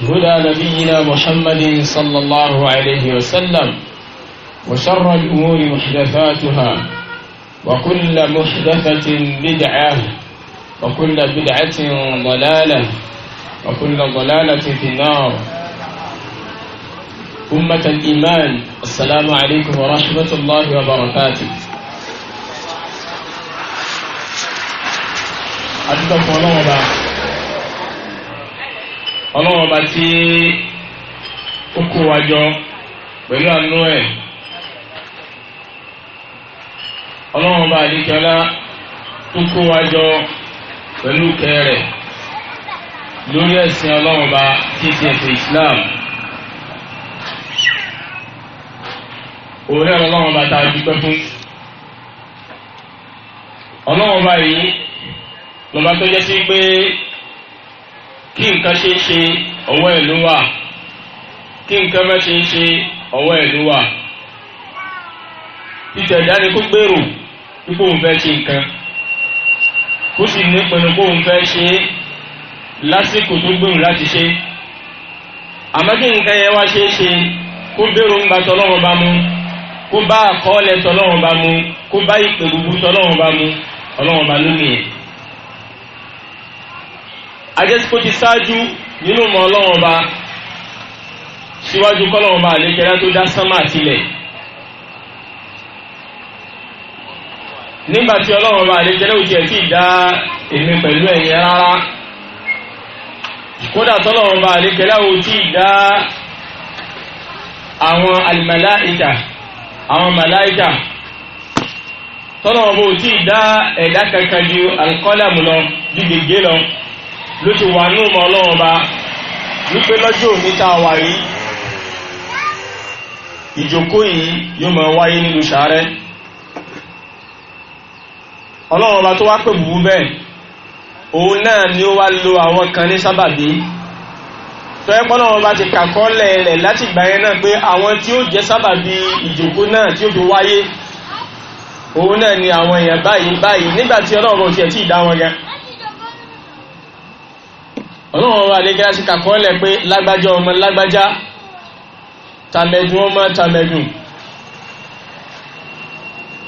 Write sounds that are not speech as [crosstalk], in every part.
هدى نبينا محمد صلى الله عليه وسلم وشر الأمور محدثاتها وكل محدثة بدعة وكل بدعة ضلالة وكل ضلالة في النار أمة الإيمان السلام عليكم ورحمة الله وبركاته أدب الله ọlọ́wọ́n bá tí ó kó wa jọ pẹ̀lú àánú ẹ̀ ọlọ́wọ́n bá àdéjọ́lá tó wa jọ pẹ̀lú kẹrẹ̀ lórí ẹ̀sìn ọlọ́wọ́n bá tí ẹ̀sìn Islam òun náà bá tá dúpẹ́ fún ọlọ́wọ́n bá yìí lọ́ba tó jẹ́ sí pé. kí nǹkan ṣe é ṣe ọwọ́ ẹ̀ wà kí nǹkan má ṣe é ṣe ọwọ́ ẹ̀ wà ìtẹ̀dá ni kó gbèrò wípé òun fẹ́ ṣe nǹkan kó sì ní pinnu kó òun fẹ́ ṣe lásìkò tó gbèrò láti ṣe àmọ́ kí nǹkan yẹn wá ṣe é ṣe kó ajẹ́síkó ti ṣáájú nínú ọmọ ọlọ́wọ́n ba síwájú kọ́lọ́wọ́n ba àlékẹ́lá tó dá sánmà tilẹ̀ nígbà tí ọlọ́wọ́n ba àlékẹ́lá òjì ẹ̀ sì dá èmi pẹ̀lú ẹ̀yin rárá kódà tọ́lọ́wọ́n ba àlékẹ́lá òjì dá àwọn alìmọ̀láìkà àwọn màláìkà tọ́lọ́wọ́n bó ti dá ẹ̀dá kankan ju alkọ́làmù lọ ju gègé lọ ló ti wà ní ọmọ ọlọ́wọ́n ba wípé lọ́jọ́ òní tá a wà yìí ìjókòó yìí yóò máa wáyé nínú sàárẹ́ ọlọ́wọ́n ba tó wá pè bùbú bẹ́ẹ̀ òun náà ni ó wá lo àwọn kan ní sábàbí tọ́yẹ́ pọ́nà wọn bá ti kàkọ́lẹ̀ rẹ̀ láti gbà yẹn náà pé àwọn tí ó jẹ́ sábàbí ìjókòó náà tí ó fi wáyé òun náà ni àwọn èèyàn báyìí báyìí nígbà tí ọlọ́run ò tiẹ̀ tí ì dá wọn gan ọlọ́run wa lẹ́gẹ́ láti kàkọ́ọ́lẹ̀ pé lágbájá ọmọ lágbájá tàmẹ̀dùn ọmọ tàmẹ̀dùn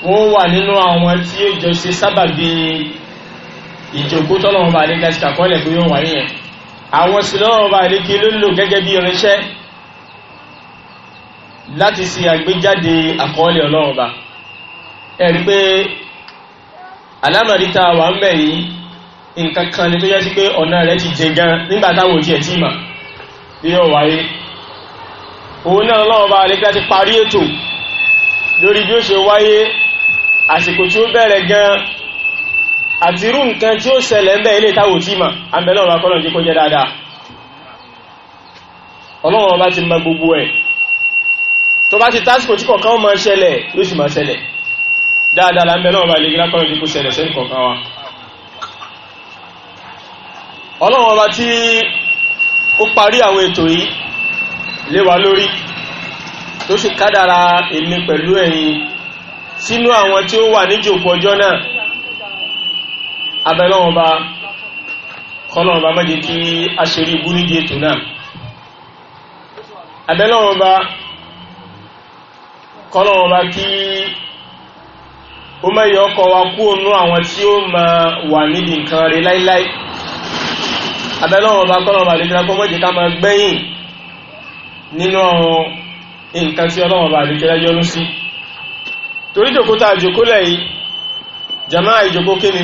wọ́n wà nínú àwọn tí ó jọ ṣe sábàbí ìjòkó tọ́lọ́run wa lẹ́gẹ́ láti kàkọ́ọ́lẹ̀ pé yóò wà yẹn àwọn sì lọ́run wa lẹ́gẹ́ ló lò gẹ́gẹ́ bí irinṣẹ́ láti ṣe àgbéjáde àkọọ́lẹ̀ ọlọ́run ba ẹ̀rí pé alámàríta wà ń bẹ̀ yìí nǹkan kan ni tó yẹ sí pé ọ̀nà rẹ̀ ti jìn gan nígbà táwọn òjì ẹ̀ tí mà bí yóò wáyé òun náà lọ́wọ́ bá alẹ́kẹ́ ti parí ètò lórí bí ó ṣe wáyé àsìkò tí ó bẹ̀rẹ̀ gan àti irú nǹkan tí ó ṣẹlẹ̀ ń bẹ̀ ilé táwọn òjì mà àmì náà bá kọ́lọ̀ jẹ́ jẹ́ dáadáa ọlọ́wọ́ bá ti mọ gbogbo ẹ̀ tó bá ti tásìkò tí kọ̀ọ̀kan ó máa ṣẹlẹ̀ yóò sì máa ṣẹlẹ̀ dáadáa lámbẹ́ náà bá alẹ́kẹ́ lákọ́lọ̀ jẹ́ kó ṣẹlẹ̀ sẹ́yìn kọ̀ọ̀kan wa ọlọ́run ọba tí ó parí àwọn ètò yìí lé wa lórí tó sì kádàrà èmi pẹ̀lú ẹ̀yin sínú àwọn tí ó wà níjòkó ọjọ́ náà abẹ́lọ́run ọba kọ́lọ́run ọba má kí a ṣe rí ibú nídìí ètò náà abẹ́lọ́run ọba kọ́lọ́run ọba kí ó mẹ́yọ ọkọ̀ wa kú ònú àwọn tí ó máa wà níbi nǹkan rẹ̀ láíláí. Lai lai abẹ́lọ́wọ́ ọba kọ́lọ́wọ́ àlejò kọ́ mọ́jì ká máa gbẹ́yìn nínú àwọn nǹkan tí ọlọ́wọ́ ọba àlejò yọnu sí torí jòkóta jòkó lẹ́yìn jamaa ìjòkó kíni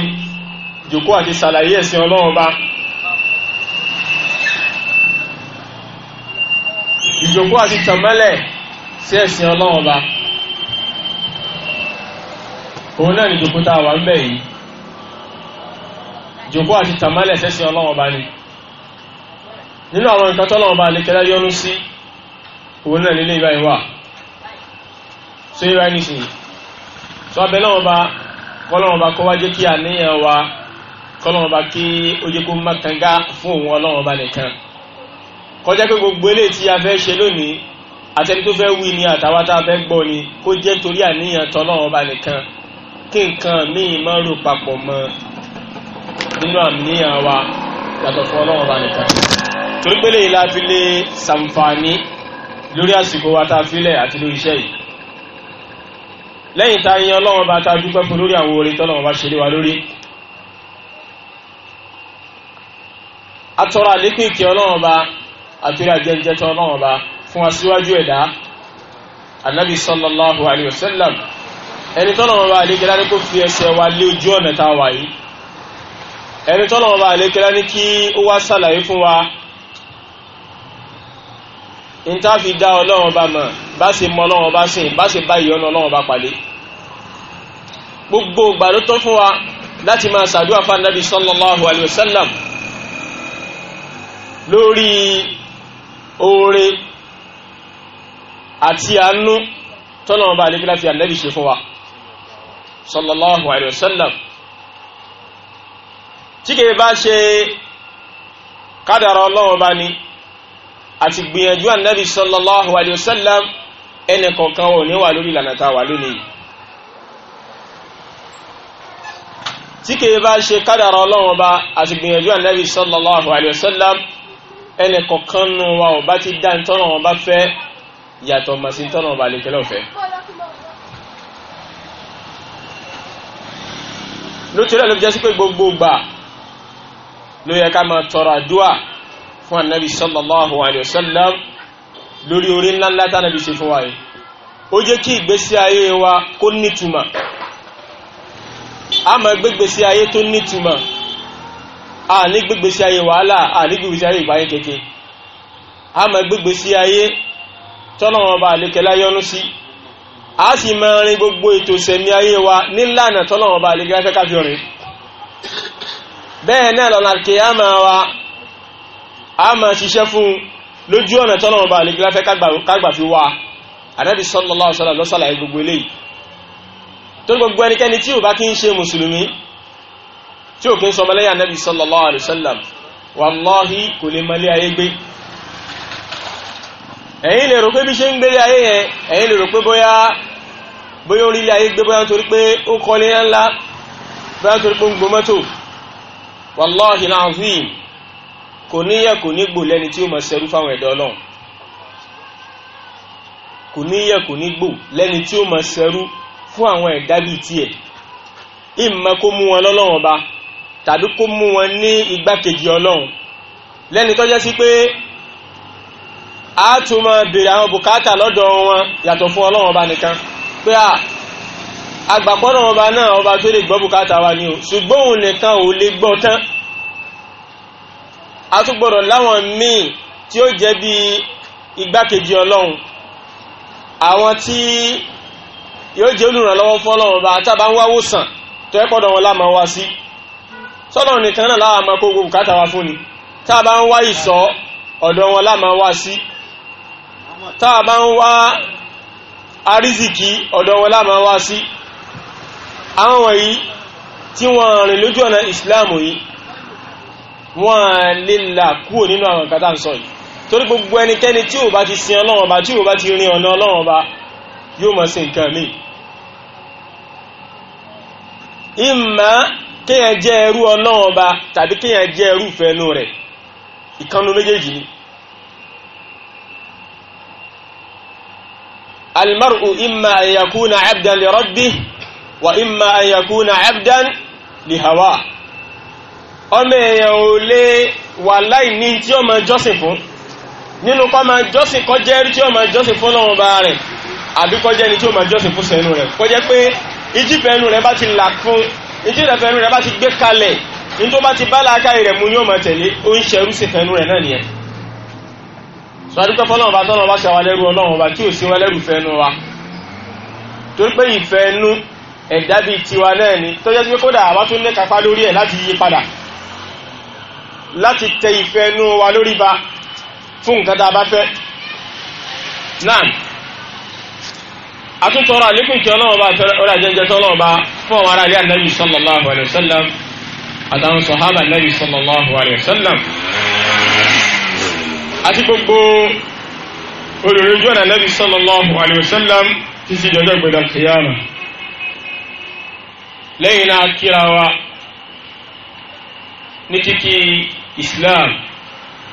jòkó àti sàlàyé ẹ̀sìn ọlọ́wọ́ ọba ìjòkó àti tàmálẹ̀ sí ẹ̀sìn ọlọ́wọ́ ọba òun náà ni jòkó tá wà ń bẹ̀ yìí jòkó àti tàmálẹ̀ sẹ́sìn ọlọ́wọ́ ọba ni nínú àwọn nǹkan tọ́lọ́wọ́ bá lè kẹ́lá yọnú sí òun náà nílé ìbá ìwà so ìbá nísìnyí so abẹ́ lọ́wọ́ bá kọ́lọ́wọ́ bá kọ́ wá jẹ́ kí àníyàn wa kọ́lọ́wọ́ bá kí ó jẹ́ kó má kanga fún òun ọlọ́wọ́ bá nìkan kọjá pé gbogbo eléyìí ni àtàwọn ni kó jẹ́ torí àníyàn tọ́lọ́wọ́ bá nìkan yàtọ̀ fún ọlọ́wọ́ bá nìkan torí pé lèyìn láti lè sàǹfààní lórí àsìkò wa ta filẹ̀ àti lórí iṣẹ́ yìí lẹ́yìn tá a yan ọlọ́run bá ta dúpẹ́ fún lórí àwọn orin tọ́lọ́run bá ṣe lé wa lórí atọ́rọ àlékún ìkẹ́ ọlọ́run bá àtúrí àjẹjẹ tọ́ ọlọ́run bá fún aṣíwájú ẹ̀dá anabi sallallahu alayhi wa sallam ẹni tọ́lọ́run bá àlékẹ́lá ní kó fi ẹsẹ̀ wa lé ojú ọ̀nà tá a wà yìí ẹni tọ́lọ́run bá àlékẹ́lá ní kí ó wá sàlàyé fún wa n ta fi dá ọlọ́run ọba mọ̀ bá ṣe mọ ọlọ́run ọba sìn bá ṣe bá ìyọ́nú ọlọ́run ọba pàdé gbogbo ìgbà ló tọ́ fún wa láti máa ṣàdúrà fún anábì sallallahu alayhi wa sallam lórí oore àti àánú tọ́lọ́run ọba àdébílá fi anábì ṣe fún wa sallallahu alayhi wa sallam tí kìí bá ṣe kádàrá ọlọ́run ọba ni àti gbìyànjú ànábì sallallahu alayhi wa sallam ẹnì kọ̀ọ̀kan wọn ò ní wà lórí ìlànà tá a wà lónìí. tí kìí bá ṣe kádàrà ọlọ́run ọba àti gbìyànjú ànábì sallallahu alayhi wa sallam ẹnì kọ̀ọ̀kan nù wa ò bá ti dá ntọ́nà wọn bá fẹ́ yàtọ̀ màsí ntọ́nà wọn bá ọ̀fẹ́. lótìrí ló fi jẹ́ sí pé gbogbo gbà ló yẹ ká máa tọrọ àdúrà fún anabi sallallahu alayhi wa sallam lórí orí ńlá ńlá tá anabi ṣe fún wa yìí ó jẹ́ kí ìgbésí ayé wa kó nítumọ̀ a máa gbégbèsí ayé tó nítumọ̀ a ní gbégbèsí ayé wàhálà a ní gbégbèsí ayé ìgbáyé kẹ̀kẹ́ a máa gbégbèsí ayé tọ́lọ́wọ́n bá àlékẹ́lá yọ́nú sí a sì máa rin gbogbo ètò ìsẹ̀mí ayé wa nílànà tọ́lọ́wọ́n bá àlékẹ́lá fẹ́ káfíọ̀rin bẹ́ẹ̀ náà lọ́nà kìí a máa wa a máa ṣiṣẹ́ fún lójú ọ̀nà tọ́lọ́run bá lè gbáfẹ́ kágbà fi wá ànábì sallallahu alaihi wasallam ló ṣàlàyé gbogbo eléyìí tó gbogbo ẹnikẹ́ni tí ò bá kí ń ṣe mùsùlùmí tí ò kí ń sọmọlẹ́yà ànábì sallallahu alaihi wasallam wàláhí kò lè mọlé ayé gbé ẹ̀yin lè rò pé bí ṣe ń gbélé ayé yẹn ẹ̀yin lè rò pé bóyá bóyá orílẹ̀ ayé gbé bóyá nítorí pé ó kọ́lé ńlá bóyá nítorí pé ń gbó mọ́tò wàláhí láàfin kò ní yẹ kò ní gbò lẹ́ni tí ó máa ṣẹrú fáwọn ẹ̀dá ọlọ́run kò ní yẹ kò ní gbò lẹ́ni tí ó máa ṣẹrú fún àwọn ẹ̀dá bíi tiẹ̀ ìmọ̀ kó mú wọn lọ́lọ́run ọba tàbí kó mú wọn ní igbákejì ọlọ́run lẹ́ni tọ́jọ́ sí pé a tún máa béèrè àwọn bùkátà lọ́dọ̀ wọn yàtọ̀ fún ọlọ́run ọba nìkan pé à àgbàpọ̀ náà ọba náà ọba tó lè gbọ́ bùkátà wa ni o ṣùgbọ́n òun nìkan ò lè gbọ́ tán a tún gbọ́dọ̀ láwọn míì tí ó jẹ́ bí igbákejì ọlọ́run àwọn tí yóò jẹ́ olùrànlọ́wọ́ fún ọlọ́run bá àtàbá ń wáwó sàn tó ẹ́ pọ̀dọ̀ wọn láàmà wá sí sọ́dọ̀ nìkan náà láwọn àmà kókò bùkátà wá fún ni tàbá ń wá ìsọ́ ọ̀dọ̀ wọn láàmà wá sí tàbá ń wá àrísìkí ọ̀dọ̀ wọn láàmà wá sí àwọn wọ̀nyí tí wọ́n rìn lójú ọ̀nà ìsìláàmù yìí wọ́n lè là kúrò nínú àwọn nǹkan tá à ń sọ yìí torí gbogbo ẹnikẹ́ni tí ò bá ti sin ọlọ́wọ́n ọba tí ò bá ti rin ọ̀nà ọlọ́wọ́n ọba yóò máa sin nǹkan míì ìmọ̀ kéèyàn jẹ́ ẹrú ọlọ́wọ́n ọba tàbí kéèyàn jẹ́ ẹrú ìfẹ́nu rẹ̀ ìkanu méjèèjì ni almaru imma an abdan li rabbih wa imma an abdan li hawa ọmọ èèyàn ò lè wà láì tí ó máa jọ́sìn fún nínú kọ́ máa jọ́sìn kọ́ tí ó máa jọ́sìn fún lọ́wọ́ bá rẹ̀ àbí kọ́ ni tí ó máa jọ́sìn fún sẹ́nu rẹ̀ kọ́ jẹ́ pé ìjìfẹ́nu rẹ̀ bá ti là fún ìjìfẹ́nu rẹ̀ bá ti gbé kalẹ̀ ní tó bá ti bá làákàyè rẹ̀ mu ni ó máa tẹ̀lé ó ń ṣerú sí fẹ́nu rẹ̀ náà nìyẹn sọdúpẹ́ fọlọ́wọ́n bá tọ́lọ́wọ́ bá ṣe wa lẹ́rú ọlọ́wọ́n bá tí ò láti tẹ ìfẹ́ inú wa lórí ba fún nǹkan tá a bá fẹ́ náà àtúntọrọ àlékún ìkẹ́ ọlọ́wọ́ bá ọ̀rẹ́ àjẹjẹ fún àwọn ará ilé sallallahu alayhi sallam àtàwọn sọ̀hábà ànábì sallallahu alayhi sallam àti gbogbo olùrẹ́jọ́ ànábì sallallahu alayhi wa sallam títí dọjọ́ gbẹdọ̀ kìyàmà lẹ́yìn náà kíra wa ní kíkí islam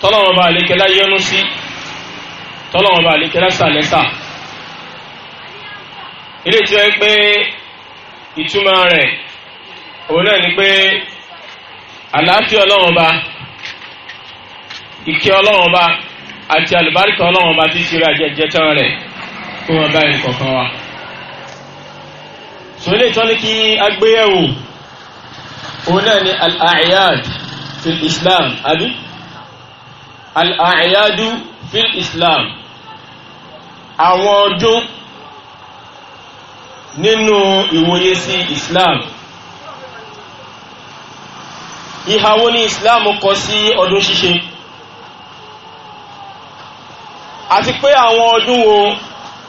tọ́lọ́wọ́n bá àlékẹ́lá yọ́nú sí tọ́lọ́wọ́n bá àlékẹ́lá sàlẹ́sà ilé tí ó yẹ pé ìtumọ̀ rẹ̀ òun náà ni pé àlàáfíà ọlọ́wọ́n bá ìkẹ́ ọlọ́wọ́n bá àti àlùbáríkà ọlọ́wọ́n bá ti ṣeré àjẹjẹ tán rẹ̀ kó wọn bá ẹnì kọ̀ọ̀kan wa. sọ ilé ìtọ́ni kí agbéyẹ̀wò òun náà ni al-a'yad. في الإسلام أبي الأعياد في Islam, àwọn ọdún nínú ìwòye sí Islam ìhà wo Islam kọ sí ọdún ṣíṣe àti pé àwọn ọdún wo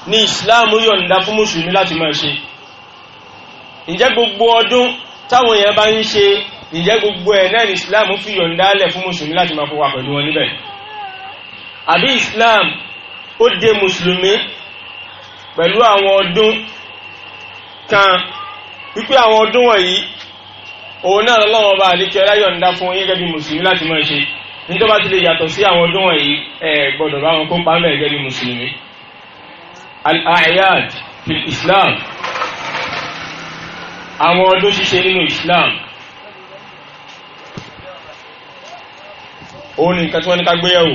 ni Islam yọ̀ǹda fún mùsùlùmí láti máa ṣe ǹjẹ́ gbogbo ọdún táwọn èèyàn bá ń ṣe ǹjẹ́ gbogbo ẹ̀ náà ni islam fi yọ̀ǹda lẹ̀ fún mùsùlùmí láti máa fọwọ́ pẹ̀lú wọn níbẹ̀ àbí islam ó dé mùsùlùmí pẹ̀lú àwọn ọdún kan wípé àwọn ọdún wọ̀nyí òun náà lọ́wọ́ bá àlékẹ́ ọlá yọ̀ǹda fún yín gẹ́gẹ́ bí mùsùlùmí láti máa ṣe nítorí bá ti lè yàtọ̀ sí àwọn ọdún wọ̀nyí gbọ́dọ̀ bá wọn kó pa mẹ́rin gẹ́gẹ́ bí al-ayyad fil islam àwọn ọdún ṣíṣe nínú islam òun ni nǹkan tí wọ́n ní ká gbéyẹ̀wò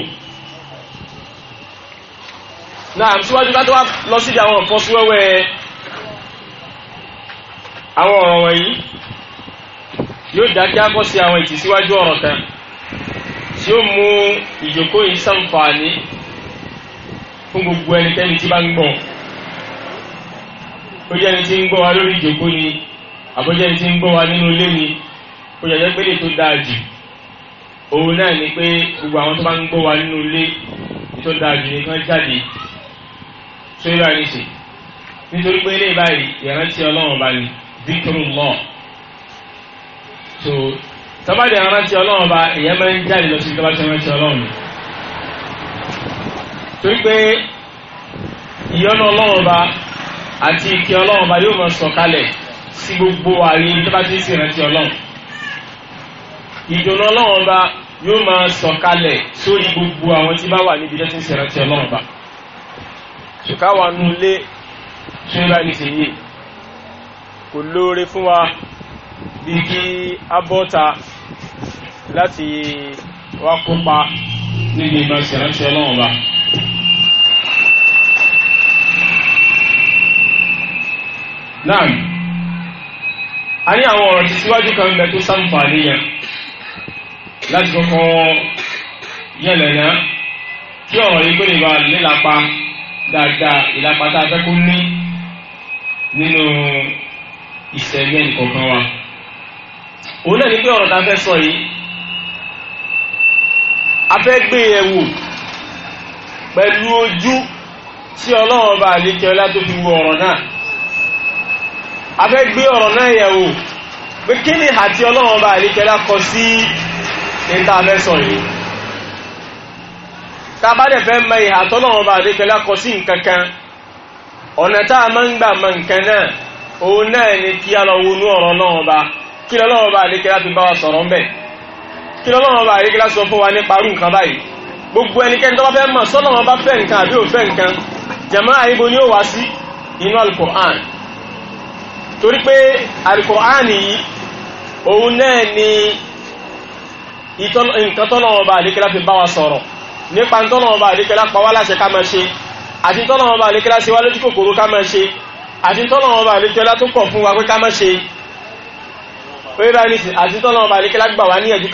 náà síwájú ká tó wá lọ síbi àwọn nǹkan súwẹ́wẹ́ àwọn ọ̀rọ̀ wọ̀nyí yóò dá kí á kọ́ sí àwọn ìtìsíwájú ọ̀rọ̀ kan tí ó mú ìjókòó yìí ṣàǹfààní fún gbogbo ẹnikẹ́ni tí bá ń gbọ́ ó jẹ́ ẹni tí ń gbọ́ wa lórí ìjókòó ni àbójẹ́ni tí ń gbọ́ wa nínú ilé ni ó jẹ́ pé lè tó dáa jù òun náà ni pé gbogbo àwọn tó bá ń gbọ́ wa nínú ilé tó dáa jù ní kí wọ́n jáde tó yẹ báyìí ṣe nítorí pé ilé báyìí ìrántí ọlọ́run bá ní díkùrù lọ́ so tọ́bàdì ìrántí ọlọ́run bá èèyàn máa ń jáde lọ sí tọ́bà tí ìrántí ọlọ́run torí pé ìyọ́nú ọlọ́run bá àti ìkẹ́ ọlọ́run bá yóò máa sọ̀kalẹ̀ sí gbogbo ààyè tọ́bà tí ń ọlọ́run ìdùnnú ọlọ́run ọba yóò máa sọ̀kalẹ̀ sórí gbogbo àwọn tí bá wà níbi jẹ́ tí ń ṣèrántí ọlọ́run ọba ṣùkáwà nù lé ṣúra ní ṣe yìí kò lóore fún wa bí kí a bọ́ta láti wá kópa níbi ìbá ṣèrántí ọlọ́run ọba náà a ní àwọn ọ̀rọ̀ tí síwájú kan bẹ tó sáǹfà níyàn láti kọ́kọ́ yẹ̀lẹ̀ná kí ọ̀rọ̀ yìí kó lè ba nílapa dáadáa ìlapa tá a fẹ́ kó ní nínú ìṣẹ̀lẹ̀ nìkọ̀ọ̀kan wa. òun náà ní pé ọ̀rọ̀ tá a fẹ́ sọ yìí a fẹ́ gbé yẹ̀wò pẹ̀lú ojú tí ọlọ́run ọba àlékẹ́ ọlá tó fi wo ọ̀rọ̀ náà a fẹ́ gbé ọ̀rọ̀ náà yẹ̀wò pé kí ni àti ọlọ́run ọba àlékẹ́ ọlá kọ sí ní tá a mẹ́sọ̀ yìí tá a bá dẹ̀ fẹ́ mọ ìhà tọ́lọ́wọ́n bá nkankan kọ sí nǹkan ọ̀nà tá a máa ń gbà mọ ni kí a lọ wọnú ọ̀rọ̀ náà bá kí lọ́wọ́ bá fi bá wa sọ̀rọ̀ ń kí lọ́wọ́ bá àdékẹ́lá sọ fún wa nípa nǹkan báyìí gbogbo ẹnikẹ́ni tó bá fẹ́ mọ̀ sọ́nà wọn bá fẹ́ nǹkan ni ó wá sí inú torí pé yìí òun náà ni nǹkan tọ́lọ́wọ́ bá àdékẹ́lá fi bá wa sọ̀rọ̀ nípa tọ́lọ́wọ́ bá àdékẹ́lá pa wá láṣẹ ká máa ṣe àti tọ́lọ́wọ́ bá àdékẹ́lá ṣe wá lójú kòkòrò ká máa ṣe àti tọ́lọ́wọ́ bá àdékẹ́lá tó kọ̀ fún wa pé ká máa ṣe pé bá ní àti tọ́lọ́wọ́ bá àdékẹ́lá gbà wá níyànjú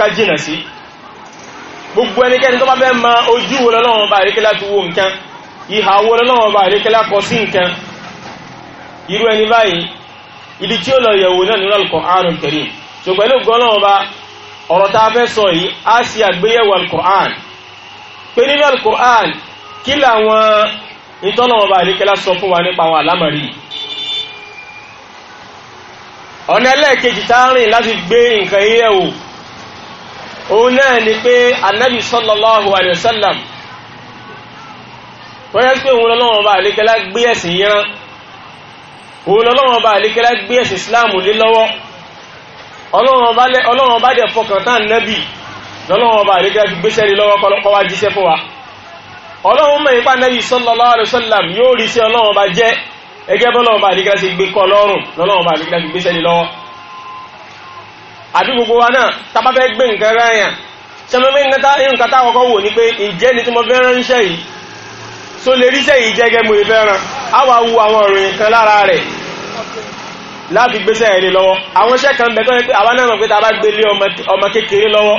ká ọ̀rọ̀ tá a fẹ́ sọ yìí á sì àgbéyẹ̀wò alukur'an pé nínú alukur'an kí làwọn ìtọ́nà ọba àdékẹ́lá sọ fún wa nípa àwọn àlámọ̀rí ọ̀nà ẹlẹ́ẹ̀kejì tá a rìn láti gbé nǹkan yẹ̀ wò òun náà ni pé anabi sallallahu alayhi wa sallam wọ́n yẹ́ pé òun lọ́wọ́ ọba àdékẹ́lá gbé ẹ̀sìn yẹn òun lọ́wọ́ ọba àdékẹ́lá gbé ẹ̀sìn islam lé lọ́wọ́ ọlọ́run ọba dẹ̀ fọkàn tán nẹ́bì lọ́lọ́run ọba àríkẹ́ fi gbéṣẹ́ rí lọ́wọ́ kọ́lọ́kọ́ wá jíṣẹ́ fún wa ọlọ́run mọ̀ ipá nẹ́bì sallallahu alaihi wasallam yóò rí sí ọlọ́run ọba jẹ́ ẹgẹ́ bọ́lọ́run ọba àríkẹ́ fi gbé kọ́ lọ́rùn lọ́lọ́run ọba àríkẹ́ fi gbéṣẹ́ rí lọ́wọ́ àbí gbogbo wa náà tábà fẹ́ gbé nǹkan ráyà sẹ́mẹ́mẹ́ nǹkan tá àkọ́kọ́ wò ní pé ǹjẹ́ ni tí mo fẹ́ ránṣẹ́ yìí tó lè ríṣẹ́ yìí jẹ́gẹ́ mo lè fẹ́ ràn á wà wu àwọn ọ̀rìn kan lára rẹ̀ láti gbéṣẹ́ ẹ̀lẹ́ lọ́wọ́ àwọn iṣẹ́ kan bẹ̀kọ́ pé àwọn náà mọ̀ pé ta bá gbé lé ọmọ kékeré lọ́wọ́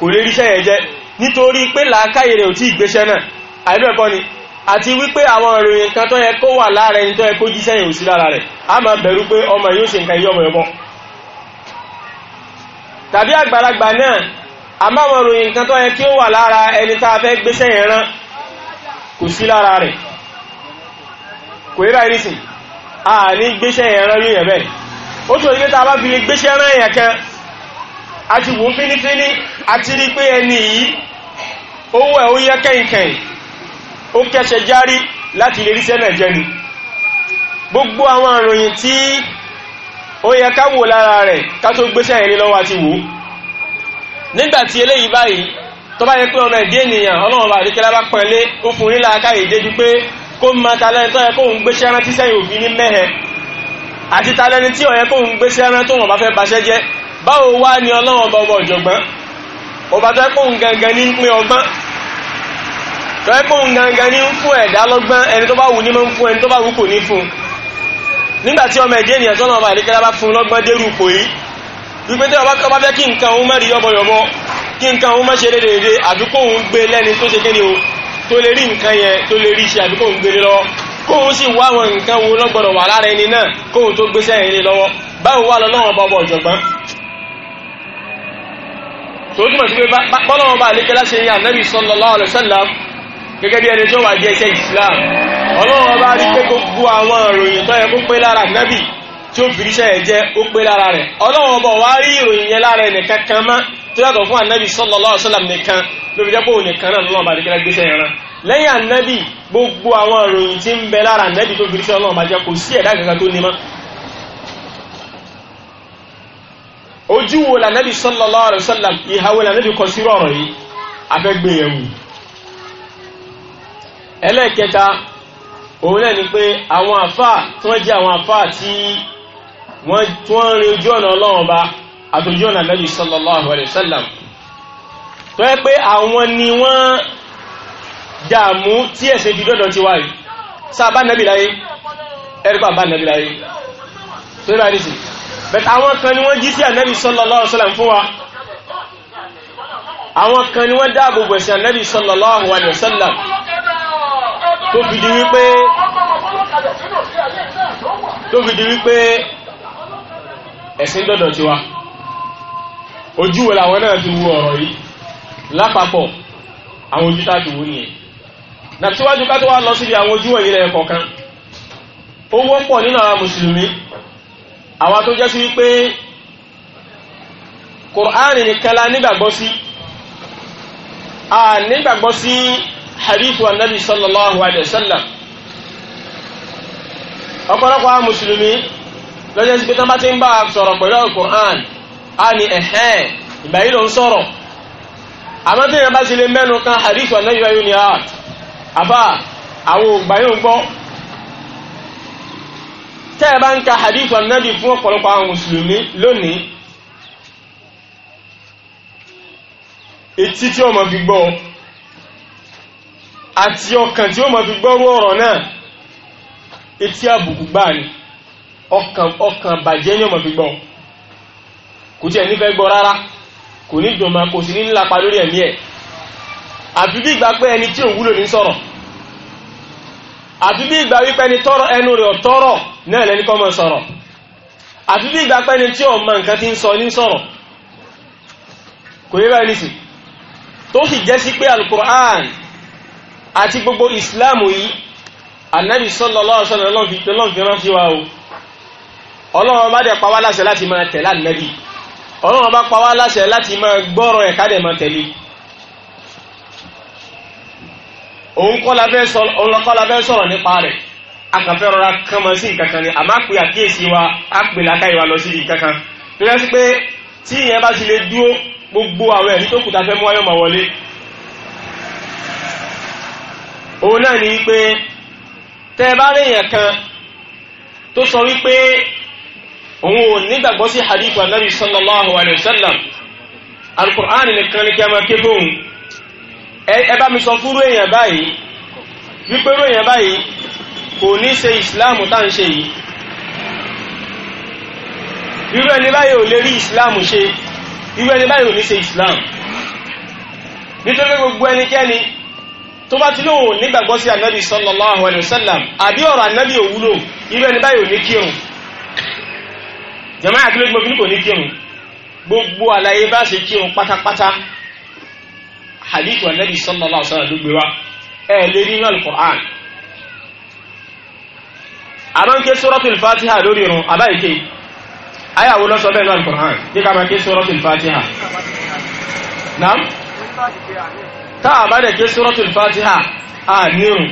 kò lè ríṣẹ́ ẹ̀ jẹ́ nítorí pé làákàyè rẹ̀ ò tí ìgbéṣẹ́ náà àìbẹ̀kọ́ ni àti wípé àwọn ìròyìn kan tó yẹ kó wà lára ẹni tó yẹ kó jíṣẹ́ yìí ò sí lára rẹ̀ a máa bẹ̀rù pé ọmọ yóò ṣe nǹkan iye ọmọ ẹ̀bọ tàbí àgbàlagbà náà a máa ìròyìn kan tó yẹ kí ó wà lára ẹni tá a fẹ́ gbéṣẹ́ yẹn rán kò sí lára rẹ̀ kò yẹ báyìí a ní gbéṣẹ́ yẹn rán lóyìn ẹ̀bẹ̀ ó tó ní ta bá fi lè gbéṣẹ́ rán yẹn kan a ti wò fínífíní a ti rí pé ẹni yìí ó wẹ̀ ó yẹ kẹ́yìnkẹ́yìn ó kẹ́ṣẹ járí láti lè ríṣẹ́ náà jẹni gbogbo àwọn àròyìn tí ó yẹ ká wò lára rẹ̀ ká tó gbéṣẹ́ yẹn lọ́wọ́ àti wò nígbàtí eléyìí báyìí tó bá yẹ pé ọmọ ẹ̀dí ènìyàn ọlọ́run bá àdíkẹ́lá bá pẹ̀lé ó fún nílá káyè déjú pé kó ma talẹ́ni tó yẹ kóhun gbéṣẹ́ rán tí sẹ́yìn òfin ní mẹ́hẹ àti talẹ́ni tí ó yẹ kóhun gbéṣẹ́ rán tó wọ́n bá fẹ́ baṣẹ́ jẹ́ báwo wá ní ọlọ́wọ́n bọ́bọ̀ ọ̀jọ̀gbọ́n ọba tó yẹ kóhun gangan ní pín ọgbọ́n tó yẹ kóhun gangan ní fún ẹ̀dá lọ́gbọ́n ẹni tó bá wù ní máa fún ẹni tó bá wù kò ní fún ọba ọba kí nǹkan òun kí nǹkan tó lè rí nǹkan yẹn tó lè rí ṣe àbí kóun gbélé lọ́wọ́ kóun sì wá àwọn nǹkan wo lọ́gbọ̀dọ̀ wà lára ẹni náà kóun tó gbé sẹ́yìn lé lọ́wọ́ báwo wà lọ́lọ́wọ́ bọ́ bọ́ ọ̀jọ̀gbọ́n tòótú mọ̀ sí pé bọ́lọ́wọ́ bá àlékẹ́lá ṣe yàn Ànábì sallallahu alaihi wasallam gẹ́gẹ́ bí ẹni tí ó wà jẹ́ iṣẹ́ Islam ọlọ́wọ́ bá rí pé gbogbo àwọn ìròyìn tó yẹ kó pé lára Ànábì tí ó fi ríṣẹ́ ẹ̀ jẹ́ ó pé lára rẹ̀ ọlọ́wọ́ bọ̀ wá rí ìròyìn yẹn lára ẹnì tó yàtọ̀ fún ànábì sallallahu alaihi wasallam nìkan ló fi jẹ́pọ̀ nìkan náà lọ́nà àbàdé kíra gbéṣẹ́ ìran lẹ́yìn ànábì gbogbo àwọn ìròyìn tí ń bẹ lára ànábì tó fi rí sọ́lọ́ àbàjẹ́ kò sí ẹ̀dá kankan tó ní mọ́ ojú wo lànábì sallallahu alaihi wasallam ìhà wo lànábì kọ sí rọ̀rọ̀ yìí afẹ́gbéyẹ̀wò ẹlẹ́ẹ̀kẹta òun náà ni pé àwọn àfáà tí wọ́n jẹ́ àwọn àfáà tí wọ́n rin ojú ọ̀nà ọlọ́run ọba àtòjọ́ ọ̀nà Nabi sallallahu alayhi wa sallam tó yẹ pé àwọn ni wọ́n dààmú tí ẹ̀sẹ̀ fi dọ́dọ̀ ti wáyé sáà bá nàbì láyé ẹ̀rùpá bá nàbì láyé tó yẹ bá but àwọn kan ni wọ́n jí sí ànábì sallallahu alayhi wa sallam fún wa àwọn kan ni sallallahu alayhi wa sallam tó fi di wípé tó fi di wípé ẹ̀sìn dọ́dọ̀ ti wá ojú wo làwọn náà ti wo ọ̀rọ̀ yìí lápapọ̀ àwọn ojú táàtì wo nìyẹn nà síwájú ká tó wá lọ síbi àwọn ojú wọ̀nyí lẹ́yìn kọ̀ọ̀kan ó wọ́pọ̀ nínú àwọn mùsùlùmí àwọn tó jẹ́ sí wípé kùránì nìkan la nígbàgbọ́ sí a nígbàgbọ́ sí hadith wa nabi sallallahu alayhi wa sallam ọ̀pọ̀lọpọ̀ àwọn mùsùlùmí lọ́jọ́ sí pé tán bá ti ń bá sọ̀rọ̀ pẹ̀lú kùránì a ní ẹ̀hẹ́n ìgbà yìí ló ń sọ̀rọ̀ àmọ́ tí èèyàn bá ti lè mẹ́nu kan hadith wa yóò ní àá àbá àwọn ògbà yóò ń gbọ́ tẹ́ ẹ bá ń ka hadith Ànábì fún ọ̀pọ̀lọpọ̀ àwọn mùsùlùmí lónìí etí tí ó fi gbọ́ àti ọkàn tí ó ọ̀rọ̀ náà etí àbùkù gbáà ni ọkàn ọkàn bàjẹ́ ni fi kò tí ẹ̀ nífẹ̀ẹ́ gbọ́ rárá kò ní dùn ma kò sí ní ńlapa lórí ẹ̀mí ẹ̀ àfi bí ìgbà pé ẹni tí ò wúlò ní sọ̀rọ̀ àfi bí ìgbà wípé ẹni tọrọ ẹnu rẹ̀ ọ̀tọ́rọ̀ náà lẹ́ni kọ́ mọ́ sọ̀rọ̀ àfi bí ìgbà pé ẹni tí ò mọ nǹkan ti ń sọ ní sọ̀rọ̀ kò yẹ báyìí nìsí tó sì jẹ́ sí pé alukur'an àti gbogbo islam yìí anabi sallallahu alaihi wasallam fi rán sí wa o ọlọ́run bá dẹ̀ pa wá láṣẹ láti máa tẹ̀lé anabi ọlọ́run bá pa wá láṣẹ láti máa gbọ́rọ̀ ẹ̀ káàdẹ̀ máa tẹ̀lé òun kọ́ la fẹ́ sọ̀rọ̀ nípa rẹ̀ akànfẹ́ rọra kán mọ́ sí nǹkankan ni àmọ́ àpè àkíyèsí wa àpè làkàyè wa lọ sí nǹkankan tó yẹ pé tí ìyẹn bá ti lè dúró gbogbo àwọn ẹ̀rí tó kù tá fẹ́ mú ayọ́ wọlé òun náà ni wípé tẹ́ ẹ bá rí èèyàn kan tó sọ wípé òun ò nígbàgbọ́ sí hadith anabi sallallahu alayhi wa sallam alukur'an nìkan ní kí a máa ké fóun ẹ bá mi sọ fúrú èèyàn báyìí wípé rú èèyàn báyìí kò ní ṣe ìsìláàmù tá ń ṣe yìí irú ẹni báyìí ò lè rí ìsìláàmù ṣe irú ẹni báyìí ò ní ṣe ìsìláàmù nítorí gbogbo ẹnikẹ́ni tó bá ti lóun nígbàgbọ́ sí anabi sallallahu alayhi wa sallam àbí ọ̀rọ̀ anabi òwúlò irú ẹni báyìí ò ní kírun jama àti lójúmọ́ fi ní kò ní kírun gbogbo àlàyé bá ṣe kírun pátápátá hadith wa nabi sallallahu alaihi wasallam ló gbé wa ẹ lé nínú alukur'an àmọ́ ń ké suratul fatiha lórí irun àbáyíké ayàwó lọ́sọ bẹ́ẹ̀ náà alukur'an ní ká máa ké suratul fatiha naam tá a bá dẹ̀ ké suratul fatiha a nírun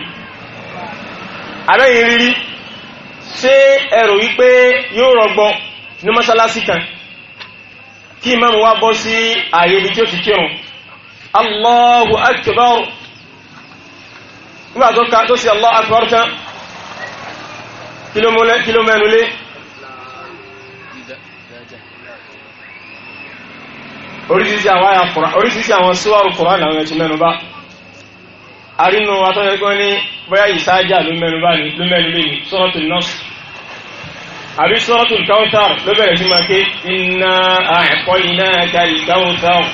abẹ́yìn rírí ṣé ẹrù wípé yóò rọgbọ́n ní mọ́sálásí kan kí ìmáàmù wá bọ́ sí ààyè ibi tí ó ti kírun Allahu akbar nígbà tó ká tó sí Allahu akbar tán kí ló mẹ́nu lé oríṣiríṣi àwọn síwárù Kùránì àwọn ẹ̀tún mẹ́nu bá arínú atọ́jẹ́gbọ́n ní bóyá ìsáájà ló mẹ́nu lé ní Suratul Nas àbí suratul Kawthar ló bẹ̀rẹ̀ sí máa ké inna a'tainaka al-Kawthar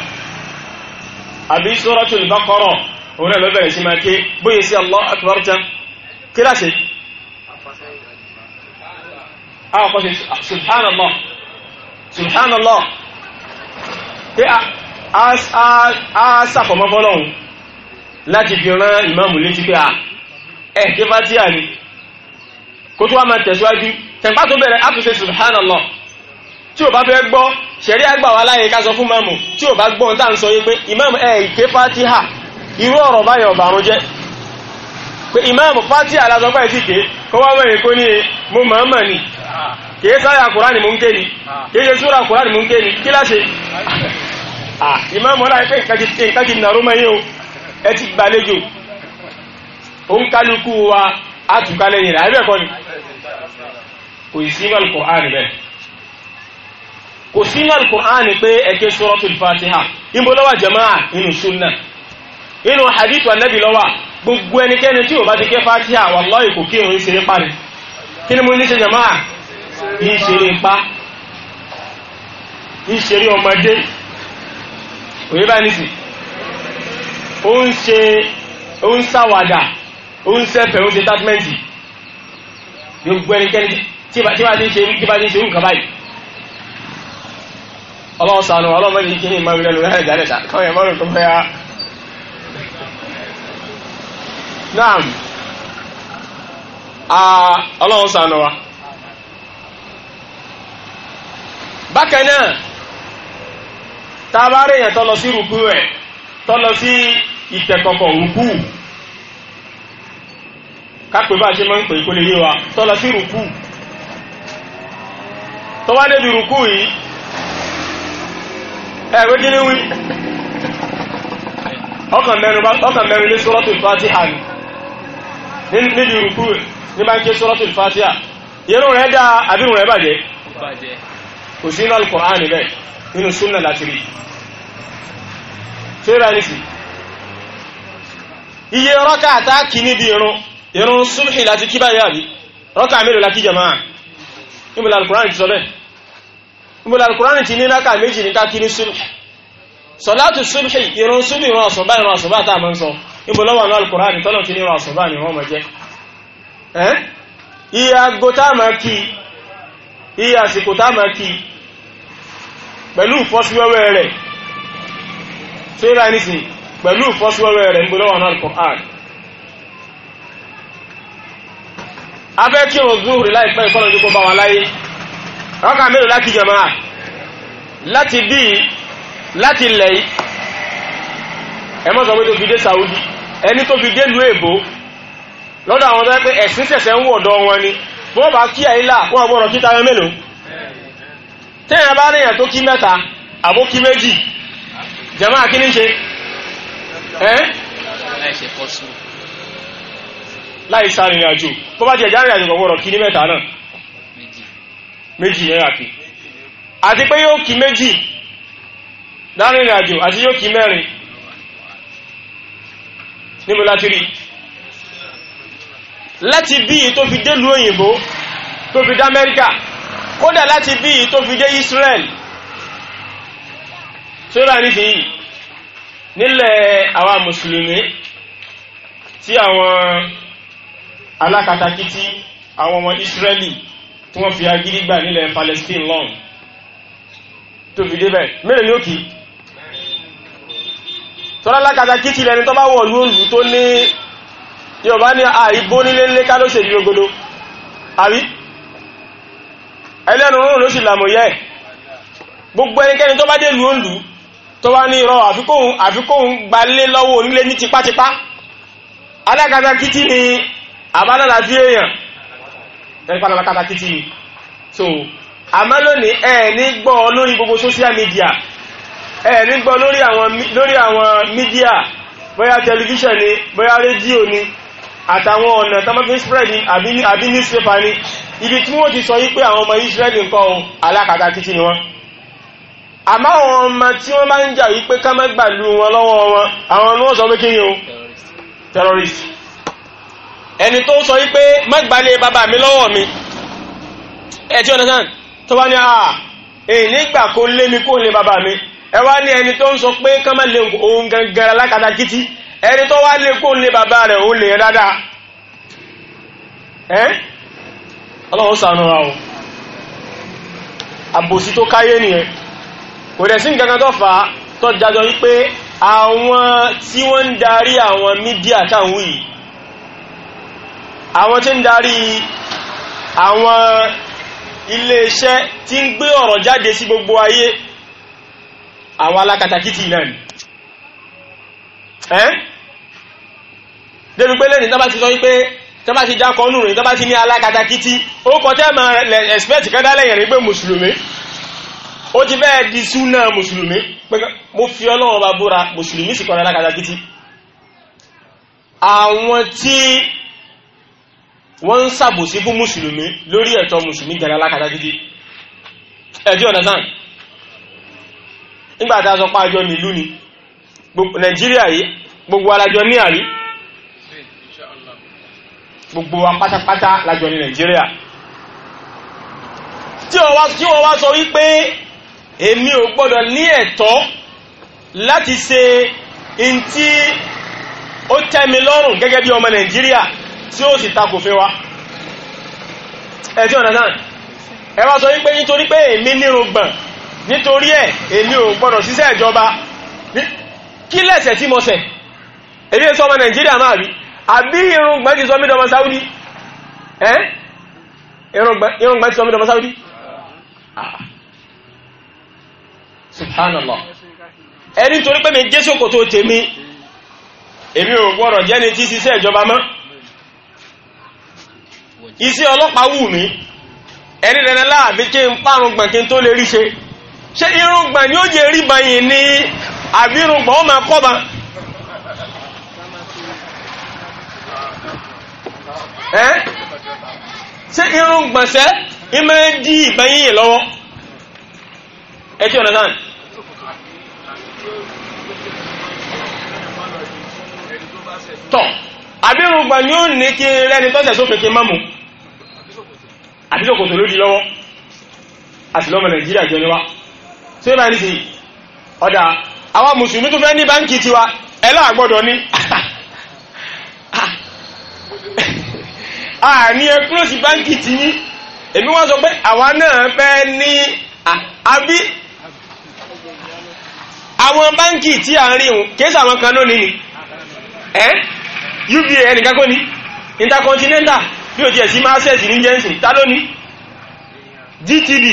àbí suratul Baqara òun náà ló bẹ̀rẹ̀ sí máa ké bóyá sí Allahu akbar tán kíláṣe àwọn kan ṣe subhanallah subhanallah pé a sàfọ̀mọ́ fọ́lọ́hun láti fi rán ìmáàmù létí pé a ẹ̀ tẹ̀fà tó bẹ̀rẹ̀ àtúnṣe subhanallah tí o bá fẹ́ gbọ́ ṣẹ̀rí àgbà wà láyé ká sọ fún mọ́mù tí o bá gbọ́ ń tàn sọ yí pé imam ẹ̀ ìké fatiha irú ọ̀rọ̀ báyọ̀ ọ̀bàrún jẹ́ pé imam fatiha lásán báyìí ti wá mẹ́rin kó ní mo ni kìí sáyà kò sí sínú alukur'ani bẹ́ẹ̀ kò sínú alukur'ani pé ẹ̀kẹ́ suratul jama'a inu sunna inu hadithu anabi ló gbogbo ẹnikẹ́ni tí o bá ti ké fatiha wallahi ko kí òun ṣeré pari kí ni mo ní ṣe jama'a tí bá ti ń ṣe tí bá ti ń ṣe irú nǹkan báyìí ọlọ́run sànù ọlọ́run mẹ́rin kí ní ìmọ̀ ìrẹ́lú rẹ̀ ìdánẹ́ta káwọn ẹ̀mọ́ rẹ̀ tó fẹ́ ya naam ọlọ́run sànù wa bákan náà tàbárẹ̀ yẹn tọ́lọ sí rùkú rẹ̀ tọ́lọ sí ìtẹ̀kọ̀kọ̀ rùkú kápẹ́ bá ṣe máa ń pè kó lè yé wa tọ́lọ sí rùkú tó wá débi rùkú yìí ẹ̀rọ kí ní wí ọkàn mẹ́rin ní suratul Fatiha ní níbi rùkú ní bá ń ké suratul Fatiha yẹ́rù rẹ̀ dá àbírù rẹ̀ bàjẹ́ kò sí inú Al-Qur'ani bẹ́ẹ̀ nínú súnà láti rí ṣe rẹ̀ nìsí iye rọ́kà àtàkì níbi irun irun súnmì láti kí báyàrí rọ́kà mélòó láti jama'a níbùlá alkùránì ti sọ bẹ́ẹ̀ níbùlá alkùránì ti ní rákà méjì ní kákiri súbì sọ̀látù súbì ìrun súbì ìrun àsùbá ìrun àsùbá tá a máa ń sọ níbùlá wà ní alkùránì tọ́lọ̀ ti ní ìrun àsùbá ni wọ́n mọ̀ jẹ́ iye aago tá a máa kí iye àsìkò tá a máa ní afẹ́ kí òun zuhuri láìpẹ́ ìkọ́nà ojú kó bá wa láyé rákà mélòó láti jàmáà láti bí láti lẹ̀ ẹ mọ́ sọ pé tó fi dé Saudi ẹni tó fi dé lu èbó lọ́dọ̀ àwọn tó yẹ pé ẹ̀sìn ṣẹ̀ṣẹ̀ ń wọ̀ ọ̀dọ̀ wọn ni wọ́n bá kí àyílà wọ́n gbọ́dọ̀ kí tayọ mélòó tẹ́yìn bá níyàn tó kí mẹ́ta àbó kí méjì jàmáà kí ní ṣe ẹ́ láì sáàrin àjò bó bá ti ẹ̀já rìn àjò kọ̀wọ́rọ̀ kí ní mẹ́ta náà méjì yẹn àkí àti pé yóò kí méjì láàrin àjò àti yóò kí mẹ́rin níbo láti rí láti bí tó fi dé ìlú òyìnbó tó fi dé Amẹ́ríkà kódà láti bí tó fi dé Israel tó rà nísìnyí nílẹ̀ àwa mùsùlùmí tí àwọn alákatakítí àwọn ọmọ Israeli tí wọ́n fi agídí gbà nílẹ̀ Palestine lọ́n tó fi débẹ̀ mẹ́rin ní òkè tọ́lá alákatakítí lẹni tó bá wọ̀ lóòlù tó ní Yorùbá ní àìbó nílé ńlé ká ló ṣe ìlú ogodo àbí ẹlẹ́nu rúrùn ló sì làmọ̀yẹ́ gbogbo ẹnikẹ́ni tó bá dé lóòlù tó wá ní irọ́ àfikóhun gbalé lọ́wọ́ onílé ní tipátipá alákatakítí ni àbálàlájú èèyàn ẹ̀rìpàdàmà kàtàkìtì ni so àmọ́ lónìí ẹ̀ ní gbọ́ lórí gbogbo social media ẹ̀ ní gbọ́ lórí àwọn media bóyá television ni bóyá rédíò ni àtàwọn ọ̀nà tamafin spread àbí newspaper ni ibi tí wọ́n ti sọ yí pé àwọn ọmọ Israeli nǹkan o alákàtàkìtì ni wọ́n àmọ́ àwọn ọmọ tí wọ́n máa ń jà wípé ká má gbàlú wọn lọ́wọ́ wọn àwọn ọmọ wọn sọ pé kí ni o terrorist ẹni tó sọ wípé má gbalẹ̀ bàbá mi lọ́wọ́ mi ẹ ti understand tó bá ní à èyí gbà kó lé mi kó lé bàbá mi ẹ wá ní ẹni tó ń sọ pé ká má lé òun gangan alákatá kìtì ẹni tó wá lé kó lé bàbá rẹ̀ òun lè yẹn dáadáa ẹ́ ọlọ́run ṣàánú ra o àbòsí tó káyé nìyẹn kò dẹ̀ sí nǹkan tó fà á tó dájọ́ wípé àwọn tí wọ́n ń darí àwọn mídíà táwọn yìí àwọn tí ń darí àwọn iléeṣẹ́ tí ń gbé ọ̀rọ̀ jáde sí gbogbo ayé àwọn alákatakítì náà ni ẹ́ débi pé lẹ́ni tọ́bá ti sọ wípé tọ́bá ti dákọ̀ nù rìn tọ́bá ti ní alákatakítì ó kọ tẹ́ ma ẹ̀spẹ́tì kan dálẹ́yìn rí pé mùsùlùmí ó ti fẹ́ di súnà mùsùlùmí pé mo fi ọlọ́run bá búra mùsùlùmí sì kọ́ alákatakítì àwọn tí wọ́n ń sàbòsí fún mùsùlùmí lórí ẹ̀tọ́ mùsùlùmí gẹ̀rẹ́ alákàtà gidi ẹ̀dí ọ̀nà náà nígbà tá a sọ pé àjọ nílùú ni nàìjíríà yìí gbogbo alájọ ní àrí gbogbo wa pátápátá lájọ ní nàìjíríà tí wọ́n wá sọ wípé èmi ò gbọ́dọ̀ ní ẹ̀tọ́ láti ṣe ntí ó tẹ́ mi lọ́rùn gẹ́gẹ́ bí ọmọ nàìjíríà tí ó sì takò fẹ́ wa ẹ̀tí ọ̀nà náà ẹ wá sọ wípé nítorí pé èmi nírùngbọ̀n nítorí ẹ̀ èmi ò gbọ́dọ̀ ṣiṣẹ́ ìjọba kí lẹ́sẹ̀ tí mo ṣẹ̀ èmi sọ ọmọ Nàìjíríà máa rí àbí irùngbọ̀n ti sọ mí dọmọ Saudi ẹ́ irùngbọ̀n ti sọ mí dọmọ Saudi ah. subhanallah ẹni torí pé mi jésù kò tó tèmi èmi ò gbọ́dọ̀ jẹ́ni tí ṣiṣẹ́ ìjọba mọ́ iṣẹ́ ọlọ́pàá wù mí ẹni rẹ̀rẹ̀ láàbí kí n párùngbọ̀n kí n tó lè rí ṣe ṣe irùngbọ̀n ni ó jẹ rí bayìn ní àbírùngbọ̀n ó máa kọ́ba ṣe irùngbọ̀nsẹ́ ìmọ̀ dí ìbayìn lọ́wọ́ ẹ tí ọ̀nà náà tọ́ ni ó ní kí àti ṣòkòtò ló di lọ́wọ́ àti lọ́mọ nàìjíríà jọ níwá tí ó bá ní sí ọ̀dà àwọn mùsùlùmí tó fẹ́ ní báńkì tiwa ẹlá àgbọ́dọ̀ ní àní [laughs] ẹ kúrò sí báńkì tí yí èmi wọ́n sọ pé àwa náà fẹ́ ní àbí àwọn báńkì tí a ń rí òun kéèsì àwọn kan lónìí ni ẹ́ UBA ẹnìkan kò ní Intercontinental bí o ti ẹ̀sí máa sẹ́ẹ̀sì ní jẹ́ǹsì ta ló ní gtb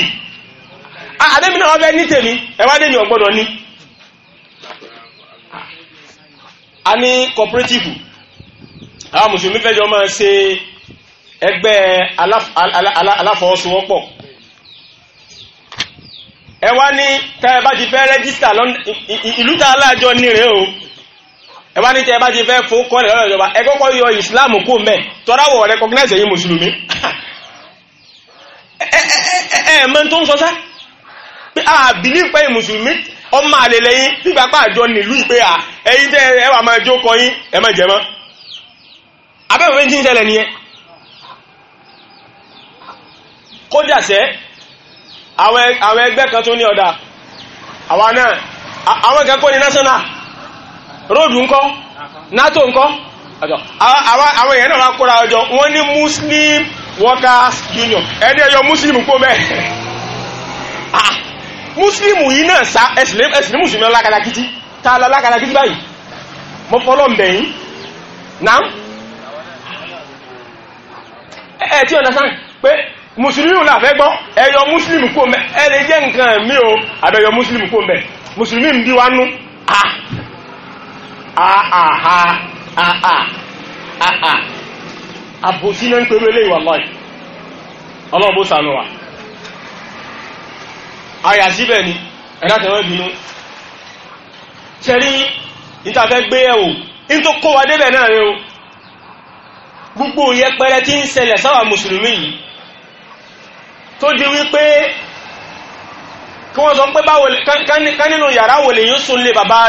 àdémínà ọbẹ̀ ní tèmi ẹwádẹ́mi ọgbọ́dọ̀ ní a ní cooperative àwọn mùsùlùmí fẹ́jọ máa ṣe ẹgbẹ́ aláfọwọ́sowọ́pọ̀ ẹwá ní tẹ́ẹ̀bá ti fẹ́ rẹ́gísítà ìlú tààlà àjọ ní rẹ̀ o ẹ bá ní ẹ bá ti fẹ́ fún kọ́lẹ̀ ọ̀rọ̀ ìjọba ẹ kọ́kọ́ yọ ìsìláàmù kú mẹ́ tọ́ráwọ̀ recognize yìí mùsùlùmí ẹ tó ń sọ sá pé a bìlí pé mùsùlùmí ọmọ àlèlè nígbà pé àjọ nílùú à ẹ wà máa kọ yín ẹ má jẹ mọ́ ń nìyẹn kódà sẹ́ àwọn ẹgbẹ́ kan tó ní ọ̀dà náà àwọn kan kó róòdù ńkọ́ nato ńkọ́ àwọn èèyàn náà kóra ọjọ wọn ní muslim workers union ẹni ẹyọ muslim kó bẹ́ẹ̀ [laughs] ah, muslim yìí náà sa lọ báyìí mo ọ̀nà sáà pé ẹyọ muslim kó ẹ lè jẹ́ nǹkan mi o àbẹ̀yọ muslim kó bí àà àà àà àbòsí náà ń pẹ̀lú ilé ìwà lọ́ì ọlọ́ọ̀bó sànú síbẹ̀ gbé ẹ̀wò in tó kó náà rẹ̀ o gbogbo pẹrẹ tí ń ṣẹlẹ̀ sáwà mùsùlùmí yìí tó di wípé kí sọ pé báwo yàrá wòlè yóò sún lé bàbá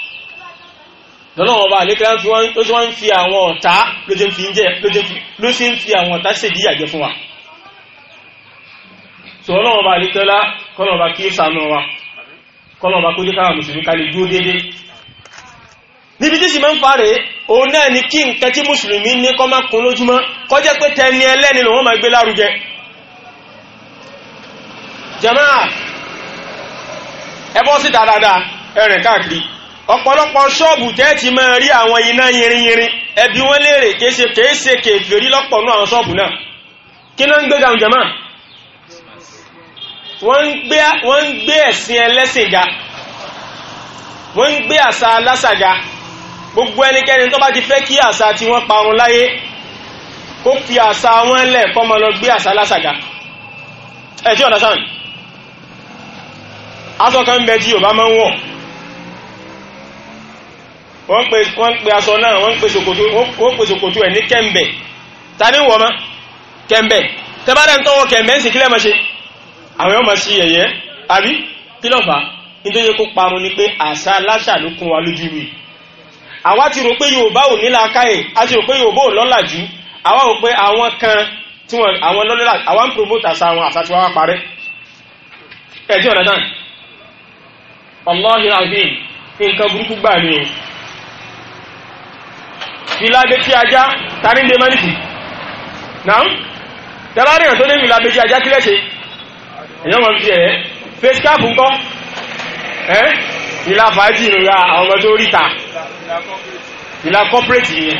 lọ́lọ́wọ́ bá àlékẹ́lá ló ti wá ń fi àwọn ọ̀tá ló ti ń fi àwọn ọ̀tá ṣèdíyà jẹ fún wa so ọlọ́wọ́ bá àlékẹ́lá kọ́lọ̀ bá kí sànú wa kọ́lọ̀ bá kó jẹ́ káwọn mùsùlùmí ká lè dúró déédéé níbi tí sì máa ń fàárè òun náà ni kí nǹkan tí mùsùlùmí ní kọ́ máa kún lójúmọ́ kọ́ jẹ́ pé tẹni ẹlẹ́ni lòun máa gbé lárugẹ jàmáà ẹ bọ́ síta dáadáa ẹ rìn káàkiri ọ̀pọ̀lọpọ̀ ṣọ́ọ̀bù tẹ́ ti máa rí àwọn iná yìnyìnrin ẹbí wọ́n léèrè kéèsè kéèsè kèfèrí lọ́pọ̀ ní àwọn ṣọ́ọ̀bù náà kí náà ń gbé gàùn jẹ́mà wọ́n ń gbé ẹ̀sìn ẹlẹ́sìn ga wọ́n ń gbé àṣà aláṣà ga gbogbo ẹnikẹ́ni tó bá ti fẹ́ kí àṣà tí wọ́n parun láyé kó fi àṣà wọn lẹ̀ kó máa lọ gbé àṣà aláṣà ga ẹ̀ tí ọ̀dà sáà aṣọ kan ń bẹ tí Yorùbá máa ń wọ̀ wọ́n pe wọ́n pe aṣọ náà wọ́n pe ṣòkòtò wọ́n pe ṣòkòtò ẹ̀ ní kẹ́mbẹ̀ ta ni wọ́n ma kẹ́mbẹ̀ tẹ́bàdà ń tọ́wọ́ kẹ́mbẹ̀ ń sì kílẹ̀ ma ṣe àwọn yóò ma ṣe yẹ̀yẹ́ àbí kí ló fà á nítorí kó parun ni pé àṣà aláṣà ló kún wa lójú rí àwa ti rò pé Yorùbá ò nílà káyè a ti rò pé Yorùbá ò lọ́là jù àwa rò pé àwọn kan tí wọn àwọn lọ́là àwa ń promote àṣà àwọn àṣà tí wọn wá parẹ́ ẹ̀ tí ọ̀nà náà ọlọ́ọ̀hìn àbí nǹkan burúkú gbà ni o ìlàgbẹ́tí ajá tani lè mọ́nìtì náà tẹ́lárí ẹ̀ tó ní ìlàgbẹ́tí ajá kílẹ̀ ṣe èyàn mọ̀ fi ẹ̀ face cap ńkọ́ ẹ́ ìlà fàájì ìrora àwọn ọmọ tó ríta ìlà corporate yẹn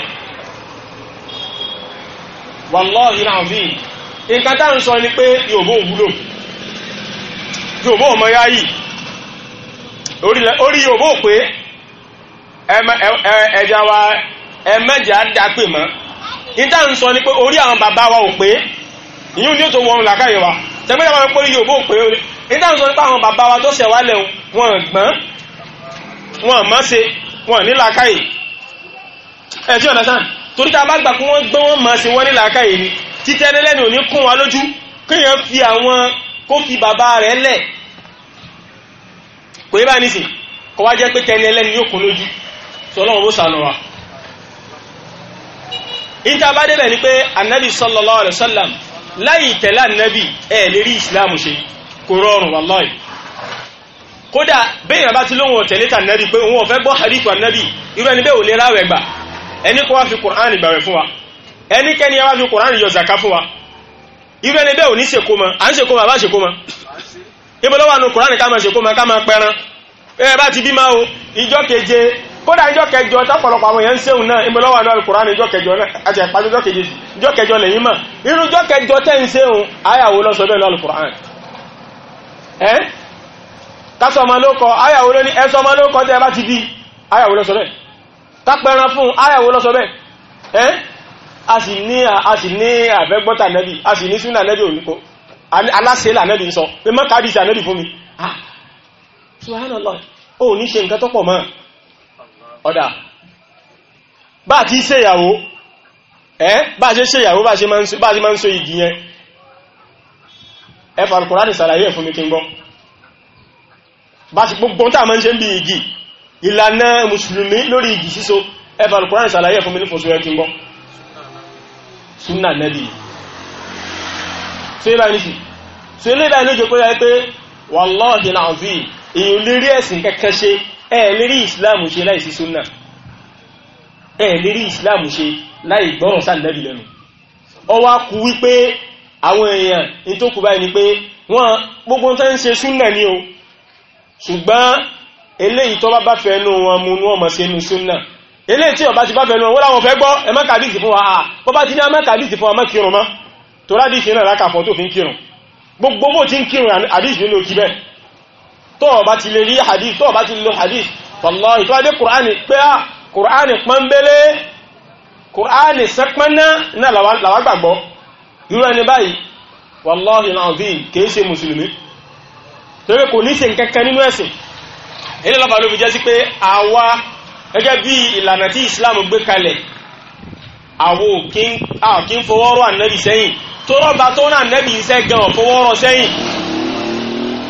wàlọ́ọ̀hìn náà bí nǹkan tá ń sọ ni pé yòòbó òwúlò yòòbó ọmọ yá yìí orí yòòbó pé ẹja wa ẹ̀mẹ́jẹ̀ á dá pè mọ́ níta ń sọ ni pé orí àwọn bàbá wa ò pé ìyún ni ó tó wọrùn làkàyè wa tẹ̀mẹ́jẹ̀ máa ń pé yóò bó pé o níta ń sọ nípa àwọn bàbá wa tó ṣẹ̀ wá lẹ̀ wọn gbọ́n wọn mọ́ ṣe wọn ní làkàyè ẹ̀ tí ọ̀nà sáà torí tá bá gbà kí wọ́n gbọ́n wọn mọ́ ṣe wọ́n ní làkàyè ni títẹ́ lẹ́lẹ́ni ò ní kún wa lójú kéèyàn fi àwọn kó fi bàbá rẹ̀ lẹ̀ kò yẹ bá nísìn kó wá jẹ́ pé tẹ́ni ẹlẹ́ni yóò kún lójú sọlọ́run sànù wa níta bá débẹ̀ ni pé anabi sallallahu alayhi wa sallam láì tẹ̀lé anabi ẹ̀ lè rí islam ṣe kò rọrùn wallahi kódà béèyàn bá ti lóhun ọ̀tẹ̀lé tà anabi pé òun ò fẹ́ gbọ́ hadith anabi irú ẹni bẹ́ẹ̀ ò lè ráwẹ̀ gbà ẹni kó wá fi qur'an gbàwẹ̀ fún wa ẹnikẹ́ni wá fi qur'an yọ zaka fún wa irú ẹni bẹ́ẹ̀ ò ní ṣèkó mọ́ à ń ṣèkó mọ́ àbá ṣèkó mọ́ ibo ló wà nínú ká máa ṣèkó mọ́ ká máa pẹran ẹ bá ti bí máa o ìjọ keje kódà ìjọ kẹjọ ta àwọn èèyàn ń na náà ìmọ̀lọ́wà náà alukùrán ìjọ kẹjọ náà àti ẹ̀pàdé ìjọ kẹjọ ìjọ kẹjọ lẹ́yìn mọ̀ nínú ìjọ kẹjọ tẹ́ ń sẹ́hùn ayàwó lọ́sọ bẹ́ẹ̀ náà alukùrán ẹ́ kásọmọ ló kọ ayàwó ló ní ló kọ tẹ́ bá ti bí ayàwó lọ́sọ bẹ́ẹ̀ kápẹ́ran fún ayàwó lọ́sọ bẹ́ẹ̀ ẹ́ a sì ní a sì ní a ọ̀dà bá ti ṣe ìyàwó ẹ́ bá ṣe ṣe ìyàwó bá ṣe máa ń so igi yẹn ẹfà Al-Kùránì sàlàyé ẹ̀ fún mi kí n gbọ́ bá ti gbogbo tàà máa ń ṣe ń bí igi ìlànà mùsùlùmí lórí igi síso ẹfà Al-Kùránì sàlàyé ẹ̀ fún mi ní fòsù ẹ̀ kí n gbọ́ súnà nẹ́bì ṣe báyìí nìsí ṣe lé báyìí lójò pé wàlláhì láàzí èyàn lérí ẹ̀sìn ẹ lè rí islam ṣe láì sí súnà ẹ lè rí islam ṣe láì gbọ́ràn sáàlẹ́bì lẹ́nu ọ wá kú wípé àwọn èèyàn ní tó kù báyìí ni pé wọ́n gbogbo tó ń ṣe súnà ní o ṣùgbọ́n eléyìí tó bá bá fẹ́ nú wọn mú ní ọmọ sí inú súnà eléyìí tí ọba ti bá fẹ́ nú wọn láwọn fẹ́ gbọ́ ẹ má kàdíìsì fún wa à bọ́ bá ti ní amákàdíìsì fún wa má kírun mọ́ tó rádìsì náà lákàfọ́ tó fi ń kírun gbogbo bó ti ń kírun àdìsì nínú kí bẹ́ẹ̀ tó bá ti lè rí hadith tó bá ti lè lo hadith wallahi tó adé kùránì pé á ah, kùránì pọ́nbélé kùránì sẹ́pẹ́ná náà làwà gbàgbọ́ irú ẹni báyìí wallahi alazim kìí ṣe mùsùlùmí torí kò ní ṣe nkankan nínú ẹ̀sìn ilé lọ́pàá ló fi jẹ́ sí pé àwa gẹ́gẹ́ bí ìlànà tí Islam gbé kalẹ̀ àwo kí ń fọwọ́rọ̀ ànẹ́bì sẹ́yìn tó rọ́ba tó náà ànẹ́bì iṣẹ́ gan fọwọ́rọ̀ sẹ́yìn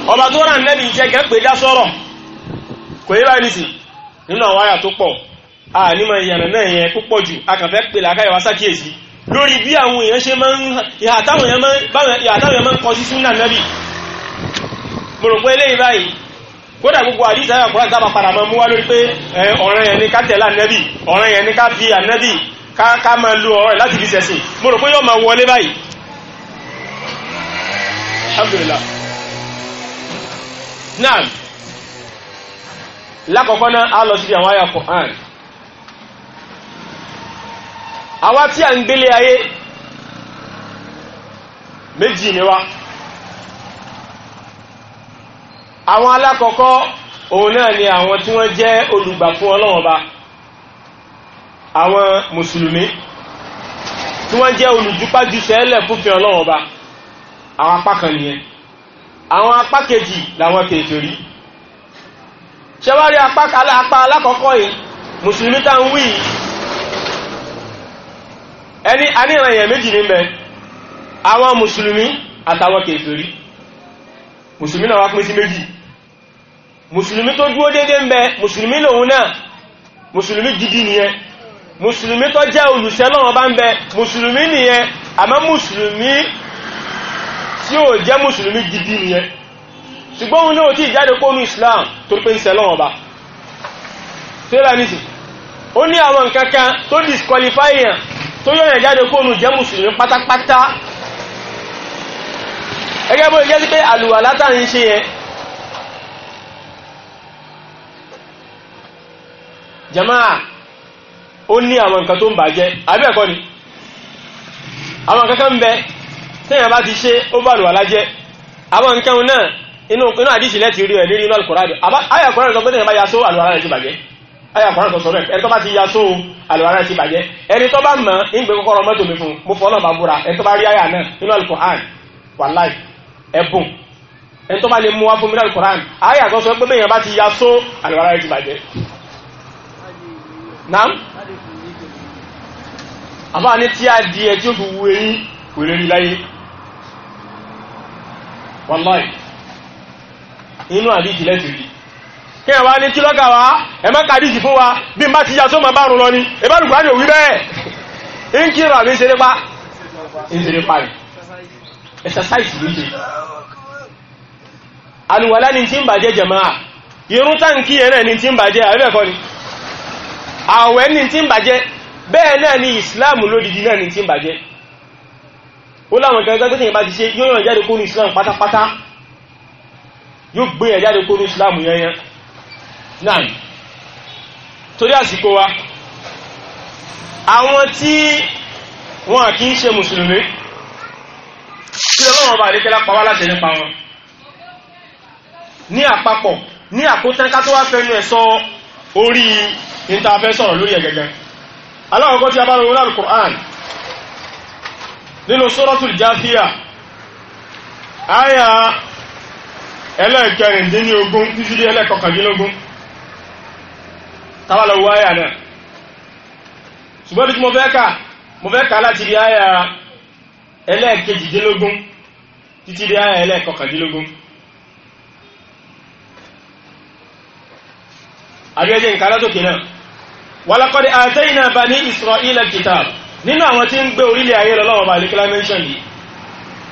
ọba tó rà nẹ́bì jẹ́ gẹ́ pé dá sọ́rọ̀ kò yí báyìí nìsí nínú àwọn àyà tó pọ̀ a nímọ̀ ìyànà náà yẹn púpọ̀ jù a kàn fẹ́ pè lákàyẹ̀wá sàkíyèsí lórí bí àwọn èèyàn ṣe máa ń ìhà táwọn èèyàn máa ń kọjú sí náà nẹ́bì mo rò pé eléyìí báyìí kódà gbogbo àdìsá yà kúrò àtàbà padà máa mú wá lórí pé ọ̀ràn yẹn ni ká tẹ̀lé ànẹ́bì ọ̀ràn yẹn ni ká fi ànẹ́bì ká máa lo ọ̀rọ̀ láti fi ṣẹ̀sìn mo rò pé yóò máa wọlé báyìí alhamdulillah náà lákọ̀ọ́kọ́ náà a lọ sí àwọn àyà Qur'an àwa tí a ń gbélé ayé méjì ni wá àwọn alákọ̀ọ́kọ́ òun náà ni àwọn tí wọ́n jẹ́ olùgbà fún Ọlọ́hun ba àwọn mùsùlùmí tí wọ́n jẹ́ olùdúpájú sẹ́lẹ̀ fúnfin Ọlọ́hun àwọn apá kan nìyẹn àwọn apá kejì làwọn kèfèrí ṣẹwárí apá alákọ̀ọ́kọ́ yìí mùsùlùmí tá ń wí ẹni aníran èèyàn méjì níbẹ̀ àwọn mùsùlùmí àtàwọn kèfèrí mùsùlùmí náà wá pín sí méjì mùsùlùmí tó dúó dédé ń bẹ mùsùlùmí lòun náà mùsùlùmí gidi nìyẹn mùsùlùmí tó jẹ́ olùsẹ́lọ́wọ́n bá ń bẹ mùsùlùmí nìyẹn àmọ́ mùsùlùmí tí ó jẹ́ mùsùlùmí gidi nìyẹn ṣùgbọ́n òun náà tí ìjáde kó ní islam tó pé ń sẹ́lọ́wọ̀n ọba tó yẹ́ bá ní sí ó ní àwọn nǹkan kan tó disqualify yàn tó yọ̀yàn jáde kó ní jẹ́ mùsùlùmí pátápátá gẹ́gẹ́ bó jẹ́ sí pé àlùwà látàrí ń ṣe yẹn jamaa ó ní àwọn nǹkan tó ń bàjẹ́ àbí ẹ̀kọ́ ni àwọn nǹkan kan ń bẹ tẹ́yàn bá ti ṣe ó bá lù alájẹ́ àwọn nǹkan náà inú inú àdíṣì lẹ́ti rí ẹ̀ lérí inú alukọ̀rádì ayàkọ̀rán sọ pé tẹ́yàn bá yasó àlùwárá rẹ̀ ti bàjẹ́ ayàkọ̀rán sọ sọ rẹ̀ ẹni tó bá ti yasó àlùwárá rẹ̀ ti bàjẹ́ ẹni tó bá mọ̀ ń gbé kọ́kọ́rọ́ mọ́tò mi fún mo fọ́ náà bá búra ẹni tó bá rí àyà náà inú alukọ̀rán nam àbáwọn ní tí a di ẹ tí ó fi wu eyín wèrè rí láyé wàláì inú àdíjì lẹ́tìrí kí ẹ̀wà ní kí lọ́gà wá ẹ fún wa bí n bá ti ya ma lọ ni ìbárùgbà ní òwú bẹ́ẹ̀ ń kí rà mí ṣeré pa ń ṣeré pa ló ni tí ń bàjẹ́ irun táǹkì ẹ̀rẹ́ ni tí ń bàjẹ́ ni àwẹ̀ ni tí ń bàjẹ́ bẹ́ẹ̀ náà ni ìsìláàmù lódìdí náà ni tí ń bàjẹ́ ó láwọn kan gbẹ́gbẹ́ tẹ̀yìn bá ti ṣe yóò yàn jáde kónú islam pátápátá yóò gbé yàn jáde kónú islam yẹnyẹn náà torí àsìkò wa àwọn tí wọ́n kì í ṣe mùsùlùmí tí ọlọ́wọ́n bá àdékẹ́lá pàwọ́ láti nípa wọn ní àpapọ̀ ní àkótán ká tó wá fẹ́nu ẹ̀sọ́ orí ìntàfẹ́ sọ̀rọ̀ lórí ẹ̀gẹ̀gẹ̀ aláwọ̀kọ́ tí a bá lọ́wọ́ lárùkùránì nínú suratul Jathiyah àyà ẹlẹ́ẹ̀kẹrìndínlógún títí dé ẹlẹ́ẹ̀kọkàndínlógún tàbálọ̀ wọ àyà náà ṣùgbọ́n tí mo fẹ́ kà mo fẹ́ kà láti di àyà ẹlẹ́ẹ̀kejìdínlógún títí dé àyà ẹlẹ́ẹ̀kọkàndínlógún àbíọ́jẹ́ nǹkan látòkè náà walaqad atayna bani Isra'ila al nínú àwọn tí ń gbé orílẹ̀ ayé lọ́wọ́ bá lékílá mẹ́ṣàn yìí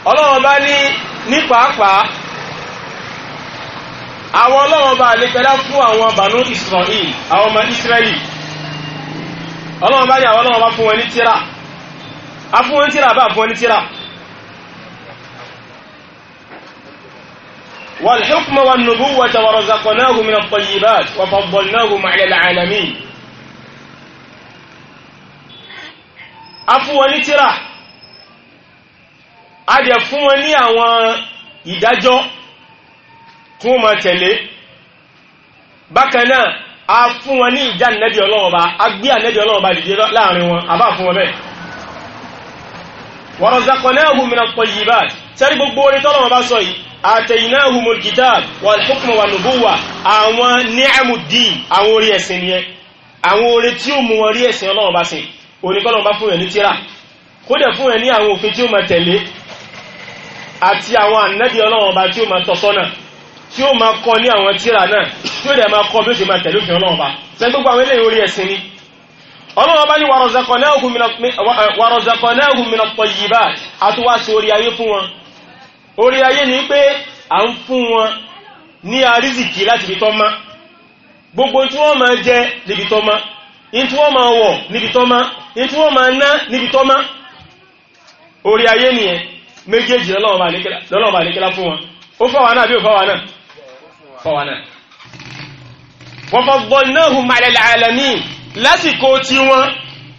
ọlọ́wọ́ bá ní ní pàápàá àwọn ọlọ́wọ́ bá lékílá fún àwọn bànú Israel àwọn ọmọ Israeli ọlọ́wọ́ bá ní àwọn ọlọ́wọ́ bá fún wọn ní tíra a fún wọn ní tíra bá fún wọn ní tíra wal hukma wan nubuwwata wa razaqnahum min at-tayyibat wa faddalnahum 'ala al-'alamin a fún wọn ní tíra a dẹ̀ fún wọn ní àwọn ìdájọ́ tí wọ́n tẹ̀lé bákan a fún wọn ní ìjà nẹ́bí ọlọ́ọ̀ba a gbé ànẹ́bí ọlọ́ọ̀ba dìde láàrin wọn àbá fún wọn bẹ́ẹ̀ warazaqnahum min at-tayyibat sẹ́rí gbogbo orí tọ́lọ́wọ́ bá sọ yìí ataynahum al-kitab wal-hukma wan-nubuwwa àwọn ni'amud-din àwọn orí ẹ̀sìn nìyẹn àwọn orí tí ó mú wọn rí ẹ̀sìn ọlọ́wọ́ bá sìn oníkọ́lọ̀ bá fún ẹ̀ ní tíra kó dẹ̀ fún ẹ̀ ní àwọn òfin tí ó máa tẹ̀lé àti àwọn ànábì ọlọ́run ọba tí ó máa tọ́sọ́nà tí ó máa kọ ní àwọn tíra náà tí ó dẹ̀ máa kọ bí ó ṣe máa tẹ̀lé òfin ọlọ́run ọba sẹ́ni gbogbo àwọn eléyìí orí ẹ̀sìn ni ọlọ́run ọba ní wàrọ̀zẹ̀kọ̀nẹ́hùn mìíràn pọ̀ yìí bá àtúwàsí orí ayé ni pé à ń fún wọn ní àrísìkì láti fi ìtí wọ́n máa ná níbi tọ́ má orí ayé nìyẹn méjèèjì lọ́lọ́ọ̀bà lékẹ́lá fún wọn ó fọ́wà náà bí ó fọ́wà náà fọ́wà náà wọ́n fọ́gbọ́ náà hù màlẹ̀lẹ̀ àlẹ́mí lásìkò tí wọ́n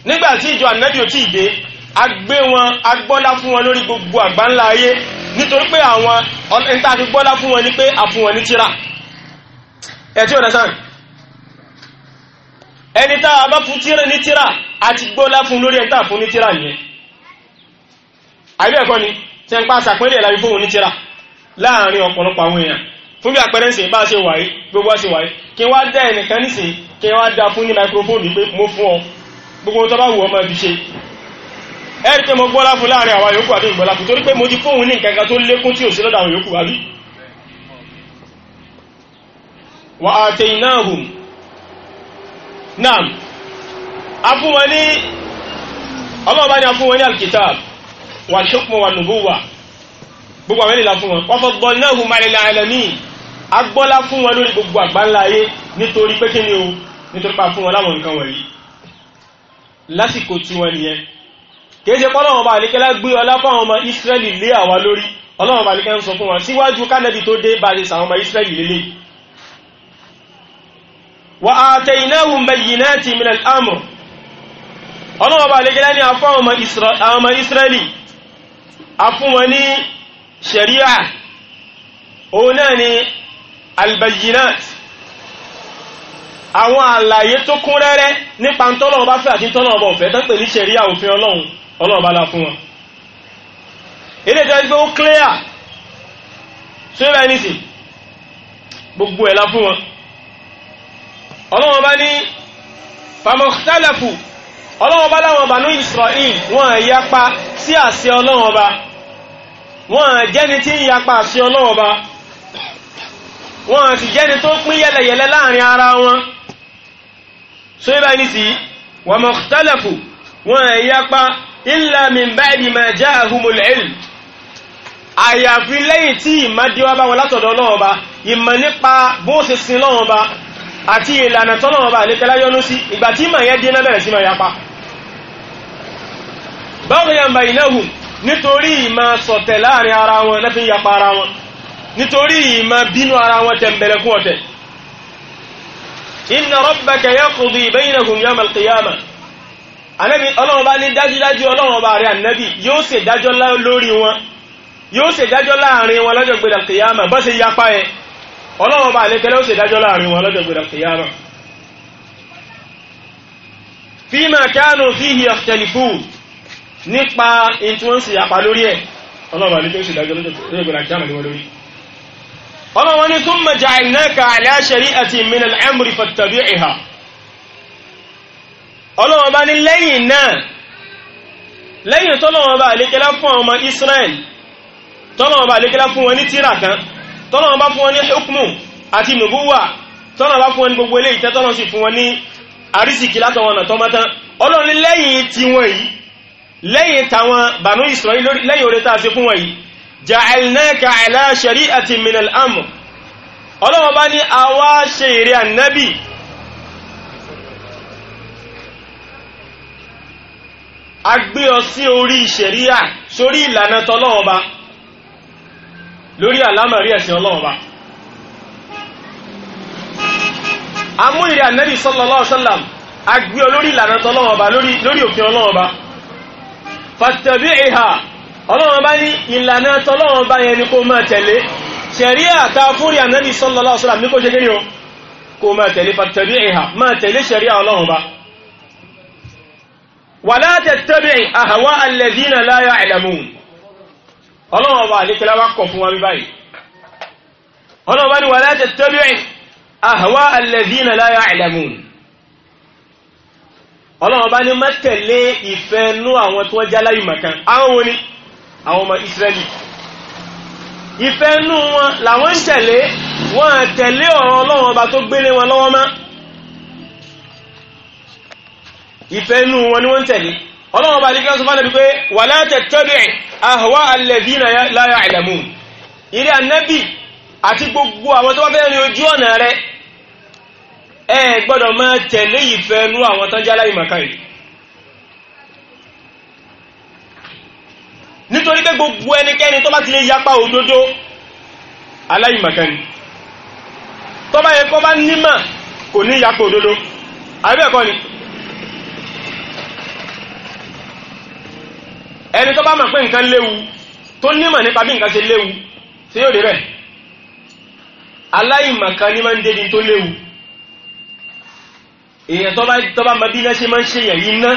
nígbàtí ìjọ ànábì ò tí ì dé agbé wọn agbọ́lá fún wọn lórí gbogbo àgbáńlá ayé nítorí pé àwọn ẹ̀ńtà fi gbọ́lá fún wọn ní pé àfún wọn ní tíra ẹ̀ tí ò dásáà ẹni tá a bá fún tíra ní tíra àti gbọ́lá fún lórí ẹni tá a fún ní tíra nìyẹn àbí ẹ̀kọ́ ni tí ń pa àsàpínlẹ̀ ìlàrí fún òní tíra láàrin ọ̀pọ̀lọpọ̀ àwọn èèyàn fún bí àpẹẹrẹ ń ṣe bá ṣe wáyé gbogbo ṣe wáyé kí wá dá ẹnìkan nísìn kí wá dá fún ní microphone pé mo fún ọ gbogbo tó bá wù ọmọ ibi ṣe ẹ̀rí pé mo gbọ́lá fún láàrin àwọn yòókù àbí ìgbọ́lá fún torí pé mo ti fóun ní nǹkan kan tó lékún tí ò sí lọ́dọ̀ àwọn yòókù àbí wa ataynahum naam afúnwọn ní ọlọ́ọ̀bá ní afúnwọn ní alkitab wal hukmu wan nubuwwa gbogbo àwọn ènìyàn fún wọn la fọ́ gbọ́ náà hù máa nílẹ̀ àlẹ́mí agbọ́lá fún wọn lórí gbogbo àgbáńlá ayé nítorí pé kí ni o nítorí pa fún wọn láwọn nǹkan wọ̀nyí lásìkò tí wọ́n nìyẹn kìí ṣe pọ́lọ́wọ́n bá àlékẹ́lá gbé ọlá fáwọn ọmọ Ísírẹ́lì lé àwa lórí ọlọ́wọ́n bá àlékẹ́ ń sọ fún wọn síwájú kánẹ́bì tó dé bá ṣe sàwọn ọmọ Ísírẹ́lì lélẹ́yìí wa ataynahum bayyinatin min al-amr ọlọ́wọ́ bá lè gẹ́lẹ́ ní afọ́ àwọn ọmọ israeli afún wọn ní sharia òun náà ni albayyinat àwọn àlàyé tó kún rẹ́rẹ́ nípa tọ́lọ́wọ́ bá fẹ́ àti tọ́lọ́wọ́ ọ̀fẹ́ tó pè ní sharia òfin ọlọ́run gbogbo ẹ̀lá fún wọn ọlọ́wọ́n bá ní famọ́tálẹ̀fù ọlọ́wọ́n bá láwọn Banu Israel wọ́n yapa sí àṣẹ ọlọ́wọ́n bá wọ́n jẹ́ni tí ń yapa àṣẹ ọlọ́wọ́n bá wọ́n ti jẹ́ni tó pín yẹlẹyẹlẹ láàrin ara wọn so ibà ní sí wàmọ̀tálẹ̀fù wọ́n yapa illa min ba'di ma ja'ahumul ilm àyàfi lẹ́yìn tí ìmá àti ìlànà tọ́nà ọba àlékẹ́lá yọ́nú sí ìgbà tí ma yẹ́ dínà bẹ̀rẹ̀ sí ma yapa báwọn ya mbà ìnáhùn nítorí ìmá ṣọ̀tẹ̀ láàrin ara wọn náà fi yapa ara wọn nítorí ìmá bínú ara wọn tẹ̀m̀bẹ̀lẹ̀kún ọ̀tẹ̀ inna rabbaka yaqdi bainahum yawmal qiyamah ànábì ọlọ́run ọlọ́wọ́n bá àlékẹ́lẹ́ ó sì dájọ́ láàrin wọn lọ́jọ́ gbẹ̀rẹ̀ kìyàmà fíìmà kánù fíhì ọ̀tẹ̀lifù nípa ìtúwọ́nsì àpá lórí ẹ̀ ọlọ́wọ́n bá àlékẹ́lẹ́ ó sì dájọ́ lọ́jọ́ gbẹ̀rẹ̀ kìyàmà lórí ọlọ́wọ́n ní tún mẹ́jà ìnáka aláṣẹ́rí àti ìmìnà ẹmùrí fàtàbí ìhà ọlọ́wọ́n bá ní lẹ́yìn náà lẹ́yìn tọ́lọ́wọ́n bá àlékẹ́lẹ́ fún ọmọ Israel tọ́nà bá fún wọn ní hukmu àti nubuwa tọ́nà bá fún wọn ní gbogbo ilé ìtẹ́ tọ́nà sì fún wọn ní àrísìkí látọ̀ wọn àtọ́ mọ́tán ọlọ́run ní lẹ́yìn tí wọ́n yìí lẹ́yìn táwọn bànú Isra'il lórí àlámọ̀rí ẹ̀sìn ọlọ́run bá amú ìrìn ànẹ́bì sallallahu alaihi wasallam agbé olórí ìlànà tọ́lọ́run bá lórí òfin ọlọ́run bá fattabi'iha ọlọ́run bá ní ìlànà tọ́lọ́run bá yẹn ni kó máa tẹ̀lé ṣẹ̀rí àta fúnrí ànẹ́bì sallallahu alaihi wasallam ní kó ṣe kéde o kó máa tẹ̀lé fattabi'iha máa tẹ̀lé ṣẹ̀rí ọlọ́run ọba àlékẹ́lá wá kọ̀ fún wa bí báyìí ọlọ́run bá ní wà láti tẹ́bíẹ̀ àhàwá alladhina la ya'lamun ọlọ́run bá ní mẹ́tẹ̀lé ìfẹ́ nú àwọn tó jẹ́ aláìmọ̀kan àwọn wo ni àwọn ọmọ Israẹli ìfẹ́ nú wọn làwọn ń tẹ̀lé wọn tẹ̀lé ọ̀rọ̀ ọlọ́run ọba tó gbélé wọn lọ́wọ́ mọ́ ìfẹ́ nú wọn ni wọ́n ń tẹ̀lé ọlọ́wọ́ bá díkẹ́ sọ fánàbí pé wà látẹ̀tẹ́bẹ̀ àhọ́wà alẹ́dínà láyà àìlẹ̀mú ilé annabi àti gbogbo àwọn tó wá fẹ́ ní ojú ọ̀nà rẹ ẹ gbọ́dọ̀ máa tẹ̀lé ìfẹ́ nú àwọn tán jálá ìmọ̀ká yìí nítorí pé gbogbo ẹnikẹ́ni tó bá ti lè yapa òdodo aláìmọ̀ká ni tó bá yẹ kó bá nímọ̀ kò ní yapa òdodo àbẹ́ẹ̀kọ́ ni ẹni tó bá mọ̀ pé nǹkan léwu tó nímọ̀ nípa bí nǹkan ṣe léwu ṣe yóò débẹ̀ aláìmọ̀kan ní máa ń débi tó léwu èèyàn tó bá mọ bí iná ṣe máa ń ṣèyàn iná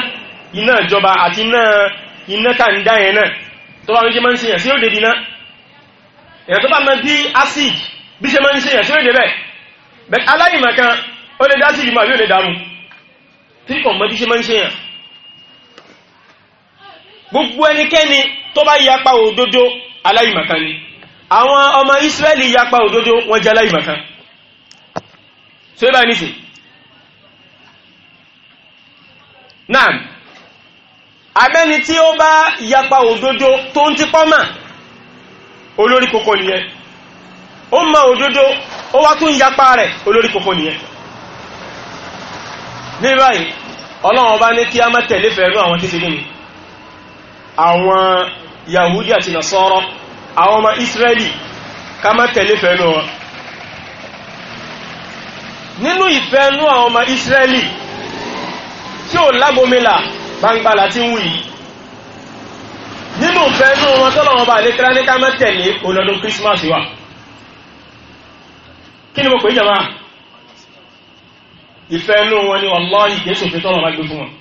iná ìjọba àti iná iná tá ń dá yẹn náà tó bá mọ ṣe máa ń ṣèyàn sí yóò débi náà èèyàn tó bá mọ bí acid bí ṣe máa ń ṣèyàn sí yóò débẹ̀ bẹ́ẹ̀ aláìmọ̀kan ó lè dá acid mọ́ àbí ó lè dàrú tí kò mọ bí ṣe máa ń ṣèyàn gbogbo ẹnikẹ́ni tó bá yapa òdodo aláìmọ̀kan ni àwọn ọmọ Ísírẹ́lì yapa òdodo wọ́n jẹ́ aláìmọ̀kan so ibà nìsí náà abẹ́ni tí ó bá yapa òdodo tó ń ti pọ́mà olórí kókó nìyẹn ó mọ òdodo ó wá tún yapa rẹ̀ olórí kókó nìyẹn ní báyìí ọlọ́run ọba ní kí a má tẹ̀lé fẹ̀ẹ́rú àwọn tí ṣe àwọn yahudi àti nasọ́rọ́ àwọn ọmọ israeli ká má tẹ̀lé fẹ́nu wọn nínú ìfẹ́nu àwọn ọmọ israeli tí ó lágbómìlà gbangbala tí ń wù yìí nínú ìfẹ́nu wọn tọ́lọ̀ wọn bá lè kíra ní ká má tẹ̀lé olọ́dún christmas wà kí ni mo pè jẹ́ máa ìfẹ́nu wọn ni wallahi ìgbésòfin tọ́lọ̀ wọn gbé fún wọn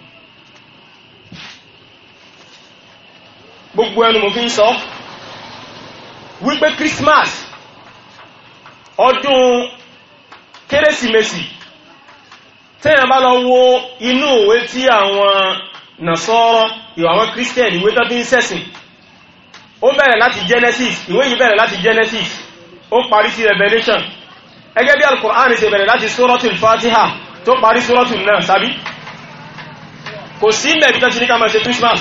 gbogbo ẹnu mo fi ń sọ wípé Christmas ọdún kérésìmesì tẹ́yàn bá lọ wo inú ìwé tí àwọn nàṣọ́rọ́ ìwà àwọn Christian ìwé tó fi ń ṣẹ̀sìn ó bẹ̀rẹ̀ láti Genesis ìwé yìí bẹ̀rẹ̀ láti Genesis ó parí sí Revelation ẹgẹ́ bí Al-Qur'an ṣe bẹ̀rẹ̀ láti Suratul Fatiha tó parí Suratul náà sábí kò sí mẹ́bí tó ti ní ká máa ṣe Christmas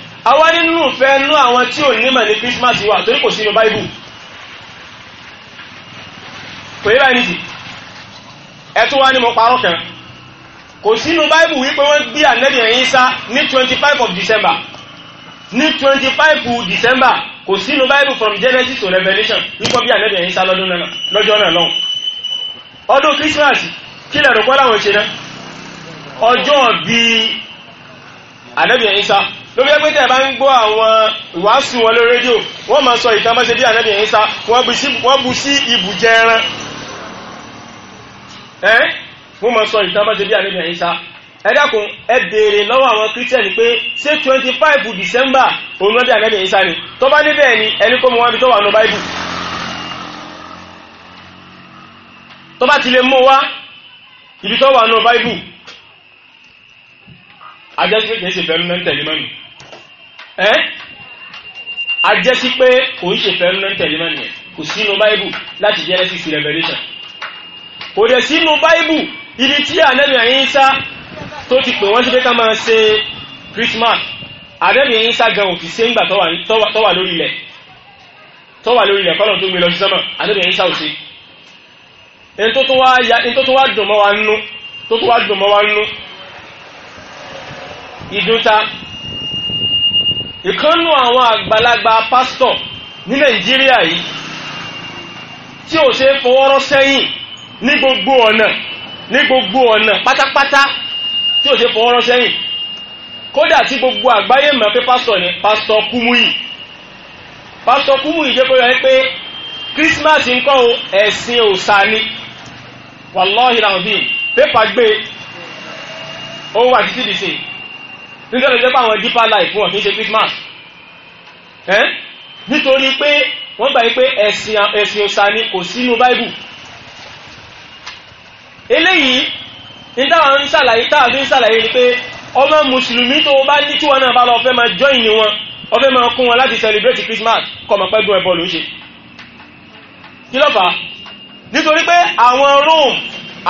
àwa nínú fẹ́ nú àwọn tí ò nímọ̀ ní Christmas wà torí kò sínú Bible kò yẹ báyìí nìyí ẹ̀tún wá ní mo parọ́ kan kò sínú Bible wípé wọ́n gbé ànẹ́bì ẹ̀yìn sá ní 25 of December ní 25 December kò sínú Bible from Genesis to Revelation wípé bí ànẹ́bì ẹ̀yìn sá lọ́dún náà lọ́jọ́ náà lọ́hùn ọdún Christmas kí lẹ̀rọ pọ́ láwọn ṣe náà ọjọ́ bí ànẹ́bì ẹ̀yìn sá ló fi ẹ́ pé tẹ̀ bá ń gbọ́ àwọn ìwàásù wọn lórí rédíò wọ́n máa sọ ìtàn bá ṣe bí ànábì ẹ̀yìn sá wọ́n bu sí ibùjẹ ẹran ẹ́ wọ́n máa sọ ìtàn bá ṣe bí ànábì ẹ̀yìn sá ẹ dákun ẹ béèrè lọ́wọ́ àwọn kírísítẹ́nì pé ṣé twenty five december òun lọ́dẹ ànábì ẹ̀yìn sá ni tó bá níbẹ̀ ni ẹni kó mu wọn bí tó wà nù báíbù tó bá ti lè mú wa ibi tó wà nù báíbù ajẹ́sí pé kìí ṣe fẹ́rú náà ń tẹ̀lé mọ́ni ẹ́ ajẹ́sí pé kò ń ṣe fẹ́rú náà ń tẹ̀lé mọ́ni kò sínú báíbù láti Genesis Revelation kò dẹ̀ sínú báíbù ibi tí ànábì Ìsá tó ti pè wọ́n sí pé ká máa ṣe Christmas ànábì Ìsá gan òkì ṣe ń gbà tọ́wà lórí ilẹ̀ tọ́wà lórí ilẹ̀ kọ́lọ̀ tó gbé lọ sí sọ́mọ̀ ànábì Ìsá ò ṣe ẹni tó tó wá dùn mọ́ wa nínú ìdúta ìkànnù àwọn àgbàlagbà pásítọ̀ ní nàìjíríà yìí tí ò ṣe fọwọ́rọ́ sẹ́yìn ní gbogbo ọ̀nà ní gbogbo ọ̀nà pátápátá tí ò ṣe fọwọ́rọ́ sẹ́yìn kódà tí gbogbo àgbáyé mọ̀ pé pásítọ̀ ni pásítọ̀ kúmúyì pásítọ̀ kúmúyì jẹ́ kóyọ̀ pé Christmas nǹkan o ẹ̀sìn òòṣà ni wàlọ́ọ̀hìn àwọn bíi pépà gbé owó àti tìdìsìn nígbàtí ìjọba àwọn deeper life wọn kì í ṣe Christmas ẹ́ nítorí pé wọ́n gbà pé ẹ̀sìn òsà ni kò sínú Bible eléyìí ní táwọn ń ṣàlàyé táwọn ń ṣàlàyé ni pé ọmọ mùsùlùmí tó bá ní tí wọn náà bá lọ fẹ́ máa join wọn ó fẹ́ máa kún wọn láti celebrate Christmas kò mọ̀ pé dùn ẹbọ ló ń ṣe kí ló fà á nítorí pé àwọn Rome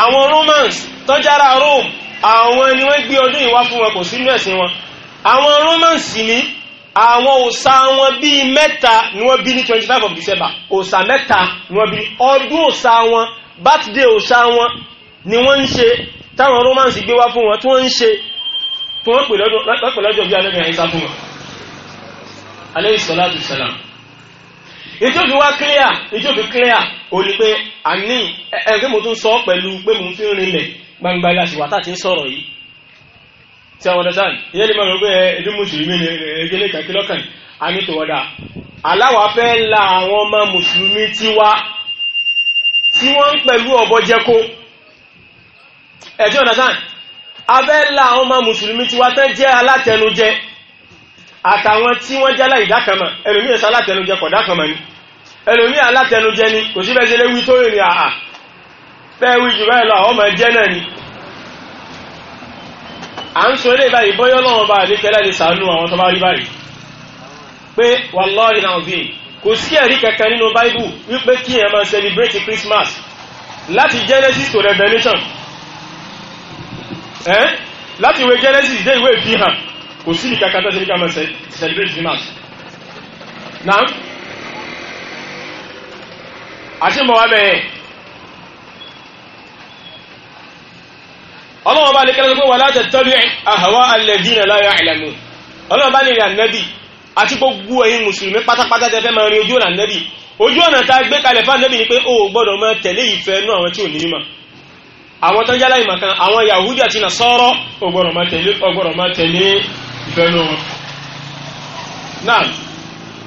àwọn Romans tó jára Rome àwọn ni wọ́n gbé ọdún ìwá fún wọn kò sí mẹ́sìn wọn àwọn romans ní àwọn òsà wọn bíi mẹ́ta ni wọ́n bí ní 25 of december òsà mẹ́ta ni wọ́n bí ọdún òsà wọn birthday òsà wọn ni wọ́n ń ṣe táwọn romans gbé wá fún wọn tí wọ́n ń ṣe tí wọ́n pè lọ́jọ́ bí alẹ́ ìyá fún wọn alẹ́ ìsọ̀láàtù sẹ́lám ìjọ́bi wá clear ìjọ́bi clear ò ní pé àní ẹgbẹ́ mo tún sọ pẹ̀lú pé mo fi ń rinlẹ̀ gbangba yá sí wàtá ti ń sọ̀rọ̀ yìí tí àwọn ọ̀dọ́ sáà ìyẹn lè máa rò pé ẹbí mùsùlùmí ni ẹgbẹ́lẹ́ ìtàkì lọ́kàn àmì tòwọ́dà aláwa fẹ́ la àwọn ọmọ mùsùlùmí tiwa tí wọ́n ń pẹ̀lú ọ̀bọ jẹ́kó ẹ̀jẹ̀ ọ̀dọ́ sáà abẹ́ la àwọn ọmọ mùsùlùmí tiwa tán jẹ́ alátẹnujẹ àtàwọn tí wọ́n jẹ́ aláìdákanmà ẹlòmíyẹ̀sán alátẹnujẹ kọ̀dákanmà ni ẹlòmíyẹ̀ alátẹnujẹ ni kò síbẹ̀ tẹ́wí jù báyìí lọ àwọn ọmọ ẹjẹ́ náà ni à ń sọ ilé báyìí bọ́yọ́ lọ́wọ́ bá àdékẹ́lẹ́ lè sàánú àwọn tó bá rí báyìí pé wallahi alazim kò sí ẹ̀rí kankan nínú báíbù wípé kí ẹ máa celebrate Christmas láti Genesis to Revelation ẹ́ láti ìwé Genesis dé ìwé ìfihàn kò sí ìkàkà tó ṣe ní ká máa celebrate Christmas náà àṣìmọ̀ wa bẹ̀rẹ̀ ọlọ́wọ́ bá lè kẹ́lẹ́ pé wà láti tọ́lú àhàwá alẹ́dínà láyọ̀ àìlànà ọlọ́wọ́ bá lè rìn ànẹ́bì àti gbogbo ẹ̀yin mùsùlùmí pátápátá tẹ́ fẹ́ máa rin ojú ọ̀nà ànẹ́bì ojú ọ̀nà tá a gbé kalẹ̀ fún ànẹ́bì ni pé o gbọ́dọ̀ máa tẹ̀lé ìfẹ́ inú àwọn tí ò ní mímọ̀ àwọn tó ń yálà ìmọ̀ kan àwọn yahudi àti nasọ́rọ́ o gbọ́dọ̀ máa tẹ̀lé o gbọ́dọ̀ máa tẹ̀lé ìfẹ́ inú wọn. náà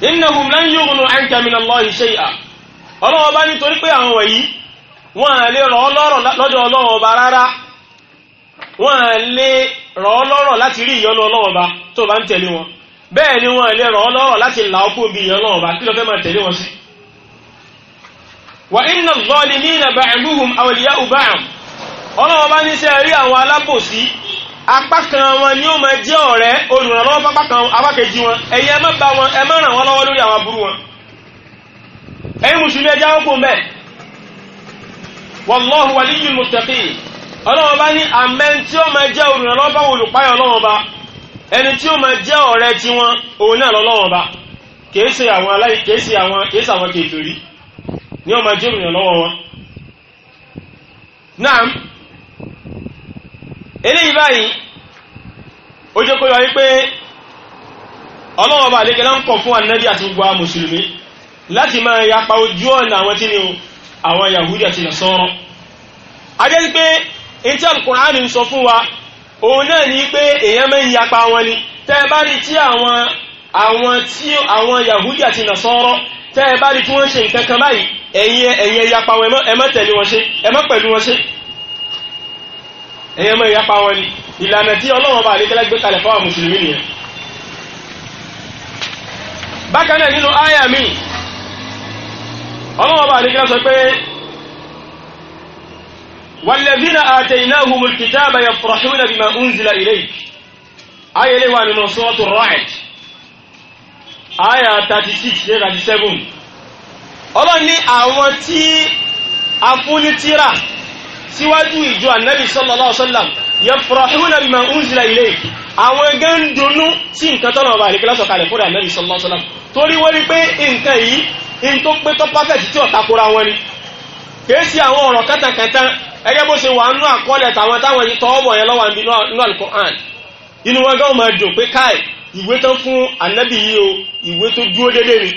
innahum lan yughnu anka min Allahi shay'a ọlọ́wọ́ bá nítorí pé àwọn wọ̀nyí wọn à lè rọ̀ ọ́ lọ́rọ̀ lọ́dọ̀ ọlọ́wọ́ ọba rárá wọ́n lè rọ̀ ọ́ lọ́rọ̀ láti rí ìyọ́nú ọlọ́wọ́ ọba tó bá ń tẹ̀lé wọn bẹ́ẹ̀ ni wọ́n lè rọ̀ ọ́ lọ́rọ̀ láti là bí ìyọ́nú ọba kí ló fẹ́ máa tẹ̀lé wọn sí. wà inna zalimina ba'duhum ọlọ́wọ́ bá ní rí àwọn alábòsí apá kan wọn ni ó máa jẹ́ ọ̀rẹ́ olùrànlọ́wọ́ pápá kan abákejì wọn ẹ̀yin ẹ má wọn ẹ wọn lọ́wọ́ lórí àwọn aburú wọn ẹ̀yin mùsùlùmí ọlọ́wọ́n bá ní àmẹ́ tí ó máa jẹ́ olùrànlọ́wọ́ bá olùpáyọ̀ ọlọ́wọ́n bá ẹni tí ó máa jẹ́ ọ̀rẹ́ tí wọn òun náà lọ́wọ́n bá kìí ṣe àwọn aláì kìí ṣe àwọn kìí ṣe àwọn kèfèrí ni ó máa jẹ́ olùrànlọ́wọ́ wọn. náà eléyìí báyìí ó jẹ́ kó yọ wípé ọlọ́wọ́n bá àlékelá ń kọ̀ fún ànábì àti gbogbo mùsùlùmí láti máa yapa ojú ọ̀nà àwọn tí ni àwọn Yahudi àti Nasara. a jẹ́ pé in tí alkùnránì ń sọ fún wa òun náà ní pé èèyàn mẹ́ ìyapa wọn ni tẹ́ bá rí tí àwọn àwọn tí àwọn yahudi àti nasọ́rọ́ tẹ́ bá rí tí wọ́n ṣe nǹkan kan báyìí ẹ̀yin ẹ̀yin ìyapa wọn ẹ má tẹ̀lé wọn ṣe ẹ má pẹ̀lú wọn ṣe ẹ̀yin mẹ́ ìyapa wọn ni ìlànà tí ọlọ́wọ́n bá lè gbé kalẹ̀ fáwọn mùsùlùmí nìyẹn bákan náà nínú áyà mi ọlọ́wọ́n bá lè gbé sọ pé والذين آتيناهم الكتاب يفرحون بما أنزل إليك آية لوا من سورة الرعد آية 36 37 ọlọ́run ní àwọn tí a fún ní tíra síwájú ìjọ ànábì sallallahu alaihi wasallam yafrahuna bima unzila ilayk àwọn gan dùnnú sí nǹkan tọ́nà ọba àríkẹ́ lásọ̀kalẹ̀ fún ànábì sallallahu alaihi torí wọ́n rí pé nǹkan yìí in tó pé tó pàfẹ́tì tí ọ̀takora wọn ni kèé sí àwọn ọ̀rọ̀ kátàkátà ẹgẹ́ bó ṣe wà nínú àkọọ́lẹ̀ tàwọn táwọn yìí tọwọ́ bọ̀ yẹn lọ́wọ́ nínú alukoran inú wọn gbọ́dọ̀ máa dùn pé káì ìwé tán fún ànábì yìí o ìwé tó dúró déédéé ni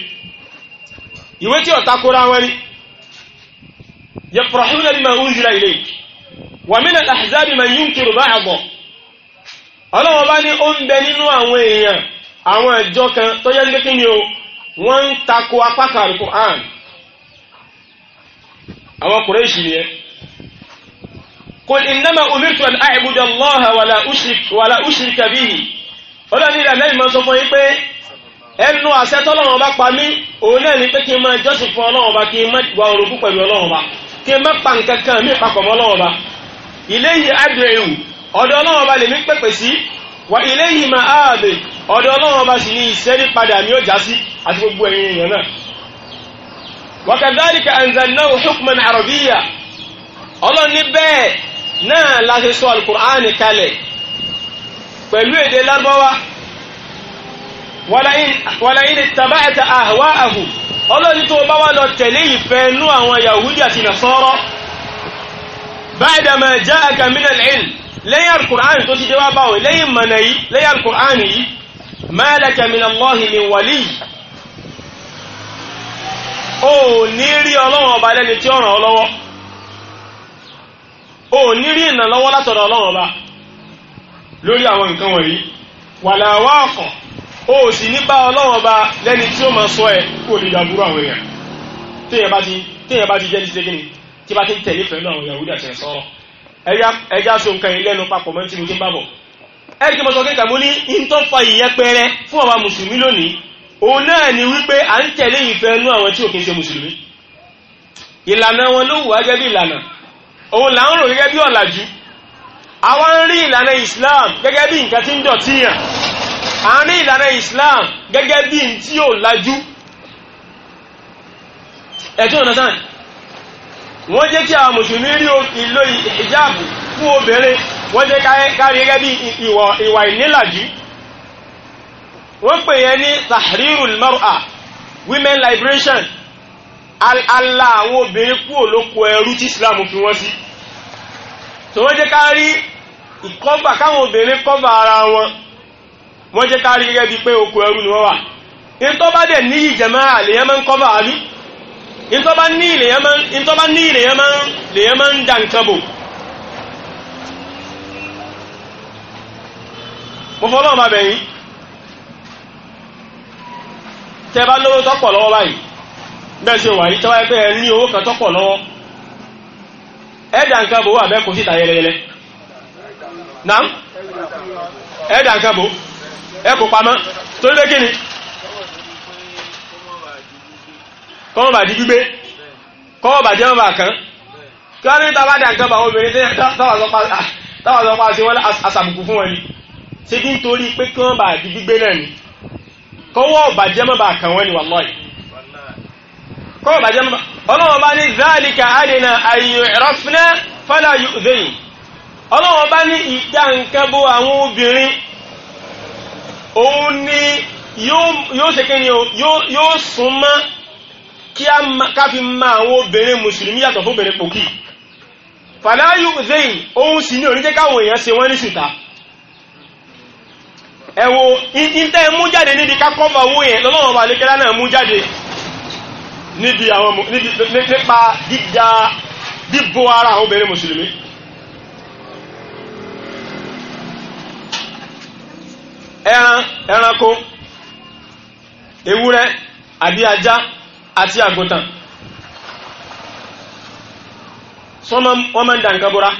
ìwé tí ọ̀tá kóra wọn ni yafrahuna bima unzila wa min al-ahzabi man yunkiru ba'dahu ọlọ́wọ́ bá ní ó ń bẹ nínú àwọn èèyàn àwọn kan tó yẹ kí ni o wọ́n ń apá kan àwọn قل إنما أمرت أن أعبد الله ولا أشرك ولا أشرك به ọlọ́run ní ìlànà ìmọ̀ sọ fún yín pé ẹnu àṣẹ tọ́lọ́run ọba pa mí òun náà ní pé kí n máa jọ́sìn fún ọlọ́run ọba kí n má wà orogún pẹ̀lú ọlọ́run ọba kí n má pa nǹkan kan mí papọ̀ mọ́ ọlọ́run ọba ilé yìí adùn ẹ̀wù ọ̀dọ̀ ọlọ́run ọba lèmi pèpè sí wà ilé yìí máa ààbè ọ̀dọ̀ ọlọ́run ọba sì ní ìṣẹ́rí padà ní ó já sí àti gbogbo ẹ̀yìn èèyàn náà wa kadhalika anzalnahu hukman arabiyya ọlọ́run ní bẹ́ẹ̀ náà láti sọ alukur'ani kalẹ̀ pẹ̀lú èdè lágbọ́wá wàlá ilẹ̀ tàbáyàtà àhùwá àhù ọlọ́ni tó bá wà lọ tẹ̀lé ìfẹ́ inú àwọn yahudi àti nasọ́rọ́ báyìdàmà jẹ́ àgàmínà lẹ́yìn lẹ́yìn alukur'ani tó ti dé wá báwọ̀ lẹ́yìn mọ̀nà yìí lẹ́yìn alukur'ani yìí mẹ́lẹ̀kẹ̀ mìíràn lọ́hìn mi o ní rí ìrànlọ́wọ́ látọ̀dọ̀ ọlọ́run ọba lórí àwọn nǹkan wọ̀nyí wàlàwà ọ̀kàn o sì ní bá ọlọ́run ọba lẹ́ni tí ó máa sọ ẹ kó lè dàbúrò àwọn èèyàn téèyàn bá ti téèyàn bá ti jẹ́ títí kíni tí bá ti ń tẹ̀lé pẹ̀lú àwọn Yahudi àti Nasara ẹja so nǹkan yìí lẹ́nu papọ̀ mọ́ tí mo ti ń bá bọ̀ kí mo sọ kéka mo ní ìtọ́fà ìyẹpẹrẹ fún àwa mùsùlùmí lónìí òun náà ni wípé à ń tẹ̀lé ìfẹ́ inú àwọn tí ò kí ń ṣe mùsùlùmí ìlànà wọn ló wù wá gẹ́gẹ́ bí ìlànà òun là ń rò gẹ́gẹ́ bí ọ̀làjú àwọn ń rí ìlànà Islam gẹ́gẹ́ bí nǹkan tí ń dọ̀tí yàn à ń rí ìlànà Islam gẹ́gẹ́ bí n tí ò làjú ẹ̀tún ọ̀nà sáà wọ́n jẹ́ kí àwọn mùsùlùmí rí ìlò ìjáàbù fún obìnrin wọ́n jẹ́ kárí gẹ́gẹ́ bí ìwà ìnílàjú wọ́n pè yẹn ní tahrirul mar'a women liberation Allah àwọn obìnrin kúrò lóko ẹrú tí Islam fi wọ́n sí so wọ́n jẹ́ ká rí ìkọ́bà káwọn obìnrin kọ́bà ara wọn wọ́n jẹ́ ká rí gẹ́gẹ́ bí pé oko ẹrú ni wọ́n wà ìtọ́ bá dẹ̀ ní ìjẹ̀mọ́ àlèyàn máa ń kọ́bà àbí ìtọ́ bá ní ìlèyàn máa ń nǹkan bò mo bẹ́ẹ̀ṣe wà yìí tọ́wọ́ ẹgbẹ́ ní owó kan tọ́pọ̀ lọ́wọ́ ẹ̀dà nǹkan bò wà mẹ́kùn síta yẹlẹyẹlẹ náà ẹ̀dà nǹkan bò ẹkù pamọ́ torí pé kíni kọ́wọ́ di gbígbé kí wọ́n ní dà nǹkan bà lọ́pàá fún wọn ṣe nítorí pé di gbígbé náà ni kọ́wọ́ kọ́ bàjẹ́ mọ́ ọlọ́wọ́ bá ní záàlìkà àdínà àyè ìrọ́fúnná fọ́lá yóòzẹ́yìn ọlọ́wọ́ bá ní ìdá nǹkan bó àwọn obìnrin òun ni yóò ṣe kíni yóò sún mọ́ kí a fi ma àwọn obìnrin musulmi yàtọ̀ fún obìnrin pòkì fọ́lá yóòzẹ́yìn òun sì ní oníjẹ́ káwọn èèyàn wọ́n ní ṣùtà ìtẹ́ níbi àwọn nípa dídá díbò ara àwọn obìnrin mùsùlùmí ẹran ẹranko ewúrẹ́ àbí ajá àti àgùntàn wọ́n máa ń dà nǹkan bóra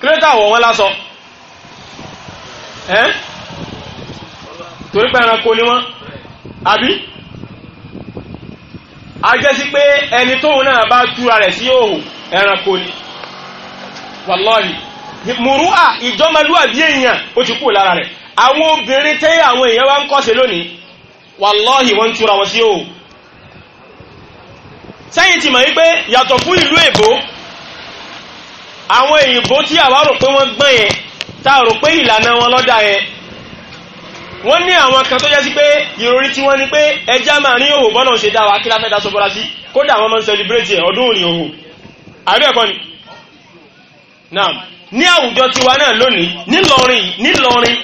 kírétà wọ̀ wọ́n lásọ ẹ́ torípẹ́ ẹranko ni wọ́n àbí. àjẹ́sí pé ẹni tóun náà bá túra rẹ̀ sí òhù ẹranko ni wàlọ́ọ̀lì mùrúà ìjọmọlúwàbí èèyàn ó ti kú lára rẹ̀ àwọn obìnrin tẹ́ àwọn èèyàn wá ń kọ́sẹ̀ lónìí wàlọ́ọ̀lì wọ́n túra wọn sí òhù sẹ́yìn ti mọ̀ wípé yàtọ̀ fún ìlú èbó àwọn èyìnbó tí àwa pé wọ́n gbọ́n yẹn tá a pé ìlànà wọn lọ́dà yẹn wọ́n ní àwọn kan tó jẹ́ sí pé ìròrí tí wọ́n ní pé ẹjá máa ní òhò bọ́nà ṣe dáwà kí láfẹ́ dáṣọ bọ́lá sí kódà wọ́n máa ń celebrate ọdún òní òhò àríẹ̀ kọ́ ni náà ní àwùjọ tiwa náà lónìí nílọrin nílọrin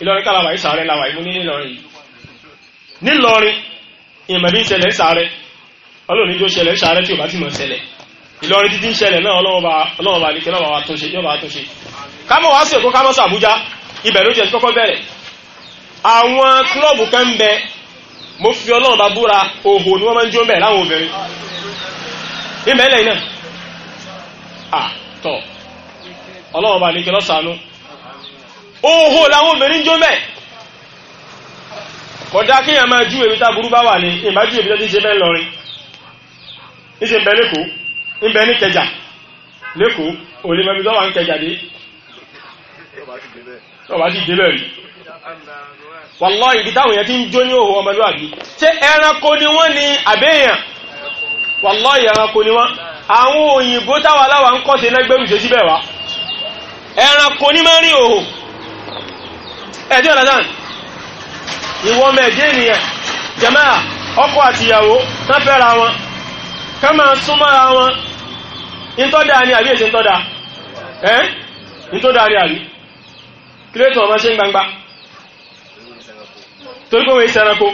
ìlọrin kálàwà ìsàárẹ̀ làwà ìmú ní nílọrin nílọrin ìmọ̀bí ìṣẹ̀lẹ̀ ìsàárẹ̀ ọlọ́run tó ṣẹlẹ̀ ìsàárẹ̀ tí ò bá ti mọ̀ ṣẹlẹ̀ ìlọrin títí ń ṣẹlẹ̀ náà ọlọ́run bá ní kí lọ́wọ́ wa tó ṣe yọ́ba tó ṣe ká wá sí èkó ká sí àbújá ibẹ̀ ló jẹ́ kọ́kọ́ bẹ̀rẹ̀ àwọn klọ́ọ̀bù kan bẹ mo fi ọlọ́run bá búra òhò ni wọ́n máa ń jó bẹ̀ láwọn obìnrin ìbẹ̀lẹ̀ iná àtọ̀ ọlọ́run bá ní kí lọ́sàánú òhò làwọn obìnrin jó bẹ̀ kọ̀dá kí máa ju èmi tá burú bá wà ní ìmá ju èmi tó ti ṣe bẹ́ẹ̀ lọrin níṣe ń bẹ wàlọ́ ìdí táwọn èèyàn ti ń jó ní òhun ọmọlúwàbí ṣe ẹranko ni wọ́n ni àbẹ́yàn wàlọ́ ẹranko ni wọ́n àwọn òyìnbó táwọn aláwà ń kọ́ sí lẹ́gbẹ̀rún ṣe ẹranko ní máa ń rí òhun ìwọ ọmọ ènìyàn wọn máa wọn ni àbí èsì ẹ́ torí pé wọ́n ṣe ẹranko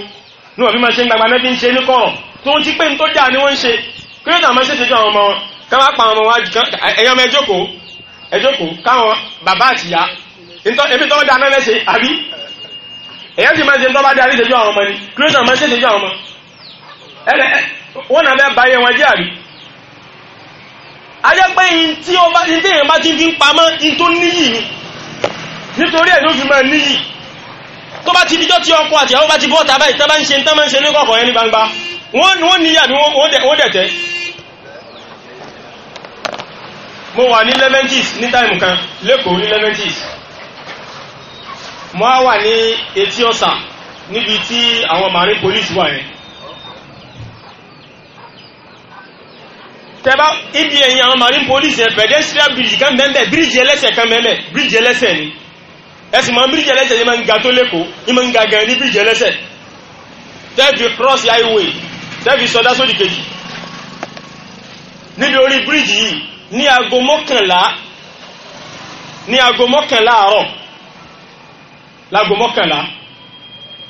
ní wọ́n fi máa ṣe ń gbagba nẹ́bí ń ṣe ní kọ̀rọ̀ tó ń ti pé ní tó dáa ni wọ́n ń ṣe kí ló dà máa ṣèṣe ju àwọn ọmọ wọn ká máa pa àwọn ọmọ wa ẹ̀yọ́ ọmọ ẹjọ́kòó ẹjọ́kòó káwọn bàbá àtìyá ebi tọ́ da náà lẹ́sẹ̀ àbí èyàn sì máa ń ṣe tọ́ bá dé àríṣẹ́jú àwọn ọmọ ni kí ló dà máa ṣèṣejú àwọn ọmọ wọ́n náà bẹ́ẹ̀ bá yẹ wọn jẹ́ àrí ajẹ́ pé in tí èèyàn bá ti ń pamọ́ in tó níyì ni nítorí ẹ̀ ló fi máa níyì tó bá ti dijọ́ tí ọkọ àti àwọn bá ti bọ́ tàbá ìtàn bá ń ṣe ń tán máa ń ṣe ní kọ̀ọ̀kan yẹn ní gbangba wọ́n ní yàbí wọ́n dẹ̀tẹ́ mo wà ní leventis ní táìmù kan lẹ́kọ̀ọ́ ní leventis mo á wà ní etí ọ̀sà níbi tí àwọn marine police wà yẹn tẹ́bá ibi ẹ̀yìn àwọn marine police yẹn pedestrian bridge kan bẹ́ẹ̀ bíríjì ẹlẹ́sẹ̀ kan bẹ́ẹ̀ bíríjì ẹlẹ́sẹ̀ ni ẹ̀sìn mọ́ bíríjì ẹlẹ́sẹ̀ ní máa ń ga tó lẹ́kọ̀ọ́ ní máa ń ga gan ní bíríjì ẹlẹ́sẹ̀ tẹ́ẹ̀fì cross highway tẹ́ẹ̀fì sọdá sódì kejì níbi orí bíríjì yìí ní aago mọ́kànlá ní aago mọ́kànlá àárọ̀ láago mọ́kànlá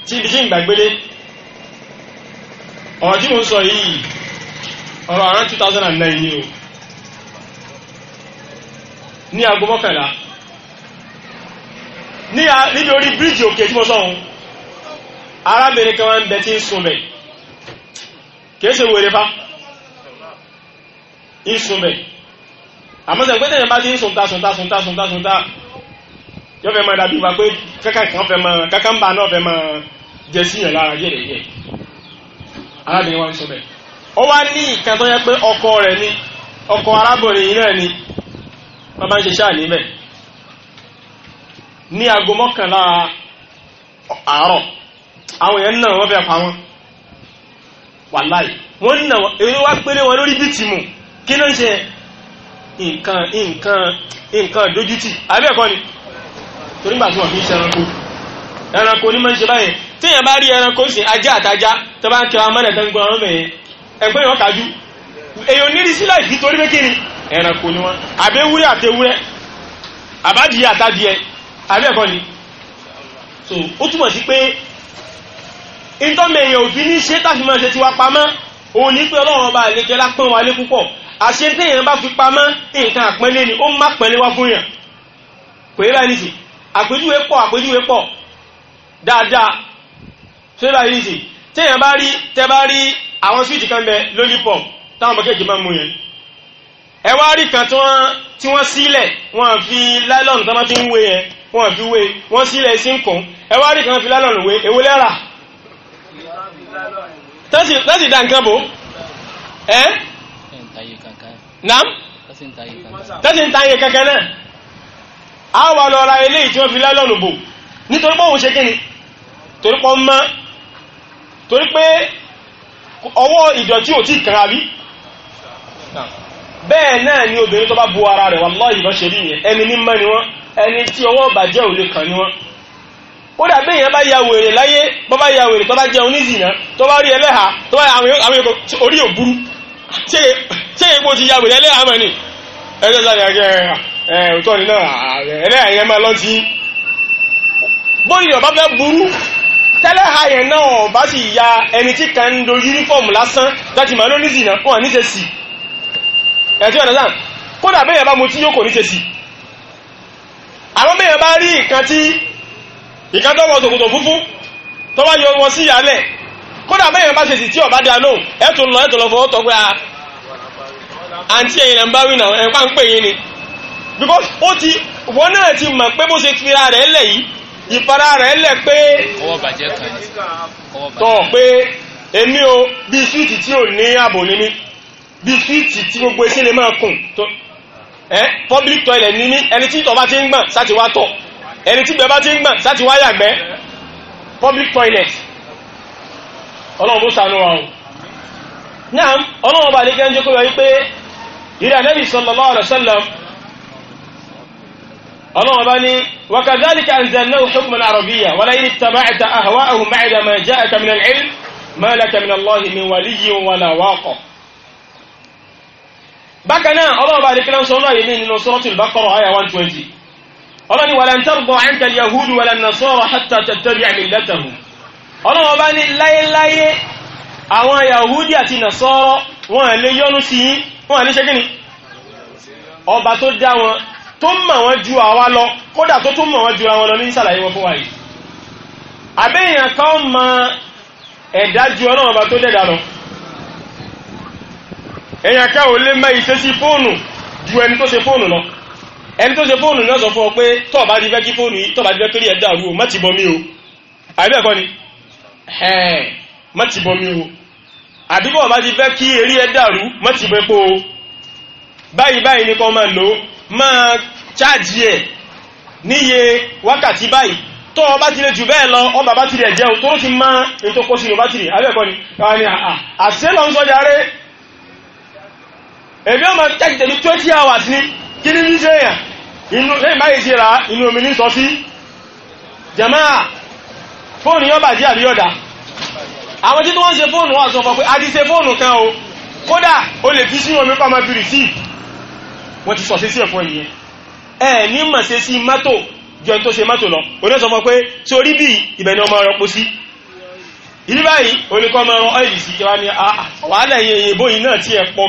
tí ibi tí ń gbàgbélé ọ̀rọ̀ tí mo ń sọ yìí ọ̀rọ̀ àrán 2009 ni o ní aago mọ́kànlá níbi orí bíríjì òkè tí mo sọ́hun arábìnrin kan wọ́n bẹ tí ń súnmẹ̀ kìí ṣe wèrè fa ń súnmẹ̀ àmọ́sẹ̀ pé tẹ̀yẹ̀ bá ti ń súnta súnta súnta súnta súnta yóò fẹ́ máa dàbí pé fẹ́ máa bá náà fẹ́ máa jẹ lára arábìnrin wa ń ó wá ní yẹ ọkọ rẹ̀ ni ọkọ arábìnrin yìí náà ni ń ṣe ní aago mọ́kànlá àárọ̀ àwọn èèyàn náà wọ́n fẹ́ pa wọ́n wàláì wọ́n nà èyí wá péré wọn lórí bí tìmù kí ló ṣe nǹkan nǹkan nǹkan dójútì abẹ́ẹ̀kọ́ ni torí gbà tí wọ́n fi ń ṣe ẹranko ẹranko ní máa ń ṣe báyìí tí èèyàn bá rí ẹranko sí ajá àtajá tó bá ń kí wọn mọ́nà tó ń gbọ́n ọmọ yẹn ẹgbẹ́ yẹn kájú èèyàn ní rísí láì fi torí pé kí ni ẹranko ni wọn àbẹ́wúrẹ́ àtẹwúrẹ́ àbádìí àtadìẹ àbẹ́ẹ̀kọ́ ni so ó túmọ̀ sí pé ìtọ́mẹ̀ èèyàn òbí ní ṣe tàfimọ̀ ṣe ti wá pamọ́ òun ní pé ọlọ́run ọba àlejò lápọ́n wálé púpọ̀ àṣẹ téèyàn bá fi pamọ́ nǹkan àpẹ́lẹ́ ni ó má pẹ́lẹ́ wá fún yàn kò yẹ báyìí nìsí àpèjúwe pọ̀ àpèjúwe pọ̀ dáadáa tó yẹ báyìí nìsí téèyàn bá rí tẹ́ bá rí àwọn swíìtì kan bẹ lollipop táwọn ọmọ kéèkì máa mú yẹn ẹ wá rí kan tí wọ́n sílẹ̀ wọ́n fi láìlọ́nù tó máa fi ń wé yẹn wọ́n fi wé wọ́n sílẹ̀ sí ń kùn ẹwà rí kan fi lálọ́nù wé èwo lẹ́rà tẹ́sì dá nǹkan bò ẹ́ nám tẹ́sì ń tayé kankan náà a wà lọ ra eléyìí tí wọ́n fi lálọ́nù bò nítorí pé òun ṣe kíni torí pé ọmọ torí pé ọwọ́ ìdọ̀tí ò tí kàn àbí bẹ́ẹ̀ náà ni obìnrin tó bá bu ara rẹ̀ wà lọ́yìn lọ́ṣẹ́ bí ẹni ní mọ́ wọ́n ẹni tí ọwọ́ bàjẹ́ ò lè kàn ní wọn kódà bí èèyàn bá ya wèrè láyé bọ́ bá ya wèrè tó bá jẹ onízìnà tó bá rí ẹlẹ́hà tó bá àwọn èèkò orí òbúrú ṣé èèpo ti ya wèrè ẹlẹ́hà mọ̀ ni ẹjọ́ sáré ẹgbẹ́ ẹ̀ òtọ́ ni náà ẹlẹ́hà yẹn máa lọ́tí bóyí ọ̀bá fẹ́ burú tẹ́lẹ́hà yẹn náà ọ̀bá sì ya ẹni tí kan ń do yúnífọ̀mù lásán láti máa lónízìnà wọn ní ṣe sí ẹ̀ tí wọn kódà bí èèyàn bá àwọn mẹ́yàn bá rí ìkan tí ìkan tó wọ ṣòkòtò funfun tó wá yọ wọn sí ìyálẹ̀ kódà mẹ́yàn bá ṣèṣì tí ọ̀bá dáa lóhùn lọ ẹ̀ lọ fọwọ́ tọ́ a ah, àǹtí ẹ̀yìn náà ń bá wí ń pè yín ni because ó ti wọ́n náà ti mọ̀ pé bó ṣe fira rẹ̀ lẹ̀ yìí ìfara rẹ̀ lẹ̀ pé tọ̀ pé èmi o bí swíìtì tí ò ní ààbò ní mi bí swíìtì tí gbogbo ẹṣẹ́ lè máa kùn ẹ́ public toilet ní ní ẹni tí ìtọ̀ bá ti ń gbọ̀n sáti wá tọ̀ ẹni tí ìgbẹ́ bá ti ń gbọ̀n sáti wá yàgbẹ́ public toilet ọlọ́run bó ṣàánú wa o náà ọlọ́run bá lè jẹ́ jẹ́ kó yọ wípé ìrìn ànẹ́bì sallallahu alaihi wasallam ọlọ́run bá ní wa kadhalika anzalnahu hukman arabiyya wa la in ittaba'ta ahwa'ahum ba'da ma ja'aka min al-'ilm ma laka min Allahi min waliyyin wa la waqa bákanáà ọlọ́run bá dékẹ́lá sọ náà yìí nínú suratul Baqara àyà 120 ọlọ́ni walan tarda anka yahudu walan nasara hatta tattabi'a millatahum ọlọ́run bá ní láyéláyé àwọn yahudi àti nasara wọn lè yọ́nú sí yín wọn lè ṣe kíni ọba tó dá wọn tó mọ̀ wọn ju àwa lọ kódà tó tún mọ̀ wọn ju àwọn lọ ní sàlàyé wọn fún wa yìí àbẹ́yìn kan mọ ẹ̀dá ju ọlọ́run bá tó dẹ̀dà lọ èyàn ká ò lè mẹ́ ìṣẹ́ sí fóònù ju ẹni tó ṣe fóònù lọ ẹni tó ṣe fóònù náà sọ fún ọ pé tọ́ọ̀bá ti fẹ́ kí fóònù yìí tọ́ọ̀bá fẹ́ ẹ̀dá àrùn mọ́tì bọ́ o ẹ̀kọ́ ni mọ́tì bọ́ bá ti fẹ́ kí ẹ̀dá àrùn mọ́tì o báyìí ni máa lò máa ẹ̀ níye wákàtí báyìí o bá ti lè jù bẹ́ẹ̀ lọ bá ti jẹun tó ti máa ètò èmi ọmọ tẹ́kì tẹ̀lú 20 hours ní kí ní ní sẹ́yà inú lẹ́yìn báyìí sí ra inú omi ní sọ sí jẹ̀máà fóònù yọ́ bàjẹ́ àríyọ́dá àwọn tí wọ́n ń ṣe fóònù wọ́n sọ fọ́ pé a ti ṣe fóònù kan o kódà o lè fi sínú omi pàmò fi rìsí wọ́n ti sọ sí sí ẹ̀fọ́ yìí ẹ̀ ní mọ̀ ṣe sí mọ́tò jọ tó ṣe mọ́tò lọ oní sọ fọ́ pé sórí bí ìbẹ̀ni ọmọ ọ̀rọ̀ pọ̀ sí ìdí báyìí oníkọ́ ọmọ ọ̀rọ̀ ọ̀ìlì sí kí wá ní ah, ti ẹ̀ pọ̀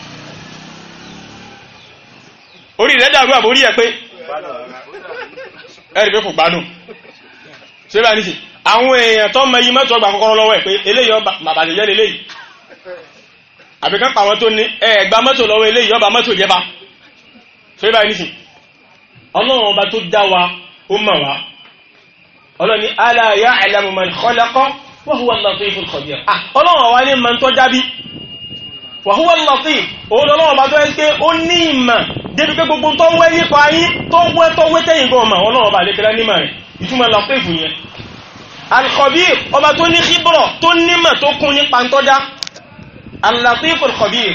orí rẹ̀ dàrú àbórí ẹ̀ pé ẹ̀rì pé kò gbádùn ṣé bá ní sí àwọn èèyàn tó mọ yí mẹ́tọ́ gbà kọ́kọ́rọ́ lọ́wọ́ ẹ̀ pé eléyìí ọba bàbàjẹ́ jẹ́ lélẹ́yìí àbí kan pa àwọn tó ní ẹ̀ẹ̀gbà mọ́tò lọ́wọ́ eléyìí ọba mọ́tò jẹ́ bá ṣé bá ní sí ọlọ́run ọba tó dá wàhúwà latif òun lọ́wọ́ bá tó ẹ́ pé ó ní ìmọ̀ débi pé gbogbo tó wẹ́ nípa ayín tó wẹ́ tó wẹ́ tẹ́yìn gan ọmọ ọlọ́wọ́ bá lè tẹ́lẹ̀ nímọ̀ rẹ̀ ìtumọ̀ latif yẹn alkhabir ọba tó ní kíbrọ̀ tó nímọ̀ tó kún nípa tọ́já alatif alkhabir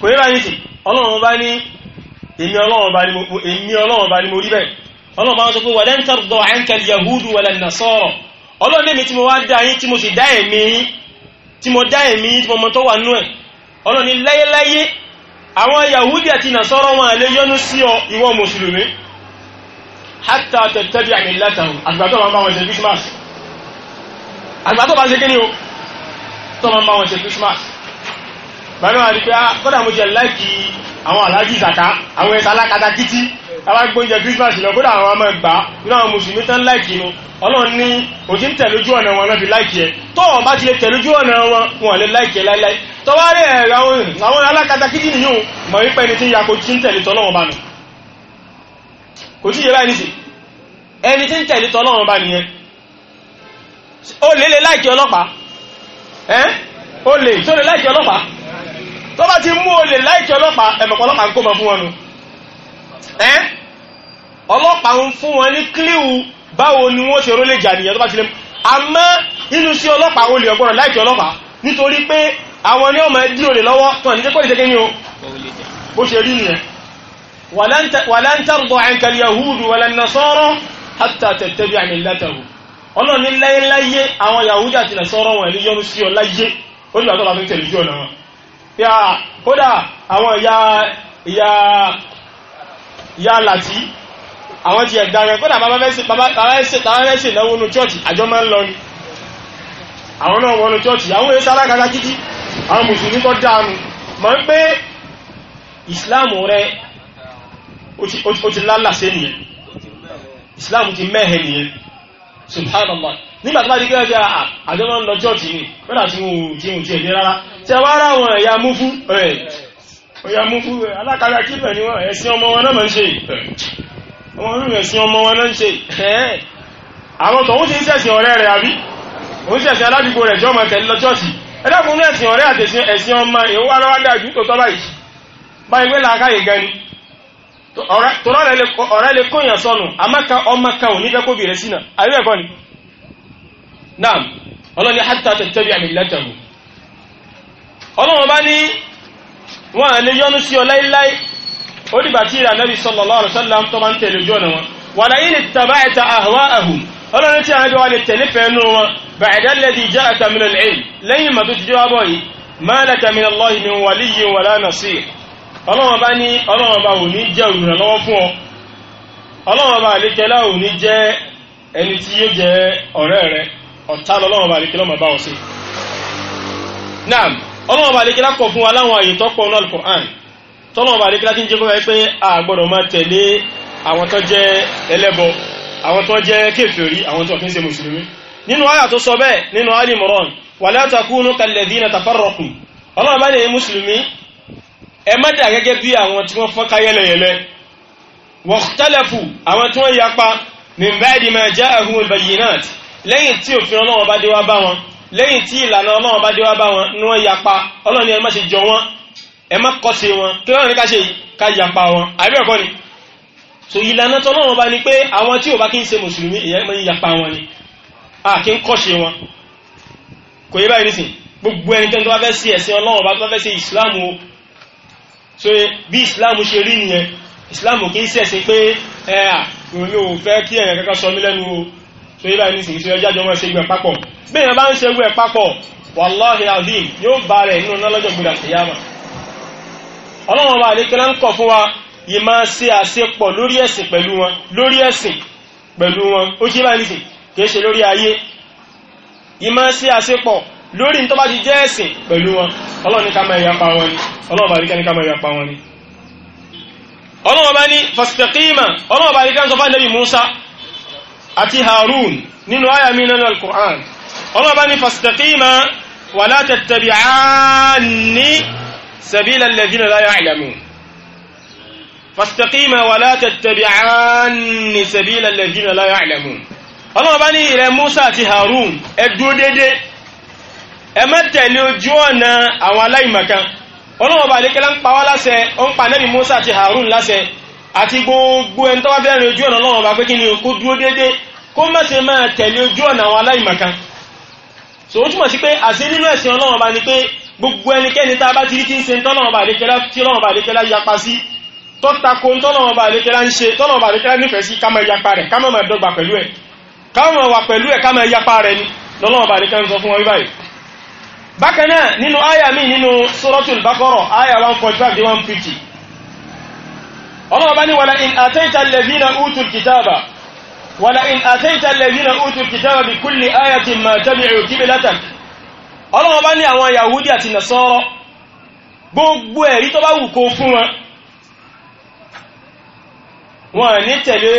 kò yẹ́ bá ní sí ọlọ́wọ́ bá ní èmi ọlọ́wọ́ bá ní mo tí mo dá ẹ̀mí tí mo mọ́ tó wà nú ẹ̀ ọlọ́ni láyéláyé àwọn yahudi àti nasọ́rọ̀ wọn lè yọ́nú sí ọ ìwọ mùsùlùmí hatta tẹ̀tẹ̀bí àmì látàrù àgbàtọ́ ma ń bá wọn ṣe christmas àgbàtọ́ bá ṣe kí ni o tọ́ ma ń bá wọn ṣe christmas bàbá wọn rí pé ah, kọ́dà mo jẹ́ láìkì àwọn aláàjì ìsàká àwọn ẹ̀ta alákatakítí alágbóúnjẹ Christmas lọ kódà àwọn ọmọ ẹgbà nínú àwọn mùsùlùmí tán láìkì inú ọlọ́run ní òjì ń tẹ̀lójú ọ̀nà wọn lọ́bi láìkì ẹ tó wọn bá ti lè tẹ̀lójú ọ̀nà wọn wọn lè láìkì ẹ láíláí tọwárẹ̀ àwọn alákatá kídì nìyóò mọ̀ wípé ẹni tí ń yakò tí ń tẹ̀lé tọ́lọ́wọ́n bá nù kò tí yẹ báyìí nìsí ẹni tí ń tẹ̀lé tọ́lọ́wọ́n bá nìyẹn lè lè láìkì ọlọ́pàá lè tó lè láìkì ọlọ́pàá ẹ́ ọlọ́pàá ń fún wọn ní kílíù báwo ni wọ́n ṣe rólé jà nìyàn tó bá ti lè àmọ́ inú sí ọlọ́pàá olè ọgbọ́rọ̀ láìkí ọlọ́pàá nítorí pé àwọn ní ọmọ ẹdí olè lọ́wọ́ tán ní jẹ́kọ́ ìṣẹ́kẹ́ ní o bó ṣe rí nìyẹn walan tarda anka al-yahudu walan hatta tattabi'a millatahum ọlọ́ni láyéláyé àwọn yahudu àti nasọ́rọ̀ wọn ní yọnu sí ọ láyé ó dìgbà tó la fi ń tẹ̀lé jù ọ̀nà wọn yá láti àwọn ti ẹ̀dá rẹ̀ kódà bàbá fẹ́ ṣe náwó ní chọ́ọ̀tì àjọ máa ń lọ ni àwọn náà wọ́n ní chọ́ọ̀tì àwọn èsà alákàtà títí àwọn mùsùlùmí tó dáanu ma ń pé ìsìláàmù rẹ̀ ó ti lálàsẹ́ nìyẹn ìsìláàmù ti mẹ́hẹ̀ nìyẹn subhanallah nígbà tó bá di pé ọjọ́ ah, àjọ máa ń lọ chọ́ọ̀tì ni kódà tí wọn ò tí wọn ò tiẹ̀ dé rárá tí a wá rá àwọn ẹ̀yà mú fún ẹ̀ ọ̀yà mú fún rẹ̀ alákàrí akíbẹ̀ ni wọ́n ẹ̀sìn ọmọ wọn náà máa ń ṣe ọmọ orí ẹ̀sìn ọmọ wọn náà ń ṣe àwọn tọ̀hún ti ń ṣẹ̀sìn ọ̀rẹ́ rẹ̀ àbí òun ṣẹ̀sìn aládùúgbò rẹ̀ jọ́mọ̀ tẹ̀lé lọ ṣọ́ọ̀ṣì ẹ̀dẹ́kùnrin ẹ̀sìn ọ̀rẹ́ àtẹ̀sìn ẹ̀sìn ọmọ èwo wá lọ́wọ́ dájú tó tọ́ báyìí báyìí pé làákàyè gan ni tọ́lá ọ̀rẹ́ lè kóyàn sọnù àmọ́ka ọmọ kan ò ní fẹ́ kóbi rẹ̀ sínà àyè ẹ̀kọ́ ni naam ọlọ́ni hatta tẹ̀tẹ̀bí àmì lẹ́tẹ̀wò ọlọ́wọ́n bá ní wọn à lè yọnu sí ọ láíláí ó dìgbà tí ìlànà bí sallallahu alaihi wasallam tó máa ń tẹ̀lé ojú ọ̀nà wọn wà láyé ní tàbá ẹ̀ta àhùwá àhùn ọlọ́run tí a ń jọ wà lè tẹ̀lé fẹ́ẹ́nu wọn bàẹ̀dá lẹ́dí já àtàmìlẹ̀ lẹ́yìn lẹ́yìn mà ti jọwọ́ bọ̀ yìí máa lẹ́tàmìlẹ̀ Allah min waliyyin wala nasir ọlọ́run bá ní ọlọ́run bá ò ní jẹ́ olùrànlọ́wọ́ fún ọ ọlọ́run bá àlékẹ́lá ò ní jẹ́ ẹni tí yóò jẹ́ ọ̀rẹ́ rẹ ọ̀tá lọ́lọ́run bá àlékẹ́lá ọmọ bá ọ sí ọlọ́wọ́ bá lékelá kọ̀ fún wa láwọn àyè tọ́pọ̀ náà Al-Qur'an tọ́lọ́wọ́ bá lékelá ti ń jẹ́ kó wáyé pé a gbọ́dọ̀ máa tẹ̀lé àwọn tó jẹ́ ẹlẹ́bọ àwọn tó jẹ́ kèfèrí àwọn tó kì í ṣe mùsùlùmí nínú àyà tó sọ bẹ́ẹ̀ nínú Ali Imran wala takunu kalladhina tafarraqu ọlọ́wọ́ bá lè mùsùlùmí yapa min ba'di ma ja'ahumul bayyinat lẹ́yìn tí òfin ọlọ́wọ́ lẹ́yìn tí ìlànà ọlọ́run bá dé wá bá wọn ní wọ́n yapa ọlọ́run ni ẹ má ṣe jọ wọn ẹ má kọ́sí wọn kí lọ́run ní ká ṣe ká yapa wọn àbí ẹ̀kọ́ ni so ìlànà tọ́lọ́run bá ní pé àwọn tí ò bá kí ń ṣe mùsùlùmí ìyẹn má ń yapa wọn ni a kí ń kọ́sí wọn kò yẹ báyìí nísìn gbogbo ẹnikẹ́ni tó bá fẹ́ ṣe ẹ̀sìn ọlọ́run bá tó fẹ́ ṣe ìsìláàmù o so bí ìsìláàmù ṣe rí nìyẹn ìsìláàmù kì í ṣẹ̀sìn pé ẹ̀ à mi ò fẹ́ so ibà ní sì ìṣẹ́ jájọ mọ́ ṣe gbẹ̀ papọ̀ bí èèyàn bá ń ṣe gbẹ̀ papọ̀ wàláhì azim yóò bá rẹ̀ nínú náà lọ́jọ́ gbèrà kìyàmà ọlọ́run wa àlékẹ́lá ń kọ̀ fún wa yìí máa ṣe àṣepọ̀ lórí ẹ̀sìn pẹ̀lú wọn lórí ẹ̀sìn pẹ̀lú wọn ó ṣe bá ní sì kìí ṣe lórí ayé yìí máa ṣe àṣepọ̀ lórí nítorí bá ti jẹ́ ẹ̀sìn pẹ̀lú wọn ọlọ́run ní ká máa yapa wọn wọn ni ọlọ́run bá ní fastaqima àti harun nínú àyà mi nínú al-Qur'an ọlọ́run bá ní fastaqima wala tattabi'ani sabila alladhina la ya'lamun fastaqima wala tattabi'ani sabila alladhina la ya'lamun ọlọ́run bá ní ìrẹ Musa àti harun ẹ dúró dédé ẹ má tẹ̀lé ojú ọ̀nà àwọn aláìmọ̀kan ọlọ́run bá ń pa wá láṣẹ ó ń pa nẹ́bí Musa àti harun láṣẹ àti gbogbo ẹni tó wá fẹ́ rin ojú ọ̀nà Ọlọ́run bá pé kí ni kó dúró dédé kó má ṣe máa tẹ̀lé ojú ọ̀nà àwọn aláìmọ̀kan so ó túmọ̀ sí pé àṣẹ nínú ẹ̀sìn Ọlọ́run bá ni pé gbogbo ẹnikẹ́ni tá a bá ti rí tí ń ṣe tọ́lọ́run bá àlékẹ́lá tí Ọlọ́run bá àlékẹ́lá yapa sí tó tako tọ́lọ́run bá àlékẹ́lá ń ṣe tọ́lọ́run bá àlékẹ́lá nífẹ̀ẹ́ sí ká máa yapa rẹ̀ ká máa máa dọ́gba pẹ̀lú ẹ̀ ká máa wà pẹ̀lú ẹ̀ ká máa yapa rẹ̀ ni lọ́lọ́run bá àlékẹ́lá ń sọ fún wọn báyìí bákan náà nínú àyà mi nínú Suratul Baqarah àyà 145 dé 150 ọlọ́wọ́ bá ní wàlá in àtẹ́ta lẹ́bínà útù kìtàbà wàlá in àtẹ́ta lẹ́bínà útù kìtàbà bí kúlì ayatin ma tabi'u qiblatan ọlọ́wọ́ bá ní àwọn yahudi àti nasọ́rọ́ gbogbo ẹ̀rí tó bá wù kó fún wọn wọn ní tẹ̀lé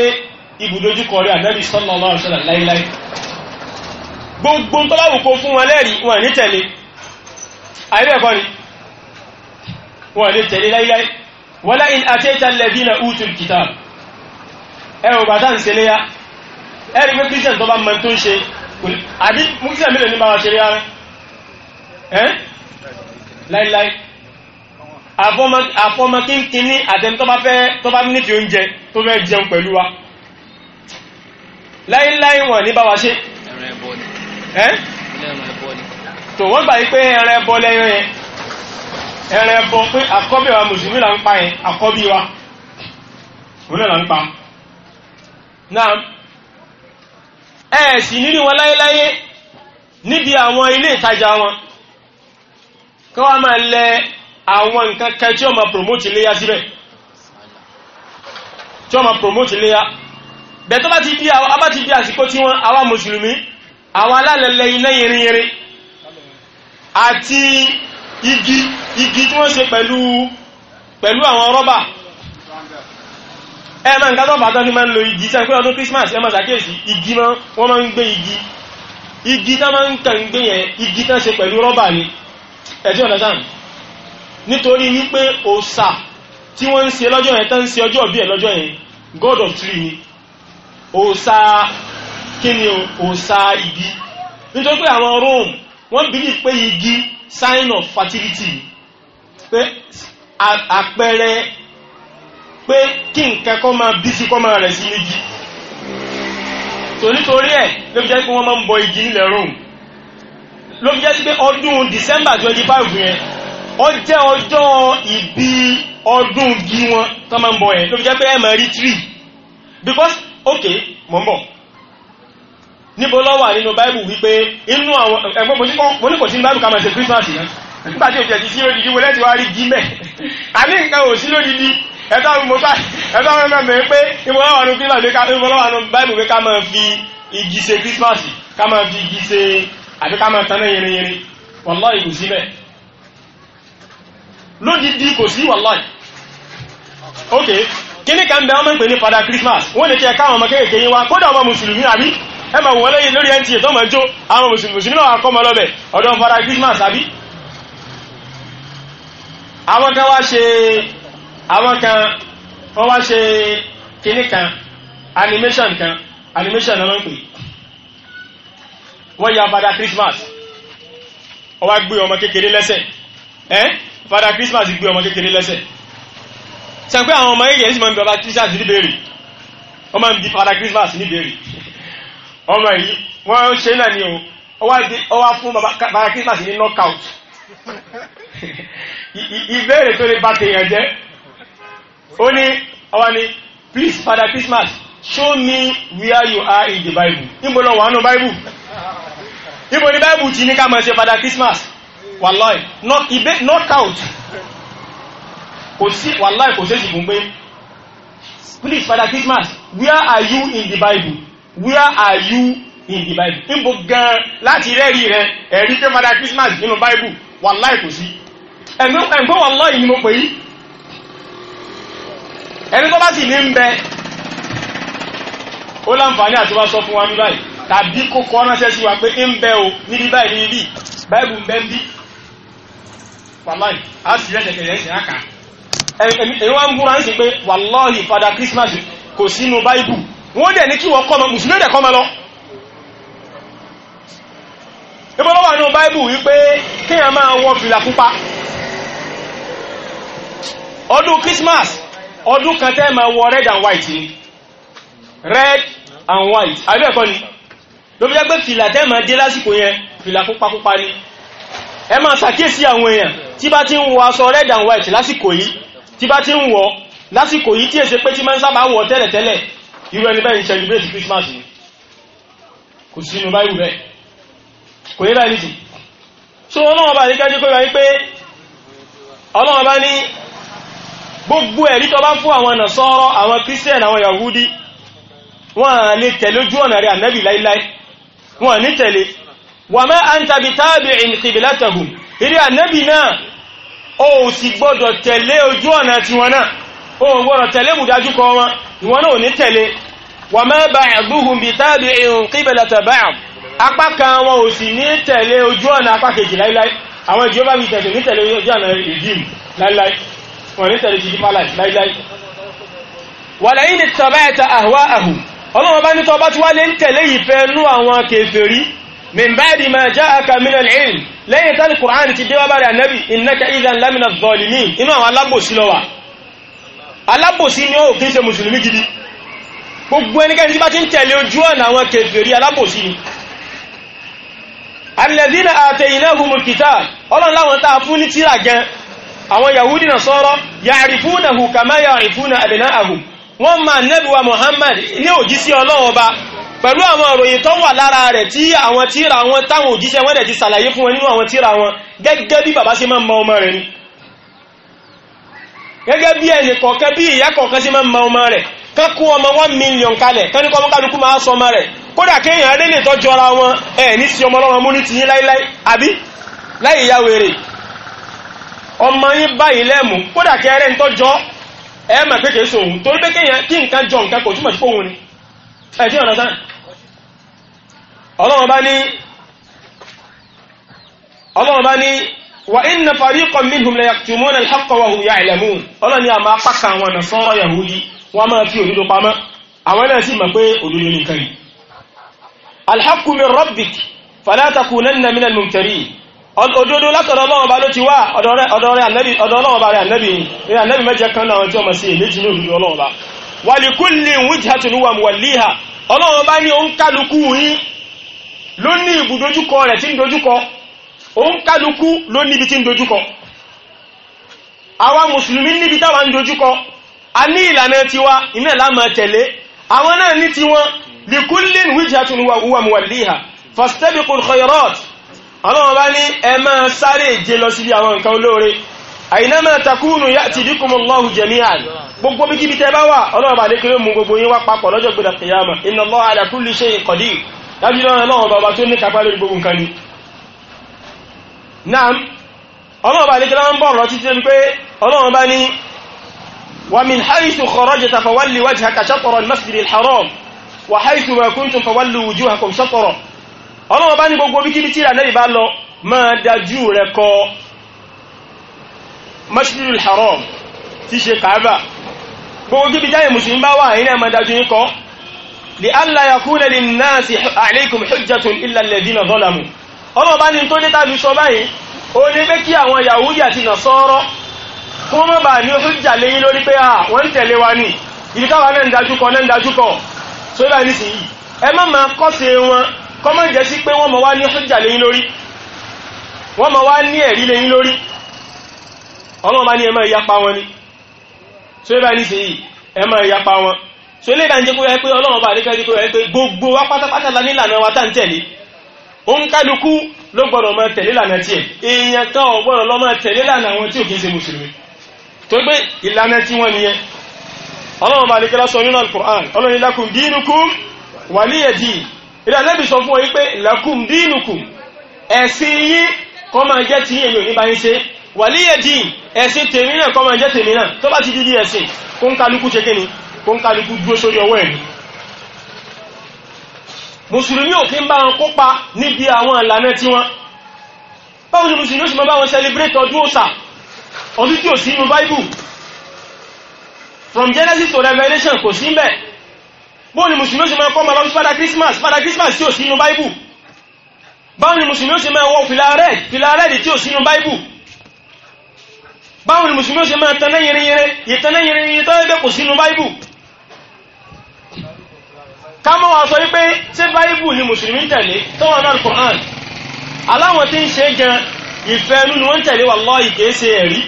láíláí wọ́lá in àtẹ́ta lẹ́dínà útùl kìtàb ẹwọ bàtà ń se léyá ẹ̀rí pé christian tó bá mọ̀ tó ń ṣe àdí christian mélòó ní bá wa ṣe léyá rẹ̀ ẹ́ láíláí àfọmọ kínkín ní àtẹni tó bá fẹ́ tó bá nífi oúnjẹ tó fẹ́ jẹun pẹ̀lú wa láíláí wọn ní bá ṣe ẹ́ tó wọ́n gbà yí pé ẹran ẹbọ lẹ́yìn yẹn ẹ̀rẹ̀ ẹ̀bọ pé àkọ́bí wa mùsùlùmí là ń pa yẹn àkọ́bí wa òun náà là ń pa náà ẹ̀ sì nílì wọn láyéláyé níbi àwọn ilé ìtajà wọn kí wọ́n máa lẹ àwọn nǹkan kẹ tí ó máa promote iléyà síbẹ̀ tí ó máa promote iléyà bẹ̀tọ́ bá ti di abá ti di àsìkò tí wọ́n àwa mùsùlùmí àwọn alálẹ̀lẹ̀ iná yẹrin àti igi igi tí wọ́n ṣe pẹ̀lú pẹ̀lú àwọn rọ́bà ẹ máa ń ká tọ́pàá tán fi máa ń lo igi sẹ́yìn pé ọdún Christmas ẹ máa ṣàkíyèsí igi máa wọ́n máa ń gbé igi igi tán máa ń kàn ń gbé yẹn igi tán ṣe pẹ̀lú rọ́bà ni ẹ̀tí ọ̀nà sáà nítorí wípé òòṣà tí wọ́n ń ṣe lọ́jọ́ yẹn tán ń ṣe ọjọ́ bí ẹ̀ lọ́jọ́ yẹn god of tree ni òòṣà kí ni òòṣà igi nítorí pé àwọn Rome wọ́n bìlì pé igi sign of fertility pé àpẹẹrẹ pé kí nǹkan kọ́ máa bí sí kọ́ máa rẹ̀ sí méjì tò nítorí ẹ̀ ló fi jẹ́ pé wọ́n máa ń bọ igi nílẹ̀ Rome ló fi jẹ́ pé ọdún December twenty five yẹn ó jẹ́ ọjọ́ ìbí ọdún igi wọn tó máa ń bọ yẹn ló fi jẹ́ pé ẹ̀ máa rí tree because okay mò ń bọ̀ níbo lọ́wà nínú báìbù wípé inú àwọn ẹgbọ́n mo ní kò sí báìbù ká máa ṣe Christmas yẹn nígbà tí òjò ti sí lódìdí wọlé ti wá rí gímẹ̀ àní nǹkan ò sí lódìdí ẹ̀tọ́ àwọn mọ́tà ẹ̀tọ́ àwọn mẹ́mẹ́ pé ìmọ̀ lọ́wà nù Christmas ká ìmọ̀ lọ́wà nù báìbù pé ká máa fi igi ṣe Christmas ká máa fi igi ṣe àbí ká máa taná yẹrin yẹrin wàláì kò sí bẹ́ẹ̀ lódìdí kò sí wàláì ok kíní kan bẹ ọmọ ìpè ní Father Christmas wọ́n lè kí ẹ káwọn ọmọ kéèké yín wá kódà ọmọ mùsùlùmí àbí ẹ máa wọ́n lẹ́yìn lórí nta tó máa jó àwọn mùsùlùmí náà kọ́ lọ́bẹ̀ ọ̀dọ́ fara christmas àbí. àwọn kan wá ṣe àwọn kan wọ́n wá ṣe kinní kan animation kan animation náà ń pè wọ́n ya fada christmas wọ́n wá gbé ọmọ kékeré lẹ́sẹ̀ ẹ́ fada christmas gbé ọmọ kékeré lẹ́sẹ̀ sẹ́ńpẹ́ àwọn ọmọ ẹ̀yẹ́ sì máa ń bí ọba christmas níbèrè wọ́n máa ń bí fada christmas níbèrè ọmọ yìí wọ́n ṣe náà ni o ọwá fún bàbá Christmas ní knockout [laughs] ìbéèrè tó lè bá tèèyàn jẹ́ ó ní ọwá ni please Father Christmas show me where you are in the Bible níbo lọ wà nù Bible níbo ni Bible ti ní ká máa ṣe Father Christmas wàláì knockout kò sí wàláì kò sí ìsìnkú pé please Father Christmas where are you in the Bible where are you in the bible níbo gan láti rẹ́rí rẹ ẹ̀rí pé mother christmas nínú bible wàláì kò sí ẹ̀gbọ́n ni mo pè yí ẹni tó bá sì ní ń bẹ ó láǹfààní àti wá sọ fún wa ní báyìí tàbí kó kọ́ o níbi báyìí ní ibi ń bẹ ń bí wàláì á sì rẹ́jẹ̀kẹ̀rẹ̀ ẹ̀sìn àkà ẹ̀yìn wá ń búra ń wọ́n dẹ̀ ní kí wọ́n kọ́ ma mùsùlùmí dẹ̀ kọ́ ma lọ ìbọn lọ́wọ́ àánú báíbù wípé kí a máa wọ fìlà pupa ọdún Christmas ọdún kan tẹ́ ma wọ red and white ni red and white àbí ẹ̀kọ́ ni ló fi jẹ́ pé fìlà tẹ́ ma dé lásìkò yẹn fìlà pupa pupa ni ẹ máa ṣàkíyèsí àwọn èèyàn tí bá ti ń wọ aṣọ red and white lásìkò yìí tí bá ti ń wọ lásìkò yìí tí èsè pé tí máa ń sábà wọ tẹ́lẹ̀tẹ́lẹ̀ irú ẹni bẹ́ẹ̀ ń celebrate Christmas ni kò sí inú báyìí bẹ́ẹ̀ kò yẹ báyìí nìyí so ọlọ́wọ́ bá níkẹ́ dípé wáyé pé ọlọ́wọ́ bá ní gbogbo ẹ̀rí tó bá fún àwọn nàṣọ́rọ̀ àwọn Christian àwọn Yahudi wọ́n lè tẹ̀lé ojú ọ̀nà rẹ̀ ànábì láíláí wọ́n ní tẹ̀lé wà mẹ́ àǹtàbí tabi'in qiblatahum ìrí ànábì náà ó sì gbọ́dọ̀ tẹ̀lé ojú ọ̀nà tiwọn náà o gbọ́dọ̀ tẹ̀lé mùdájú kọ wọn ìwọ náà ò ní tẹ̀lé wà ma ba'duhum bi tabi'in qiblata ba'd apá kan wọn ò sì ní tẹ̀lé ojú ọ̀nà apá kejì láíláí àwọn ìjọ bá mi tẹ̀lé ní tẹ̀lé ojú ọ̀nà ìdím láíláí wọn ní tẹ̀lé jíjí pálá láíláí wà lẹ́yìn ittaba'ta ahwa'ahum ọlọ́wọ́n bá ní tọ́ bá tí wá lé ti dé wá bá rẹ̀ ànábì innaka inú àwọn alábòsí alábòsí ni ó kí ń ṣe mùsùlùmí gidi gbogbo ẹnikẹ́ni tí bá ti ń tẹ̀lé ojú ọ̀nà àwọn kèfèrí alábòsí ni alladhina ataynahumul kitab ọlọ́run láwọn tàà fún ní tíra gan àwọn yahudi nasara ya'rifunahu kama ya'rifuna abna'ahum wọ́n ma nẹ́bíwa Muhammad ní òjísí ọlọ́run ọba pẹ̀lú àwọn òròyìn tó wà lára rẹ̀ tí àwọn tíra wọn táwọn òjíṣẹ́ wọ́n dẹ̀ ti sàlàyé fún wọn nínú gẹ́gẹ́ bí ẹnì kọ̀ọ̀kan bí ìyá kọ̀ọ̀kan sí máa ń ma ọmọ rẹ̀ kán ọmọ one million kalẹ̀ kán ma a ọmọkálukú máa sọ ọmọ rẹ̀ kódà kéèyàn lè lè tọ́jú ara wọn ẹ̀ ní ti ọmọ ọlọ́mọ mú ní láíláí àbí láì wèrè ọmọ yín báyìí kódà ń tọ́jọ́ ẹ mà pé sòun torí pé kéèyàn kí wa inna fariqan minhum la yaktumuna al-haqqa wa hum ya'lamun ọlọ́ni a máa pàkà àwọn nasara yahudi wọ́n máa fi òdodo pamọ́ àwọn náà sì mọ̀ pé òdodo nìkan ni al-haqqu min rabbik fala takunanna min al-mumtarin òdodo látọ̀dọ̀ Ọlọ́run ba ló ti wá ọ̀dọ̀ rẹ̀ ànábì ọ̀dọ̀ Ọlọ́run ba rẹ̀ ànábì rẹ̀ ànábì mẹ́jẹ kan náà tí ọmọ sí èméjì ní òdodo Ọlọ́run ba wa li kulli wujhatun huwa muwalliha Ọlọ́run bá ní òun kálukú yín ló ní ibùdójúkọ rẹ̀ tí ń òun kálukú ló níbi tí ń dojúkọ àwa mùsùlùmí níbi táwa ń dojúkọ a ní ìlànà tiwa iná lámà tẹ̀lé àwọn náà ní tiwọn likullin wijhatun huwa muwalliha fastabiqul khayrat àwọn ọba ní ẹ máa sáré ìje lọ síbi àwọn nǹkan olóore aynama takunu ya'ti bikumullahu jami'an gbogbo bí kíbi tẹ́ bá wà ọlọ́ọ̀bà ní kéré mú gbogbo yín wá papọ̀ lọ́jọ́ gbẹ̀dẹ̀ qiyamah inna Allaha ala kulli shay'in ní kápá náà ọlọ́run bá lékẹ́lá ń bọ̀rọ̀ títí lórí pé ọlọ́run bá ní wa min haythu kharajta fawalli wajhaka shatara al-masjid al-haram wa haythu ma kuntum fawallu wujuhakum shatara ọlọ́run bá ní gbogbo bí kíbi tí ìrànlẹ́rì bá lọ máa dájú rẹ̀ kọ masjid al-haram ti ṣe kàábà ọlọ́ọ̀bá ní tó létà fi sọ báyìí ó ní pé kí àwọn Yahudi àti Nasara kí wọ́n mọ́ bà ní oṣù jà léyìn lórí pé wọ́n ń tẹ̀lé wa ní ibi káwa náà ń dajúkọ náà ń dajúkọ tó bá ní sí yìí ẹ má máa kọ́sẹ̀ wọn kọ́ mọ́ jẹ́ sí pé wọ́n mọ̀ wá ní oṣù jà lórí wọ́n mọ̀ ní ẹ̀rí léyìn yapa wọn ni tó bá ní sí yìí ẹ má yapa wọn tó lè bá ń jẹ́ kó yẹ pé ọlọ́ọ̀bá àdékẹ́ òǹkálukú ló gbọ́dọ̀ máa tẹ̀lé lànà tí ẹ̀ èèyàn kan ò gbọ́dọ̀ lọ máa tẹ̀lé lànà àwọn tí ò kí ń ṣe mùsùlùmí tó gbé ìlànà tí wọ́n nìyẹn ọlọ́run bá nìkẹ́lá sọ nínú al-Qur'an ọlọ́run lakum dinukum waliya din ilé alẹ́bí sọ fún ọ wípé lakum dinukum ẹ̀sìn yín kọ́ máa jẹ́ ti èyí òní bá ń ṣe waliya din ẹ̀sìn tèmi náà kọ́ máa jẹ́ tèmi náà tó bá ti di di ẹ̀sìn kó ń kálukú ṣe kíni kó ń kálukú dúró sórí ọwọ́ ẹ̀mí mùsùlùmí ò kí ń bá wọn kópa níbi àwọn ìlànà tí wọn báwo ni mùsùlùmí ó sì máa bá wọn celebrate ọdún òsà ọdún tí ò sí inú bible from genesis to revelation kò sí mbẹ báwo ni mùsùlùmí ó sì máa kọ́ máa lọ sí father christmas father christmas tí ò sí inú bible báwo ni mùsùlùmí ó sì máa wọ fìlà red fìlà red tí ò sí inú bible báwo ni mùsùlùmí ó sì máa tanná yìnyín yìnyín yìí tanná yìnyín yìí tó ẹgbẹ́ kò sí inú bible kámọ́ wa sọ wípé ṣé báyìbù ni mùsùlùmí tẹ̀lé tó wà náà Qur'an aláwọn tí ń ṣe gan ìfẹ́ ẹnu ni wọ́n tẹ̀lé wallahi kìí ṣe ẹ̀rí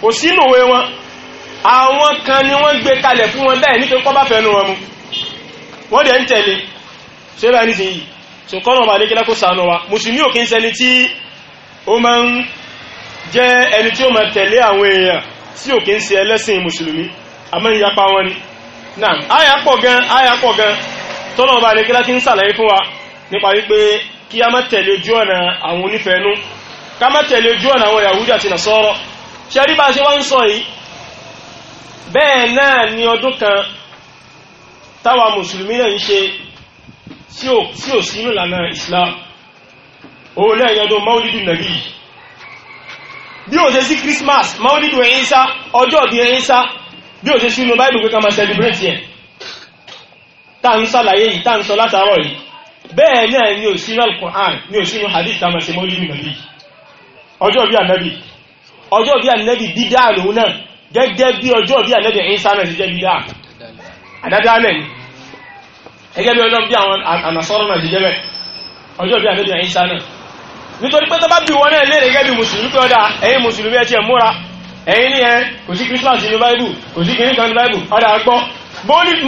kò sínú òwe wọn àwọn kan ni wọ́n gbé kalẹ̀ fún wọn bẹ́ẹ̀ nítorí kọ́ bá fẹ́ nu wọn mu wọ́n dẹ̀ ń tẹ̀lé ṣé bá ní sìnyí so kọ́nà ọba adékẹ́lá náà àyà pọ̀ gan àyà pọ̀ gan tọ́nà ọba àlekílá ti ń sàlàyé fún wa nípa wípé kí a má tẹ̀lé ojú ọ̀nà àwọn onífẹ̀ẹ́nú ká má tẹ̀lé ojú ọ̀nà àwọn Yahudi àti Nasara ṣe rí bá ṣe wá ń sọ yìí bẹ́ẹ̀ náà ni ọdún kan táwa mùsùlùmí náà ń ṣe tí ò sínú ìlànà Islam òun náà yọdún maulidu nàbí yìí bí ó ṣe sí Christmas maulidu Ìsá ọjọ́ ìbí Ìsá bí o ṣe sínú báìbù pé ká máa celebrate yẹn tá ń sàlàyé yìí tá ń sọ látàárọ̀ yìí bẹ́ẹ̀ náà ni ò sínú al ni ò sínú hadith tá máa ṣe mọ́ nàbí ọjọ́ bí ànábì ọjọ́ bí ànábì dídá náà gẹ́gẹ́ bí ọjọ́ bí ti jẹ́ dídá ni gẹ́gẹ́ bí ọjọ́ bí àwọn ànàsọ́rọ̀ náà ti jẹ́ bẹ́ẹ̀ ọjọ́ bí nítorí pé bá bí wọn náà ẹ̀yìn e ẹ kò sí Christmas inú Bible kò sí kìnnìkan inú Bible ọ̀dà gbọ́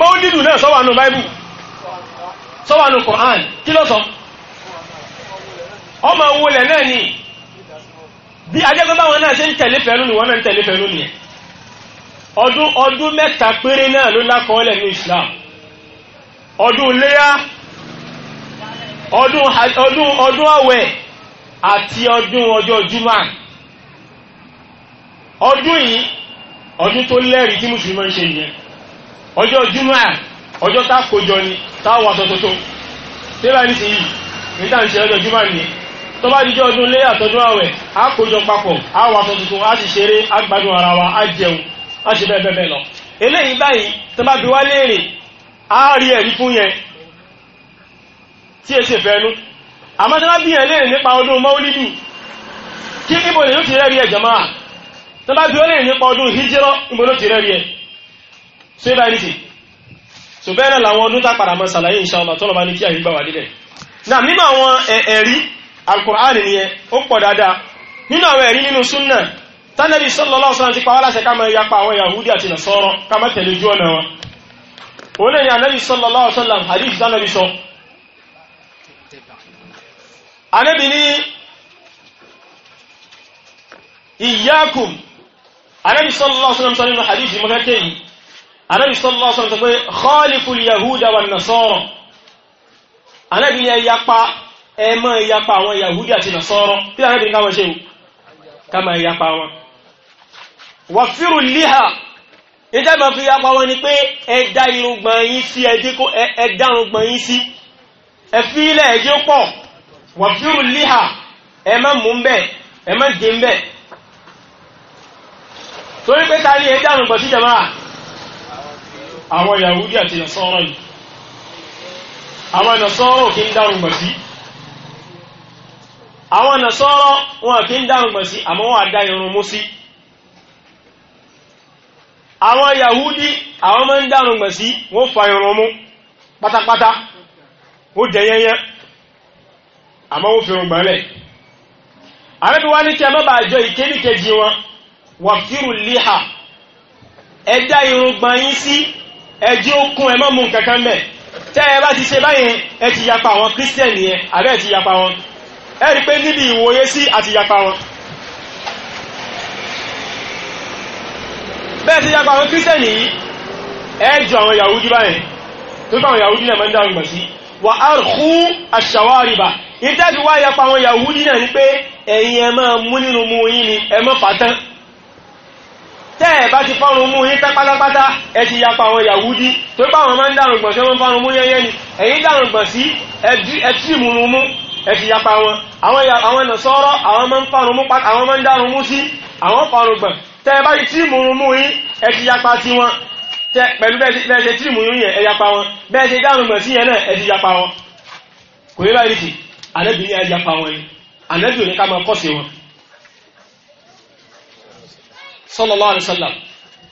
mọ́lìdù náà sọ́wà nù Bible sọ́wà nù Quran kí ló sọ ọmọ wọlẹ̀ náà ni bí ajẹ́gbẹ́ báwọn náà ṣe ń tẹ̀lé fẹ́nu ni wọ́n náà ń tẹ̀lé fẹ́nu ọdún ọdún mẹ́ta péré náà ló lákọọ́lẹ̀ ní Islam ọdún ọdún ọdún ọdún yìí ọdún tó lẹ́rìí tí mùsùlùmí ń ṣe nìyẹn ọjọ́ júmọ́ ọjọ́ tá kójọ ni táwọn aṣọ tuntun tẹ́lá ní sí yìí ní tá à ń ṣe ọjọ́ júmọ́ ni tó bá dijọ́ ọdún lé àtọ́jú àwẹ̀ á kójọ papọ̀ á wọ aṣọ tuntun á sì ṣeré á gbádùn ara wa á jẹun á ṣe bẹ́ẹ̀ bẹ́ẹ̀ lọ eléyìí báyìí tó bá bi wá léèrè á rí ẹ̀rí fún yẹn tí e ṣe fẹ́nu àmọ́ tó bá bí yẹn léèrè nípa ọdún mọ́wúlídì kí níbo lè yóò ti rẹ́rí ẹ̀jọ̀ máa tó bá bí ó lè nípa ọdún hijira ìbò ló ti rẹ̀ rí ẹ so ibà ní ti so bẹ́ẹ̀ náà làwọn ọdún tápàdà mọ́ sàlàyé inshallah tọ́lọ̀ bá ní kí àyè gbà wà nílẹ̀ náà nínú àwọn ẹ̀rí alukur'an nìyẹn ó pọ̀ dáadáa nínú àwọn ẹ̀rí nínú súnà tánàbí sallallahu alaihi wasallam ti pa wá láṣẹ ká máa sallallahu alaihi wasallam hadith tánàbí sọ ànábì ní anabi sallallahu alaihi wasallam nínú hadithi mo fẹ́ ké yìí anabi sallallahu alaihi wasallam sọ pé khalifu yahuda wa nasara anabi ni ẹ yapa ẹ mọ ẹ yapa àwọn yahudi àti nasara tí anabi ní káwọn ṣe o káma ẹ yapa wọn. wàfírù líhà níta ìmọ̀ fi yapa wọn ni pé ẹ dá irùngbọ̀n yín sí ẹ dé kó ẹ dá irùngbọ̀n yín sí ẹ fi ilẹ̀ ẹ dé pọ̀ wàfírù líhà ẹ má mú ń bẹ̀ ẹ má torí pé ta ni dị dànù pọ̀ sí àwọn Yahudi àti Nasara yìí àwọn Nasara kì í dànù pọ̀ àwọn Nasara wọn kì í dànù pọ̀ àmọ́ wọn Yahudi àwọn máa ń dànù pọ̀ sí fa irun mú pátápátá ó dẹ̀yẹyẹ àmọ́ wọn fi irun gbọ́n àrẹ́bí wá ní kí ẹ wàkírù líhà ẹ dá irùngbọ̀n yín sí ẹ jí ó kún ẹ má mú nǹkankan bẹ̀ tẹ́ ẹ bá ti ṣe báyẹn ẹ ti yapa àwọn kírísítẹ̀nì yẹn àbẹ́ ẹ ti yapa wọn ẹ rí pé níbi ìwòye sí àti yapa wọn bẹ́ẹ̀ ti yapa àwọn kírísítẹ̀nì yìí ẹ jù àwọn yahudi báyẹn tó bá àwọn yahudi náà máa ń dá irùngbọ̀n wà á kú àṣàwárìbà ìtẹ́jú wá yapa àwọn yahudi náà ni pé ẹ̀yin ẹ máa mú nínú mú yín ni ẹ má fà tán tẹ́ẹ̀ bá ti fọ́run mú yín tápátápátá ẹ ti yapa àwọn Yahudi tó bá wọn máa ń dárùn gbọ̀n sí wọn fọ́run mú yẹ́yẹ́ ni ẹ̀yin dárùn gbọ̀n sí ẹtí mú mú ẹ ti yapa wọn àwọn Nasara àwọn máa ń fọ́run mú àwọn máa ń dárùn mú sí àwọn fọ́run gbọ̀n tẹ́ẹ̀ bá ti tí mú mú yín ẹ ti yapa ti wọn pẹ̀lú bẹ́ẹ̀ ṣe tí mú yín yẹn ẹ yapa wọn bẹ́ẹ̀ ṣe dárùn gbọ̀n sí yẹn náà ẹ ti yapa wọn kò yẹ báyìí ti àlẹ́bìnrin ẹ yapa wọn ni àlẹ́bìnrin ká máa kọ́ sí wọn sallallahu alaihi wasallam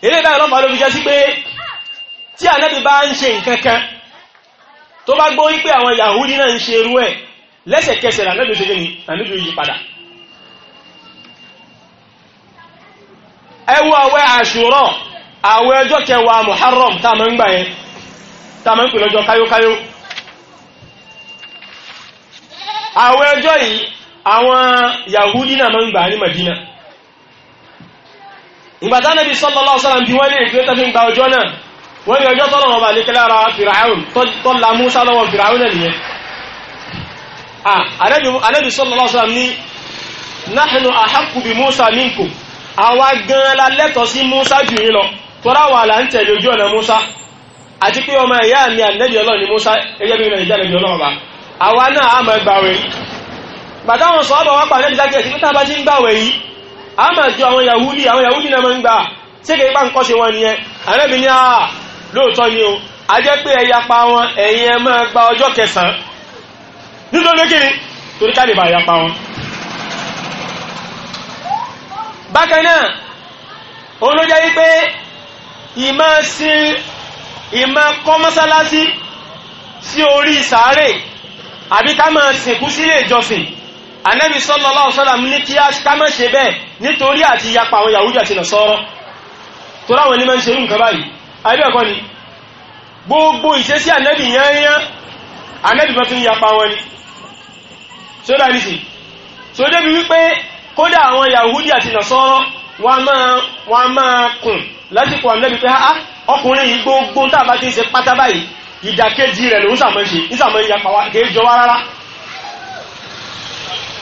eré báyìí lọ́pàá ló fi jẹ́ sí pé tí ànábì bá ń ṣe nǹkan kan tó bá gbọ́ wípé àwọn yahudi náà ń ṣe irú ẹ̀ lẹ́sẹ̀kẹsẹ̀ ànábì ṣe ní ànábì yí padà ẹ wo àwẹ̀ àṣùrọ̀ àwẹ̀ ọjọ́ kẹwàá muharram tá a máa ń gbà yẹn tá a máa yìí àwọn yahudi náà máa ń gbà ní madina ìgbàtà nàbí sallallahu alaihi wasallam bí wọ́n lè gbé tàbí gba ọjọ́ náà wọ́n ní ọjọ́ tọ́lọ̀ ọba lè kílára fìràún tọ́lá Musa lọ́wọ́ fìràún náà nìyẹn ànábì sallallahu alaihi wasallam ní nahnu ahaqqu bi Musa minkum àwa gan la lẹ́tọ̀ọ́ sí Musa jù yín lọ tọ́lá wà là ń tẹ̀lé ojú ọ̀nà Musa àti pé ọmọ ìyá mi ànábì Ọlọ́run ni Musa ẹgbẹ́ mi náà ìjáde a máa jọ àwọn yahudi àwọn yahudi náà máa ń gbà ṣé kìí bá ń kọ́ṣe wọn nìyẹn àrẹ́bí ní àà lóòótọ́ ni o a jẹ́ pé ẹ̀yà pa wọn ẹ̀yin ẹ máa gba ọjọ́ kẹsàn-án nítorí kí ni torí ká bá ẹ̀yà pa wọn. bákan náà òun ló jẹ́ wípé ìmọ̀ sí ìmọ̀ kọ́ sí orí sàárè àbí ká máa sìnkú sílé ìjọsìn anabi sallallahu alaihi wasallam ní kí a kámọ́ ṣe bẹ́ẹ̀ nítorí àti yapa àwọn yahudi àti nasọ́rọ́ tó ráwọn ní máa ń ṣe nǹkan báyìí àbí ẹ̀kọ́ ni gbogbo ìṣesí anabi yányán anabi bá ni so dá nìsí so débi wípé kódà àwọn yahudi àti nasọ́rọ́ wọn máa kùn lásìkò anabi ah, ọkùnrin yìí gbogbo tá a bá ti ń ṣe pátá báyìí ìdàkejì rẹ̀ ló ń sàmọ́ ṣe ń sàmọ́ ìyapa wa kéèjọ wa rárá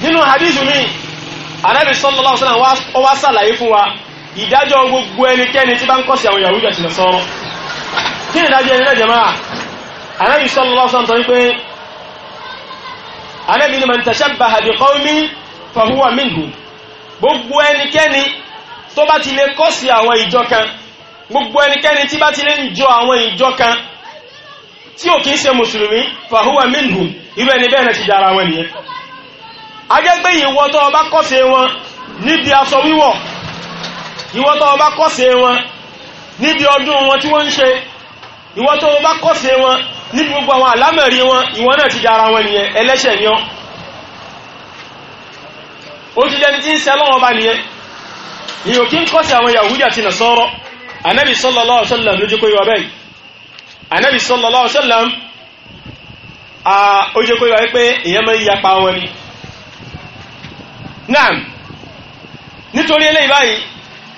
nínú hadithu mi anábì sallallahu alaihi wasallam ó wá sàlàyé fún wa ìdájọ́ gbogbo ẹnikẹ́ni tí bá ń kọ́sí àwọn Yahudi àti Nasara kí ni ìdájọ́ ẹni lẹ́jẹ̀ máa anábì sallallahu alaihi wasallam tó wípé anábì ni man tashabbaha bi qawmin fahuwa minhum gbogbo ẹnikẹ́ni tó bá ti lè kọ́sí àwọn ìjọ kan gbogbo ẹnikẹ́ni tí bá ti lè ń jọ àwọn ìjọ kan tí ò kí ń ṣe mùsùlùmí fahuwa minhum irú ẹni bẹ́ẹ̀ náà ti dára wọn nìyẹn ajẹ́ pé ìwọ tó ọba kọ́sẹ̀ wọn níbi aṣọ wíwọ̀ ìwọ tó ọba kọ́sẹ̀ wọn níbi ọdún wọn tí wọ́n ń ṣe ìwọ tó ọba kọ́sẹ̀ wọn níbi gbogbo àwọn àlámẹ̀rí wọn ìwọ náà ti dára wọn nìyẹn ẹlẹ́ṣẹ̀ ni ọ́ ó ti jẹ́ni tí ń sẹ́ lọ́wọ́ bá nìyẹn ìyò kí ń kọ́sẹ̀ àwọn Yahudi àti Nasara Ànábì sallallahu alaihi wasallam ló jẹ́ kó yọ bẹ́ẹ̀ Ànábì sallallahu alaihi wasallam ó jẹ́ kó yọ pé ìyẹn máa ń yapa wọn ni náà nítorí eléyìí báyìí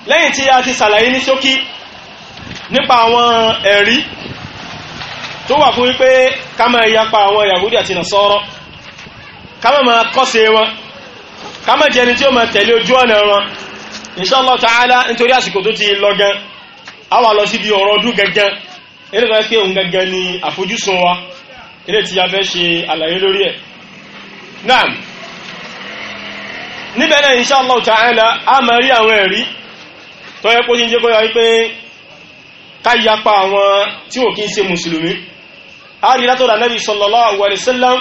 lẹ́yìn tí a ti ṣàlàyé ní ṣókí nípa àwọn ẹ̀rí tó wà fún wípé ká máa yapa àwọn Yahudi àti Nasara ká máa máa kọ́sẹ̀ wọn ká máa jẹni tí ó máa tẹ̀lé ojú ọ̀nà wọn inshallah ta'ala nítorí àsìkò tó ti lọ gan a wà lọ síbi ọ̀rọ̀ ọdún gangan eré tó pé òun gangan ni àfojúsùn wa eré tí a fẹ́ ṣe àlàyé lórí ẹ̀ náà níbẹ̀rẹ̀ insha Allah ta'ala a máa rí àwọn ẹ̀rí tó yẹ kó jíjẹ́ kó yọ wípé ká yapa àwọn tí ò kí ń ṣe mùsùlùmí a rí látọ̀dọ̀ Nabi sallallahu alaihi wasallam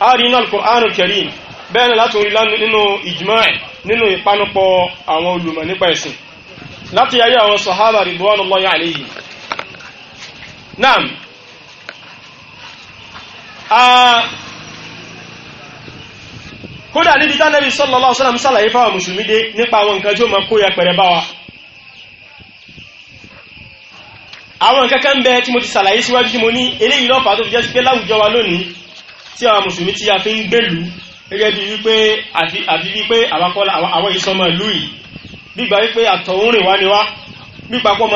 a rí inú al-Qur'anul Karim bẹ́ẹ̀ ni látò rí nínú ijma' kódà níbi tánàbí sallallahu alaihi wasallam sàlàyé fáwọn mùsùlùmí dé nípa àwọn nǹkan tí ó ma kó ya pẹ̀rẹ̀ bá wa àwọn nǹkan kan bẹ tí mo ti sàlàyé síwájú tí mo ní eléyìí lọ́fà tó fi jẹ́ sí pé láwùjọ wa lónìí tí àwọn mùsùlùmí tí a fi ń gbèlú gẹ́gẹ́ bí wípé àfi wípé àwọn ìsọmọ ìlú yìí gbígbà wípé àtọ̀húnrìn ni wá gbígbà pọ̀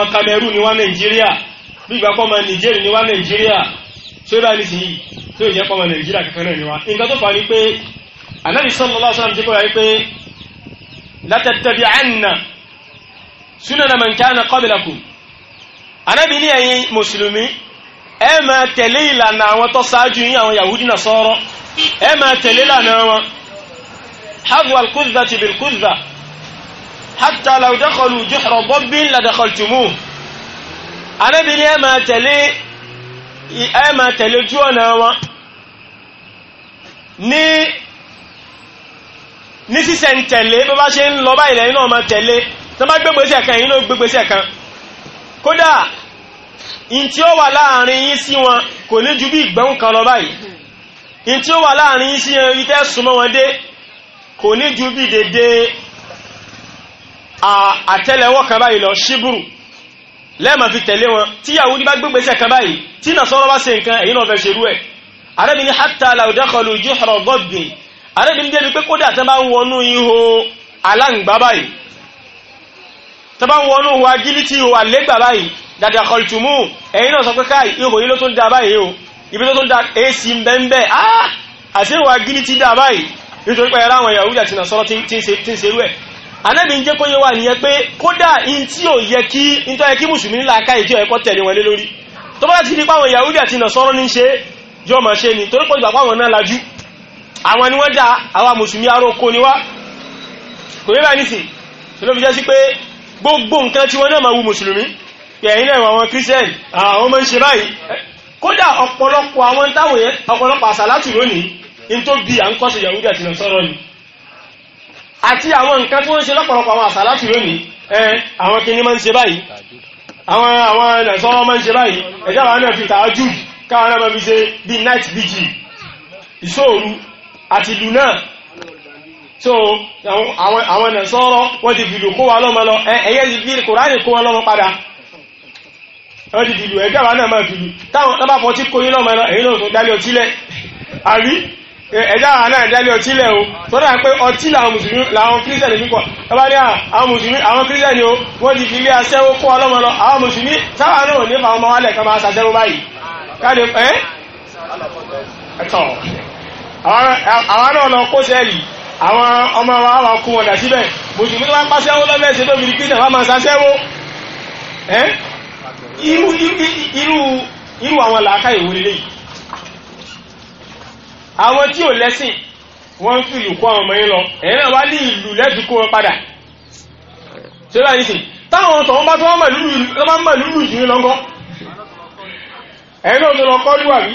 ni wá Nàìjíríà ni wá Nàìjíríà tó bá nísìnyí tó ìjẹ́pọ̀ anabi sallallahu alaihi wasallam ti kóra wípé látàtàbí'anna sunana man kana qablakum anabi ní ẹ̀yin mùsùlùmí ẹ máa tẹ̀lé ìlànà àwọn tó ṣáájú yín àwọn yahudi nasara ẹ máa tẹ̀lé ìlànà wọn hadwa al-kudhdhati bil-kudhdha hatta law dakhalu juhra dabbin la dakhaltumuh ní ẹ máa tẹ̀lé ẹ máa tẹ̀lé ojú ọ̀nà wọn ní ní sísẹ̀ ń tẹ̀lé bó bá ṣe ń lọ báyìí lẹ́yìn náà máa tẹ̀lé tó bá gbé gbèsè kan yìí ló gbé gbèsè kan kódà in tí ó wà láàrin yín sí wọn kò ní ju bí ìgbẹ́hùn kan lọ báyìí in tí ó wà láàrin yín sí wọn ibi tẹ́ súnmọ́ wọn dé kò ní ju bí dédé àtẹ́lẹwọ́ kan báyìí lọ ṣíbùrù lẹ́ẹ̀mà fi tẹ̀lé wọn tí Yahudi bá gbé gbèsè kan báyìí tí Nasara bá ṣe nǹkan èyí náà fẹ́ ṣerú ẹ̀ àrẹ́bìnrin hatta law dakhalu àrẹ́bí ń débi pé kódà tán bá ń wọnú ihò aláǹgbá báyìí tán bá ń wọnú ihò agilítì ihò àlégbà báyìí dàdà kọ̀ìtùmù ẹ̀yin náà sọ pé káì ihò yìí ló tún da báyìí o ibi tó tún da èsì ń bẹ́ ah àti ihò agilítì dà báyìí nítorí pé ẹ̀ráwọn Yahudi àti Nasara tí ń serú ẹ̀ àrẹ́bí ń jẹ́ kó yẹ wà nìyẹn pé kódà in tí ò yẹ kí in tó yẹ kí mùsùlùmí ńlá káì tí ò yẹ kó tẹ̀lé wọn lé lórí tó àwọn ni wọ́n jà àwa mùsùlùmí aróko ni wá kò yẹ́ bá ní sí tó ló fi jẹ́ sí pé gbogbo nǹkan tí wọ́n náà ma wu mùsùlùmí ẹ̀yìn náà àwọn kírísẹ́n àwọn ọmọ ń ṣe báyìí kódà ọ̀pọ̀lọpọ̀ àwọn táwọn yẹn ọ̀pọ̀lọpọ̀ àsàlátù lónìí in tó bí à ń kọ́sẹ̀ yahudi àti nàìsọ́rọ̀ ni àti àwọn nǹkan tí wọ́n ṣe lọ́pọ̀lọpọ̀ àwọn àsàlátù lónìí ẹ àwọn kìíní máa ń ṣe báyìí àwọn àwọn àti ìlú náà so àwọn ẹ̀nà sọ́rọ̀ wọ́n ti fìlù kó wa lọ́mọ lọ ẹ̀yẹ́ ti fi kòránì kó wa lọ́mọ padà wọ́n ti fìlù ẹ̀gá wa náà máa fìlù táwọn tábà fọ́ tí kó yín lọ́mọ lọ èyí náà tún dálé ọtí lẹ̀ àbí ẹ̀dá wa náà o sọ́dọ̀ pé ọtí làwọn mùsùlùmí làwọn kírísẹ̀nì fi kọ̀ tábà ní àwọn mùsùlùmí àwọn kírísẹ̀nì o wọ́n ti fìlú aṣẹ́wó kó wa lọ́mọ lọ àwọn mùsùlùmí táwa náà ní àwọn náà lọ kó sẹ́ẹ̀lì àwọn ọmọ wa wà kó wọn dà síbẹ̀ mùsùlùmí tó bá ń pàṣẹwó lọ́bẹ̀ ṣe tó fi pínlẹ̀ wọn máa ṣàṣẹwó irú àwọn làákà ìwò lélẹ̀ yìí àwọn tí ò lẹ́sìn wọ́n ń fìlù kó àwọn ọmọ yín lọ ẹ̀yìn náà wá ní ìlú lẹ́dùn kó wọn padà ṣé báyìí sì táwọn tọ̀wọ́n bá tó wọ́n mọ̀ lúlù jù ní lọ́gọ́ ẹ̀yìn náà tó lọ kọ́ lúwà rí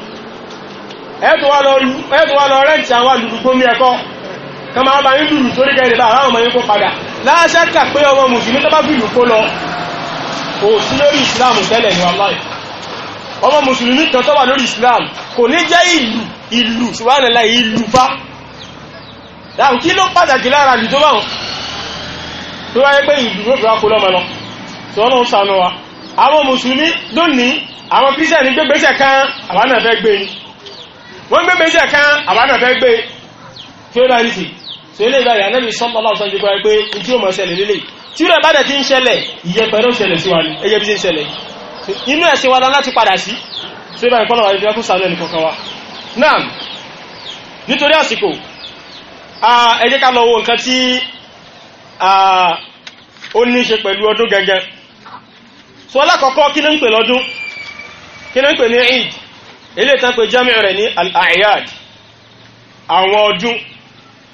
ẹ̀tù wà lọ rẹ́ǹtì àwọn àlùdùgbò mi ẹ̀kọ́ kan máa bá yín lùlù sórí kẹrì bá àwọn ọmọ yín kó padà láṣẹ́ kà pé ọmọ mùsùlùmí tó bá fi lù kó lọ kò sí lórí islam tẹ́lẹ̀ ní wàláì ọmọ mùsùlùmí kan tó wà lórí islam kò ní jẹ́ ìlú ìlú subhanallah ìlú bá dáhùn kí ló pàtàkì lára àlùjọ bá wọn tó wáyé pé ìlú ló fura kó lọ́mọ lọ tí wọ́n sànú wa àwọn mùsùlùmí lónìí àwọn kírísẹ̀ ní gbégbèsẹ̀ kan àwọn náà fẹ́ gbé ni wọ́n gbé méjì kan àbádà fẹ́ gbé tí ó dárí sí so ilé ìbáyà náà ní sọ́mọ́ láwùsán jẹ́ kọ́ pé tí ó mọ̀ ṣẹlẹ̀ lélẹ̀ tí rẹ̀ bádẹ̀ ti ń ṣẹlẹ̀ ìyẹpẹ̀rẹ̀ ó ṣẹlẹ̀ sí wa ní ẹyẹ bí ṣe ń ṣẹlẹ̀ inú ẹ̀sìn wa láti padà sí so ìbáyà kọ́nà wà ní ìdákùn sàánú ẹnì kọ̀ọ̀kan wa náà nítorí àsìkò ẹ ká lọ wo nǹkan tí ó ní ṣe pẹ̀lú ọdún gẹ́gẹ́ so alákọ̀ọ́kọ́ kí ní ń pè lọ́dún kí ní ń pè ní eid ilé tán pé jami rẹ̀ ní al àwọn ọdún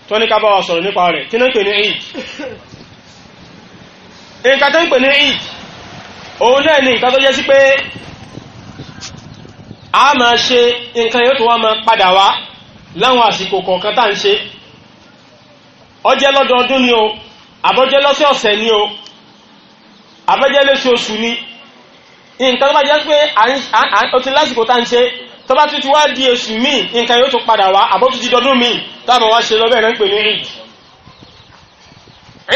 tó ní ká bá wa sọ̀rọ̀ nípa rẹ̀ kí náà pè ní eid nǹkan tó ń pè ní eid òun náà ni nǹkan tó jẹ́ sí pé a máa ṣe nǹkan yóò tó wá ọjẹ́ lọ́dọọdún ni o àbọ́jẹ́ lọ́sẹ̀ ni o àbọ́jẹ́ lóṣooṣù ni nǹkan tó bá jẹ́ pé ó ti lásìkò tá ń ṣe tó bá tún ti wá di oṣù míì nǹkan yóò tún padà wá àbótú ti dọdún míì táwọn wá ṣe lọ bẹ́ẹ̀ náà ń pè ní Eid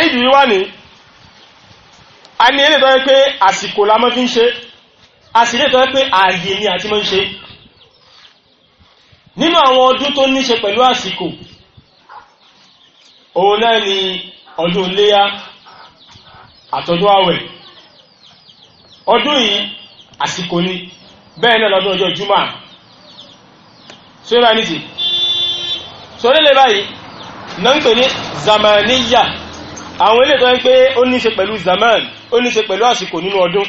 Eid yìí wà ní a ní eré yẹ pé àsìkò la máa fi ń ṣe a yẹ pé ààyè ni àti máa ń ṣe nínú àwọn ọdún tó ní ṣe pẹ̀lú àsìkò òun náà ni ọdún léyá àtọdún àwẹ̀ ọdún yìí àsìkò ni bẹ́ẹ̀ náà lọ́dún ọjọ́ júmọ́ à ṣé bá ní sí sórí lè báyìí náà ń pè ní zamaniya àwọn ilé tó ń pé ó ní ṣe pẹ̀lú zaman ó ní ṣe pẹ̀lú àsìkò nínú ọdún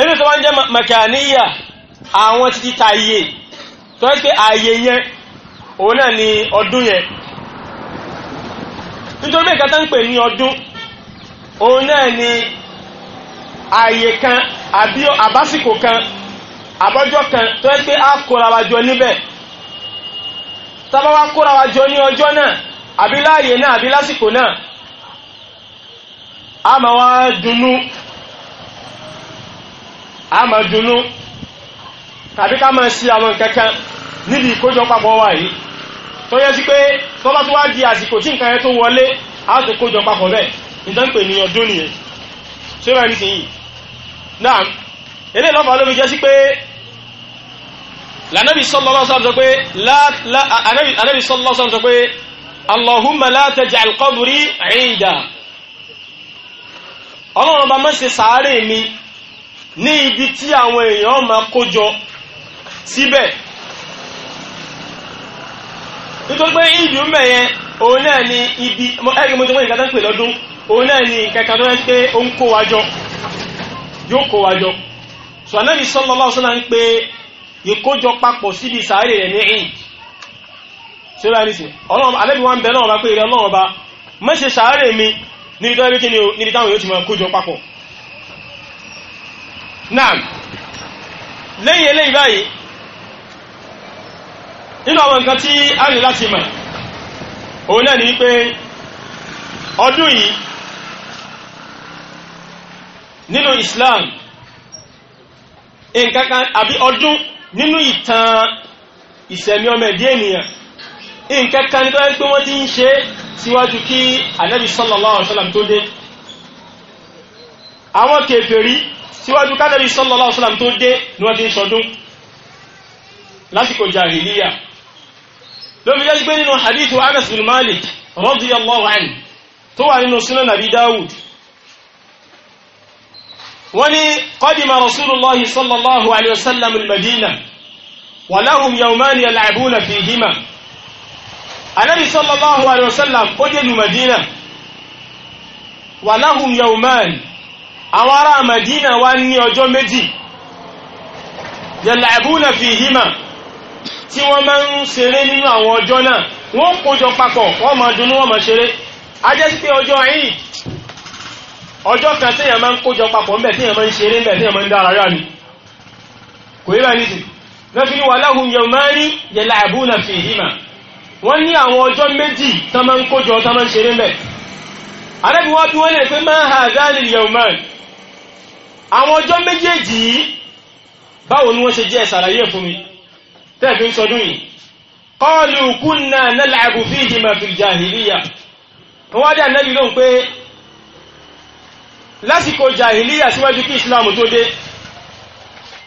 ilé tó wá ń jẹ́ makaniya àwọn títí ta iye tó ń pé ààyè yẹn òun náà ni ọdún yẹn nítorí pé nǹkan ń pè ní ọdún òun náà ni ààyè kan àbí àbásìkò kan àbọ́jọ́ kan tó yẹ pé a kóra wa jọ níbẹ̀ tábà wá kóra wa jọ ní ọjọ́ náà àbí láàyè náà àbí lásìkò náà a máa wá dunnú a máa dunnú tàbí ká máa ṣe àwọn nǹkan kan níbi ìkójọpapọ̀ wa yìí tó yẹ sí pé tọ́lá tó wá di àsìkò tí nǹkan yẹn tó wọlé a ti kójọpapọ̀ bẹ́ẹ̀ ìdánpè ní ọdún nìyẹn ṣé wà nísìnyí náà ilé ìlọ́fà ló fi jẹ́ sí pé lànàbì sọ́lọ́sọ́m sọ pé lànàbì sọ́lọ́sọ́m sọ pé allahumma la taj'al qabri 'ida ọlọ́run bá mọ́sí sàárè mi ní ibi tí àwọn èèyàn ma kójọ síbẹ̀ nítorí pé ìdí ń bẹ̀yẹn òun náà ni ibi ẹgbẹ̀mọ́tọ́gbọ́n ìkàtà pè lọ́dún òun náà ni ìkẹkàtọ́ ẹ́ pé ó ń kó wájọ́ yóò kó wa jọ so anabi sallallahu alaihi wasallam ń pe ìkójọ papọ̀ síbi sàárè rẹ̀ ní eid ṣé bá ní sìn ọlọ́run anabi wa bẹ náà bá pé ìrẹ ọlọ́run bá sàárè mi níbi ni o a nínú Islam nǹkankan àbí ọdún nínú ìtàn ìsẹ̀mí ọmọ ẹ̀dí ènìyàn nǹkankan tó ń pé wọ́n ti ń ṣe síwájú kí Ànábì sallallahu alaihi wasallam tó dé àwọn kèfèrí síwájú kánàbí sallallahu alaihi wasallam tó dé ní wọ́n ti ń ṣọdún lásìkò jahiliya lóbi jẹ́ sí pé nínú hadithu Anas bin Malik radiyallahu anhu tó wà nínú Sunan Abi Dawud وني قدم رسول الله صلى الله عليه وسلم المدينة ولهم يومان يلعبون فيهما النبي صلى الله عليه وسلم قدم المدينة ولهم يومان أورا مدينة واني أجمدي يلعبون فيهما tí wọ́n máa ń ṣeré nínú àwọn ọjọ́ náà wọ́n kójọ papọ̀ wọ́n máa dunú wọ́n máa ṣeré a jẹ́ sí pé ọjọ́ yìí ọjọ́ kan tí èèyàn máa ń kójọ papọ̀ ńbẹ̀ tí èèyàn máa ń ṣeré ńbẹ̀ tí èèyàn máa ń dára rà ní kò yíba ní sí lọ́fi ní wà láhùn yẹn máa ń yẹlẹ àbúnà fi ìhìmà wọ́n ní àwọn ọjọ́ méjì tá máa ń kójọ tá máa ń ṣeré ńbẹ̀ àrẹ́bí bí wọ́n lè pé máa ha lásìkò jàhílíyà síwájú kí islam tó dé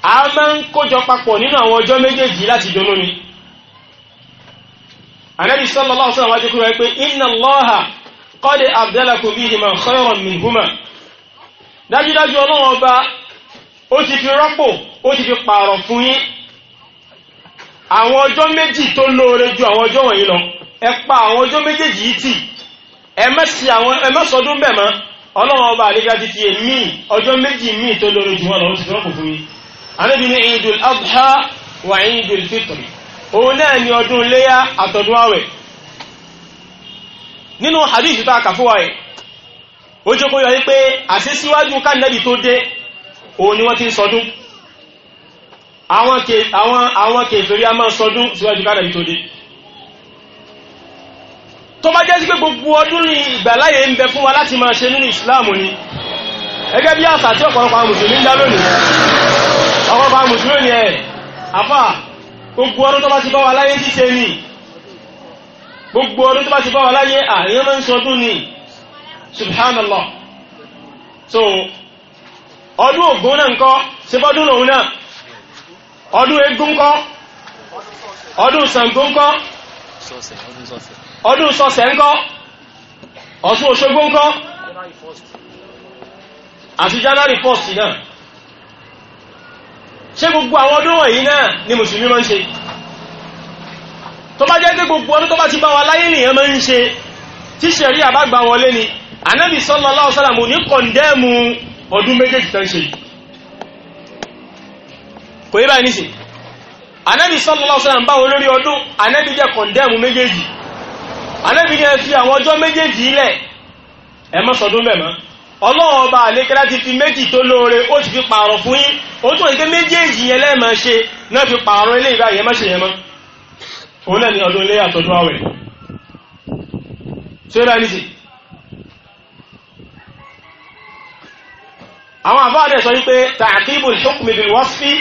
a máa ń kójọ papọ̀ nínú àwọn ọjọ́ méjèèjì láti dùnnú ni Ànábì sallallahu alaihi wasallam kúrò pé inna Allaha qad abdalakum bihima khayran minhuma dájúdájú ọlọ́wọ́ ọba ó ti fi rọ́pò ó ti fi pààrọ̀ fún yín àwọn ọjọ́ méjì tó lóore ju àwọn ọjọ́ ọlọ́wọ́n ọba àlejò ti tiẹ̀ míì ọjọ́ méjì míì tó lórí jù wọn lọ́wọ́ sí rọ́pò fún mi anábì ní Eidul Adha wà Eidul Fitr òun náà ni ọdún léyà àtọ̀dún àwẹ̀ nínú hadith tó àkà fún wa yìí ó jẹ́ kó yọ yí pé àṣesíwájú kánẹ́bì tó dé òun ni wọ́n ti ń sọdún àwọn kèfèrí a máa sọdún síwájú kánẹ́bì tó dé tó bá jẹ́ sí pé gbogbo ọdún ní ìgbàláyé ń bẹ fún wa láti máa ṣe nínú ìsìláàmù ni gẹ́gẹ́ bí àṣà tí ọ̀pọ̀lọpọ̀ àwọn mùsùlùmí ń dá lónìí ọ̀pọ̀lọpọ̀ àwọn mùsùlùmí ni ẹ̀ àfà gbogbo ọdún tó bá ti bá wa láyé ṣíṣe ni gbogbo ọdún tó bá ti bá wa láyé àríyàn máa ń sọdún ni subhanallah so ọdún Ògún náà ńkọ́ ṣe bọ́dún lòun náà ọdún Eégún ọdún sọsẹ̀ ńkọ́ ọ̀ṣun òṣogbo ńkọ́ àti january 1st náà ṣé gbogbo àwọn ọdún wọ̀nyí náà ni mùsùlùmí máa ń ṣe tó bá jẹ́ pé gbogbo ọdún tó bá ti bá wa láyé nìyẹn máa ń ṣe tí ṣẹ̀rí àbágbà wọlé ni anábì sallallahu alaihi wasallam ní kọ̀ndẹ́mù ọdún méjèèjì tán ṣe kò yí báyìí níṣe anábì sallallahu alaihi wasallam báwo lórí ọdún anábì jẹ́ kọ̀ndẹ́mù méjèèjì anábì ní ẹ fi àwọn ọjọ́ méjèèjì ilẹ̀ ẹ má sọdún bẹ̀ mọ́ ọlọ́run ọba àlékẹ́ láti fi méjì tó lóore ó ti fi pààrọ̀ fún yín ó tún ìké méjèèjì yẹn lẹ́ẹ̀mọ́ ṣe náà fi pààrọ̀ ilé ìgbà yẹn má ṣe yẹn mọ́ òun náà ni ọdún ilé àtọ́dún àwẹ̀ tí ó rà nìsí àwọn àbáàdẹ̀ sọ wípé ta'qibul hukmi bil wasfi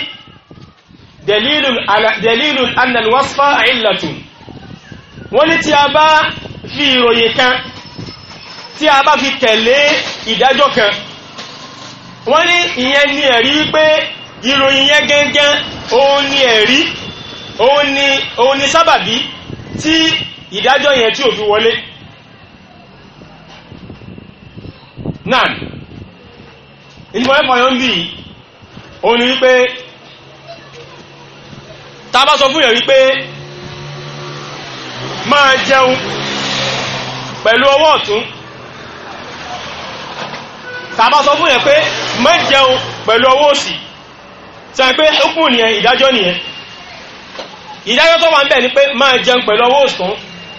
dalilun anna al wasfa wọ́n ní tí a bá fi ìròyìn kan tí a bá fi tẹ̀lé ìdájọ́ kan wọ́n ní ìyẹn ni ẹ̀rí wípé ìròyìn yẹn gẹ́gẹ́ òun ni ẹ̀rí òun ni sábàbí tí ìdájọ́ yẹn tí ò fi wọlé náà ìgbọ́n ẹ̀kọ́ yóò bá sọ fún yẹn wípé máa jẹun pẹ̀lú ọwọ́ ọ̀tún tàbá sọ fún yẹn pé má jẹun pẹ̀lú ọwọ́ òsì sọ pé hukmu nìyẹn ìdájọ́ nìyẹn ìdájọ́ tó wà ń bẹ̀ ni pé má jẹun pẹ̀lú ọwọ́ òsì tún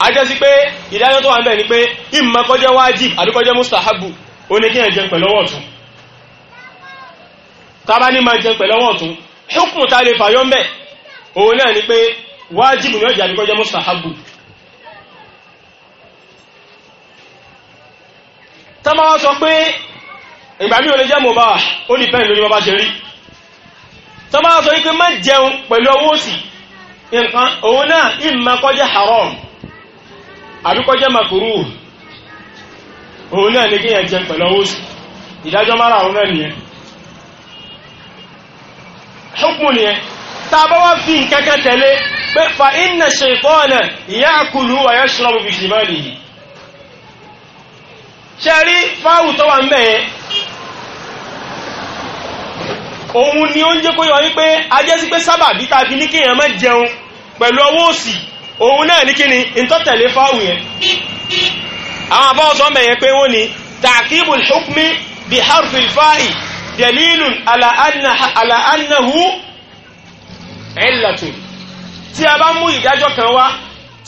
ajẹ́ sí pé ìdájọ́ tó wà ń bẹ̀ ni pé ìmọ̀ kó jẹ́ wájib àbí kó jẹ́ mustahabu ó ní kí ẹ jẹun pẹ̀lú ọwọ́ ọ̀tún tàbá ní má jẹun pẹ̀lú ọwọ́ ọ̀tún hukmu ta lè fàyọ́ ń bẹ̀ òun náà ni pé wájib ni ó jẹ́ àbí mustahabu tán máa sọ pé ìgbà mí ò lè jẹ́ mọ̀ bá ó lè pẹ́yìn lórí bọ́bá ṣe rí tán máa sọ wípé má jẹun pẹ̀lú ọwọ́ òsì nǹkan òun náà ìmọ̀ kọjá haram àbí kọjá makuru òun náà ní kíyàn jẹun pẹ̀lú ọwọ́ òsì ìdájọ́ mara òun náà nìyẹn hukmu nìyẹn tá a bá wá fi nǹkan kan tẹ̀lé pé fa inna shaytana ya'kulu wa yashrabu bi shimalihi ṣe rí fáwù tó wà ń bẹ̀ òun ni ó ń jẹ́ kó yọ wípé ajẹ́ sí pé sábà bí tàbí ní kíyàn má jẹun pẹ̀lú ọwọ́ òsì òun náà ní kíni ìtọ́tẹ̀lé fáwù yẹn àwọn àbá ọ̀sán bẹ̀yẹn pé wọ́n ni taqibul hukmi bi harfil fa'i dalilun ala annahu illatun tí a bá mú ìdájọ́ kan wá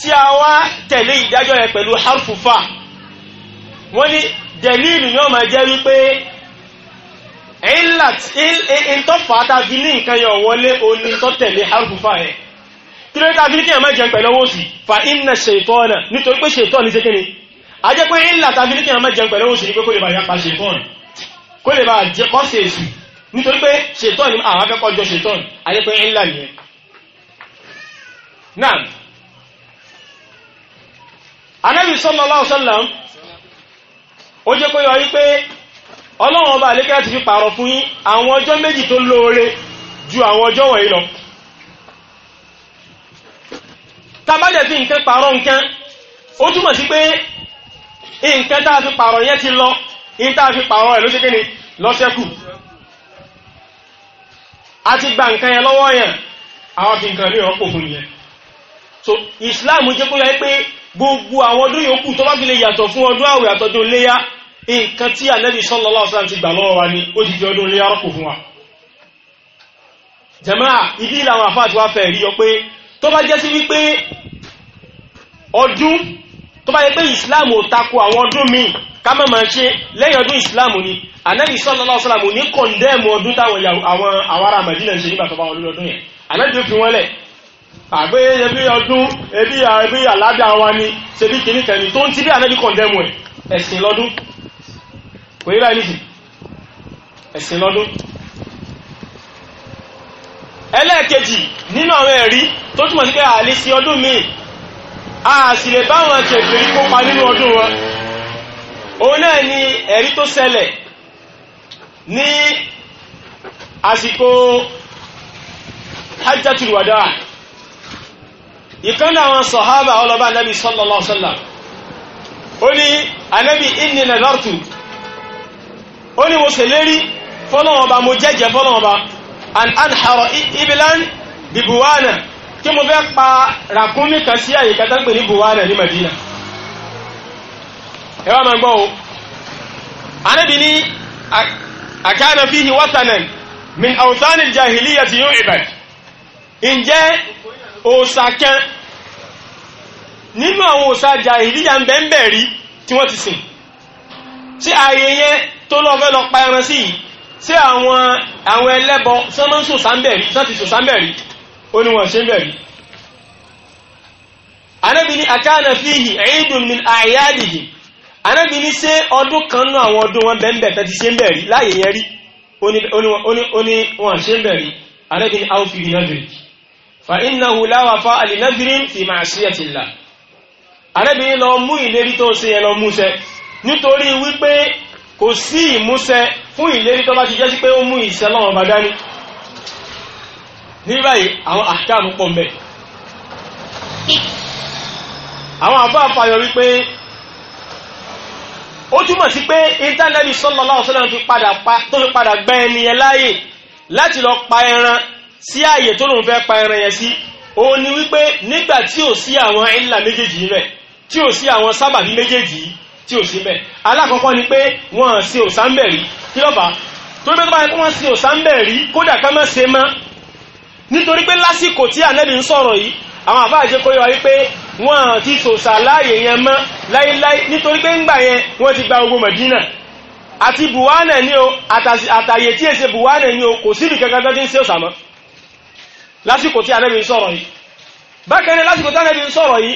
tí a wá tẹ̀lé ìdájọ́ yẹn pẹ̀lú harfu fa' wọ́n ní dẹ̀líìlù yóò máa jẹ́ wípé ìntọ́fà tàbí ní nǹkan yọ wọlé oní tó tẹ̀lé harfufa ẹ̀ kí ló tàbí kí ẹ̀mọ́ jẹun pẹ̀lú òsì fa inna ṣètọ́nà nítorí pé ṣètọ́nì jẹ́ kíni a jẹ́ pé ìlà tàbí kí ẹ̀mọ́ jẹun pẹ̀lú òsì ní pé kó lè bá yapa ṣètọ́nì kó lè bá jẹ kọ́sẹ̀ èsù nítorí ó jẹ́ kó yọ yí pé ọlọ́run ọba àlékẹ́ ti fi pààrọ̀ fún yín àwọn ọjọ́ méjì tó lóore ju àwọn ọjọ́ wọ̀nyí lọ tàbádẹ̀ fi nǹkan pààrọ̀ nǹkan ó túmọ̀ sí pé nǹkan tá a fi pààrọ̀ yẹn ti lọ in tá a fi pààrọ̀ ẹ̀ ló ṣe kéde lọ́sẹ́kù a ti gba nǹkan yẹn lọ́wọ́ yẹn àwọn fi nǹkan ní ọ̀pọ̀ fún yẹn so Islam jẹ́ kó yẹ pé gbogbo àwọn ọdún yòókù tó bá fi le yàtọ̀ fún ọdún àwẹ̀ àtọ́dún léyá nǹkan tí ànábì sallallahu alaihi wasallam ti gbà lọ́wọ́ wa ni ó ti di ọdún ilé arọ́pò fún wa jàmáà ibi làwọn àfáà ti wá fẹ́ rí yọ pé tó bá jẹ́ sí wípé ọdún tó bá yẹ pé ìsìláàmù ò tako àwọn ọdún míì ká má máa ṣe lẹ́yìn ọdún ìsìláàmù ni ànábì sallallahu alaihi wasallam ní kọ̀ndẹ́ẹ̀mù ọdún táwọn àwọn ará Màdínà ń ṣe nígbà tó bá wọn lórí ọdún yẹn ànábì fi wọ́n lẹ̀ àgbé ẹbí ọdún ẹbí àlábíà wa ni ṣebí kìnnìkan ni tó ń ti bí ànábì kọ̀ndẹ́ẹ̀mù ẹ̀ ẹ̀sìn lọ́dún kò yíra ní ẹ̀sìn lọ́dún ẹlẹ́ẹ̀kejì nínú àwọn ẹ̀rí tó túnmọ̀ sí pé àlè sí ọdún míì a sì lè báwọn kèfèrí kópa nínú ọdún wọn òun náà ni ẹ̀rí tó ṣẹlẹ̀ ní àsìkò hajjatul wada ìkan náà wọn sọ̀hábà ọlọ́bà anábì sallallahu alaihi wasallam ó ní anábì inni nadartu ó ní mo ṣèlérí fọ́lọ́wọ́ba mo jẹ́jẹ́ fọ́lọ́wọ́ba an anhara ibilan bi buwana kí mo fẹ́ pa ràkúnmí kan sí àyíká tó ń pè ní buwana ní Madina ẹ wá máa gbọ́ o Ànábì ní àkáàna fihi wasanan min awsani jahiliyati yu'bad ǹjẹ́ òòṣà kan nínú àwọn òòṣà jahiliya ń bẹ́ẹ̀ rí tí wọ́n ti sìn tí ààyè yẹn tó lọ fẹ́ lọ pa ẹran sí yìí tí àwọn àwọn ẹlẹ́bọ sánmọ́ sòsánbẹ̀rí sánti sòsánbẹ̀rí ó ní wọ́n ṣe bẹ̀rí anábi ní akáàna fíhì ẹ̀yìndùn min àyáàdìhì anábi ní ṣe ọdún kan náà àwọn ọdún wọn bẹ̀ẹ̀bẹ̀ tàbí ṣe bẹ̀rí láàyè yẹn rí ó ní wọ́n ṣe bẹ̀rí anábi ní áwùfì ní nàbìrì fa iná hu láwà fa àlìnàbìrì fi màá sí àtìlá anábi ní lọ mú ìlérí nítorí wípé kò sí ìmúṣẹ fún ìlérí tó bá ti jẹ́ sí pé ó mú ìṣẹ́ lọ́wọ́ bá dání ní báyìí àwọn àkáàmù pọ̀ mbẹ́ àwọn àbá àfàyọ wípé ó túmọ̀ sí pé intanẹ́ẹ̀tì sallallahu alaihi wasallam tó padà gbẹ́ ẹni yẹn láti lọ pa ẹran sí ààyè tó lòun fẹ́ pa ẹran yẹn sí òun ni wípé nígbà tí ò sí àwọn ìlà méjèèjì rẹ̀ tí ò sí àwọn sábàbí tí ò sí bẹ́ẹ̀ alákọ̀ọ́kọ́ ni pé wọ́n sí òsà ń bẹ̀ rí kí lọ́ba tó ní pé báyìí wọ́n sí òsà ń bẹ̀ rí kódà ká má ṣe mọ́ nítorí pé lásìkò tí ànẹ́bí ń sọ̀rọ̀ yìí àwọn àbá àjẹ kó yọ wáyé pé wọ́n ti sòsà láàyè yẹn mọ́ láéláé nítorí pé ńgbà yẹn wọ́n ti gba ogun Mẹ̀dínà àti buwana ni o àtàyè tí èsè buwana ni o kò síbi kankan tó ti ń sí òsà mọ́ lásìkò tí ànẹ́bí ń sọ̀rọ̀ yìí bákan náà lásìkò tí ànẹ́bí ń sọ̀rọ̀ yìí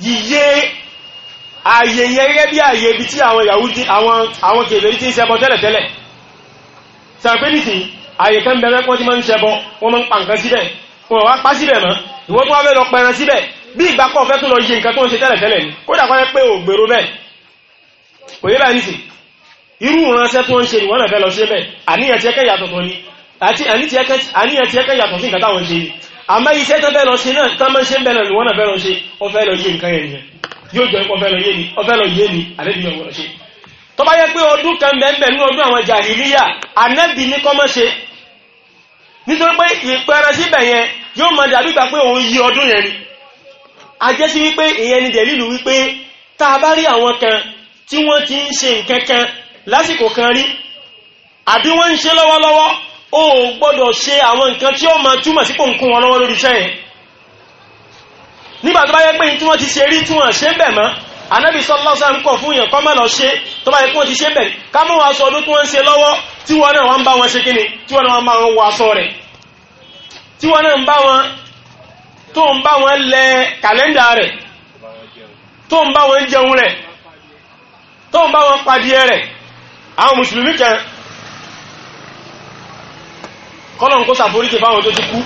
yíyé ààyè yẹn gẹ́gẹ́ bí ààyè ibi tí àwọn Yahudi àwọn àwọn kèbèrè tí ń ṣẹbọ tẹ́lẹ̀tẹ́lẹ̀ sàpé nìsín ààyè kan bẹ̀rẹ̀ pọ́n tí máa ń ṣẹbọ wọ́n máa ń pa nǹkan síbẹ̀ wọ́n wá pa síbẹ̀ mọ́ ìwọ́n tó wá fẹ́ lọ pẹran síbẹ̀ bí ìgbà kan fẹ́ tún lọ yé nǹkan tó ń ṣe tẹ́lẹ̀tẹ́lẹ̀ ni kódà kọ́ pé ò gbèrò bẹ́ẹ̀ kò yé báyìí nìsín irú ìránṣẹ́ tó ń ṣe ìwọ́n náà fẹ́ lọ ṣe bẹ́ẹ̀ àmọ́ iṣẹ́ tán bẹ́ẹ̀ lọ ṣe náà tán máa ṣe bẹ́ẹ̀ lọ wọ́n náà bẹ́ẹ̀ lọ ṣe ó fẹ́ lọ yé nǹkan yẹn nìyẹn yóò jẹ́ ó fẹ́ lọ yé ni ó fẹ́ lọ yé ni àlejò náà wọ́n ṣe. tó bá yẹ pé ọdún kan bẹ́ẹ̀ nínú ọdún àwọn jàhìlíyà ànábì ní kọ́ mọ́ ṣe nítorí pé ìpẹran síbẹ̀ yẹn yóò máa dàbí gbà pé òun yí ọdún yẹn ni àjẹsí wípé ìyẹn ni dẹ̀lílù wípé tá a bá rí àwọn kan tí wọ́n ti ń ṣe nǹkan kan lásìkò kan o gbọ́dọ̀ ṣe àwọn nǹkan tí ó ma túmọ̀ sí pò ń kún wọn lọ́wọ́ lórí iṣẹ́ yẹn nígbà tó bá yẹ pé tí wọ́n ti ṣe rí tí wọ́n ṣe bẹ̀ mọ́ anábì sọ́lọ́sà ń kọ̀ fún èèyàn kọ́ mọ́ lọ ṣe tó bá yẹ pé wọ́n ti ṣe bẹ̀ ká mọ́ wọn aṣọ ọdún tí wọ́n ń ṣe lọ́wọ́ tí wọ́n náà wọ́n ń bá wọn ṣe kíni tí wọ́n náà wọ́n bá wọn wọ aṣọ rẹ̀ tí wọ́n náà ń bá wọn tó àwọn mùsùlùmí kan kọ́lọ̀n kó ṣàforíjì fáwọn tó ti kú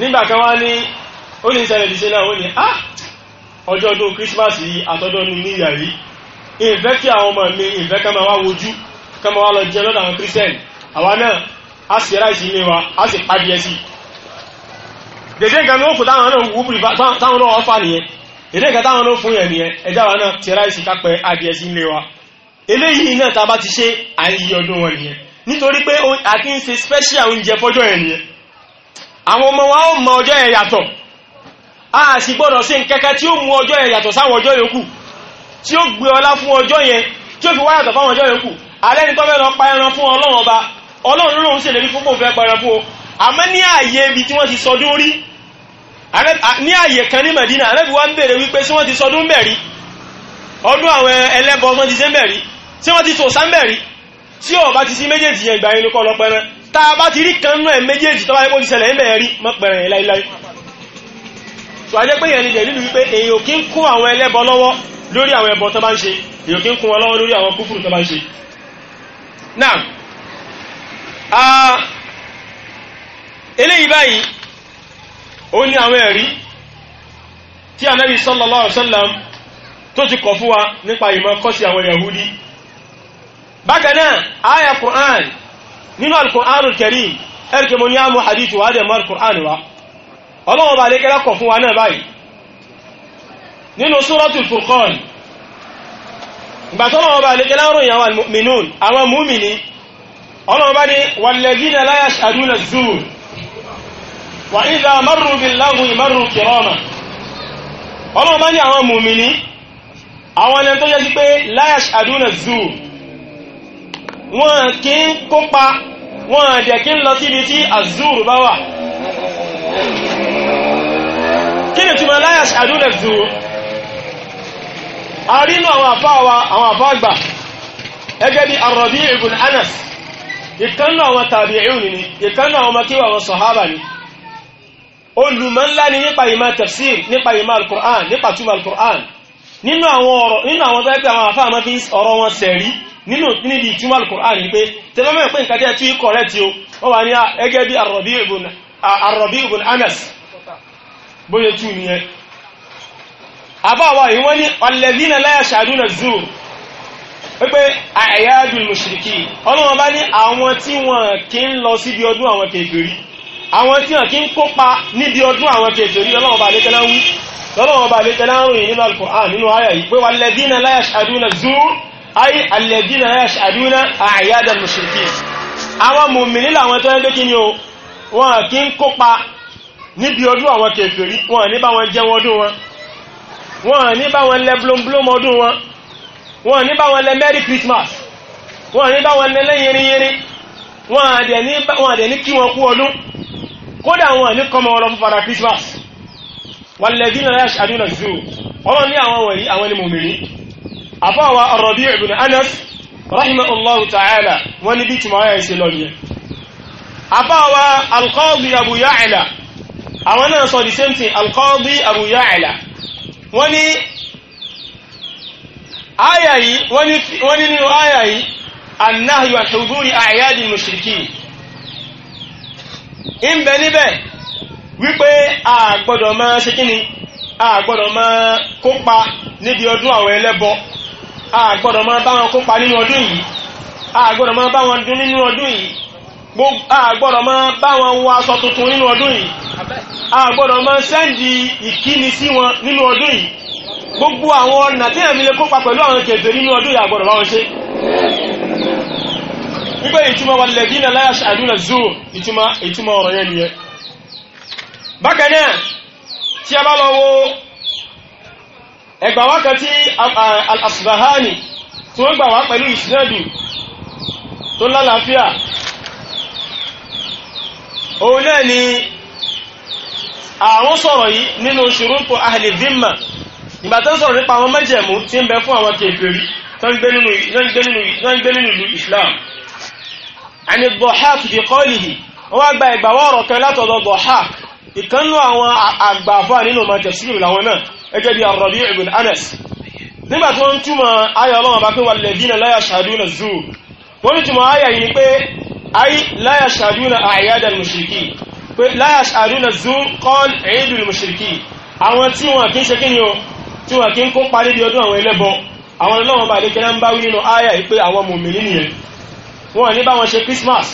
nígbàkan wá ní ó ní ìṣẹ̀lẹ̀ ìṣẹ́ náà ó ní á ah! ọjọ́ ọdún Christmas yìí àtọ́dọ́ ní níyà yìí ìfẹ́ kí àwọn ọmọ mi ìfẹ́ kama wá wojú kama wá lọ jẹ lọ́dọ̀ àwọn Christian àwa náà a sì ráìsì ilé wa a sì pa díẹ̀ sí dèdè nǹkan ní ó kò táwọn náà eléyìí náà tá a bá ti ṣe à ọdún wọn nìyẹn nítorí pé a kì í ṣe special oúnjẹ fọ́jọ́ yẹn nìyẹn àwọn ọmọ wa ó mọ ọjọ́ yẹn yàtọ̀ a sì gbọ́dọ̀ ṣe nkẹ́kẹ́ tí ó mú ọjọ́ yẹn yàtọ̀ sáwọn ọjọ́ yòókù tí ó gbé ọlá fún ọjọ́ yẹn tí ó fi wá yàtọ̀ fáwọn ọjọ́ yòókù alẹ́ ní tọ́fẹ́ lọ pa ẹran fún ọlọ́run ọba ọlọ́run lóun ṣèlérí fún kò fẹ́ pa ẹran fún o àmọ́ ní ààyè ibi tí wọ́n ti sọdún rí ní ààyè kan ní Mẹ̀dínà alẹ́bí wa ń bèèrè wípé tí wọ́n ti sọdún bẹ̀rí ọdún àwọn ẹlẹ́bọ wọn ti ṣe bẹ̀rí tí wọ́n ti tò sáńbẹ̀rí tí ó bá ti sí méjèèjì yẹn ìgbà yẹn ní kọ́ lọ pẹran tá a bá ti rí kan náà méjèèjì tó bá yẹ kó ti ṣẹlẹ̀ ń bẹ̀rẹ̀ rí a jẹ́ pé yẹn ni jẹ̀ nínú wípé èyàn kí ń kún àwọn ẹlẹ́bọ lọ́wọ́ lórí àwọn ẹbọ tó bá ń ṣe èyàn kí ń kún wọn lọ́wọ́ lórí àwọn kúfùrù tó bá ń ṣe náà eléyìí báyìí ó tó ti kọ̀ fún wa nípa ìmọ̀ kọ́sí àwọn Yahudi bákanáà aya Qur'an nínú al-Qur'anul Karim ẹ̀rìkẹ́ mo ní á mú hadithu wa dẹ̀ mọ́ Qur'an wa ọlọ́wọ́ bá lékẹ́lá kọ̀ fún wa náà báyìí nínú Suratul Furqan ìgbàtọ́lọ́wọ́ bá lékẹ́lá ròyìn àwọn al ní àwọn múmini àwọn ẹni tó yẹ sí pé la yashhaduna az wọn kí ń kópa wọn àdẹ̀ kí ń lọ síbi tí azúrù bá wà kí ni túnmọ̀ láyà àdúrà zúrù a rí inú àwọn àfá wa àwọn àfá àgbà ẹgẹ́ bí arọ̀bí ibn anas ìkánú àwọn tàbí'un ni ìkánú àwọn makíwà àwọn sọ̀hábà ni olùmọ̀ ńlá ni nípa ìmọ̀ tafsir nípa ìmọ̀ al nípa túnmọ̀ al nínú àwọn ọ̀rọ̀ nínú àwọn tẹ́ẹ̀kì nínú níbi ìtumọ̀ alukur'an ni pé tẹ́lẹ́mọ̀ pé nǹkan jẹ́ tí í correct o wọ́n wà ní ẹgẹ́ bí arọ̀bí ibùn anas bóyá tú nìyẹn àbáwá yìí wọ́n ní alladhina la yashhaduna az-zur wípé a'yadul mushrikin ọlọ́wọ́n bá ní àwọn tí wọ́n kì í lọ síbi ọdún àwọn kèfèrí àwọn tí wọ́n kì í kópa níbi ọdún àwọn kèfèrí ọlọ́wọ́n bá létẹ́lá wí nínú al-Qur'an nínú ayà yìí pé walladhina la yashhaduna az-zur ayi alẹ́dínà yash'aduna àyádà mushrikin àwọn mùmìnì làwọn tó ń dé kí ni o wọn kí ń kópa níbi ọdún àwọn kèfèrí wọn ní bá wọn jẹun ọdún wọn wọn ní bá wọn lẹ blomblom ọdún wọn wọn ní bá wọn lẹ merry christmas wọn ní bá wọn lẹ lẹ́yìnrìnyìnrìn wọn àdẹ̀ ní kí wọn kú ọdún kódà wọn ní kọmọ ọlọ fún fara christmas wal ladina yash'aduna zuu ọlọ́ ní àwọn wọ̀nyí àwọn ni mùmìnì àfọwà Rabi' ibn Anas rahimahullahu ta'ala wọ́n ní bí tí máa yẹ ṣe lọ yẹn àfọwà al-Qadi Abu Ya'la àwọn náà sọ the same thing al-Qadi Abu Ya'la wọ́n ní àyà yìí wọ́n ní nínú àyà yìí annahyu an huduri a'yadil mushrikin bẹ níbẹ̀ wípé a gbọ́dọ̀ máa ṣe kíni a gbọ́dọ̀ máa kópa níbi ọdún àwọn ẹlẹ́bọ àgbọ́dọ̀ máa bá wọn kópa nínú ọdún yìí àgbọ́dọ̀ máa bá wọn dún nínú ọdún yìí àgbọ́dọ̀ máa bá wọn wọ aṣọ tuntun nínú ọdún yìí àgbọ́dọ̀ máa sẹ́ndì ìkíni sí wọn nínú ọdún yìí gbogbo àwọn ọ̀nà tí èmi lè kópa pẹ̀lú àwọn kẹfẹ́ nínú ọdún yìí àgbọ́dọ̀ bá wọn ṣe wípé ìtumọ̀ wà lẹ́gí náà láyà ṣàdúrà zoo ìtumọ̀ ọ̀rọ̀ yẹn nìyẹn bákan náà tí a bá lọ wo ẹgbà wá kan tí al-asbahani tí wọ́n gbà wá pẹ̀lú ìsinadu tó lálàáfíà òun náà ni àwọn sọ̀rọ̀ yìí nínú ṣùrútù ahli dhimma ìgbà tó ń sọ̀rọ̀ nípa àwọn mẹ́jẹ̀mú tí ń bẹ fún àwọn kèfèrí tó ń gbé nínú ìlú islam àni Dhahhak fi qawlihi wọ́n wá gba ìgbàwọ́ ọ̀rọ̀ kan látọ̀dọ̀ Dhahhak ìkannú àwọn àgbàfà nínú màtẹ̀sílù làwọn gẹ́gẹ́ bí Ar-Rabi' ibn Anas nígbà tí wọ́n túmọ̀ ayọ̀ ọlọ́run bá pé walladhina la yashhaduna az-zur wọ́n ní túmọ̀ ayọ̀ yìí pé ay la yashhaduna a'yad al-mushrikin pé la yashhaduna az-zur qal 'eid al-mushrikin àwọn tí wọn kì í ṣe kíni o tí wọn kì í kópa níbi ọdún àwọn ẹlẹ́bọ àwọn ọlọ́run bá lékẹ́ ń bá wí nínú ayọ̀ yìí pé àwọn mùmìnì nìyẹn wọn ní bá wọn ṣe Christmas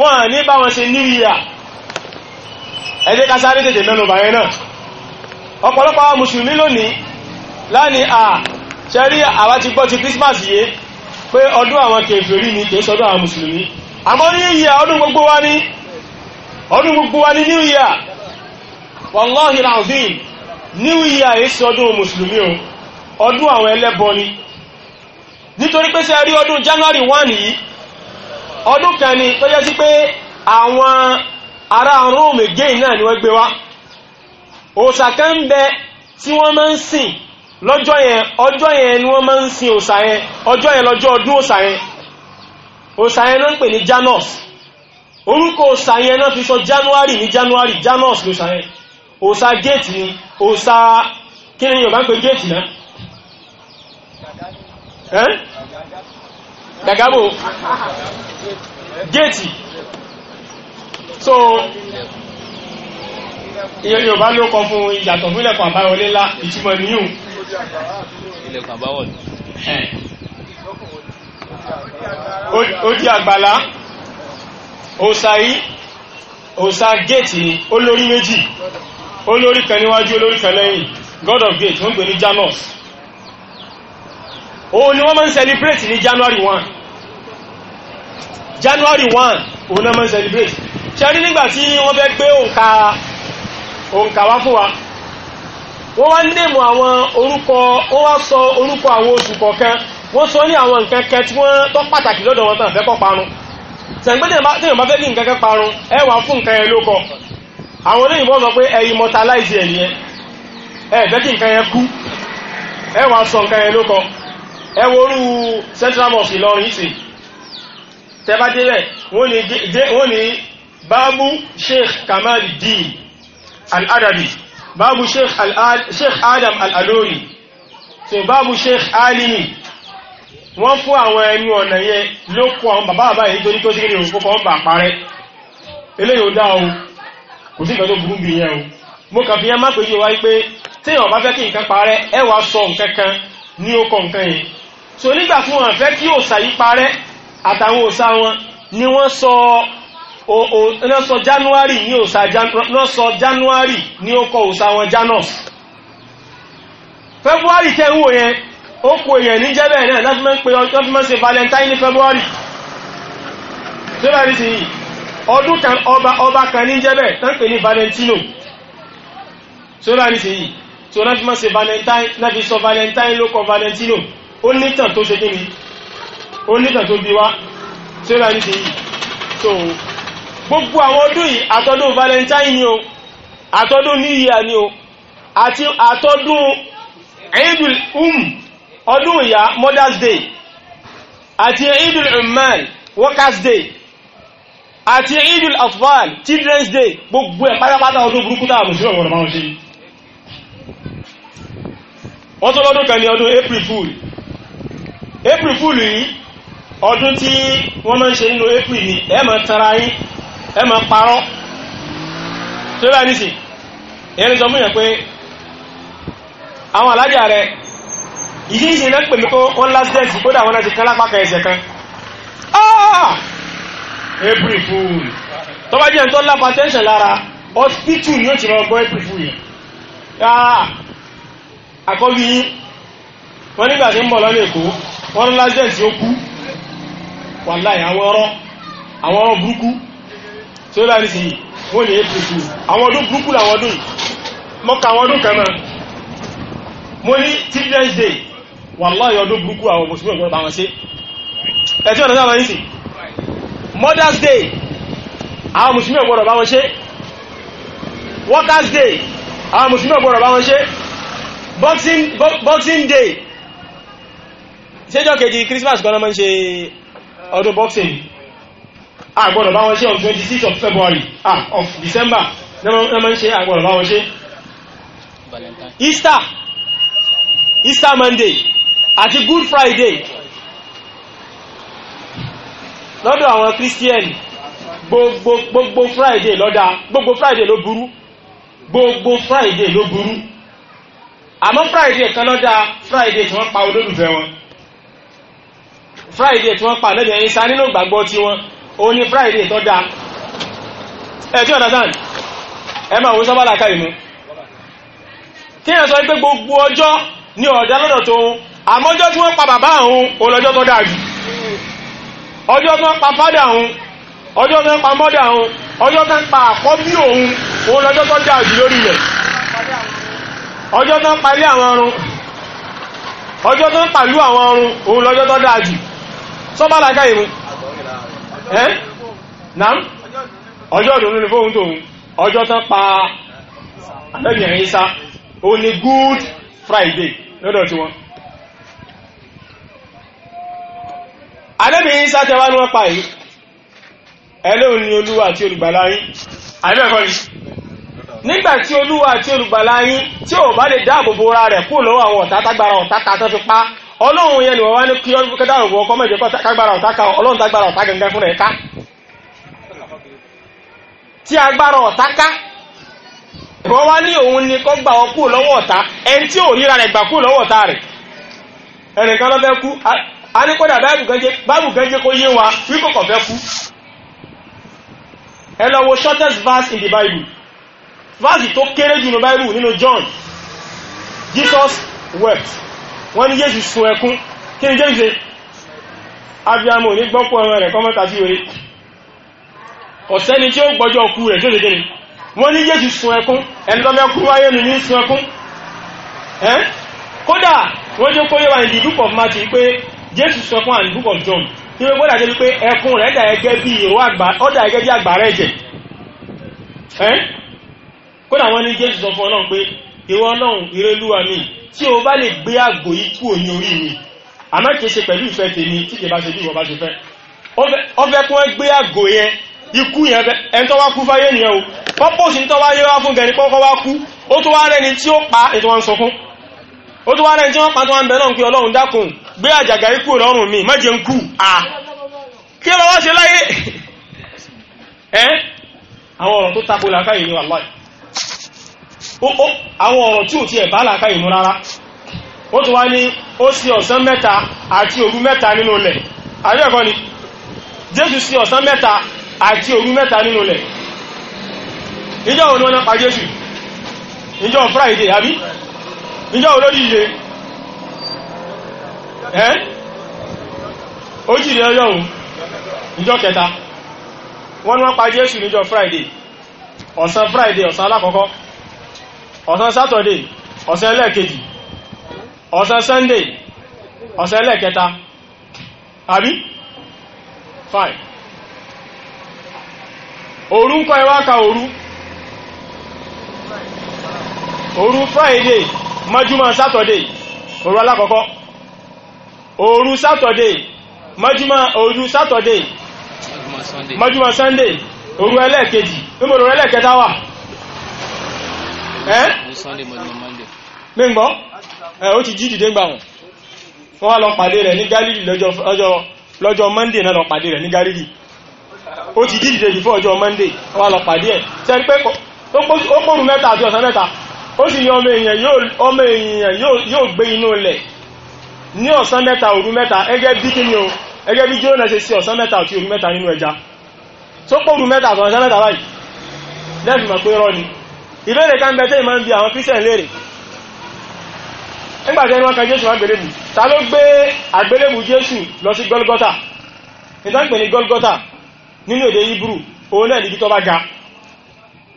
wọn ní bá wọn ṣe New Year ẹ̀dẹ́kásáré tètè mẹ́nu bàyẹn náà ọ̀pọ̀lọpọ̀ àwọn mùsùlùmí lónìí láni à ṣẹ́rí àwa ti gbọ́ ti Christmas yìí pé ọdún àwọn kèfèrí ni kìí sọdún àwọn mùsùlùmí àmọ́ ní yíya ọdún gbogbo wa ní ọdún gbogbo wa ní new year wallahi alazim new year yìí sọdún mùsùlùmí o ọdún àwọn ẹlẹ́bọ ni nítorí pé ṣẹ́rí ọdún January 1 yìí ọdún kan ni tó yẹ sí pé àwọn ará Rome again náà ni wọ́n gbé wá òòsà kan ń bẹ tí wọ́n máa ń sìn lọ́jọ́ yẹn ọjọ́ yẹn ni wọ́n máa ń sin òòsà yẹn ọjọ́ yẹn lọ́jọ́ ọdún òòsà yẹn òòsà yẹn ló ń pè ní Janus orúkọ òòsà yẹn náà fi sọ January ní January Janus lòòsà yẹn òòsà géètì ni òòsà kí ni Yorùbá ń pè géètì náà gàgàbò géètì so ìyẹn yóò bá ló kọ fún ìyàtọ̀ fún ilẹ̀kùn àbáwọlé ńlá ìtumọ̀ níyùn. ilẹ̀kùn àbáwọlé. ó àgbàlá òòsà yìí òòsà géètì ni olórí méjì olórí kan níwájú olórí kan lẹ́yìn god of gate wọ́n pè ní janus òun ni wọ́n máa ń celebrate ní january one. january one. òun náà máa ń celebrate ṣe rí nígbà tí wọ́n fẹ́ gbé òǹkà onkawafuwa wá wa wọ́n wá nèmù àwọn orúkọ wọ́n wá sọ orúkọ àwọn oṣù kọ̀ọ̀kan wọ́n sọ ní àwọn nǹkan kẹ tí wọ́n tọ́ pàtàkì lọ́dọ̀ wọn tàn fẹ́ kọ́ parun tẹ̀gbẹ́dẹ̀ bá fẹ́ kí nǹkan kẹ́ parun ẹ fún nǹkan yẹn ló kọ àwọn olóyìnbó mọ̀ pé ẹ immortalize ẹ̀ yẹn ẹ bẹ́ kí nǹkan yẹn kú sọ nǹkan yẹn ló kọ ẹ central mosque Ìlọrin ìsì tẹ́ bá wọ́n Sheikh Kamal al'adabi babu sheikh adam al'adori so babu sheikh alimi wọ́n fún àwọn ẹnu ọ̀nà yẹn ló kọ àwọn bàbá àbá èyí tó ní tó sí ìrìn òkú fọ́n bà parẹ́ eléyìí ò dá o kò sí ìgbẹ́ tó burú bí yẹn o mo kàn yẹn má pé wáyé pé tí èèyàn fẹ́ kí nǹkan parẹ́ ẹ sọ nǹkan kan ní ó kọ nǹkan yẹn so nígbà tí wọ́n fẹ́ kí òòṣà yìí parẹ́ àtàwọn òòṣà wọn ni wọ́n sọ lọ́sọ january ní òsà lọ́sọ january ní ó kọ òsà wọn janus february tẹ́ ń wò yẹn ó kò èyàn ní jẹ́bẹ̀ náà láti mọ́ pé ọdún mọ́ sí valentine ní february tó bá rí sí yìí ọdún kan ọba ọba kan ní jẹ́bẹ̀ tán pè ní valentino tó bá rí sí yìí tó láti mọ́ sí valentine náà fi sọ valentine ló valentino ó nítàn tó ṣe kí ni ó nítàn tó bí wá tó bá rí sí gbogbo àwọn ọdún yìí àtọdún valentine ni o àtọdún new year ni o àti àtọdún idul um ọdún ìyá mother's day àti idul umman workers day àti idul afghan children's day gbogbo ẹ̀ pátápátá ọdún burúkú tàà mùsùlùmí ọ̀rọ̀ máa ń ṣe wọ́n tó lọ́dún kan ọdún april fool april fool yìí ọdún tí wọ́n máa ń ṣe nínú april ni ẹ máa tara yín ẹ máa parọ́ tó bá nísì èyàn lè sọ fún yàn pé àwọn alájà rẹ ìdí ìṣe náà pèmí kó wọ́n lásìdẹ́sì kódà wọ́n náà ti kán lápá kan kan ah april fool tó bá jẹ́ tó lápá tẹ́ńṣẹ̀ lára hospital ni ó ti máa ah! wọ́n nígbà tí ń bọ̀ lọ́nà èkó wọ́n lásìdẹ́sì ó kú wàláì àwọn ọ̀rọ̀ àwọn ọ̀rọ̀ burúkú tó bá rí sí yìí wọ́n ní april fool àwọn ọdún burúkú làwọn ọdún yìí mọ́ka àwọn ọdún kan náà mo ní children's day wàláhì ọdún burúkú àwọn mùsùlùmí ọ̀gbọ́n bá wọn ṣe ẹ̀tí ọ̀nà sáwọn yìí mother's day àwọn mùsùlùmí ọ̀gbọ́n bá wọn ṣe workers day àwọn mùsùlùmí ọ̀gbọ́n bá wọn ṣe boxing boxing day ṣéjọ́ kejì christmas gan-an máa ń ṣe ọdún boxing àgbọ̀dọ̀ bá wọn ṣe on 26 six of February ah of December náà máa ń ṣe àgbọ̀dọ̀ bá wọn ṣe. Easter Easter Monday àti Good Friday lọ́dọ̀ àwọn Christian gbogbo gbogbo Friday lọ́dà gbogbo Friday ló burú gbogbo Friday ló burú àmọ́ Friday kan lọ́dà Friday tí wọ́n pa olólùfẹ́ wọn Friday tí wọ́n pa lẹ́yìn ẹ̀yìn sá nínú ìgbàgbọ́ tí wọ́n òun ni friday tó dáa ẹ tí ọ̀nà sàn ẹ máa wo sábàlá ká ìmú kí ẹ sọ pé gbogbo ọjọ́ ni ọ̀dá lọ́dọ̀ tó ń àmọ́jọ́ tí wọ́n pa bàbá òun òun lọ́jọ́ tó dáa jù ọjọ́ tí wọ́n pa fádà òun ọjọ́ tó ń pa mọ́dà òun ọjọ́ tó ń pa àkọ́bí òun òun lọ́jọ́ tó dáa jù lórí rẹ̀ ọjọ́ tó ń parí àwọn ọrùn ọjọ́ tó ń pàlú àwọn ọrùn òun lọ́jọ́ tó dáa jù sọ́bàlá ká ìmú ẹ́ nam ọjọ́ ìdùnnú ni fóun tóun ọjọ́ tán pa àlẹ́bìnrin sá ó ní good friday lọ́dọ̀ tí wọ́n àlẹ́bìnrin sá tẹwà ní wọ́n pa yìí ẹlẹ́hùn ni olúwa àti olùgbàlà yín àìbẹ̀kọ́ ni nígbàtí olúwa àti olùgbàlà yín tí ò bá lè dáàbòbò ra rẹ̀ kú lọ́wọ́ àwọn fi pa ọlọ́run yẹn ni wọ́n wá ní kí ọdúnkẹ́dá òwò ọkọ́ mẹ́jẹ kágbára ọ̀táka ọlọ́run tágbára ọ̀táka gẹ́gẹ́ fún ẹ̀ká tí agbára ọ̀táka wọ́n wá ní òun ni kọ́ gbà ọkú lọ́wọ́ ọ̀tá ẹni tí ò ríra rẹ̀ gbà kú lọ́wọ́ ọ̀tá rẹ̀ ẹnìkan lọ́fẹ́ kú a ní kọ́dà báàbù gẹ́jẹ́ kó yé wa wípé kọ̀ fẹ́ kú ẹ lọ wo shortest verse in the Bible verse tó kéré jù nínú Bible nínú John Jesus wept wọ́n ní Jésù sun ẹkún kí ni Jésù ṣe abiyamọ ní gbọ́pọ̀ ọmọ rẹ̀ kọ́mọ́ta sí orí ọ̀sẹ́ni tí ó gbọ́jọ́ ọkú rẹ̀ tó dédé ni wọ́n ní Jésù sun ẹkún ẹnlọ́mẹ́kún wáyé nù ní sun ẹkún ẹ́n kódà wọ́n jẹ́ kóyẹ́ wà ní the book of Matthew pé Jésù sun ẹkún and book of John tí wọ́n gbọ́dà jẹ́ pé ẹkún rẹ̀ dà ẹgẹ́ bí ìró ọ̀dà ẹgẹ́ bí àgbà rẹ̀ jẹ́ ẹ́n kódà wọ́n ní Jésù sọ fún ọ náà pé ìwọ ọlọ́run ìrẹ́lúwa mi tí o bá lè gbé àgbò yìí kúrò orí mi àmọ́ kìí ṣe pẹ̀lú ìfẹ́ tèmi tí kìí bá ṣe bí ìwọ bá ṣe fẹ́ ọfẹ́ kún ẹ gbé àgbò yẹn ikú yẹn ẹn tó wá kú fáyé nìyẹn o pọ́pọ́sì tó wá yé wá fún gẹ̀ẹ́ni pọ́kọ́ wá kú ó tó wá rẹni tí ó pa ètò wọn sọkún ó tó wá rẹni tí wọ́n pa tó wá ń bẹ náà pé ọlọ́run dákun gbé àjàgà ikú lọ́rùn mi má jẹ́ kú à kí lọ́wọ́ ṣe láyé [laughs] ẹ́ àwọn ọ̀rọ̀ tó tako làákàyè ni wàláì àwọn ọ̀rọ̀ tí ò ti ẹ̀bá làkà ìmú rárá ó tún wá ní ó sí ọ̀sán mẹ́ta àti òru mẹ́ta nínú ilẹ̀ àríẹ̀kọ́ ni jésù sí ọ̀sán mẹ́ta àti òru mẹ́ta nínú ilẹ̀ ìjọ́ òní wọ́n pa jésù ìjọ́ friday àbí ìjọ́ olórí ilé ẹ́ ìjọ́ kẹta wọ́n pa jésù níjọ́ friday ọ̀sán friday ọ̀sán alákọ̀ọ́kọ́ ọ̀sán Saturday ọ̀sán ẹlẹ́ẹ̀kejì ọ̀sán Sunday ọ̀sán ẹlẹ́ẹ̀kẹta àbí fine òru ń kọ́ ẹ wá ka òru òru Friday mọ́júmọ́ Saturday òru alákọ̀ọ́kọ́ òru Saturday mọ́júmọ́ òru Saturday mọ́júmọ́ Sunday òru ẹlẹ́ẹ̀kejì níbo òru ẹlẹ́ẹ̀kẹta wà mẹ́gbọ́ ó ti jí dìde gbà wọn wọ́n wá lọ pàdé rẹ̀ ní Gálílì lọ́jọ́ Monday náà lọ pàdé rẹ̀ ní Gálílì ó ti jí dìde before ọjọ́ Monday wọ́n wá lọ pàdé ẹ̀ sẹ́rí pé ó pòrù mẹ́ta àti ọ̀sán mẹ́ta ó sì ní ọmọ èèyàn yóò gbé inú lẹ̀ ní ọ̀sán mẹ́ta òru mẹ́ta ẹgẹ́ bí kí ni o ẹgẹ́ bí Jónà ṣe sí ọ̀sán mẹ́ta àti òru mẹ́ta nínú ẹja tó pòrù mẹ́ta àti ọ̀sán mẹ́ta báyìí ìbéèrè kan bẹ tẹ́ ìmọ̀ ń bi àwọn christian léèrè nígbàtí ẹni wọ́n kan jésù agbélébù ta ló gbé agbélébù jésù lọ sí golgota ìtàn pè ní golgota nínú èdè hebrew òun náà níbi tó bá ga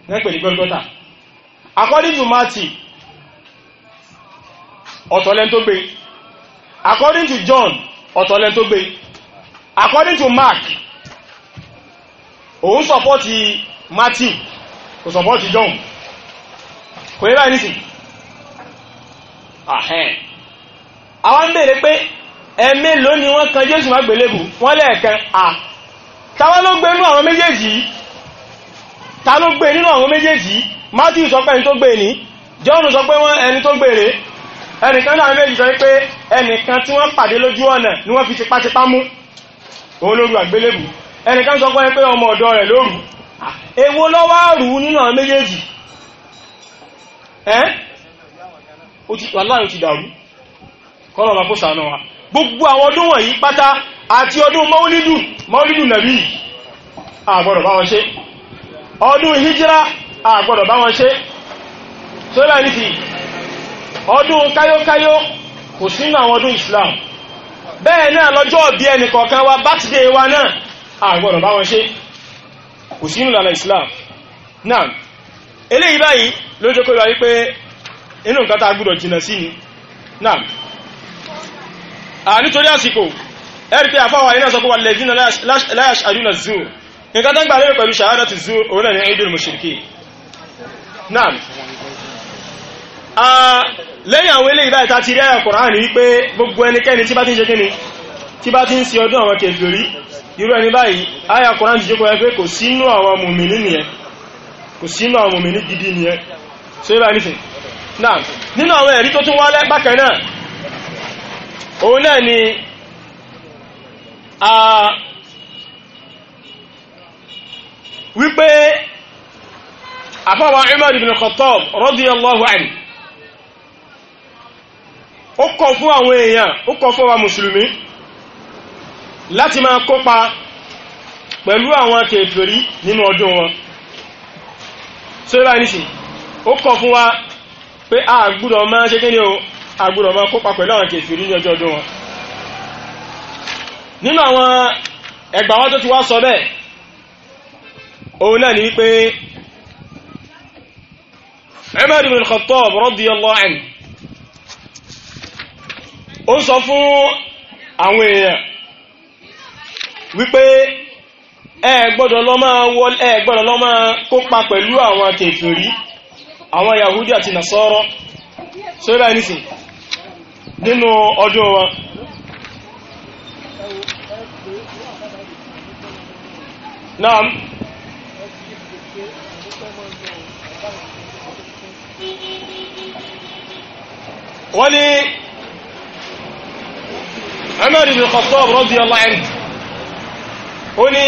wọ́n pè ní golgota according to matthew ọ̀tọ̀lẹ́ tó gbé according to john ọ̀tọ̀lẹ́ tó gbé according to mark òun sọpọ́tì matthew kò sọpọ́tì john kò yẹ báyìí nísìn àhẹ́n àwọn ń bèèrè pé ẹ̀mẹ́ ló ni wọ́n kan jésù máa gbélébù wọ́n lẹ́ẹ̀kan à táwa ló gbé nínú àwọn méjèèjì ta ló gbé nínú àwọn méjèèjì matthew sọ pé ẹni tó gbé ní john sọ pé wọ́n ẹni tó gbére ẹnìkan náà méjì sọ pé ẹnìkan tí wọ́n pàdé lójú ọ̀nà ni wọ́n fi tipátipá mú òun lóru àgbélébù ẹnìkan sọ pé ọmọ ọ̀dọ́ rẹ̀ lóru èwo ló wá rù nínú àwọn méjèèjì ẹ́ wàláhì ó ti dàrú kọ́lọ̀ bá kó sànà wa gbogbo àwọn ọdún wọ̀nyí pátá àti ọdún mọ́lídù mọ́lídù nàbí àgbọ̀dọ̀ bá wọn ṣe ọdún hijira àgbọ̀dọ̀ bá wọn ṣe sólà ní ti ọdún kayokayo kò sínú àwọn ọdún Islam bẹ́ẹ̀ náà lọ́jọ́ bí ẹnì kọ̀ọ̀kan wa birthday wa náà àgbọ̀dọ̀ bá wọn ṣe kò sínú lànà Islam náà eléyìí báyìí lójó kó wá wípé inú nǹkan tá a gbúdọ̀ jìnà sí ni náà à nítorí àsìkò ẹ̀rí pé iná sọpọ̀ walladhina la yashhaduna zuur nǹkan tán gbà lérò pẹ̀lú shahadatu zuur òun náà ní idul mushriki náà lẹ́yìn àwọn eléyìí báyìí tá ti rí àyà Kùránì wípé gbogbo ẹnikẹ́ni tí bá ti ń ṣe kíni tí bá ti ń ṣe ọdún àwọn kò sínú àwọn mòmí ní gidi ni ẹ so yíba nísìn náà nínú àwọn ẹ̀rí tó tún wá lẹ́gbàkẹ̀ náà òun náà ni a wípé àfáwà Umar ibn Khattab radiyallahu anhu ó fún àwọn èèyàn ó fún wa so ibà níṣì ó kọ̀ fún wa pé a gbúdọ̀ máa ṣe kíni o a gbúdọ̀ máa kópa pẹ̀lú àwọn kèfèrí ní ọjọ́ ọdún wọn nínú àwọn ẹgbà wọn tó ti wá sọ bẹ́ẹ̀ òun náà ni wípé Umar ibn al-Khattab radiyallahu anhu ó sọ fún àwọn èèyàn wípé ẹ gbọ́dọ̀ lọ máa wọlé ẹ gbọ́dọ̀ lọ máa kópa pẹ̀lú àwọn kèfèrí àwọn yahudi àti nasọ́rọ́ so ibá ẹnìsìn nínú ọdún wọn náà wọ́n ni Umar ibn Khattab radiyallahu anhu ó ní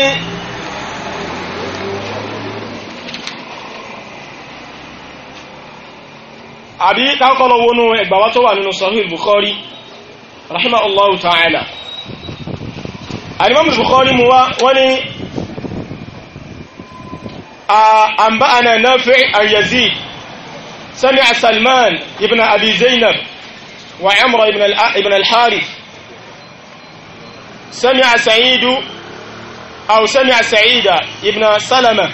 àbí kákọ́lọ̀ wọnú ẹgbàwá tó wà nínú Sahih Bukhari rahimahullahu ta'ala alimami Bukhari mu wa wani a anba'ana Nafi an Yazid sami'a Salman ibn Abi Zainab wa Amra ibn al-Harith سمع سعيد أو سمع سعيد ابن سلمة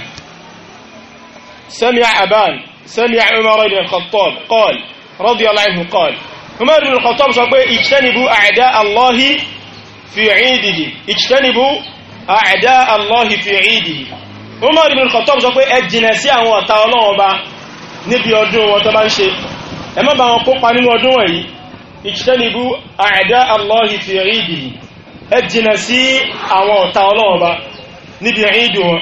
سمع أبان سمع عمر بن الخطاب قال رضي الله عنه قال عمر بن الخطاب سوى اجتنبوا أعداء الله في عيده اجتنبوا أعداء الله في عيده عمر بن الخطاب سوى اجنسي عن وطاولون با نبي أدون وطبانشي أما با وقوقا نمو اجتنبوا أعداء الله في عيده اجنسي عن وطاولون با نبي عيده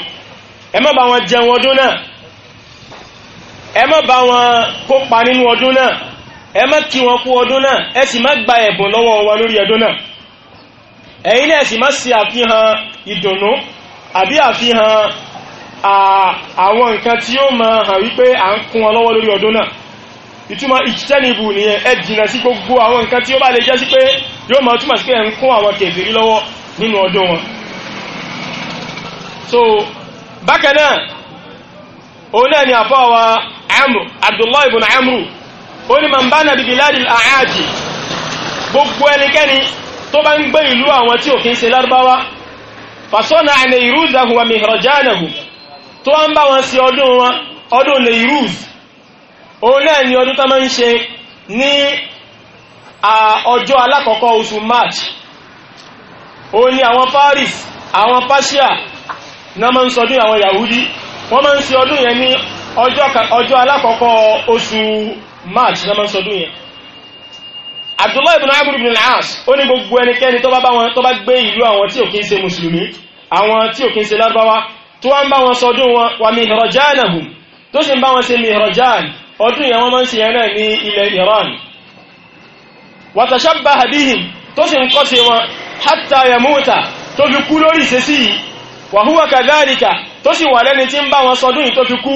أما با وجن ودون ẹ má ba wọn kópa nínú ọdún náà ẹ má kí wọn kú ọdún náà ẹ sì má gba ẹ̀bùn lọ́wọ́ wọn lórí ọdún náà ẹ̀yin náà sì má ṣe àfihàn ìdùnnú àbí àfihàn àwọn nǹkan tí ó máa hàn wípé à ń kún wọn lọ́wọ́ lórí ọdún náà ìtumọ̀ nìyẹn ẹ jìnà sí gbogbo àwọn nǹkan tí ó bá lè jẹ́ sí pé yóò máa túmọ̀ sí pé ẹ ń kún àwọn amru abdullahi ibn amru ó ní man bá nàbí biladil àájì gbogbo ẹnikẹ́ni tó bá ń gbé ìlú àwọn tí ò kí ń ṣe lárúbáwá fasọ́nà àìlè ìrúzàhù wa mihrajanahu tó wá ń bá wọn sí ọdún wọn ọdún lè ìrúz òun náà ni ọdún tó máa ń ṣe ní ọjọ́ alákọ̀ọ́kọ́ oṣù march òun ni àwọn paris àwọn persia náà máa ń sọdún àwọn yahudi wọ́n máa ń ṣe ọdún yẹn ní ọjọ́ alákọ̀ọ́kọ́ oṣù march náà máa ń sọdún yẹn abdullahi ibn amr ibn al-as ó ní gbogbo ẹnikẹ́ni tó bá bá wọn tó bá gbé ìlú àwọn tí ò kí ń ṣe mùsùlùmí àwọn tí ò kí ń ṣe lárúbáwá tó wá ń bá wọn sọdún wọn wà mihrajanahum tó sì ń bá wọn ṣe mihrajan ọdún yẹn wọ́n máa ń ṣe yẹn náà ní ilẹ̀ iran watashabbaha bihim tó sì ń kọ́ sí wọn hatta yamuta tó fi kú lórí ìṣesí yìí wa huwa tó sì wà lẹ́ni tí ń bá wọn sọdún yìí tó fi kú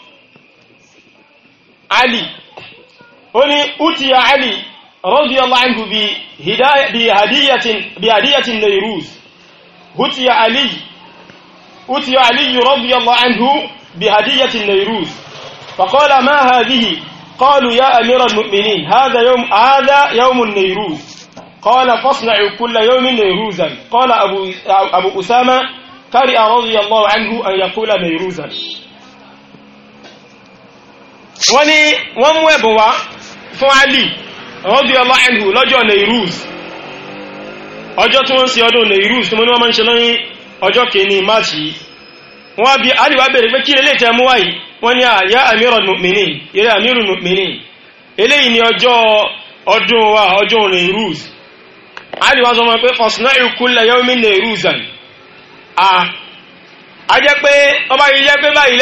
ali ó ní utiya ali radiyallahu anhu bi hadiyatin bi hadiyatin nairuz utiya ali utiya ali radiyallahu anhu bi hadiyatin nairuz فقال ما هذه قالوا يا أمير المؤمنين هذا يوم هذا يوم النيروز قال فاصنعوا كل يوم نيروزا قال أبو أبو أسامة كره رضي الله عنه أن يقول نيروزا wọ́n ní wọ́n mú ẹ̀bùn wá fún Ali a anhu lọ́jọ́ Nairuz ọjọ́ tí wọ́n ń ṣe ọdún Nairuz tí wọ́n ní wọ́n máa ń ṣe lọ́yìn ọjọ́ kìíní March yìí wọ́n wá bí Ali bèèrè pé kí lè tẹ́ mú wáyìí wọ́n ní àyá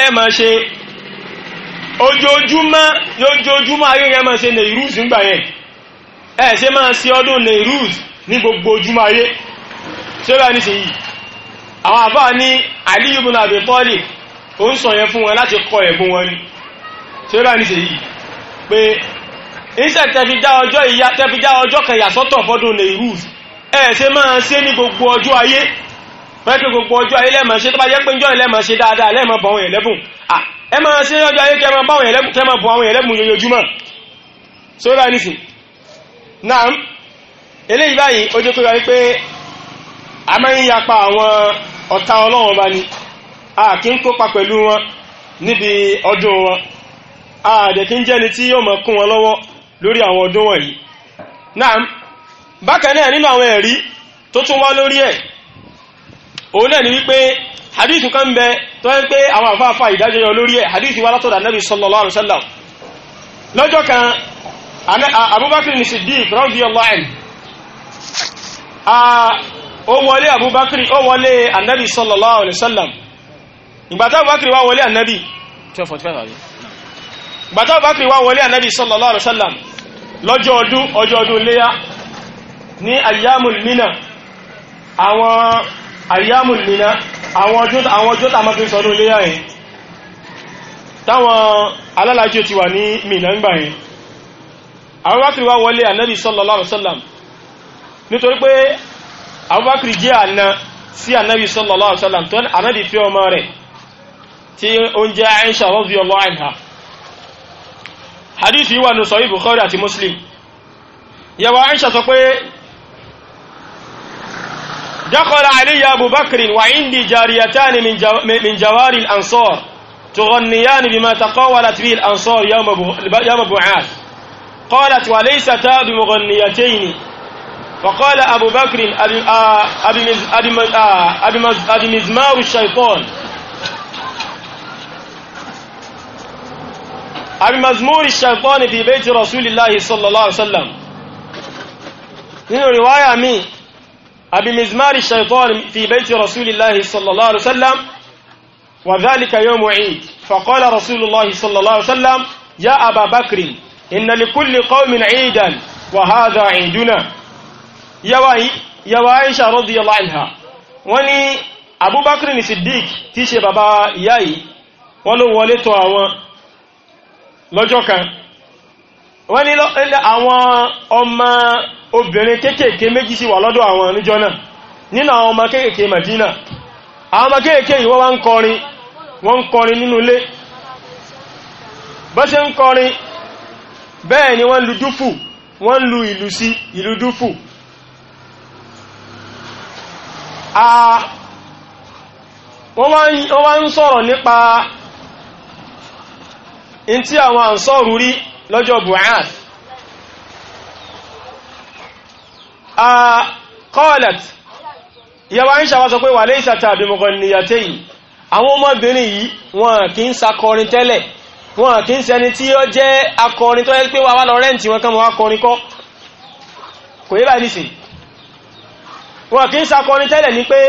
ni wa a ojoojúmọ́ ma ayé yẹn máa ṣe Neiruz ńgbà yẹn ẹ̀ ṣe máa ṣe ọdún Neiruz ní gbogbo ojúmọ́ ayé tí bá ní ṣe yìí àwọn àbá ní Ali Abi ó ń sọ yẹn fún wọn láti kọ ẹ̀bùn wọn ni tí bá ní ṣe yìí pé ìṣẹ́ ọjọ́ kan sọ́tọ̀ fọ́dún Neiruz ẹ̀ ṣe máa ṣe ní gbogbo ọjọ́ ayé wọ́n pé gbogbo ọjọ́ ayé lẹ́mọ̀ ṣe tó bá jẹ́ pé ìjọ́ ìlẹ́mọ̀ ṣe dáadáa lẹ́mọ̀ bọ̀ àwọn ẹ̀lẹ́bùn ẹ máa ṣe ọjọ́ ayé kẹmọ bọ̀ àwọn ẹ̀lẹ́bùn yóyojúmọ́ so bá nìsìn náà eléyìí báyìí ó jẹ́ kó a máa ń yapa àwọn ọ̀tá ọlọ́run a a wọn òun náà ni wípé hadithu kan bẹ tó ń pé àwọn àfáàfà ìdájọ́ yọ lórí ẹ̀ hadithu wá látọ̀dà nabi sallallahu alaihi wasallam lọ́jọ́ kan abubakar ni siddiq radiyallahu anhu ó wọlé abubakar ó wọlé annabi sallallahu alaihi wasallam ìgbàtà abubakar wá wọlé annabi 1245 ìgbàtà abubakar wá wọlé annabi sallallahu alaihi wasallam lọ́jọ́ ọdún ọjọ́ ọdún léyá ní ayyamul àwọn àríyámù nìna àwọn ọjọ́ tàà máa fi sọdún ilé yáyìn táwọn alálàájì ti wà ní mìnà ń gbà yìí Abubakar wá wọlé ànábì sallallahu alaihi wasallam nítorí pé Abubakar jẹ́ àna sí ànábì sallallahu alaihi wasallam tó ànábì fẹ́ ọmọ rẹ̀ tí ó ń jẹ́ Aisha radiyallahu anha hadith yìí wà ní Sahih Bukhari àti Muslim yàwó Aisha sọ pé دخل علي أبو بكر وعندي جاريتان من, جو من جوار الأنصار تغنيان بما تقاولت به الأنصار يوم أبو, يوم أبو عاد قالت وليستا بمغنيتين فقال أبو بكر أبي مزمار الشيطان أبي مزمور الشيطان في بيت رسول الله صلى الله عليه وسلم من رواية مين أبي مزمار الشيطان في بيت رسول الله صلى الله عليه وسلم وذلك يوم عيد فقال رسول الله صلى الله عليه وسلم يا أبا بكر إن لكل قوم عيدا وهذا عيدنا يواي يوا عائشة رضي الله عنها وني أبو بكر الصديق تيشي بابا ياي ولو ولتوا لجوكا wọ́n ní àwọn ọmọ obìnrin kéèkèé méjì sí wà lọ́dọ̀ àwọn ànújọ́ náà nínú àwọn ọmọ kéèkèé Madina àwọn ọmọ kéèkèé yìí wọ́n kọrin wọ́n ń kọrin nínú ilé bọ́ ṣe ń kọrin bẹ́ẹ̀ ni wọ́n lu dúfù wọ́n lu ìlù sí dúfù wọ́n wá ń sọ̀rọ̀ nípa in tí àwọn àǹsọ́rù rí lọ́jọ́ bu'ath qalat ìyàwó Àìṣà wá sọ pé wà lẹ́ìsà tàbí mọ̀gànnìyàtẹ́ yìí àwọn ọmọbìnrin yìí wọn kì ń sakọrin tẹ́lẹ̀ wọn kì ń ṣẹni tí ó jẹ́ akọrin tó yẹ pé wà wá lọ rẹ́ǹtì wọn kán mọ́ kọ́ kò yé báyìí sí wọn kì ń sakọrin tẹ́lẹ̀ ní pé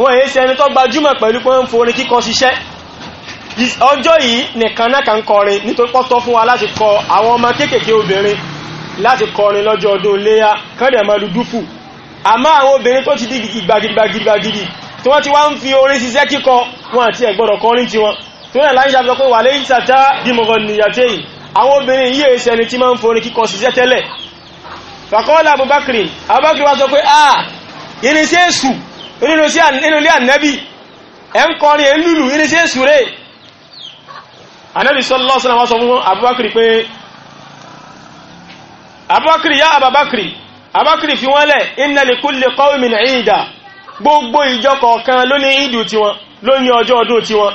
wọn èé ṣẹni tó gbajúmọ̀ pẹ̀lú pé ń forin kíkọ ṣiṣẹ́ ọjọ́ yìí nìkan náà kàn kọrin nítorí pọ́tọ́ fún wa láti kọ àwọn ọmọ kéékèèké obìnrin láti kọrin lọ́jọ́ ọdún léyà kọ́dẹ̀ máa lu dúfù àmọ́ àwọn obìnrin tó ti di gbàgidìgbàgidìgbàgidì tí wọ́n ti wá ń fi orin ṣiṣẹ́ kíkọ wọn àti ẹ̀gbọ́dọ̀ kọrin tiwọn tó yẹ láyé ṣàfihàn pé wà lẹ́yìn tàtà dìmọ̀gàn nìyàtẹ́ yìí àwọn obìnrin yìí èsì ẹni tí máa ń forin kíkọ ṣiṣẹ́ tẹ́lẹ̀ fàkọ́ọ́lá Abubakar Abubakar wá sọ pé ah irinṣẹ́ èṣù nínú ilé ànẹ́bì ẹ̀ ń kọrin ẹ̀ ń lùlù irinṣẹ́ èṣù rèé anábì sallallahu alaihi wasallam sọ fún abubakar pé abubakar yá abubakar abubakar fi wọ́n lẹ̀ inna li kulli qawmin ìdá gbogbo ìjọ kọ̀ọ̀kan ló ní ìdù tiwọn ló ní ọjọ́ ọdún tiwọn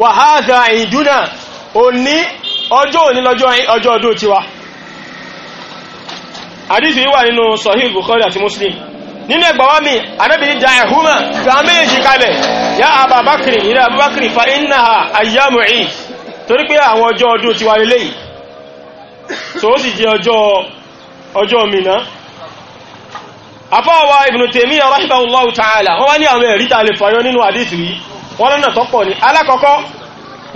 wa hadha ìdúnà òní ọjọ́ òní lọ́jọ́ ọdún tiwa àdífì wà nínú sahih bukhari àti muslim nínú ẹgbàwá mi anábìnrin ja ẹ̀húnmà fàmílì jìkalẹ̀ yá abubakar ìrẹ́ abubakar fa innaha ayyamu eid torí pé àwọn ọjọ́ ọdún ti wà lélé yìí so ó sì jẹ́ ọjọ́ ọjọ́ mìíràn afọ́wà Ibn Taymiyyah rahimahullahu ta'ala wọ́n wá ní àwọn ẹ̀rí ta lè fàyọ nínú àdísì yìí wọ́n lọ́nà tọ́pọ̀ ní alákọ̀ọ́kọ́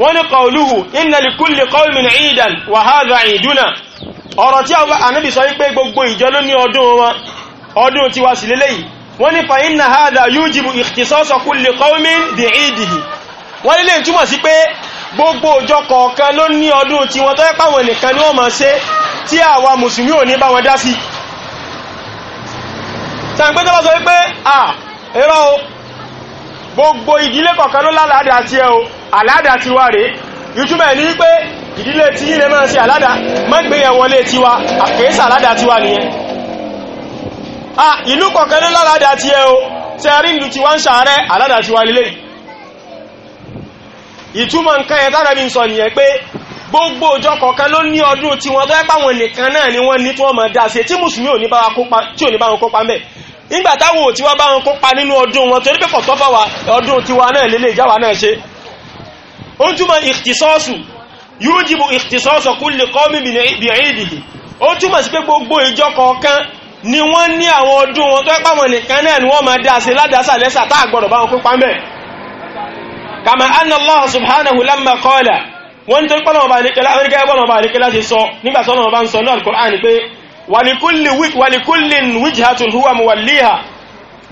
wọ́n ní qawluhu inna li kulli qawmin 'iidan wa hadha 'iiduna gbogbo ọjọ́ kọ̀ọ̀kan ló ní ọdún tí wọ́n tó ẹ́ pàwọn nìkan ni wọ́n máa ṣe tí àwa mùsùlùmí ò ní bá wọn dá sí tàbí tó bá sọ wípé à ẹ̀rọ o gbogbo ìdílé kọ̀ọ̀kan ló lálàádà tí ẹ o àládà ti wà rèé ìtumọ̀ ní wípé ìdílé tí yílẹ̀ máa ṣe àládà mọ́gbéyẹ̀wọlé tiwa àkèésà àládà tiwa nìyẹn à ìlú kọ̀ọ̀kan ló lálàádà tí ẹ o tẹ́rí ìlú tiwa ń ṣàárẹ̀ àládà tiwa lélẹ́yìí ìtumọ̀ nǹkan yẹn tánàbí ń sọ nìyẹn pé gbogbo ọjọ́ kọ̀ọ̀kan ló ní ọdún tí wọ́n bẹ́ẹ̀ pàwọn nìkan náà ni wọ́n ní tí wọ́n mọ̀ dá sí tí mùsùlùmí ò ní bá wọn kópa ń bẹ̀ nígbà táwọn ò tí wọ́n bá wọn kópa nínú ọdún wọn torí pé kọ̀tọ́ fáwa ọdún tiwa náà lélẹ̀ ìjáwa náà ṣe ó ń túmọ̀ ìtìsọ́ọ̀sù yújìbù ìtìsọ́ọ̀sù kulli qawmin bi'idihi ó túmọ̀ sí pé gbogbo ìjọ kọ̀ọ̀kan ni wọ́n ní àwọn ọdún wọn tó ẹ́pàwọn nìkan náà ni wọ́n máa dá sí ládásà lẹ́sà tá àgbọ̀dọ̀ bá wọn kópa ń kama anna allah subhanahu lamma qala wọ́n tó pọ́nà ọba àríkẹ́lá àríkẹ́ ẹgbọ́n ọba àríkẹ́lá ti sọ nígbà sọ́nà ọba ń sọ náà al-Qur'an pé walikullin wijhatun huwa muwalliha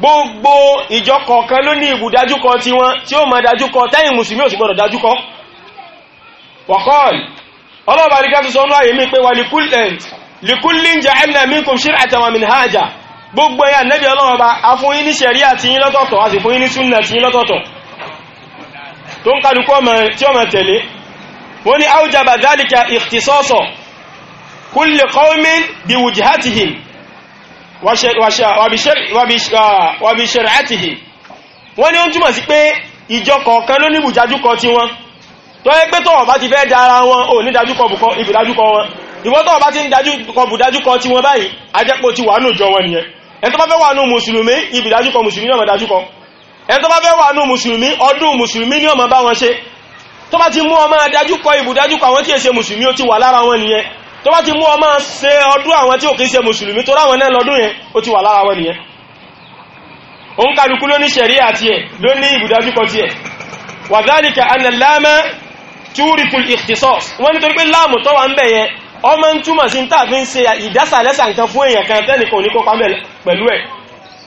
gbogbo ìjọ kọ̀ọ̀kan ló ní ibù dájúkọ tí wọ́n tí ó ma dájúkọ tẹ́yìn musulmi ò gbogbo ẹ̀yà nẹ́bí ọlọ́ọ̀bà afúnyí tí yín lọ́tọ̀ọ̀tọ̀ tó ń kálukọ́ tí ó mọ̀ tẹ̀lé wọ́n ni aujaba dhalika ikhtisasa kulli qawmin bi wujhatihim wa bi shari'atihim ah, wọ́n ni ó ń túmọ̀ sí pé ìjọ kọ̀ọ̀kan ló ní ìbùjájúkọ tí wọ́n tó yẹ pé tọ́wọ̀ bá ti fẹ́ dára wọn ò ní dájúkọ ìbùdájúkọ wọn ìwọ́n tọ́wọ̀ bá ti ń dájúkọ ẹ tó bá fẹ́ wà nú mùsùlùmí ọdún mùsùlùmí ní ọmọ bá wọn ṣe tó bá ti mú ọmọ dájúkọ ìbùdájúkọ àwọn tí è ṣe mùsùlùmí ó ti wà lára wọn nìyẹn tó bá ti mú ọmọ ṣe ọdún àwọn tí ò kìí ṣe mùsùlùmí tó ráwọn náà lọ́dún yẹn ó ti wà lára wọn nìyẹn òun kálukú ló ní ṣẹ̀rí àti ẹ̀ ló ní ìbùdájúkọ ti ẹ̀ wà dhalika anna láàmà túrìkù ikhtisas wọ́n nítorí pé láàmù tó wà ń bẹ̀ yẹn ọmọ ń túmọ̀ sí ń tàbí ń ṣe ìdásàlẹ́sà nǹkan fún èèyàn kan tẹ́nìkan ò pẹ̀lú ẹ̀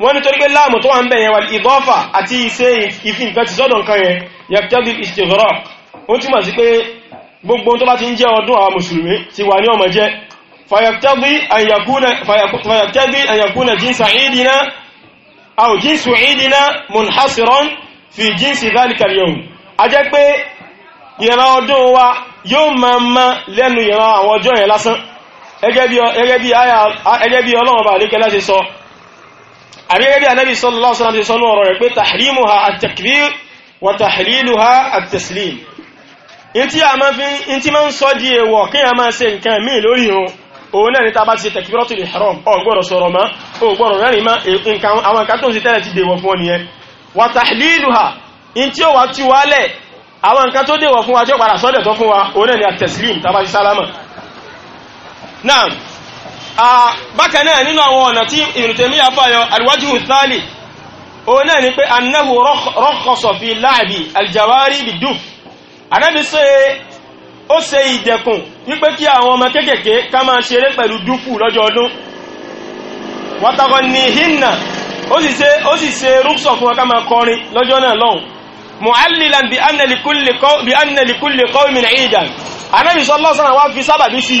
wọ́n ní torí pé láàmù tó wà ń bẹ̀ yẹn wà ìdọ́fà àti iṣẹ́ ìfin nǹkan ti sọ́dọ̀ nǹkan yẹn yàtọ́bí ìṣègọ́rọ̀ ó túmọ̀ sí pé gbogbo tó bá ti ń jẹ́ ọdún àwọn mùsùlùmí ti wà ní ọmọ jẹ́ fàyàtọ́bí àyàkúnà jínsà ìdínà àwò jínsù ìdínà munhasiron fi jínsì dálikàlíọ̀n a jẹ́ àbígẹ́bí anábì sallallahu alaihi wasallam ọ̀rọ̀ rẹ̀ pé tahrimuha at-takbir wa tahliluha at-taslim ntí a máa fi ntí máa ń sọ di èèwọ̀ kí a máa ṣe nǹkan míì lórí irun òun náà ni ta bá ti ṣe takbiratul ihram ò gbọ́dọ̀ sọ̀rọ̀ mọ́ ò gbọ́dọ̀ rẹ́rìn má nǹkan àwọn nǹkan tó ń ṣe tẹ́lẹ̀ ti dèwọ̀ fún ọ nìyẹn bákan náà nínú àwọn ọ̀nà tí Ibn Taymiyyah fàyọ alwajhu thali òun náà ni pé annahu rakhkhasa fi láàbì aljawari biduf anábi ṣe ó ṣe ìdẹ̀kùn wípé kí àwọn ọmọ kéékèèké ká máa ṣeré pẹ̀lú dúfù lọ́jọ́ ọdún wàtàkọ̀ ní wá fi sábàbí sí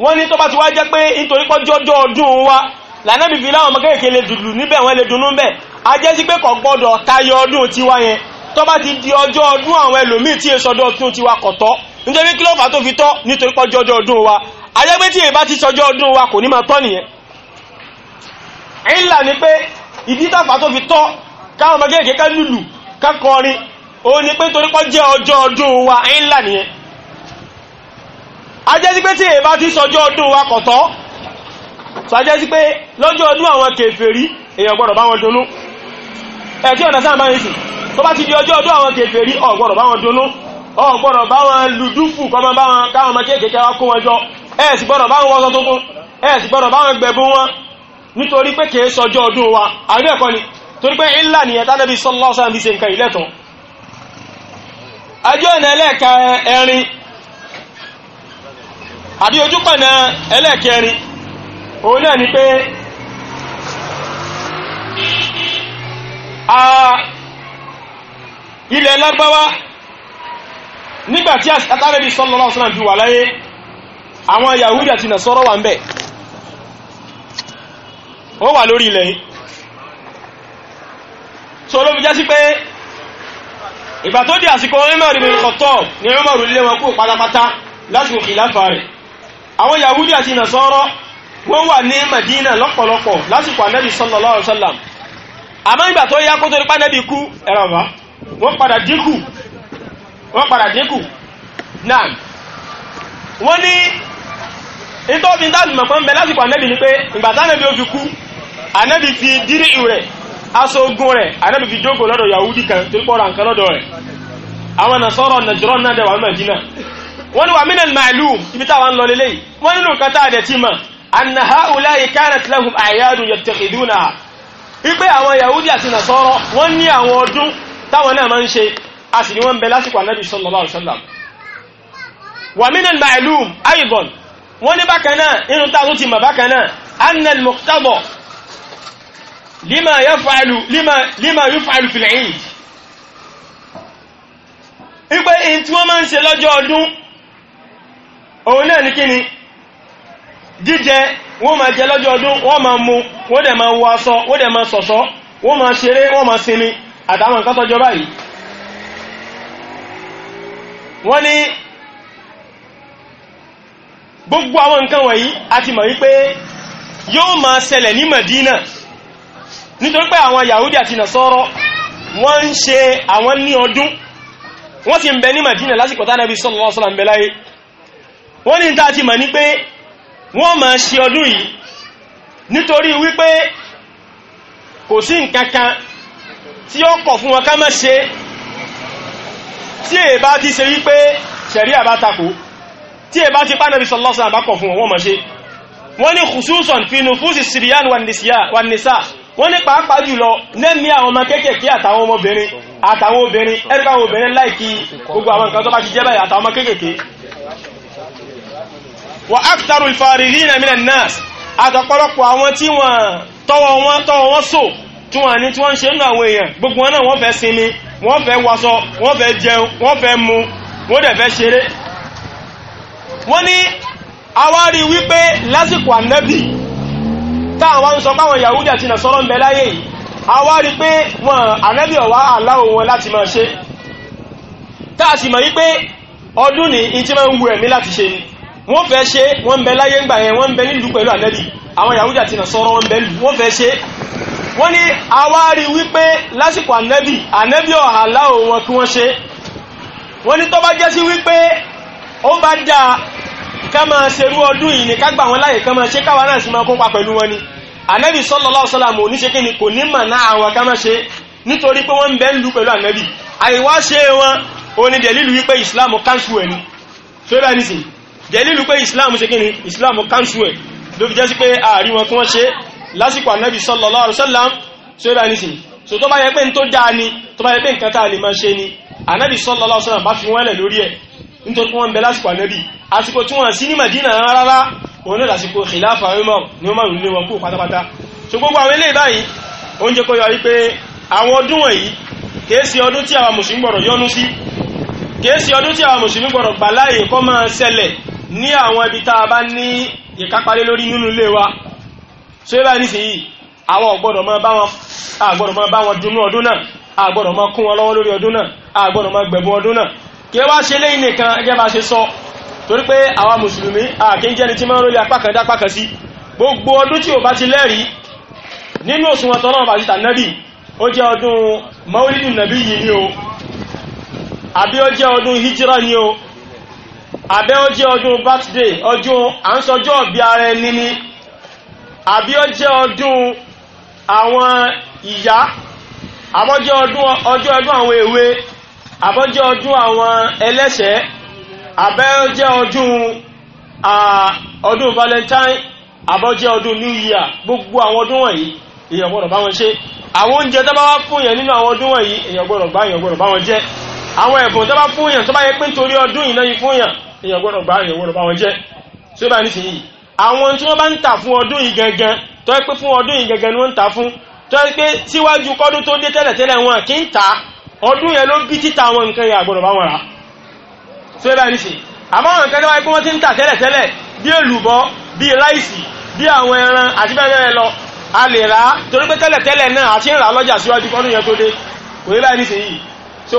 wọ́n ní tó bá ti wá jẹ́ pé nítorí pọ́ ọdún wa lànàbì fi láwọn ọmọ kéèké lè dùdù wọ́n lè dùnú bẹ̀ a jẹ́ sí pé kò gbọ́dọ̀ tayọ ọdún tiwa yẹn tó bá ti di ọjọ́ ọdún àwọn ẹlòmíì tí èso ọdún tiwa kò tọ́ nítorí kí ló tó fi tọ́ nítorí pọ́ jọjọ́ ọdún wa a jẹ́ pé tí èyí bá ti sọjọ́ ọdún wa kò ní máa tọ́ nìyẹn ni pé ìdí tàfà tó fi tọ́ ni ajẹ́ sí pé tí èyí ti sọjọ́ ọdún wa kọ̀tọ́ so ajẹ́ sí pé lọ́jọ́ ọdún àwọn kèfèrí èyàn gbọ́dọ̀ bá wọn dunnú ẹ̀ tí ọ̀nà sáà bá tó bá ti di ọjọ́ ọdún àwọn kèfèrí ò gbọ́dọ̀ bá wọn dunnú ò gbọ́dọ̀ bá wọn lùdúfù kọ́mọ bá wọn káwọn ọmọ kéèkéé wá kó wọn jọ ẹ̀ sì gbọ́dọ̀ bá wọn wọ́sọ tuntun ẹ̀ sì gbọ́dọ̀ bá wọn gbẹ̀bùn wọn nítorí pé kèé sọjọ́ ọdún wa àríwẹ̀ kọ́ ni torí pé ńlá àbí ojúpọ̀nà ẹlẹ́ẹ̀kẹrin òun náà ni pé a ilẹ̀ lágbáwá nígbàtí àtàrẹ́bí sallallahu alaihi wasallam fi wà láyé àwọn Yahudi àti Nasara wà ń bẹ̀ ó wà lórí ilẹ̀ yìí so ló fi jẹ́ sí pé ìgbà tó di àsìkò Umar ibn Khattab ni Umar lé wọn kú pátápátá lásìkò kìláfà rẹ̀ àwọn yahudi àti nasọ́rọ́ wọ́n wà ní madina lọ́pọ̀lọpọ̀ lásìkò anẹ́bì sallallahu alaihi wasallam àmọ́ ìgbà tó yá kó tó rípa anẹ́bì kú ẹ̀rọ̀bá wọ́n padà dínkù wọ́n padà dínkù náà wọ́n ní ìtọ́bí dáàbìmọ̀ pọ́n bẹ lásìkò anẹ́bì ni pé ìgbà fi kú anẹ́bì fi dírí ìrẹ̀ aṣọ ogun rẹ̀ fi jókòó lọ́dọ̀ yahudi kan tó pọ̀ra nǹkan lọ́dọ̀ rẹ̀ àwọn nasọ́rọ̀ wọ́n ní wà mí nàl màálùm ibi táwọn lọ lélẹ̀ yìí wọ́n nínú nǹkan tá a dẹ̀ ti mọ̀ àna ha ọ̀la yìí kánat lahum àyàdùn yabtakhiduna ipe àwọn yahudi àti nasọ́rọ́ wọ́n ní àwọn ọdún táwọn náà máa ń ṣe a sì ní wọ́n bẹ lásìkò anábì sallallahu tí wọ́n máa ń ṣe lọ́jọ́ ọdún òun náà ní kíni jíjẹ wọ́n máa jẹ lọ́jọ́ ọdún wọ́n ma mu wọ́n dẹ̀ ma wọ aṣọ wọ́n dẹ̀ wọ́n ṣeré wọ́n ma sinmi àtàwọn nǹkan tọ́jọ báyìí wọ́n ni gbogbo àwọn nǹkan wọ̀nyí a ti mọ̀ wípé yóò ma ṣẹlẹ̀ ní Madina nítorí pé àwọn Yahudi àti Nasọ́rọ́ wọ́n ń ṣe àwọn ní ọdún wọ́n sì ń bẹ ní Madina lásìkò tánàbí ń bẹ láyé wọ́n ní ta ti mọ̀ ní pé wọ́n máa ṣe ọdún yìí nítorí wípé kò sí nǹkankan tí ó kọ̀ fún wọn ká má ṣe tí è bá ti ṣe wípé ṣẹ̀rí àbá takò tí è bá ti pánàbí sọlọ́sàn àbá kọ̀ fún wọn wọ́n máa ṣe wọ́n ní khususan fínú fúsì siriyan wà nìsá wọ́n ní pàápàá jùlọ lẹ́mí àwọn ọmọ kéékèèké àtàwọn ọmọbìnrin àtàwọn obìnrin ẹ̀rọ àwọn obìnrin láìkí gbogbo àwọn nǹkan tó bá ti jẹ́ báyìí àtàwọn ọmọ kéékèèké wa aktaru al-farighina min an-nas àtọ̀pọ̀lọpọ̀ àwọn tí wọ́n tọwọ́ wọn tọwọ́ wọn sò tí wọ́n ní tí wọ́n ń ṣe nínú àwọn èèyàn gbogbo wọn náà wọ́n fẹ́ sinmi wọ́n fẹ́ waṣọ wọ́n fẹ́ jẹun wọ́n fẹ́ mu wọ́n dẹ̀ fẹ́ ṣeré wọ́n ní àwárí wípé lásìkò ànẹ́bì táwọn ń sọ páwọn Yahudi àti Nasara ń bẹ láyé yìí àwárí pé wọn ànẹ́bì ọ̀wá aláwò wọn láti máa ṣe táà sì mọ̀ wípé ọdún ní ìtí máa ń wu ẹ̀mí láti ṣe ni wọ́n fẹ́ ṣe wọ́n bẹ láyé ńgbà yẹn wọ́n bẹ nílùú pẹ̀lú ànẹ́bì àwọn Yahudi àti Nasara wọ́n bẹ wọ́n fẹ́ ṣe wọ́n ní àwárí wípé lásìkò ànẹ́bì ànẹ́bì ọ̀hàlá òun kí wọ́n ṣe wọ́n ní tó bá jẹ́ sí wípé ó bá dá ká máa ṣerú ọdún yìí wọn ni ànẹ́bì sallallahu alaihi wasallam ní ṣe kí ni kò ní mà náà àwọn ká máa ṣe nítorí pé wọ́n ṣe wọn òní dẹ̀lílù dẹ̀lílù pé islam ṣe kíni islam kánṣu ẹ̀ ló fi jẹ́ sí pé ààrí wọn kí wọ́n ṣe lásìkò ànábì sallallahu alaihi wasallam ṣe rà nísìn so tó bá yẹ pé ni tó bá sallallahu alaihi wasallam bá fi wọ́n lẹ̀ lórí ẹ̀ nítorí wọ́n ń bẹ lásìkò ànábì àsìkò tí wọ́n sí ní Madina rárá ni Umar lé wọn kú pátápátá so gbogbo àwọn eléyìí báyìí oúnjẹ kó yọ wípé àwọn ọdún wọ̀nyí kìí sí ọdún tí àwọn mùsùlùmí gbọ́dọ̀ yọ́nú sí kìí sí ọdún ní àwọn ibi tá a bá ní ìkápálé lórí nínú ilé wa ṣé báyìí nísìnyí àwọn ọ̀gbọ́dọ̀ máa bá wọn àgbọ́dọ̀ máa bá wọn dunú ọdún náà àgbọ́dọ̀ máa kún wọn lọ́wọ́ lórí ọdún náà àgbọ́dọ̀ máa gbẹ̀bùn ọdún náà kí wá ṣe lẹ́yìn nìkan ẹgẹ́ bá ṣe sọ torí pé àwa mùsùlùmí àkíńjẹ́ni tí máa ń rólé apákan dápákan sí gbogbo ọdún tí ò o àbí ó jẹ́ ọdún hijira o àbẹ́ ó jẹ́ ọdún birthday ọdún à ń sọjọ́ ọ̀bí ara ẹni ni àbí ó jẹ́ ọdún àwọn ìyá àbọ́jẹ́ ọdún ọjọ́ ọdún àwọn èwe àbọ́jẹ́ ọdún àwọn ẹlẹ́ṣẹ̀ àbẹ́ ó jẹ́ ọdún ọdún valentine àbọ́jẹ́ ọdún new year gbogbo àwọn ọdún wọ̀nyí èèyàn gbọ́dọ̀ bá wọn ṣe àwọn oúnjẹ tó bá wá fún yẹn nínú àwọn ọdún wọ̀nyí èèyàn gbọ́dọ̀ bá wọn jẹ àwọn ẹ̀bùn tó bá fún tó bá yẹ pé nítorí ọdún yìí yìí fún yàn èèyàn gbọ́dọ̀ gbà èèyàn gbọ́dọ̀ jẹ́ tí ó bá ní tìyí àwọn tí wọ́n bá ń tà fún ọdún yìí gangan tó yẹ pé fún ọdún yìí gangan ni wọ́n ń tà fún tó yẹ pé síwájú kọ́dún tó dé tẹ́lẹ̀tẹ́lẹ̀ wọn kì í tà ọdún yẹn ló bí títà àwọn nǹkan yẹn àgbọ́dọ̀ bá rà tí ó bá ní tìyí àmọ́ àwọn nǹkan tó wáyé pé wọ́n ti ń tà tẹ́lẹ̀tẹ́lẹ̀ bí èlùbọ́ bí láìsì bí àwọn ẹran àti bẹ́ẹ̀ bẹ́ẹ̀ lọ a lè rà á torí pé tẹ́lẹ̀tẹ́lẹ̀ náà àti ń rà á lọ́jà síwájú kọ́dún yẹn tó dé kò yẹ báyìí nísìnyí so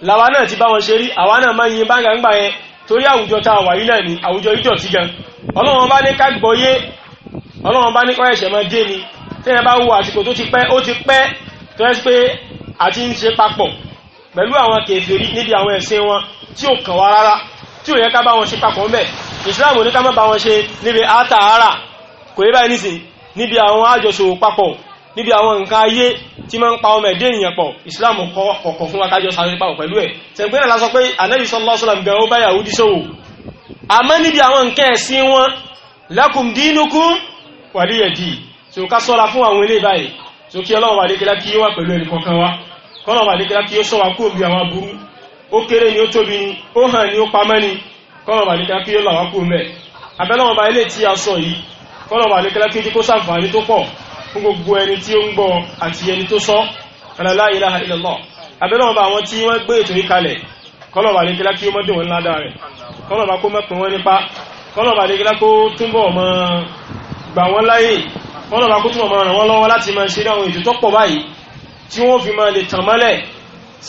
làwa náà ti bá wọn ṣe rí àwa náà máa yin báńgà ń gbà yẹn torí àwùjọ tá a wà yìí ni àwùjọ ìjọ sí gan ọlọ́run bá ní ká gbọ́yé ọlọ́run bá ní kọ́ ẹ̀ṣẹ̀ máa dé ni tẹ́yẹ bá wo àsìkò tó ti pẹ́ ó ti pẹ́ tó ẹ́ pé àti ń ṣe papọ̀ níbi àwọn nǹkan ayé tí máa ń pa ọmọ ẹ̀dẹ́ ènìyàn pọ̀ islam kọ̀ọ̀kọ̀ fún akájọ́ sáré pàwọ̀ pẹ̀lú ẹ̀ tẹ̀gbẹ́ náà lásọ pé anabi ó lakum dinukum waliya din so ká sọ́ra fún àwọn ilé báyìí so kí wa kọ́lọ̀run wàdékẹ́lá kí ó sọ wa kúrò bí àwọn aburú ó kéré ni ó tóbi ni ó hàn ni ó pamọ́ ni kọ́lọ̀run wàdékẹ́lá kí ó là wá kúrò mẹ́ abẹ́lọ́run ba ilé tí a sọ yìí kọ́lọ̀run wàdékẹ́lá kí ó jẹ́ kó tó pọ̀ fún gbogbo ẹni tí ó ń gbọ́ àti ẹni tó sọ la ilaha illallah abẹ́lẹ́ ọba àwọn tí wọ́n gbé ètò yìí kalẹ̀ kọ́lọ̀bà lẹ́gẹ́lá kí ó mọ́ dùn wọn ládàá rẹ̀ kọ́lọ̀bà kó mẹ́pin wọn nípa kọ́lọ̀bà lẹ́gẹ́lá kó túnbọ̀ mọ́ gbà wọ́n láyè kọ́lọ̀bà kó túnbọ̀ mọ́ ràn wọ́n lọ́wọ́ láti máa ṣe àwọn ètò tó pọ̀ báyìí tí wọ́n fi máa lè tàn mọ́lẹ̀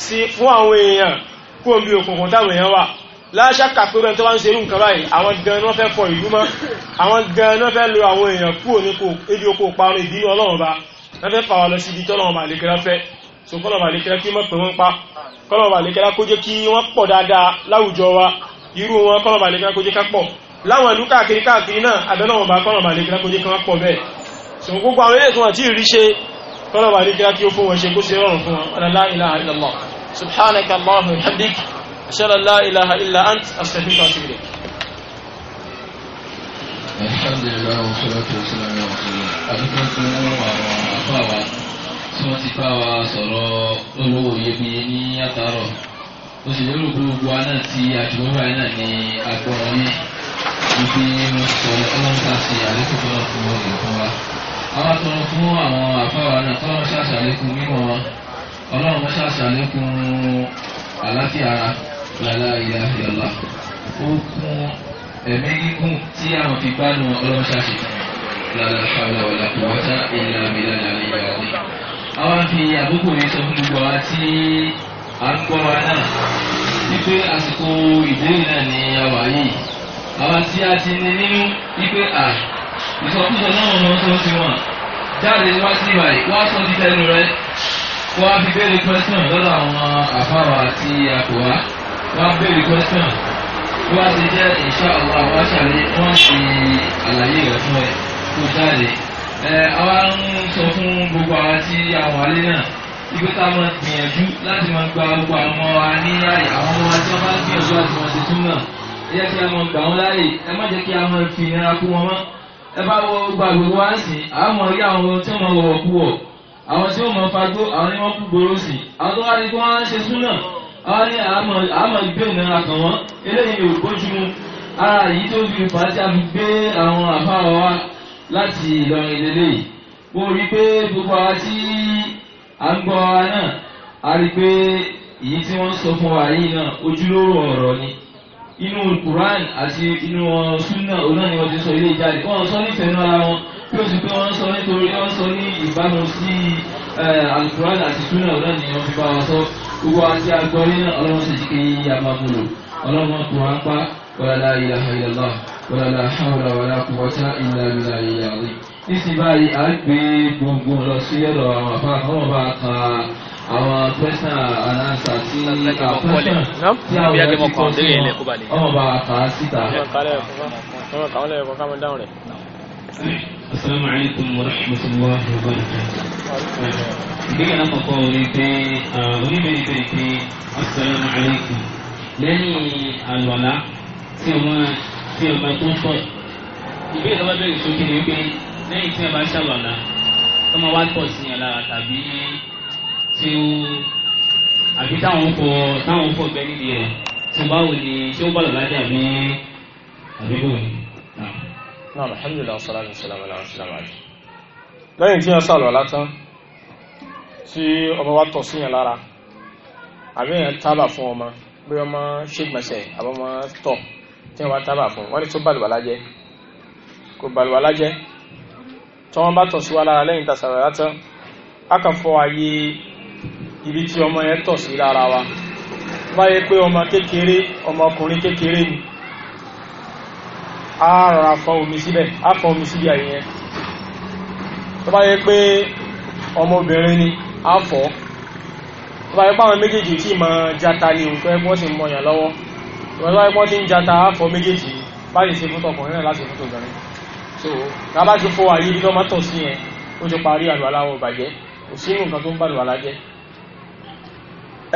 sí fún àwọn èèyàn kó omi òkùnkùn táwọn èèyàn wà láṣàkà pé rẹ̀ tó wá ń ṣe irú nǹkan báyìí àwọn gan náà fẹ́ fọ ìlú mọ́ àwọn gan náà fẹ́ lo àwọn èèyàn kúrò ní ibi oko parun ìbínú ọlọ́run ba wọ́n fẹ́ fà wá lọ sí ibi tọ́lọ́run bá lékẹ́lá fẹ́ so kọ́lọ́run bá lékẹ́lá kí wọ́n pè wọ́n pa kọ́lọ́run bá lékẹ́lá kó jẹ́ kí wọ́n pọ̀ dáadáa láwùjọ wa irú wọn kọ́lọ́run bá lékẹ́lá kó jẹ́ ká pọ̀ láwọn ìlú káàkiri káàkiri náà abẹ́lọ́run bá kọ́lọ́run bá lékẹ́lá kó jẹ́ ká pọ̀ bẹ́ẹ̀ so gbogbo àwọn eléyìí tí wọ́n ti rí ṣe kọ́lọ́run bá lékẹ́lá kí ó fún wọn ṣe kó ṣe rọrùn fún wọn la ilaha illallah subhanaka allahumma wa bihamdik أشهد أن لا إله إلا أنت أستغفرك وأتوب إليك الحمد لله والصلاة والسلام على رسول الله أدوكم سنة وعفاوة سنة فاوة sọ̀rọ̀ olówó iyebíye ní àtàrọ̀ ó sì lérò pé gbogbo wa náà ti àjùmọ̀wá yìí náà ní agbọ̀rọ̀ yìí wípé wọ́n sọ ọlọ́ńtà sí àlékún náà fún ọ̀gbìn fún wa. àwọn atọ́nà fún àwọn àfáwà náà tọ́lọ́ ṣàṣàlékún mímọ́ wọn ọlọ́run ṣàṣàlékún àlàáfíà ara lálá ilá ìyọlá ó kún ẹ̀mí gígùn tí àwọn fi gbádùn ọlọ́mọṣà ṣe lálá ṣàlọ́ ọ̀làkùnwọ́tá ìlà ìlà ìlà ìlà àwọn fi àkókò yìí sọ fún gbogbo wa tí a ń gbọ́ wa náà wípé àsìkò ìbéèrè náà ni a wà yìí àwọn tí a ti ní nínú wípé à ìsọkúsọ náà wọn tó ti wọn jáde wá sí ìbàyí wá sọ ti tẹnu rẹ wá fi béèrè pẹ́sìn lọ́dọ̀ àwọn àfáwà àti àkùwá wọ́n á béèrè question bí wọ́n ti jẹ́ insha Allah àwọn aṣàlẹ̀ wọ́n ṣe àlàyé rẹ̀ fún ẹ kó jáde. ẹ àwa ń sọ fún gbogbo àwọn tí àwọn alẹ́ náà ibi ká máa gbìyànjú láti máa gba gbogbo àwọn ọmọ wa ní àyè àwọn ọmọ wa tí wọ́n bá ń gbìyànjú láti máa ṣe tún náà ẹ jẹ́ kí a máa gbà wọ́n láàyè ẹ má jẹ́ kí a máa fi ìnira kú wọn mọ́ ẹ bá wọ gbàgbé wá sí àwọn ọmọ rí àwọn tí wọ́n wọ̀ wọ̀ kú àwọn tí wọ́n mọ̀ fagbó àwọn ni wọ́n kú gbòòrò sí àwọn tó wá di kí wọ́n á ṣe tún náà àwọn ní àmọ̀ ìgbé ìnira kàn wọ́n eléyìí ò gbójú mu ara yìí tó fi fà á tí a fi gbé àwọn àfáà wa láti Ìlọrin lélẹ́yìí mo rí i pé gbogbo àwa tí à ń gbọ́ ara náà a rí i pé èyí tí wọ́n sọ fún wa yìí náà ojúlówó ọ̀rọ̀ ni inú Quran àti inú sunna onáà ni wọ́n ti sọ ilé ìjáde wọ́n sọ nífẹ̀ẹ́ náà ara wọn bí o sì pé wọ́n sọ nítorí wọ́n sọ ní ìbámu sí eh, Al-Quran àti sunna onáà ni wọ́n fi bá wa sọ gbogbo àwọn tí a gbọ́ ní ọlọ́run sì kí a máa múlò ọlọ́run kò wá pa wàlá ilaha illallah wàlá hawla wàlá quwwata illa billahi ìyàwó. níṣì báyìí a gbé gbogbo lọ sí ọ̀dọ̀ àwọn àfa àwọn ọba kan àwọn pẹ́sà aláǹsà tí àpẹ́sà tí àwọn ẹbí kọ́ sí wọn ọmọ bá a kà á síta. السلام عليكم ورحمة الله وبركاته بيجي أنا قولي بي أولي بي بي بي السلام عليكم لاني الولاء tí ọmọ tí ọmọ tó ń tọ̀ ìbéèrè wa bẹ̀rẹ̀ sókè ni pé lẹ́yìn tí ọba ṣàlọ́lá ọmọ wa tọ̀ sí yàn lára tàbí tí ó àbí táwọn fọ táwọn fọ bẹ́ẹ̀ ni ṣé ó bá lọ́lá dé náà alhamdulillah wassalatu wassalamu ala rasulillah lẹ́yìn tí wọ́n sàlọ̀ látán tí ọmọ wa tọ̀ síyàn lára àbí èèyàn tábà fún ọmọ bí ọmọ ṣègbọ̀nsẹ̀ àbọ̀mọ tọ̀ tí wọ́n bá tábà fún wọ́n ní tó bàlùwàlá jẹ́ kò bàlùwàlá jẹ́ tí wọ́n bá tọ̀ sí wa lára lẹ́yìn tá sàlọ̀ látán a kàn fọ ààyè ibi tí ọmọ yẹn tọ̀ sí lára wa báyẹ pé ọmọ kékeré ọmọkùnrin kékeré ni ààrà fọ omi síbẹ̀ afọ omi síbẹ̀ àyẹn tó bá yẹ pé ọmọbìnrin ni afọ tó bá yẹ pé àwọn méjèèjì tí ma jata ni òun tó yẹ pé wọ́n sì ń mọyàn lọ́wọ́ tó bá yẹ pé wọ́n ti ń jata afọ méjèèjì bá lè ṣe fótó ọkùnrin náà láti fótó obìnrin so tá a bá ti fọ àyè ibi tó má tọ̀ sí yẹn ó ti parí àlùwàlá wọn bàjẹ́ kò sínú nǹkan tó ń bá àlùwàlá jẹ́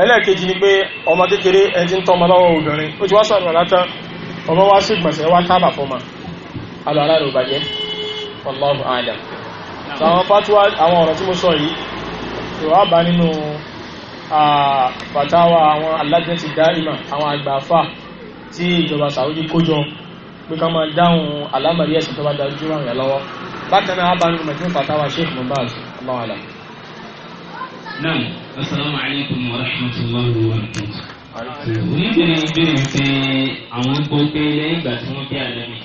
ẹlẹ́ẹ̀kejì ni pé ọmọ kékeré ẹni tí ń tọ́ ọmọ ọmọ wá sí gbọ̀nsẹ̀ wá tábà fọ́mà alọ́ aláàrẹ̀ ò bàjẹ́ ọlọ́run àdà àwọn fatuwa àwọn ọ̀rọ̀ tí mo sọ yìí ìwà bá nínú fatawa àwọn alájẹ́ ti dáìmà àwọn àgbàfà tí ìjọba Saudi kójọ pé ká máa dáhùn alámàrí ẹ̀sìn tó bá dájú jù ràn yà lọ́wọ́ bákan náà bá nínú mẹ̀tún fatawa Sheikh Mumbaz ọlọ́run àdà. Naam, assalamu alaikum wa rahmatullahi wa barakatuh oníbèrè ìbéèrè wípé àwọn gbọ́ pé lẹ́yìn ìgbà tí wọ́n bí àlẹ́mì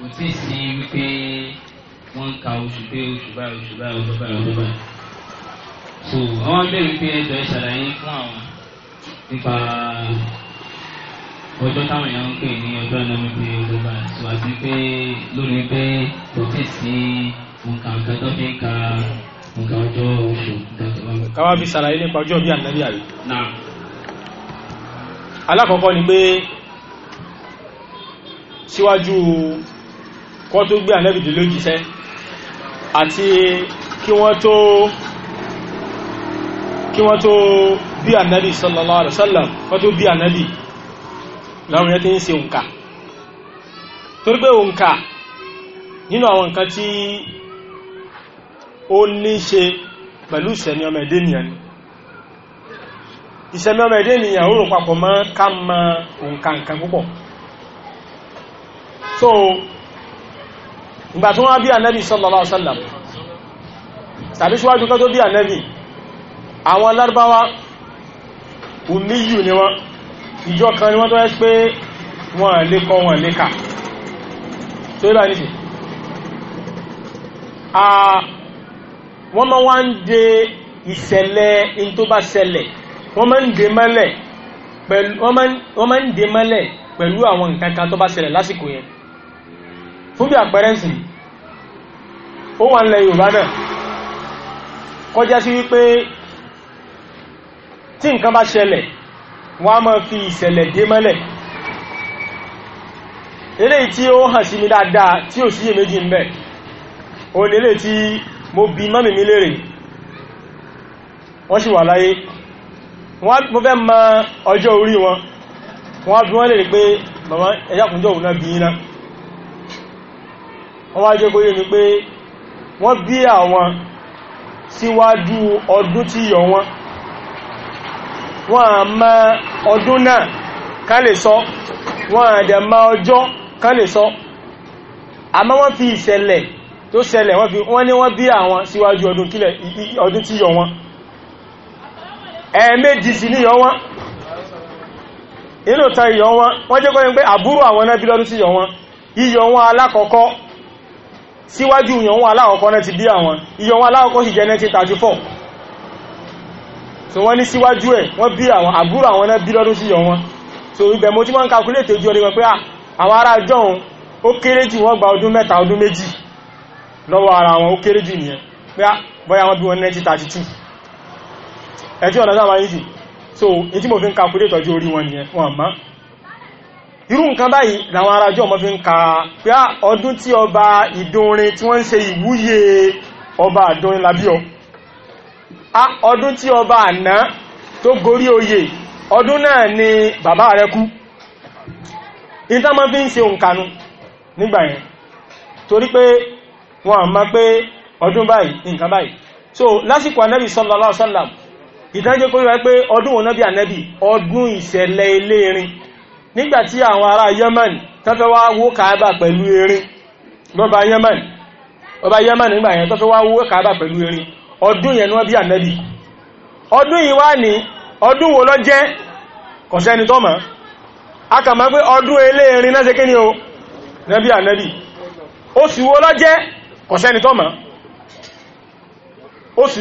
kò tí sí wípé wọ́n ń ka oṣù pé oṣù báyìí oṣù báyìí oṣù báyìí oṣù báyìí so àwọn béèrè pé ẹjọ́ ìṣàlàyé fún àwọn nípa ọjọ́ táwọn èèyàn ń pè ní ọjọ́ ìnáwó pé oṣù báyìí so àti pé lónìí pé kò tí sí nǹkan kan tó fi ń ka nǹkan ọjọ́ oṣù. káwá bí ṣàlàyé nípa ọjọ́ bí ànábì alákọ̀ọ́kọ́ ni pé síwájú kọ́ tó gbé ànẹ́bìdì lójíṣẹ́ àti kí wọ́n tó kí wọ́n tó bí ànẹ́bì sallallahu alaihi wasallam kọ́ tó bí ànẹ́bì láwọn yẹ́ tí ń ṣe òǹkà torí pé òǹkà nínú àwọn nǹkan tí ó ní ṣe pẹ̀lú ìṣẹ̀ni ọmọ ẹ̀dẹ́ ni ìṣẹ́mi ọmọ ẹ̀dẹ́ ènìyàn ó rò papọ̀ mọ́ ká mọ òǹkàǹkàn púpọ̀ so ìgbà tí wọ́n bí ànábì sallallahu alaihi wasallam tàbí síwájú kan tó bí ànábì àwọn lárúbáwá ùmíyù ni wọ́n ìjọ kan ni wọ́n tó ẹ́ pé wọ́n lè kọ wọ́n wá ń de ìṣẹ̀lẹ̀ in wọ́n máa ń dè mọ́lẹ̀ pẹ̀lú àwọn nǹkan kan tó bá ṣẹlẹ̀ lásìkò yẹn fún bí àpẹẹrẹ sí ó wà nílẹ̀ Yorùbá náà kọjá sí wípé tí nǹkan bá ṣẹlẹ̀ wọ́n á máa fi ìṣẹ̀lẹ̀ dé mọ́lẹ̀ eléyìí tí ó hàn sí mi dáadáa tí ò síyè méjì ń bẹ òun eléyìí tí mo bi mọ́mì mi lérè wọ́n sì wà láyé mo fẹ́ ma ọjọ́ orí wọn wọ́n bí wọ́n lè rí pé màmá ẹ̀yàkùnjọ́ òun náà bí iná wọ́n wá jẹ́ kóyé ni pé wọ́n bí àwọn síwájú ọdún tí yọ wọn wọ́n a ma ọdún náà ká lè sọ wọ́n a dẹ̀ ma ọjọ́ ká lè sọ àmọ́ wọ́n fi ìṣẹ̀lẹ̀ tó ṣẹlẹ̀ wọ́n ni wọ́n bí àwọn síwájú ọdún tí yọ wọn ẹ̀ẹ̀mẹ́jì sí ní yọ wọn inú ta ìyọ wọn wọ́n jẹ́ kọ́yìn pé àbúrò àwọn náà bí lọ́dún sí yọ wọn ìyọ wọn alákọ̀ọ́kọ́ síwájú ìyọ wọn alákọ̀ọ́kọ́ náà ti bí àwọn ìyọ alákọ̀ọ́kọ́ so wọ́n ní síwájú ẹ̀ wọ́n bí àwọn àbúrò àwọn náà so ibẹ̀ mo ti máa ń calculate ojú ọdún wọn pé ah, àwọn ará jọun ó kéré jù wọ́n gba ọdún mẹ́ta 1932 ẹ̀tí ọ̀nà sáwà yìí so in tí mo fi ń ka kúrò tọ́jú orí wọn nìyẹn wọn mọ́ irú nǹkan báyìí làwọn ará ọjọ́ ọmọ fi ń ka pé ah, ọdún tí ọba ìdúnrin tí wọ́n ń ṣe ìwúyè ọba àdúnrin labíọ́ ah, ọdún tí ọba àná tó gorí oyè ọdún náà ni bàbá rẹ̀ kú wọn so lásìkò anábì ìtànjẹ́ kó wíwá ọdún wọn náà bí ànẹ́bì ọdún ìṣẹ̀lẹ̀ nígbàtí àwọn ará Yemen tọ́fẹ́ wá wó kàábà pẹ̀lú erin lọ́ba Yemen ọba Yemen nígbà yẹn tọ́fẹ́ wá wó kàábà pẹ̀lú erin ọdún yẹn bí ní ọdún wo lọ jẹ́ kọ̀sẹ́ni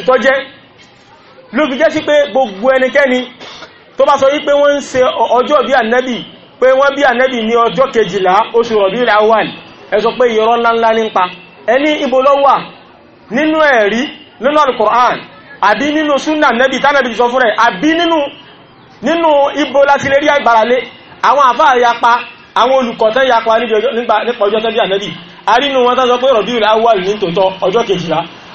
a ló fi jẹ́ sí pé gbogbo ẹnikẹ́ni tó bá sọ wípé wọ́n ń ṣe ọjọ́ bí ànẹ́bì pé wọ́n bí ànẹ́bì ní ọjọ́ kejìlá oṣù Rabiul Awwal ẹ sọ pé ìrọ́ ńláńlá nípa ẹni ibo ló wà nínú ẹ̀rí nínú alukur'an àbí nínú súnà ànẹ́bì tánàbì ti sọ fún rẹ̀ àbí nínú nínú ibo láti lè rí àgbàralé àwọn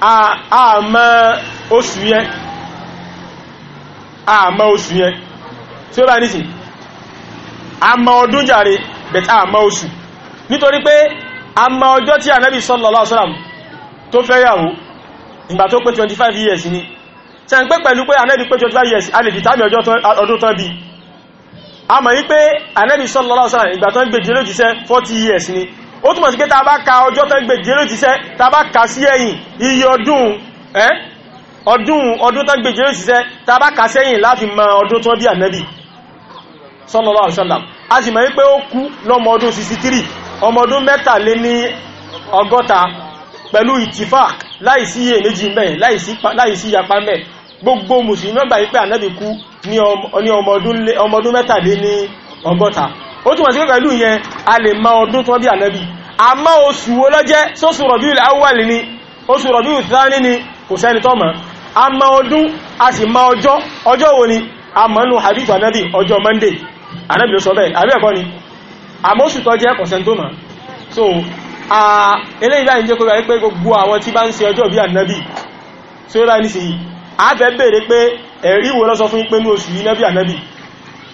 àmà oṣù yẹn àmà oṣù yẹn tí ó bá ní sí àmà ọdún jàre bẹ̀t àmà oṣù nítorí pé àmà ọjọ́ tí ànábì sallallahu alaihi wasallam tó fẹ́yàwó ìgbà tó pé 25 years ni tẹ́ ń pé pẹ̀lú pé ànábì pé 25 years a lè dìtàmì ọdún tán bí a mọ̀ yí pé ànábì sallallahu alaihi wasallam ìgbà tán gbèjì lójíṣẹ́ 40 years ni ó túnmọ̀ sí pé tàbá ka ọjọ́ tẹ́gbẹ̀ jẹ́rẹ́ òjíṣẹ́ tàbá ka sí ẹ̀yìn iye ọdún ẹ́ ọdún ọdún tẹ́gbẹ̀ jẹ́rẹ́ òjíṣẹ́ tàbá ka sẹ́yìn láti mọ ọdún tó bí ànẹ́bì sallallahu alaihi wasallam a sì mọ̀ wípé ó kú lọ́mọ ọdún 63 ọmọ ọdún mẹ́tàlé ní ọgọ́ta pẹ̀lú ìtìfàk láìsí iyèméjì mẹ́ láìsí ìyapa mẹ́ gbogbo mùsùlùmí gbà wípé ànẹ́bì kú ní ọmọ ọdún mẹ́tàlé ní ọgọ́ta ó túnmọ̀ sí pé pẹ̀lú yẹn a lè mọ ọdún tó bí ànábì àmọ́ oṣù wo ló jẹ́ sóṣù Rabiul Awwal ni oṣù Rabiul Thani ni kò sẹ́ni tó mọ̀ a mọ ọdún a sì mọ ọjọ́ ọjọ́ wo ni a mọ̀ nù hadith ànábì ọjọ́ Monday ànábì ló sọ bẹ́ẹ̀ àbí ẹ̀kọ́ ni àmọ́ oṣù tó jẹ́ kò sẹ́ni tó mọ̀ so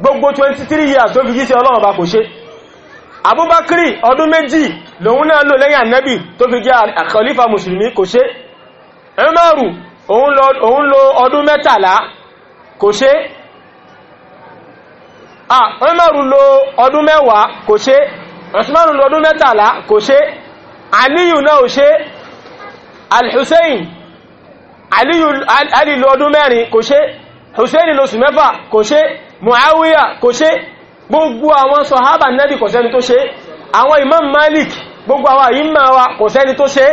gbogbo 23 years tó fi jíṣẹ́ ọlọ́run bá kò ṣe abúbákírì ọdún méjì lòun náà lò lẹ́yìn ànẹ́bì tó fi jẹ́ àkọlífà mùsùlùmí kò ṣe ẹmọ́rù òun lo ọdún mẹ́tàlá kò ṣe ẹmọ́rù lo ọdún mẹ́wàá kò ṣe ẹ̀sùmọ́rù lo ọdún mẹ́tàlá kò ṣe àníyù náà ò ṣe alhussein àníyù alìlò ọdún mẹ́rin kò ṣe hussein lóṣù mẹ́fà kò ṣe Muawiya kò ṣe gbogbo àwọn sọ̀hábà nẹ́bì kò sẹ́ni tó ṣe àwọn Imam Malik gbogbo àwọn àyíma wa kò sẹ́ni tó ṣe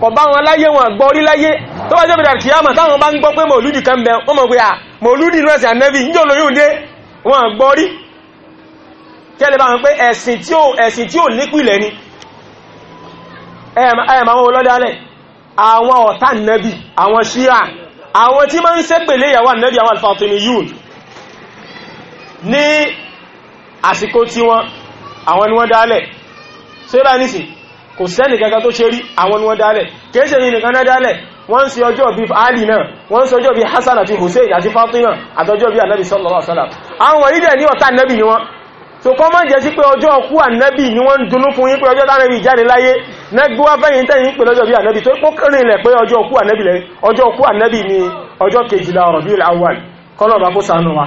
kò bá wọn láyé wọn gbọ́ orí láyé tó wá jẹ́bẹ̀rẹ̀ kìyàmà táwọn bá ń gbọ́ pé mọ̀lúdì kan bẹ wọ́n mọ̀ pé à mọ̀lúdì lọ́sì ànẹ́bì ń jòlò yóò dé wọn ni ẹ̀mà wọn olọ́dálẹ̀ àwọn ọ̀tá ànẹ́bì àwọn ṣíà àwọn tí máa ń ṣépè lé ìyàwó ànẹ́bì àwọn ní àsìkò tí wọ́n àwọn ni wọ́n dálẹ̀ ṣé bá nísì kò sẹ́nì kankan tó ṣe rí àwọn ni wọ́n dálẹ̀ kéèṣe ní nìkan náà dálẹ̀ wọ́n sí ọjọ́ bí Ali náà wọ́n sí ọjọ́ bí Hassan àti Hussein àti Fatima àtọjọ́ bí Ànábì sallallahu alaihi wasallam àwọn wọ̀nyí dẹ̀ ní ọ̀tá Ànábì ni wọ́n so kọ́ mọ́ jẹ́ sí pé ọjọ́ ọkú ànẹ́bì ni wọ́n ń dunú fún yín pé ọjọ́ tánẹ́bì jáde láyé nẹ́gbó afẹ́yìn tẹ́yìn pé lọ́jọ́ bí ànẹ́bì tó pọ́ kẹrin ilẹ̀ pé ọjọ́ ọkú ànẹ́bì ni ọjọ́ kejìlá Rabiul Awwal kọ́lọ̀ bá kó ṣàánú wa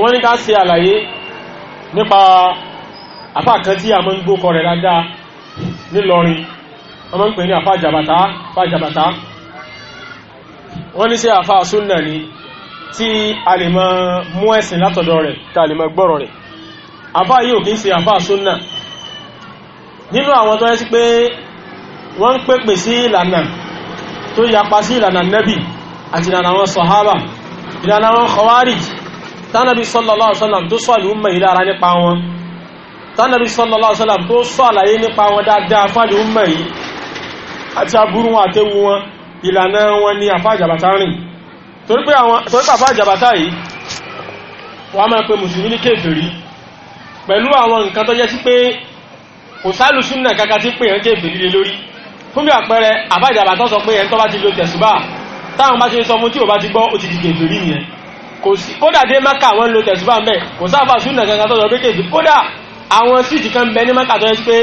wọ́n ní ká ṣe àlàyé nípa àfáà kan tí a mọ́ ń gbókọ rẹ̀ dáadáa nílọrin wọ́n mọ́ ń pè ní àfáà jàbàtà àfáà jàbàtà wọ́n ní ṣe àfáà súnà ni tí a lè mọ mú ẹ̀sìn látọ̀dọ̀ rẹ̀ tá a lè mọ gbọ́rọ̀ rẹ̀ àfáà yìí ò kí ń ṣe àfáà súnà nínú àwọn tó yẹ sí pé wọ́n ń pèpè sí ìlànà tó yapa sí ìlànà nẹ́bì àti ìlànà àwọn sọ̀hábà ìlànà àwọn kọwárìjì tánàbí sallallahu alaihi wasallam tó sọ àlùmọ̀ yìí lára nípa wọn tánàbí sallallahu alaihi wasallam tó sọ àlàyé nípa wọn dáadáa fàlùmọ̀ yìí àti aburú wọn àtẹ́wu wọn ìlànà wọn ni àfáàjàbàtà rìn torí pé àfáàjàbàtà yìí wọ́n máa pe mùsùlùmí ní kéfèrí pẹ̀lú àwọn nǹkan tó jẹ́ sí pé kò sálùsúnnà kankan tí pè yàn kéfèrí lé lórí fún bí àpẹẹrẹ àfáàjàbàtà sọ pé yẹn tó bá ti lo tẹ̀sùbà táwọn bá ti sọ mú tí ò bá ti gbọ́ ó ti di kéfèrí nìyẹn kò sí kódà dé maka àwọn lo tẹ̀síbà ń bẹ̀ kò sáfà súnà kankan tó sọ pé kèfì kódà àwọn síìtì kan bẹ ní maka tó yẹ pé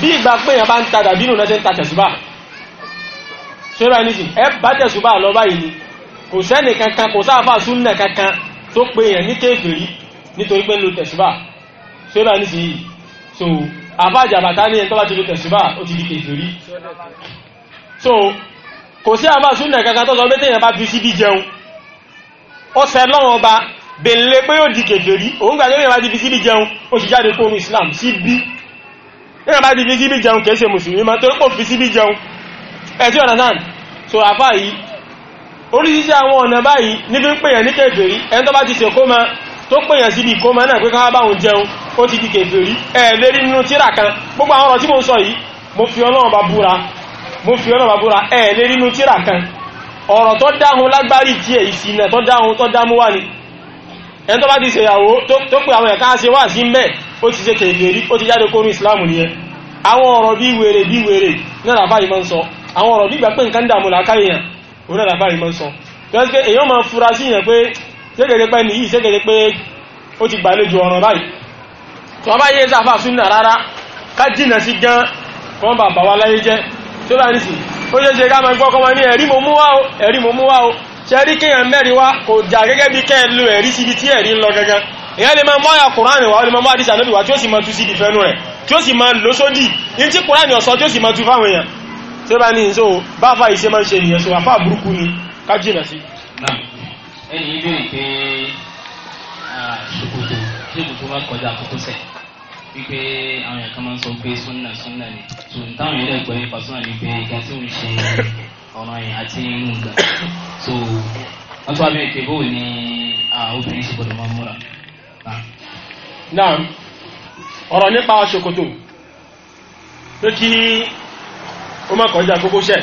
bí ìgbà pé èèyàn bá ń ta dàbí nù ṣe ń ta tẹ̀síbà ṣé báyìí nìsín ẹ bá tẹ̀síbà lọ báyìí ni kò sẹ́ni kankan kò sáfà súnà kankan tó pe èèyàn ní kèfì rí nítorí pé ń lo tẹ̀síbà ṣé báyìí nìsín yìí so àbájá bàtà ní ẹni tó bá ti lo tẹ̀síbà kò sí àbá súnà kankan tó sọ pé téèyàn bá fi síbi jẹun ọsẹ lọ́wọ́ ọba bèèlè pé yóò di kèfèrí òun gbà lórí ìwádìí síbi jẹun ó sì jáde kóòrùn Islam sí bí ní ọba di síbi jẹun kẹsẹ̀ mùsùlùmí ma torí pò fi síbi jẹun ẹ̀tí ọ̀nà náà so àfá yìí oríṣiríṣi àwọn ọ̀nà báyìí níbi ń pèyàn ní kèfèrí ẹni tó bá ti ṣèkómọ tó pèyàn síbi ìkómọ náà pé káwá báwọn jẹun ó ti di kèfèrí ẹ̀ lérí nínú tíra kan gbogbo àwọn ọ̀rọ̀ tí mo sọ yìí mo fi Ọlọ́run bá búra mo ẹ̀ lérí nínú tíra kan ọ̀rọ̀ tó dáhùn lágbárí tí è ìsìnà tó dáhùn tó dámú wà ní ẹn tó bá ti ṣèyàwó tó pé àwọn ẹ̀ká ṣe wà sí mẹ́ ó ti ṣe kèfèrí ó ti jáde kóró ìsìláàmù nìyẹn àwọn ọ̀rọ̀ bí wèrè bí wèrè náà làbá yìí máa ń sọ àwọn ọ̀rọ̀ bí ìgbà pé nǹkan dààmú làákàyè yàn òun náà làbá yìí máa ń sọ lọ́sí pé èèyàn máa fura sí yàn pé ṣégeje pé nìyí ṣégeje pé ó ti gbàlejò ọ̀ràn báyìí gan wọ́n bàbá wa láyé jẹ́ tó bá ó ṣe ṣe ká máa gbọ́ kọ́mọ ní ẹ̀rí mo mú wá o ẹ̀rí mo mú wá o ṣe rí kéèyàn mẹ́rin wá kò jà gẹ́gẹ́ bí kẹ́ ẹ lo ẹ̀rí síbi tí ẹ̀rí ń lọ gẹ́gẹ́ èyàn lè máa mú àyà kùránì wá ó lè máa mú àdìsá níbi wá tí ó sì máa tu síbi fẹ́nu rẹ̀ tí ó sì máa tu fáwọn kọjá àkókò sẹ́yìn wípé àwọn èèyàn kan máa ń sọ pé súnà súnà ni tòun táwọn èèyàn dẹ̀ gbọ́ nípa súnà ni pé ìgbà tí òun ṣe ọ̀ràn yẹn àti irun gan so wọ́n tún wá bẹ̀rẹ̀ pé bóun ni obìnrin ṣe gbọ́dọ̀ máa múra. náà ọ̀rọ̀ nípa ṣòkòtò pé kí ó má kọjá kókósẹ̀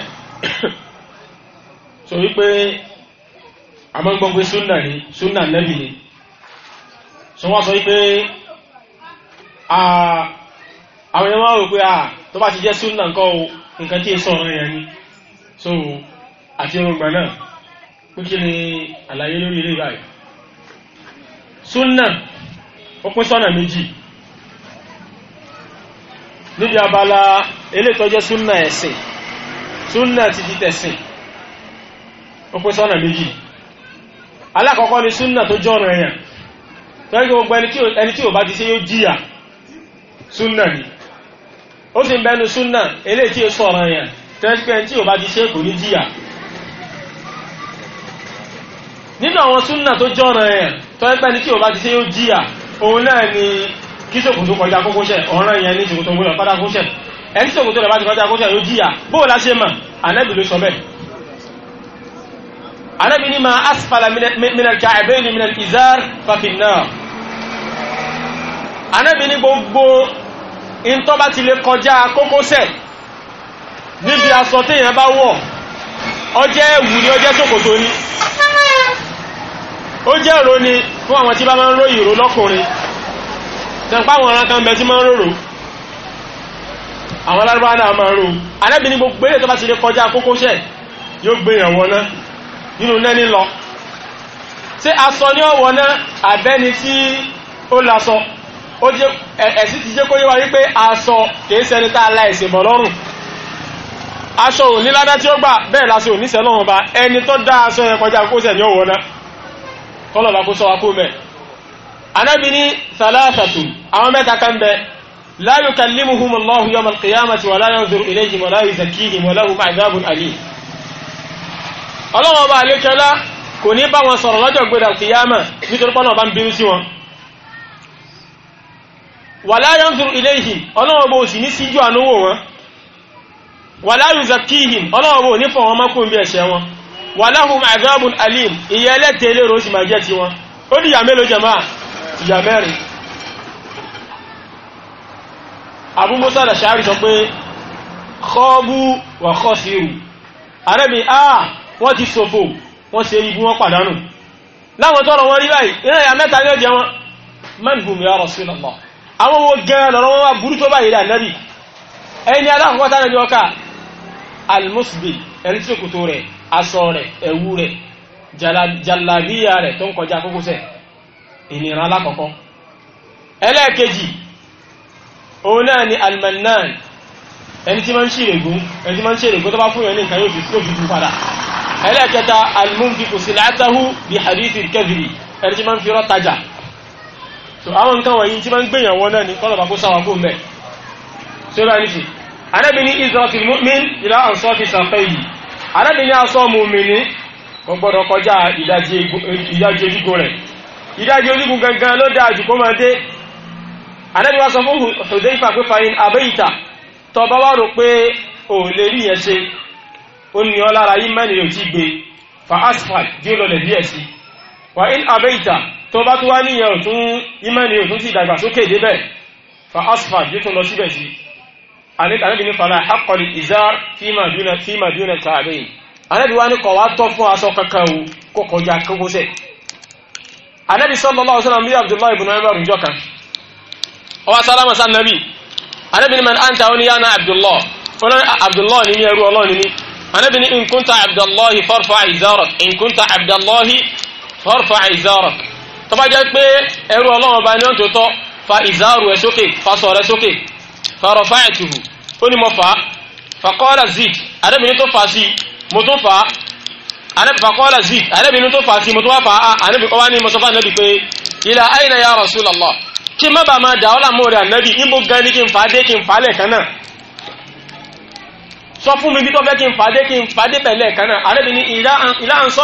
[coughs] so wípé àmọ́ ń gbọ́ pé súnà ni súnà nẹ́bì ni so wọ́n sọ wípé. àwọn èèyàn rò pé à tó bá ti jẹ́ súnà nǹkan tí Sọ so àti irungba náà pé kí ni àlàyé lórí ilé báyìí súnà ó pín sọ́nà méjì níbi abala elétọ́jẹ́ súnà ẹ̀sìn súnà ti di tẹ̀sìn ó pín sọ́nà méjì alákọ̀ọ́kọ́ ni súnà tó jọ́ ọ̀rọ̀ ẹni tí ò bá ti ṣe súnà ni ó sì ń bẹnu súnà eléyìí tí ó sọ ọ̀ràn yẹn tẹ́sípẹ́ tí ò bá ti ṣe kò ní jìyà nínú àwọn súnà tó jọ́ràn yẹn tọ́ẹ́pẹ́ ni tí ò bá ti ṣe yóò jìyà òun náà ni kí sòkòtò kọjá kókósẹ̀ ọ̀ràn yẹn ní sòkòtò gbọ́dọ̀ kọjá kókósẹ̀ ẹni sòkòtò rẹ̀ bá ti kọjá kókósẹ̀ yóò jìyà bóò la ṣe mọ̀ ànábì ló sọ bẹ́ẹ̀ ànábì ni ma asfala minal ka'abaini minal izar fafinnar anábì ní gbogbo ìntọ́ bá ti lè kọjá kókósẹ̀ níbi aṣọ tí bá wọ̀ ó ẹ̀wù ni ó jẹ́ ṣòkòtò ni ó jẹ́ ìró ni fún àwọn tí bá máa ń ró ìró lọ́kùnrin tẹ̀pá àwọn ará kan bẹ tí máa ń rorò àwọn alárúbá náà máa ń rò anábì ní gbogbo èèyàn tó bá ti lè kọjá kókósẹ̀ yóò gbé ìrànwọ́ náà nínú nẹ́ni lọ ṣé aṣọ ni ọ̀wọ́ náà àbẹ́ni tí ó lasọ ẹ̀sìn ti jẹ́ kó yé wa wípé aṣọ kìí ṣẹni tá a la ẹ̀sìn bọ̀ lọ́rùn aṣọ ò ní ládá tí ó gbà bẹ́ẹ̀ lásì òníṣẹ́ lọ́wọ́n ba ẹni tó dá aṣọ yẹn kọjá kó sẹ̀ ní òwò náà kọ́lọ̀ bá kó sọ akó mẹ́ anábì ní sàlásàtù àwọn mẹ́ta kan bẹ la yukallimuhum Allahu yawmal qiyamati wa la yanzuru ilayhim wa la yuzakkihim wa lahum adhabun alim ọlọ́wọ́n bá àlékẹ́lá kò ní bá wọn sọ̀rọ̀ lọ́jọ́ gbéra nítorí pọ́nà bá ń bínú sí wọn wàlá yanzuru ilayhim ọlọ́wọ́ bó sì ní síjú ànúwò wọn wàlá yuzakkihim ọlọ́wọ́ bó ní fọ̀ wọn mọ́kún bí ẹ̀ṣẹ̀ wọn walahum azabun alim ìyẹn ẹlẹ́tẹ̀ elérò sì máa jẹ́ ti wọn ó di ìyà mélòó jẹ̀má ìyà mẹ́rin Abu Musa al-Ash'ari sọ pé kọ́ọ̀bù wà kọ́ sí rù arẹ́bìn a wọ́n ti ṣòfò wọ́n ṣe ibi wọ́n pàdánù láwọn tọ́rọ àwọn owó gan lọ́rọ̀ wọn wá burú tó báyìí rà nábì ẹni aláàkọ́kọ́ tánà ní ọkà almusbil ẹni tí òkútó rẹ̀ aṣọ rẹ̀ ẹ̀wù rẹ̀ jalabiya rẹ̀ tó ń kọjá kókósẹ̀ ìnira alákọ̀ọ́kọ́ ẹlẹ́ẹ̀kejì òun náà ni almanan ẹni tí máa ń ṣèrègún ń fi rọ́ tajà so àwọn nǹkan wọ̀nyí tí máa ń gbèyàn wọ náà ní kọ́lọ̀bà kó sáwà kó mẹ́ so bá nìsí anábì ní israel mu'min ìlà àǹsọ́ ti sàfẹ́ yìí anábì ní aṣọ mu'min ní kò gbọ́dọ̀ kọjá ìdajì ojúgun rẹ̀ ìdajì ojúgun gangan ló dáa jù kó máa dé anábì wá sọ fún Hudayfa pé fain abẹ́yìta tó bá wá rò pé ò lè rí yẹn ṣe ó ní ọ lára mẹ́rin yóò ti gbé fa asphalt jí ó lọlẹ̀ díẹ̀ sí wa in abẹ́yìta tó bá tó wá níyẹn òtún ìmánì òtún sí ìdàgbàsókè débẹ̀ fa asfa yóò tún lọ síbẹ̀ sí àníkàníbi ní fara àkọlù ìzár tí màdúnà tààrí ànábì wá ní kọ̀ wá tọ́ fún aṣọ kankan o kó kọjá kókósẹ̀ ànábì sallallahu alaihi wasallam bí abdullahi ibn umar rújọ kan ọwá sálámà sá nàbì ànábì ní man anta ó ní yá na abdullahi ó ní abdullahi ní mi ẹrú ọlọ́ọ̀ni ní ànábì ní in kunta abdullahi farfa izarak in kunta abdullahi farfa izarak tó bá jẹ́ pé ẹrú ọlọ́run bá ní ọ̀n tó tọ́ fa ìzáàrù ẹ̀ sókè fasọ rẹ̀ sókè farọ̀fá ẹ̀tùhù ó ní mo fà á fakọ́ọ́lá zid arẹ́bìnrin tó fà sí mo tún fà á fakọ́ọ́lá zid arẹ́bìnrin tó fà sí mo tún wá fà á ọwá ní mo sọ ya Rasulullah kí má bàa máa dà ọ́ làmú rẹ̀ ànábì níbo gan ni kí n fà á dé kí n fà á lẹ̀kan náà sọ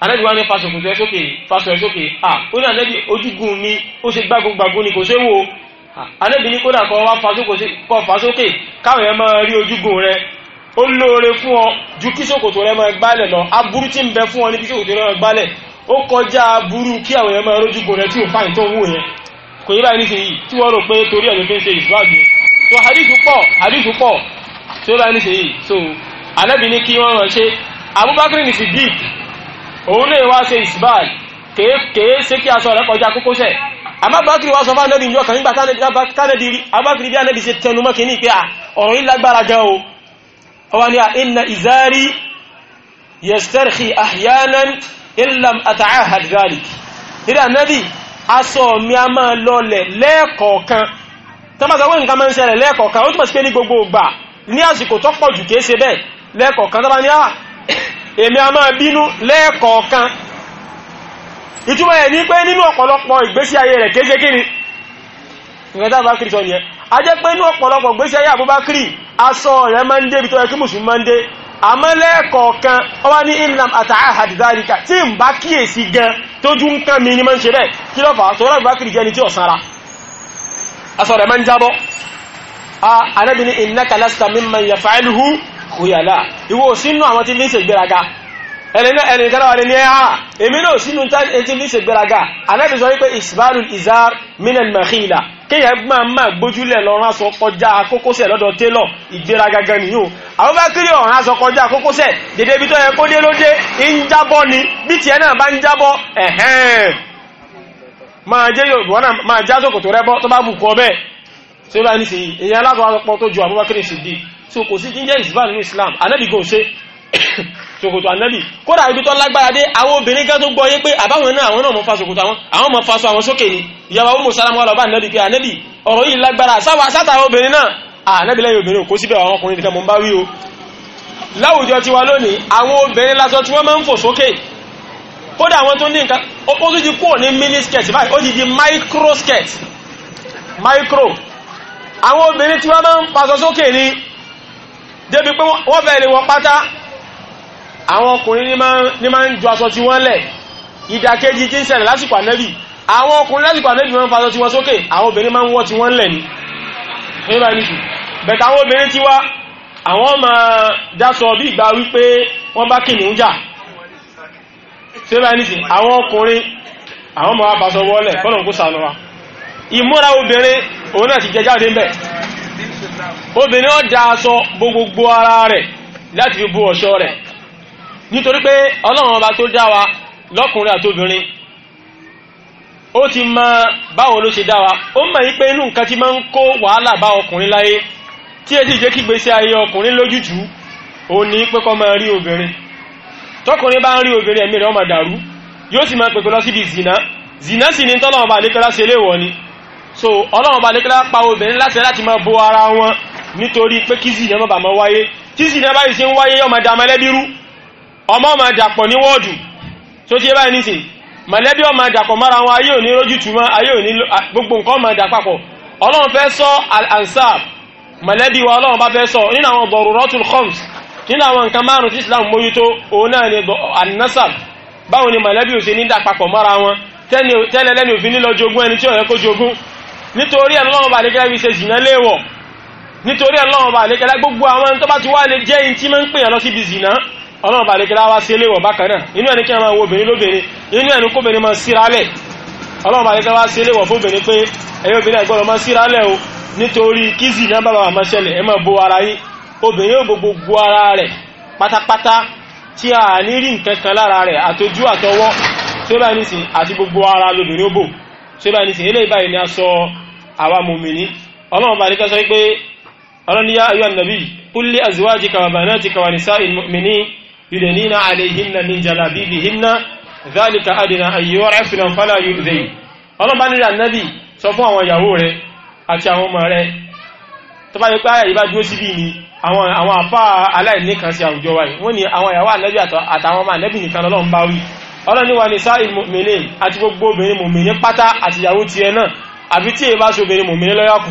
anabi wa ni faso kò sọ ẹ sókè faso ẹ sókè a ó ní anabi ojúgun mi ó ṣe gbágungbàgun ni kò ṣe wò anabi ní kódà kọ wá faso kọ fasókè káwọn ẹ máa rí ojúgun rẹ ó lóore fún ọ ju kí ṣòkòtò rẹ máa gbálẹ̀ lọ aburú tí ń bẹ fún ọ ní kí ṣòkòtò rẹ máa gbálẹ̀ ó kọjá aburú kí àwọn ẹ máa rójúgun rẹ tí ò fáyìn tó ń wò yẹn kò yí báyìí nísìnyí tí wọ́n rò pé torí ẹ̀ ló fi ń ṣe ìsúwàgbé so hadith pọ̀ hadith pọ̀ tó yí báyìí nísìnyí so anabi ní kí wọ́n ránṣẹ́ Abubakar ní Siddiq òun lè wá ṣe ìsìbáàlì kèé ṣe kí aṣọ rẹ̀ kọjá kókósẹ̀ abábákiri wá sọ fún anẹ́bí ìjọ kan nígbà tánẹ́bí abákiri bí anẹ́bí ṣe tẹnumọ́ kìíní pé ọ̀rọ̀ yìí lágbára gan o ọwá ni a inna izari yastarhi ahyanan illam ata'ahad dhalik ìdá anẹ́bí aṣọ mi a máa lọlẹ̀ lẹ́ẹ̀kọ̀ọ̀kan tọ́mọ́sọ wọ́n nǹkan máa ń ṣẹlẹ̀ lẹ́ẹ̀kọ̀ọ̀kan ó túnmọ̀ sí èmi a máa bínú lẹ́ẹ̀kọ̀ọ̀kan ìtumọ̀ ẹ̀ ní pé nínú ọ̀pọ̀lọpọ̀ ìgbésí ayé rẹ̀ kéèsé kíni ìrẹ̀dá Abubakar sọ yẹn a jẹ́ pé nínú ọ̀pọ̀lọpọ̀ ìgbésí ayé Abubakar aṣọ rẹ̀ máa ń dé ibi tó yẹ kí mùsùlùmí máa ń dé àmọ́ lẹ́ẹ̀kọ̀ọ̀kan ó wá ní inlam àtàhàdì dáríkà tí ń bá kíyèsí gan tójú ń kàn mí ní máa ń ṣe bẹ́ẹ̀ kí ló fà á sọ́rọ̀ Abubakar jẹ́ni tí ó sanra aṣọ rẹ̀ máa ń jábọ́ a anábìnrin innaka lasta mimman yaf'aluhu kòyàlá ìwọ sínú àwọn tí ní ṣe gbéraga ẹnìkan wà ní ẹ̀hà èmi náà sínú tí ní ṣe gbéraga anábì sọ wípé isbalul izar minal makhila kéèyàn máa máa gbójúlẹ̀ lọ́rán aṣọ kọjá kókósẹ̀ lọ́dọ̀ télọ̀ ìgbéraga gan nìyó àwọn bá kiri ọ̀rán aṣọ kọjá kókósẹ̀ dédé bí tó yẹ kó dé lóde ń jábọ́ ni bí tiẹ̀ náà bá ń jábọ́ ẹ̀hẹ́n máa jẹ́ yóò máa já sókòtò rẹ bọ́ tó bá bù kọ́ bẹ́ẹ̀ tí bá ní sí ìyẹn alákọ̀ọ́ tó ju Abubakar Siddiq so kò sí jíjẹ́ ìsìbáà nínú Islam anábì gò ṣe [coughs] ṣòkòtò anábì kódà ibi tó lágbára dé àwọn obìnrin kan tó gbọ́ yé pé àbáwọn náà àwọn náà mọ fa ṣòkòtò àwọn àwọn mọ fa ṣọ àwọn sókè ni ìyàwó àwọn mùsàlámù alọ́bà anábì pé anábì ọ̀rọ̀ yìí lágbára sátàwọn obìnrin náà anábì lẹ́yìn obìnrin kò síbẹ̀ àwọn ọkùnrin nìkan mọ̀ ń bá wí o láwùjọ tiwa lónìí àwọn obìnrin lásán tí wọ́n máa ń fò sókè kódà àwọn tó ní nǹkan ó tún ti kúrò ní mini skirt báyìí ó ti di micro skirt micro àwọn obìnrin tí wọ́n máa ń fasọ sókè ni débi pé wọ́n fẹ́ lè wọ pátá àwọn ọkùnrin ní máa ń ju aṣọ tí wọ́n lẹ̀ ìdàkejì tí ń ṣẹlẹ̀ lásìkò ànẹ́bì àwọn ọkùnrin lásìkò ànẹ́bì máa ń fa aṣọ tí wọ́n sókè àwọn obìnrin máa ń wọ́ tí wọ́n lẹ̀ ní nígbà nìkú bẹ̀tà àwọn obìnrin tí wá àwọn máa dáṣọ bí ìgbà wípé wọ́n bá kìnnìún jà síbẹ̀ nìkú àwọn ọkùnrin àwọn máa bá aṣọ wọ́lẹ̀ kọ́nà kó sànù wa ìmúra obìnrin òun náà ti jẹ jáde ń bẹ̀ obìnrin ó da aṣọ gbogbo ara rẹ̀ láti fi bò ọ̀ṣọ́ rẹ̀ nítorí pé ọlọ́run ọba tó dá wa lọ́kùnrin àtobìnrin ó ti mọ báwo ló ṣe dá wa ó mọ̀ yí pé inú nǹkan ti máa ń kó wàhálà bá ọkùnrin láyé tí ẹ sì jẹ́ kí gbèsè ayé ọkùnrin lójútùú òun ní pé kó máa rí obìnrin tọkùnrin bá ń rí obìnrin ẹ̀mí rẹ̀ ó dàrú yóò sì máa pèpè lọ síbi zìnà zìnà sì ni tọ́lọ́mọba àlékọ́lá ṣe léèwọ̀ ni so ọlọ́run bá lékelá pa obìnrin láti láti máa bo ara wọn nítorí pé kí zìnà bàbá máa wáyé tí zìnà báyìí ṣe ń wáyé yọ máa da mọ̀lẹ́bí rú ọmọ máa dàpọ̀ ní wọ́ọ̀dù tó ti yé báyìí nísìn mọ̀lẹ́bí ọmọ dàpọ̀ mára wọn ayé òní rójútù mọ́ ayé òní gbogbo nǹkan máa dà papọ̀ ọlọ́run fẹ́ sọ al-ansab mọ̀lẹ́bí wa ọlọ́run bá fẹ́ sọ nínú àwọn daruratul khams nínú àwọn nǹkan márùn tí islam mójútó òun náà ni an báwo ni mọ̀lẹ́bí ò ní dà papọ̀ mára wọn tẹ́lẹ̀ lẹ́ni òfin nílọ jogún ẹni tí ó kó jogún nítorí ẹ̀lọ́wọ́ bá lékẹ́lá fi ṣe zìnà léwọ̀ nítorí ẹ̀lọ́wọ́ bá lékẹ́lá gbogbo àwọn tó bá ti wá lè jẹ́ in tí máa ń pè yàn lọ síbi zìnà ọlọ́wọ́ bá lékẹ́lá wá sí léwọ̀ bákan náà inú ẹni kí a máa wo obìnrin lóbìnrin inú ẹni kóbìnrin máa síralẹ̀ ọlọ́wọ́ bá lékẹ́lá wá sí léwọ̀ fóbìnrin pé ẹ̀yọ́ obìnrin ẹ̀gbọ́n máa o nítorí kí zìnà bàbá máa ṣẹlẹ̀ ẹ máa bo ara yín obìnrin yóò gbogbo ara rẹ̀ pátápátá tí a ṣé báyìí nìsín eléyìí báyìí ni a sọ àwa mùmìnì ọlọ́run bá nípa sọ pé ọlọ́run yá ayọ́ nàbí qul li azwajika wa banatika wa nisa'il mu'minin yudnina alayhinna min jalabibihinna dhalika adna an yu'rafna fala yu'dhayn ọlọ́run bá nílẹ̀ ànábì sọ fún àwọn ìyàwó rẹ̀ àti àwọn ọmọ rẹ̀ tó bá yẹ pé àyà ìbá dúró síbí sí àwùjọ wa wọ́n ní àwọn ìyàwó ànábì àtàwọn ọmọ ànábì nìkan lọ́lọ́run bá wí ọlọ́niwà ni sáà ìmòmìnì àti gbogbo obìnrin mòmìnì pátá àti ìyàwó ti ẹ náà àbí tí èbá sí obìnrin mòmìnì lọ́yàkù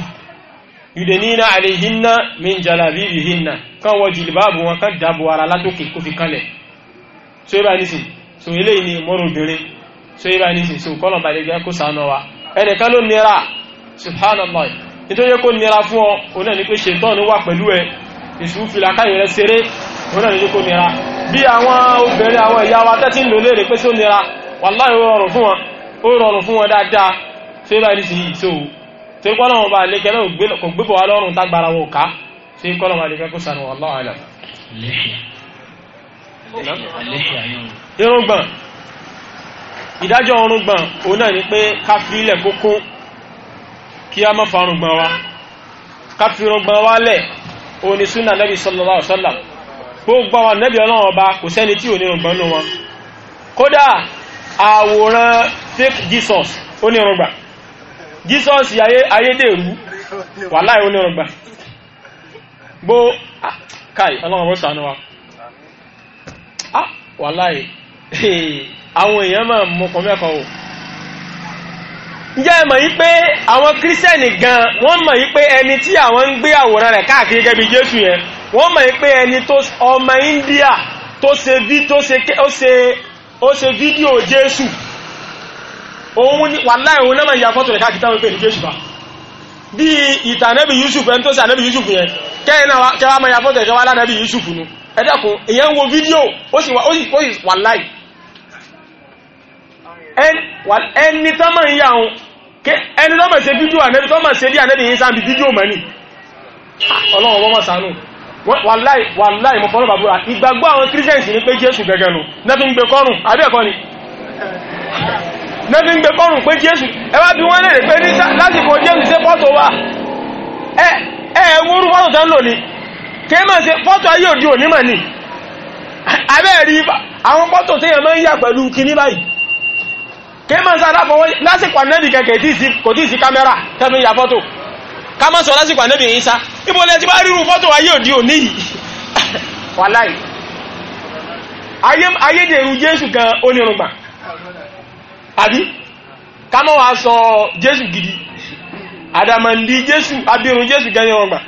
yùdẹ̀nínà àlèhínà mìjàlàbí ìhìnà kan wọ jìlìbáàbù wọn kan dábò ara látòkè kó fi kanlẹ̀ so ibà nísìn so ni mọ́rọ̀ obìnrin so ibà kó sànà wa ẹnìkan ló nira subhanallah nítorí kó nira fún ọ òun náà ní pé ṣètọ́ọ̀nù wà pẹ̀lú ẹ ìṣúfìlà òun náà lójú kó nira bí àwọn obìnrin àwọn ìyá wa tẹ́tí ń lò léèrè pé sí ó nira wàláhì ó rọrùn fún wọn ó rọrùn fún wọn dáadáa tí ó láìrí sí yìí tó tí kọ́lọ̀wọ̀n bá lè kẹ́lẹ̀ kò gbébọ̀ wá lọ́rùn tágbàra wọn ká tí kọ́lọ̀wọ̀n lè fẹ́ kó sànù wallahu a'lam irùngbọ̀n ìdájọ́ irùngbọ̀n Nabi sallallahu alaihi wasallam gbogbo àwọn ànábì ọlọ́run ọba kò sẹ́ni tí ò ní irùngbọ̀n ní wọn kódà àwòrán fake jesus ó jesus ayédèrú wàláhì ó ní ah, káì ọlọ́run wa ah, [laughs] àwọn èèyàn o mọ̀ yí pé gan wọ́n mọ̀ yí pé ẹni tí àwọn ń gbé àwòrán rẹ̀ káàkiri jésù yẹn wọ́n mọ̀ pé ẹni tó ọmọ India tó ṣe fídíò Jésù òun ni wàláì òun náà ya fọ́tò rẹ̀ káàkiri wípé ní Jésù bá bí ìtànẹ́bì Yusuf ẹni tó ṣe ànẹ́bì Yusuf yẹn kẹ́ẹ̀nà ma ya fọ́tò ìjọwà lánàbì Yusuf nù ẹ̀dẹ́kùn èyàn wo fídíò ó sì wàláì ẹni tó mọ̀ ń yà òun ẹni tó mọ̀ ṣe fídíò ànẹ́bì tó mọ̀ ṣe bí ànẹ́bì yìí sáà bí fídíò mẹ́ni ah, ọlọ́run wọ́n mọ̀ sánú wàláì wàláì mo fọ́nà bàbúrà ìgbàgbọ́ àwọn christians ní pé jésù gẹ́gẹ́ nù nẹ́fí ń gbé kọrùn àbí ẹ̀kọ́ ni nẹ́fí ń gbé kọrùn pé jésù ẹwà bí wọ́n lè rè pé ní lásìkò jésù ṣe fọ́tò wa ẹ ẹ wúrú fọ́tò tán lò ní kí mọ̀ sí fọ́tò ayé òdi òní mọ̀ ní abẹ́ rí àwọn fọ́tò tí yẹn máa ń yà pẹ̀lú kinní báyìí kí mọ̀ sí aláfọwọ́ lásìkò anẹ́bì kẹ̀kẹ́ kò tí sí kámẹ́rà tẹ́nu yà fọ́tò ká má sọ lásìkò ànábì Ìsá ibo lẹ ti bá rírun fọ́tò ayé òdi òní yìí [laughs] wàláì ayédèrú jésù gan onírùngbà àbí ká má wàá sọ jésù gidi àdàmàndí jésù abirun jésù gan onírùngbà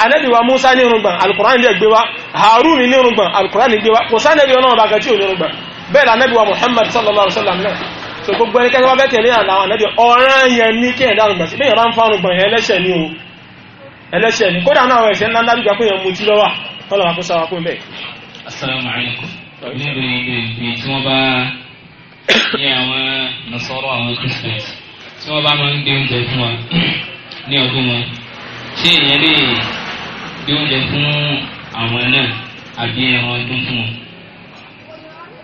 ànábì wa Musa nírùngbà alukurani lè gbé wa Harun nírùngbà alukurani gbé wa kò sánẹ́bí ọlọ́run bá kẹ́ tí onírùngbà bẹ́ẹ̀ lànẹ́bí wa Muhammad sallallahu alaihi wasallam náà so gbogbo ẹni kẹ́kẹ́ bá fẹ́ tẹ̀lé àwọn ànábì ọ̀ràn yẹn ní kí ẹ̀dá àrùngbọ̀n sí bẹ́yàn bá ń fárùn gbọ̀n yẹn ẹlẹ́ṣẹ̀ ni o ẹlẹ́ṣẹ̀ ni kódà náà ẹ̀ṣẹ̀ ńlá ńlá gbígbà pé yẹn mutí lọ́wà tọ́lọ̀ wà kó sára kó mẹ́. Assalamu ní ọdún wọn ṣé oúnjẹ fún àwọn náà àbí ẹran ọdún fún wọn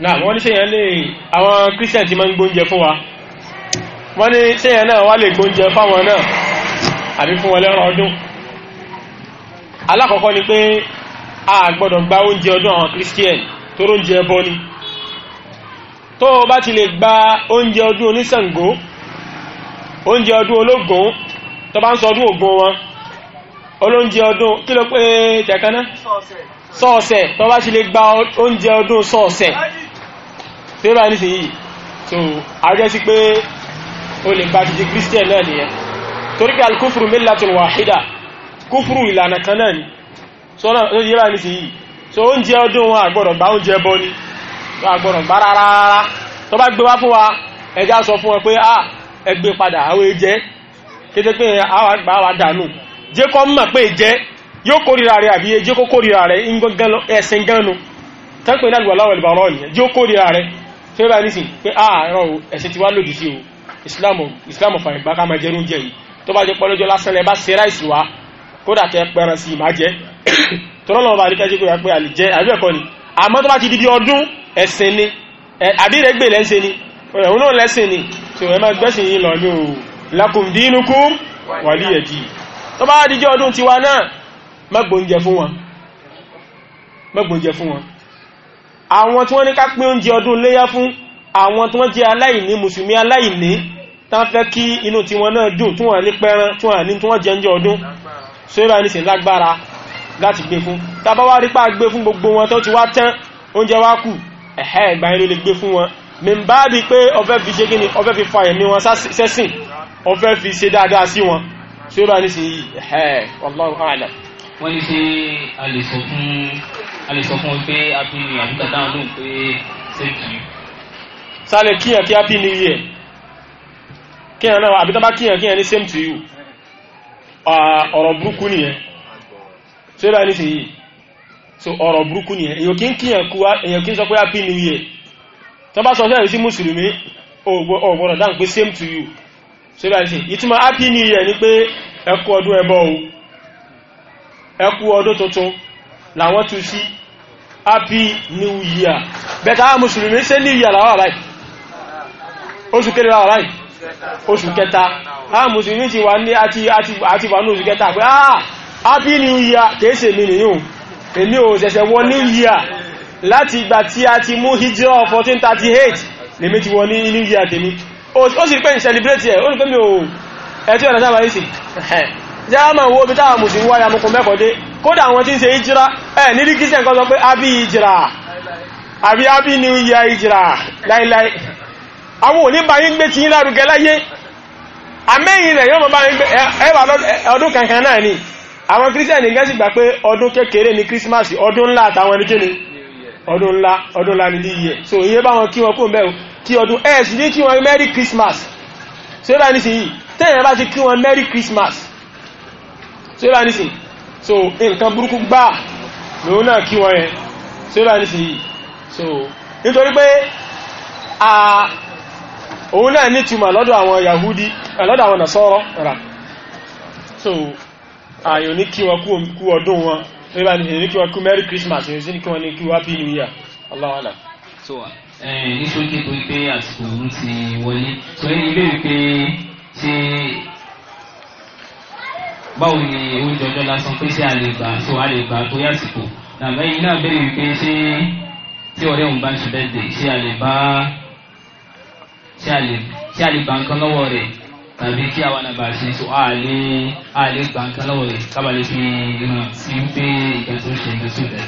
náà wọ́n ní ṣéyàn lè àwọn christian ti máa ń gbóúnjẹ fún wa wọ́n ní ṣéyàn náà wá lè gbóúnjẹ fáwọn náà àbí fún wọn lẹ́rọ ọdún alákọ̀ọ́kọ́ ni pé a gbọ́dọ̀ gba oúnjẹ ọdún àwọn christian tó róúnjẹ ẹbọ ni tó o bá ti lè gba oúnjẹ ọdún oníṣàngó oúnjẹ ọdún ológun tó bá ń sọ ọdún ògùn wọn olóúnjẹ ọdún kí ló pé tẹ̀kaná sọ́ọ̀sẹ̀ tó bá ti lè gba oúnjẹ ọdún sọ́ọ̀sẹ̀ tí ó bá nísìn yìí so ajẹ́ sí pé o lè bá christian náà nìyẹn torí pé alkufru millatun wahida kúfùrù ìlànà kan náà ni so bá nísìn yìí so oúnjẹ ọdún wọn àgbọ̀dọ̀ bá oúnjẹ bọ́ ni àgbọ̀dọ̀ bá rárá tó bá wa ẹjá sọ fún wọn pé ah, a ẹgbẹ́ padà àwọn kété pé àwọn àgbà dànù jẹ́ kọ́ mọ̀ pé yóò rẹ̀ àbí kó rẹ̀ náà tí ó bá nísìn pé ààrán ah, o ẹ̀sìn ti wá lòdì sí o islam of àyìnbá ká máa jẹrún jẹ yìí tó bá jẹ pọ́ lọ́jọ́ lásán lẹ bá ṣe ráìsì wá kódà kẹ pẹran sí ìmá jẹ [coughs] tọ́lọ́lọ́ bá ríkẹ́ síkò yàpẹ́ àlè jẹ àbí ẹ̀kọ́ ni àmọ́ tó bá ti di bí ọdún ẹ̀sìn ni àbí rẹ̀ àwọn tí wọ́n ní ká pín oúnjẹ ọdún léyá fún àwọn tí wọ́n jẹ́ aláìní mùsùlùmí aláìní tán fẹ́ kí inú tí wọ́n náà dùn tí wọ́n ní pẹ́ran tí wọ́n ní tí wọ́n jẹ oúnjẹ ọdún so ìbá ní lágbára láti gbé fún tàbá wá rí pa gbé fún gbogbo wọn tó ti wá tán oúnjẹ wá kù ẹ̀hẹ́ ìgbà yẹn ló lè gbé fún wọn mìmbáàbí pé ọfẹ́ fi ṣe kíni ọfẹ́ fi fa ẹ̀mí wọn sẹ́sìn ọfẹ́ fi ṣe dáadáa sí wọn so ìbá ní sí ẹ̀hẹ́ wallahu a'lam wọ́n ní sí alìsọ̀ fún a lè sọ fún wọn pé happy new year àbíkà táwọn lóhùn pé thank you. sálẹ̀ kíyàn kí happy new year kíyàn náà àbí tó bá kíyàn kíyàn ní same to you ọ̀rọ̀ burúkú nìyẹn ṣé báyìí nísìnyí so ọ̀rọ̀ burúkú nìyẹn èyàn kí ń kíyàn kú èyàn kí ń sọ pé happy new year tó bá sọ sí ẹ̀rí sí mùsùlùmí ọ̀gbọ̀rọ̀ dáhùn pé same to you ṣé báyìí nísìnyí ìtumọ̀ happy new year ni pé ẹ kú ọdún ẹbọ o ẹ kú ọdún tuntun làwọn tún sí happy new year bẹ̀ta àwọn mùsùlùmí ṣe new year làwọn àbáyì oṣù kéré làwọn àbáyì oṣù kẹta àwọn mùsùlùmí ti wà ní àti wà ní oṣù kẹta pé ah happy new year kèése mi nìyàn èmi ò ṣẹ̀ṣẹ̀ wọ new year láti ìgbà tí a ti mú hijira 1438 lèmi ti wọ ní new year tèmi ó sì pẹ́ ní celebrate ẹ̀ ó sì pẹ́ mi ò ẹ̀ tí [laughs] jáàmà wo bí táwọn mùsùlùmí wáyà mọ́kún mẹ́kọ̀dé kódà àwọn tí ń ṣe ìjìrá ẹ̀ ní ríkíṣẹ́ nǹkan sọ pé Abi ìjìrá àbí àbí ní ìyà ìjìrá láíláí àwọn òní bá yín gbé ti yín lárugẹ láyé àmẹ́yìn rẹ̀ yọ́n bá yín gbé ẹwà ọdún kankan náà ni àwọn kírísítẹ̀ nìkan sì gbà pé ọdún kékeré ni kírísímàsì ọdún ńlá àtàwọn ẹni kíni ọdún ńlá ọdún ńlá ni yíyẹ so ìyẹn bá wọn kí wọn kó mẹ́rin kí ọdún ẹ̀ sì ní kí wọn merry christmas so ẹ bá ní sí yìí tẹ́yìn bá ti kí wọn merry christmas sóra nísìn so nǹkan burúkú gbà lòun náà kí wọn yẹn sóra nísìn yìí so nítorí pé òun náà ní túmọ̀ lọ́dọ̀ àwọn Yahudi eh, lọ́dọ̀ àwọn Nasara rà so àyò ní kí wọn kú ọdún wọn nígbà ní kí wọn kú Merry Christmas èyí sí ní kí wọn ní kí wọn Happy New Year Allahu Alam. so eh, ní báwo ni oúnjẹ ọjọ́ lásán pé ṣé a lè gbà so a lè gbà tó yàtìkù nàbẹ́ yìí náà béèrè wípé ṣé tí ọ̀rẹ́ òun bá ń ṣe bẹ́ẹ̀ dé ṣé a lè bá ṣé a lè ṣé a lè gbà nǹkan lọ́wọ́ rẹ̀ tàbí kí àwa nàbà ṣe so a lè a lè gbà nǹkan lọ́wọ́ rẹ̀ kábà lè fi ràn sí pé ìgbà tó ṣe ìgbà tó dẹ̀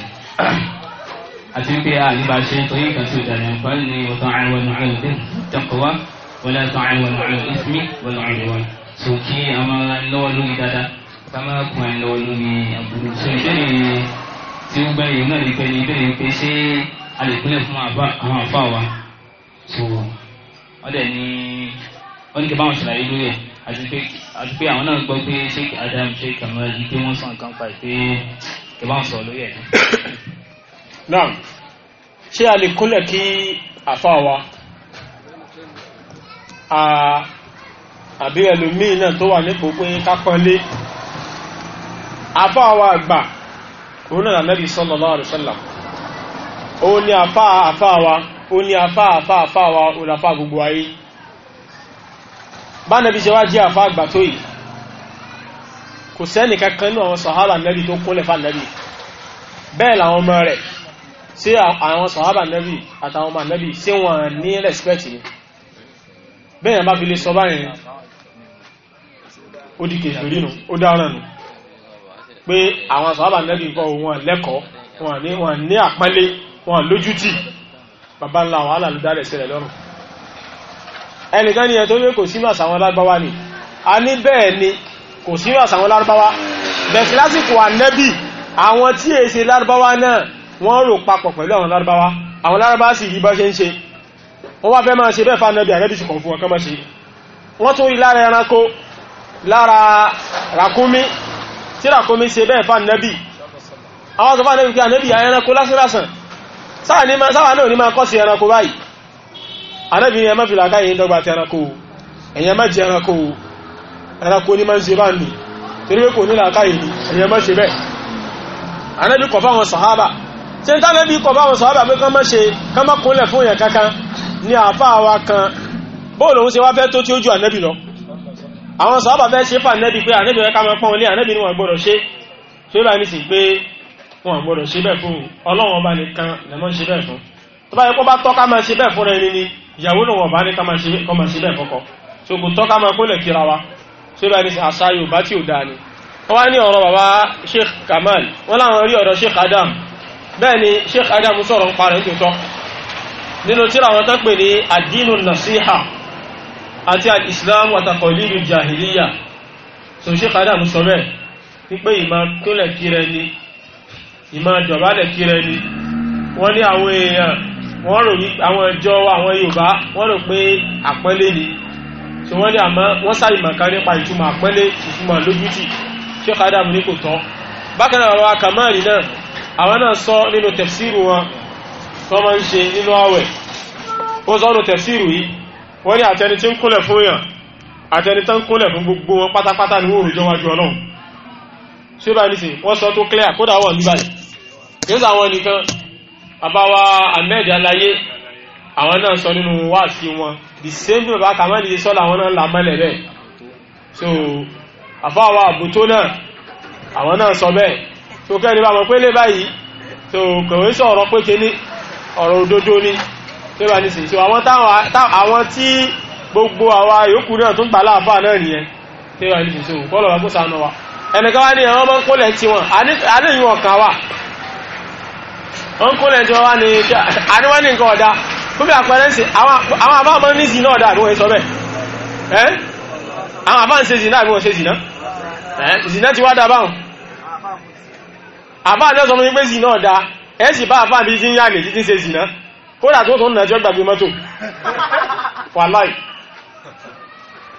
[clears throat] àti pé a lè bá ṣe nítorí ìgbà tó dẹ̀ nípa ní ọ̀tàn àwọn ọ̀nà àwọn ọ̀dẹ́ tẹ̀kọ̀wá wọlé ọ̀tàn àwọn kama kun ẹ lọ lórí aburú so ìbéèrè tí ó gbẹ̀yìn náà ní pẹ̀lú ìbéèrè pé ṣé a lè pínlẹ̀ fún àwọn àfa wa so wọ́n dẹ̀ ní wọ́n báwọn ṣàlàyé lórí ẹ̀ àti àwọn náà gbọ́ pé ṣé adam ṣe kàmá yìí pé wọ́n sàn kan pa pé kí báwọn sọ̀rọ̀ lórí náà ṣé a kí àfa wa àbí ẹlòmíì náà tó wà nípò pé ká àfá àwọn àgbà òun náà nàbí sallallahu alaihi wasallam òun ni àfá àfá wa òun ni àfá àfá àfá wa òun àfá gbogbo ayé bá nàbí ṣe wá jẹ́ àfá àgbà tó yìí kò sẹ́ni kankan nínú àwọn sàhábà nàbí tó kúnlẹ̀ fà nàbí bẹ́ẹ̀ làwọn ọmọ rẹ̀ sí àwọn sàhábà nàbí àtàwọn ọmọ nàbí sí wọn ní respect ni bẹ́ẹ̀ yàn bá fi lè sọ báyìí ó di kèfèrí nù ó dáràn nù pé àwọn sàábà nẹ́bí nǹkan wọn lẹ́kọ̀ọ́ wọn ní wọn ní àpẹ́lé wọn lójútì bàbá ńlá wàhálà ló dálẹ̀ sílẹ̀ lọ́rùn ẹnìkan ni ẹ tó yẹ kò sínú àsàwọn lárúbáwá ni a ní bẹ́ẹ̀ ni kò sínú àsàwọn lárúbáwá bẹ̀sí lásìkò ànẹ́bì àwọn tí è ṣe lárúbáwá náà wọ́n rò papọ̀ pẹ̀lú àwọn lárúbáwá àwọn lárúbáwá sì yìí bá ṣe ń ṣe wọ́n wá fẹ́ máa ṣe bẹ́ẹ̀ fánẹ́bì ànẹ́bì sì kọ̀ fún ọkọ́ ṣe wọ́n tún rí lára ẹranko lára ràkúnmí tí ràkúnmí ṣe bẹ́ẹ̀ fà nẹ́bì àwọn tó fà nẹ́bì kí ànẹ́bì ẹranko lásìlásàn sáà náà ní máa kọ́ sí ẹranko báyìí ànẹ́bì ni ẹmọ́ fìlà káyìn dọ́gba ti ẹranko ẹ̀yẹn má jẹ ẹranko ẹranko ní máa ń ṣe bá nì torí pé kò ní làákàyè ni ẹ̀yẹn má ṣe bẹ́ẹ̀ ànẹ́bì kọ̀ fáwọn sàhábà tí ń tánẹ́bì kọ̀ fáwọn sàhábà pé kán má ṣe kán má kúnlẹ̀ fún yẹn kankan ní àfáà wa kan bóòlù àwọn sàábà bẹ́ ṣe fà nẹ́bí pé ànẹ́bí rẹ̀ ká máa pọ́n olé ànẹ́bí ni wọ́n gbọ́dọ̀ ṣe tó bá ní sí pé wọ́n gbọ́dọ̀ ṣe bẹ́ẹ̀ fún ọlọ́run ọba nìkan lẹ́mọ́ ṣe bẹ́ẹ̀ fún tó bá yẹ kó bá tọ́ ká máa ṣe bẹ́ẹ̀ fún rẹ̀ ni ni ìyàwó lòun ọba ní ká máa ṣe bẹ́ẹ̀ fọkọ tó kò tọ́ ká máa kólẹ̀ kíra wa tó bá ní sí àṣà Yorùbá tí ò dáa ni wọ́n wá ní ọ̀rọ̀ bàbá Sheikh Kamal wọ́n láwọn rí ọ̀rọ̀ Sheikh Adam bẹ́ẹ̀ ni Sheikh Adam sọ̀rọ̀ ń parẹ́ nítòótọ́ nínú tíra wọn tán pè ní adínú nasiha àti al-islam wa taqalidu jahiliya so ṣe kádà mú sọ bẹ́ẹ̀ wípé ìmá kúnlẹ̀ kíra ni ìmá dọ̀bálẹ̀ kíra ni wọ́n ní àwọn èèyàn wọ́n rò wípé àwọn ẹjọ́ àwọn yorùbá wọ́n rò pé àpọ́nlé ni so wọ́n ní àmọ́ wọ́n sáré màkà nípa ìtumọ̀ àpọ́nlé ìtumọ̀ lójútì ṣe kádà mú ní kò tọ́ bákan náà àwọn akamari náà àwọn náà sọ nínú tẹ̀síìrù wọn wọ́n máa ń ṣe nínú àwẹ̀ ó sọ nínú tẹ̀síìrù yìí wọ́n ní àtẹni tí ń kúnlẹ̀ fún èèyàn àtẹni tán kúnlẹ̀ fún gbogbo wọn pátápátá ní òòrùn jọ wájú ọlọ́run ṣé báyìí nìsín wọ́n sọ tó clear kódà wọ́n ní báyìí nígbà àwọn nìkan àbáwa ahmed aláyé àwọn náà sọ nínú wáàsí wọn the same thing bá kàmá nìyí sọ́la àwọn náà là mọ́lẹ̀ bẹ́ẹ̀ so àfáwa àbútó náà àwọn náà sọ bẹ́ẹ̀ so kẹ́ni bá mọ̀ pé lé báyìí so kòwé sọ ọ̀rọ̀ pé kéní ọ̀rọ̀ òdodo ni ṣébà nísìn tí àwọn tí gbogbo àwa yòókù náà tó ń gbà láàfà náà nìyẹn ṣébà nísìn tí kọ́ lọ́wọ́ kó sànú wa ẹnìkan wá ní àwọn ọmọ ń kólẹ̀ tí wọn àníyàn ọ̀kan wa wọ́n kólẹ̀ tí wọ́n wá ní àníwá ní nǹkan ọ̀dá tó bí àpẹẹrẹ ń sìn àwọn àbá ọmọ ní zì náà ọ̀dá àbí wọ́n sọ bẹ́ẹ̀ ẹ́ àwọn àbá ń ṣe kódà tó tó ń nà jẹ́ gbàgbé mọ́tò wàláì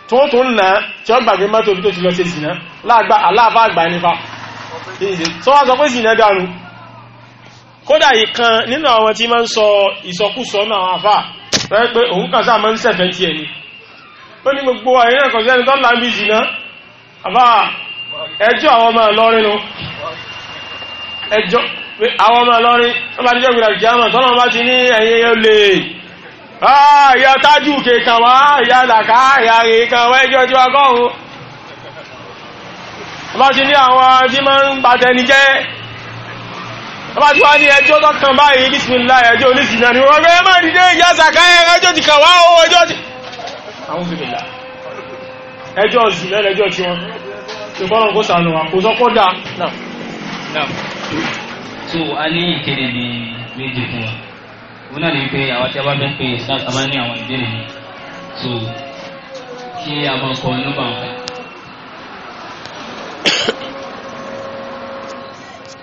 tó tó ń nà jẹ́ gbàgbé mọ́tò tó ti lọ sí ìsìnà láàgbà aláàfà àgbà nípa tó wá sọ pé ìsìnà dánú kódà ìkan nínú àwọn tí máa ń sọ ìsọkúsọ náà àfà rẹ́ pé òun kàn sáà máa ń sẹ̀fẹ́ tí ẹni ó ní gbogbo àìrìn pé àwọn ọmọ ọlọ́rin tó bá díjọ́ ìgbìyànjú jámọ̀ tọ́lọ́ bá ti ní ẹ̀yẹ olè ìyá tájú kèkàn wá ìyá làkà ìyá kèkàn wá ẹjọ́ tí wá kọ́hùn bá ti ní àwọn tí máa ń bàtẹni jẹ́ bá ti wá ní ẹjọ́ tó kàn báyìí bísmìlá ẹjọ́ oníṣìnà ni wọ́n fẹ́ má dìde ìyá sàkà ẹjọ́ ti kàn wá ó ẹjọ́ ti àwọn bèbèlà ẹjọ́ ìsìnlẹ̀ ẹjọ́ tí wọ́n ṣùgbọ́n kó sànù àkóso kó dáa náà so a ní ìkéde ní méjì fún wa òun náà ní pé àwọn tí a bá fẹ́ pé a bá ní àwọn ìbéèrè yìí so kí a máa kọ nọ́mbà wọn. [coughs]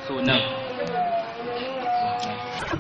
so now.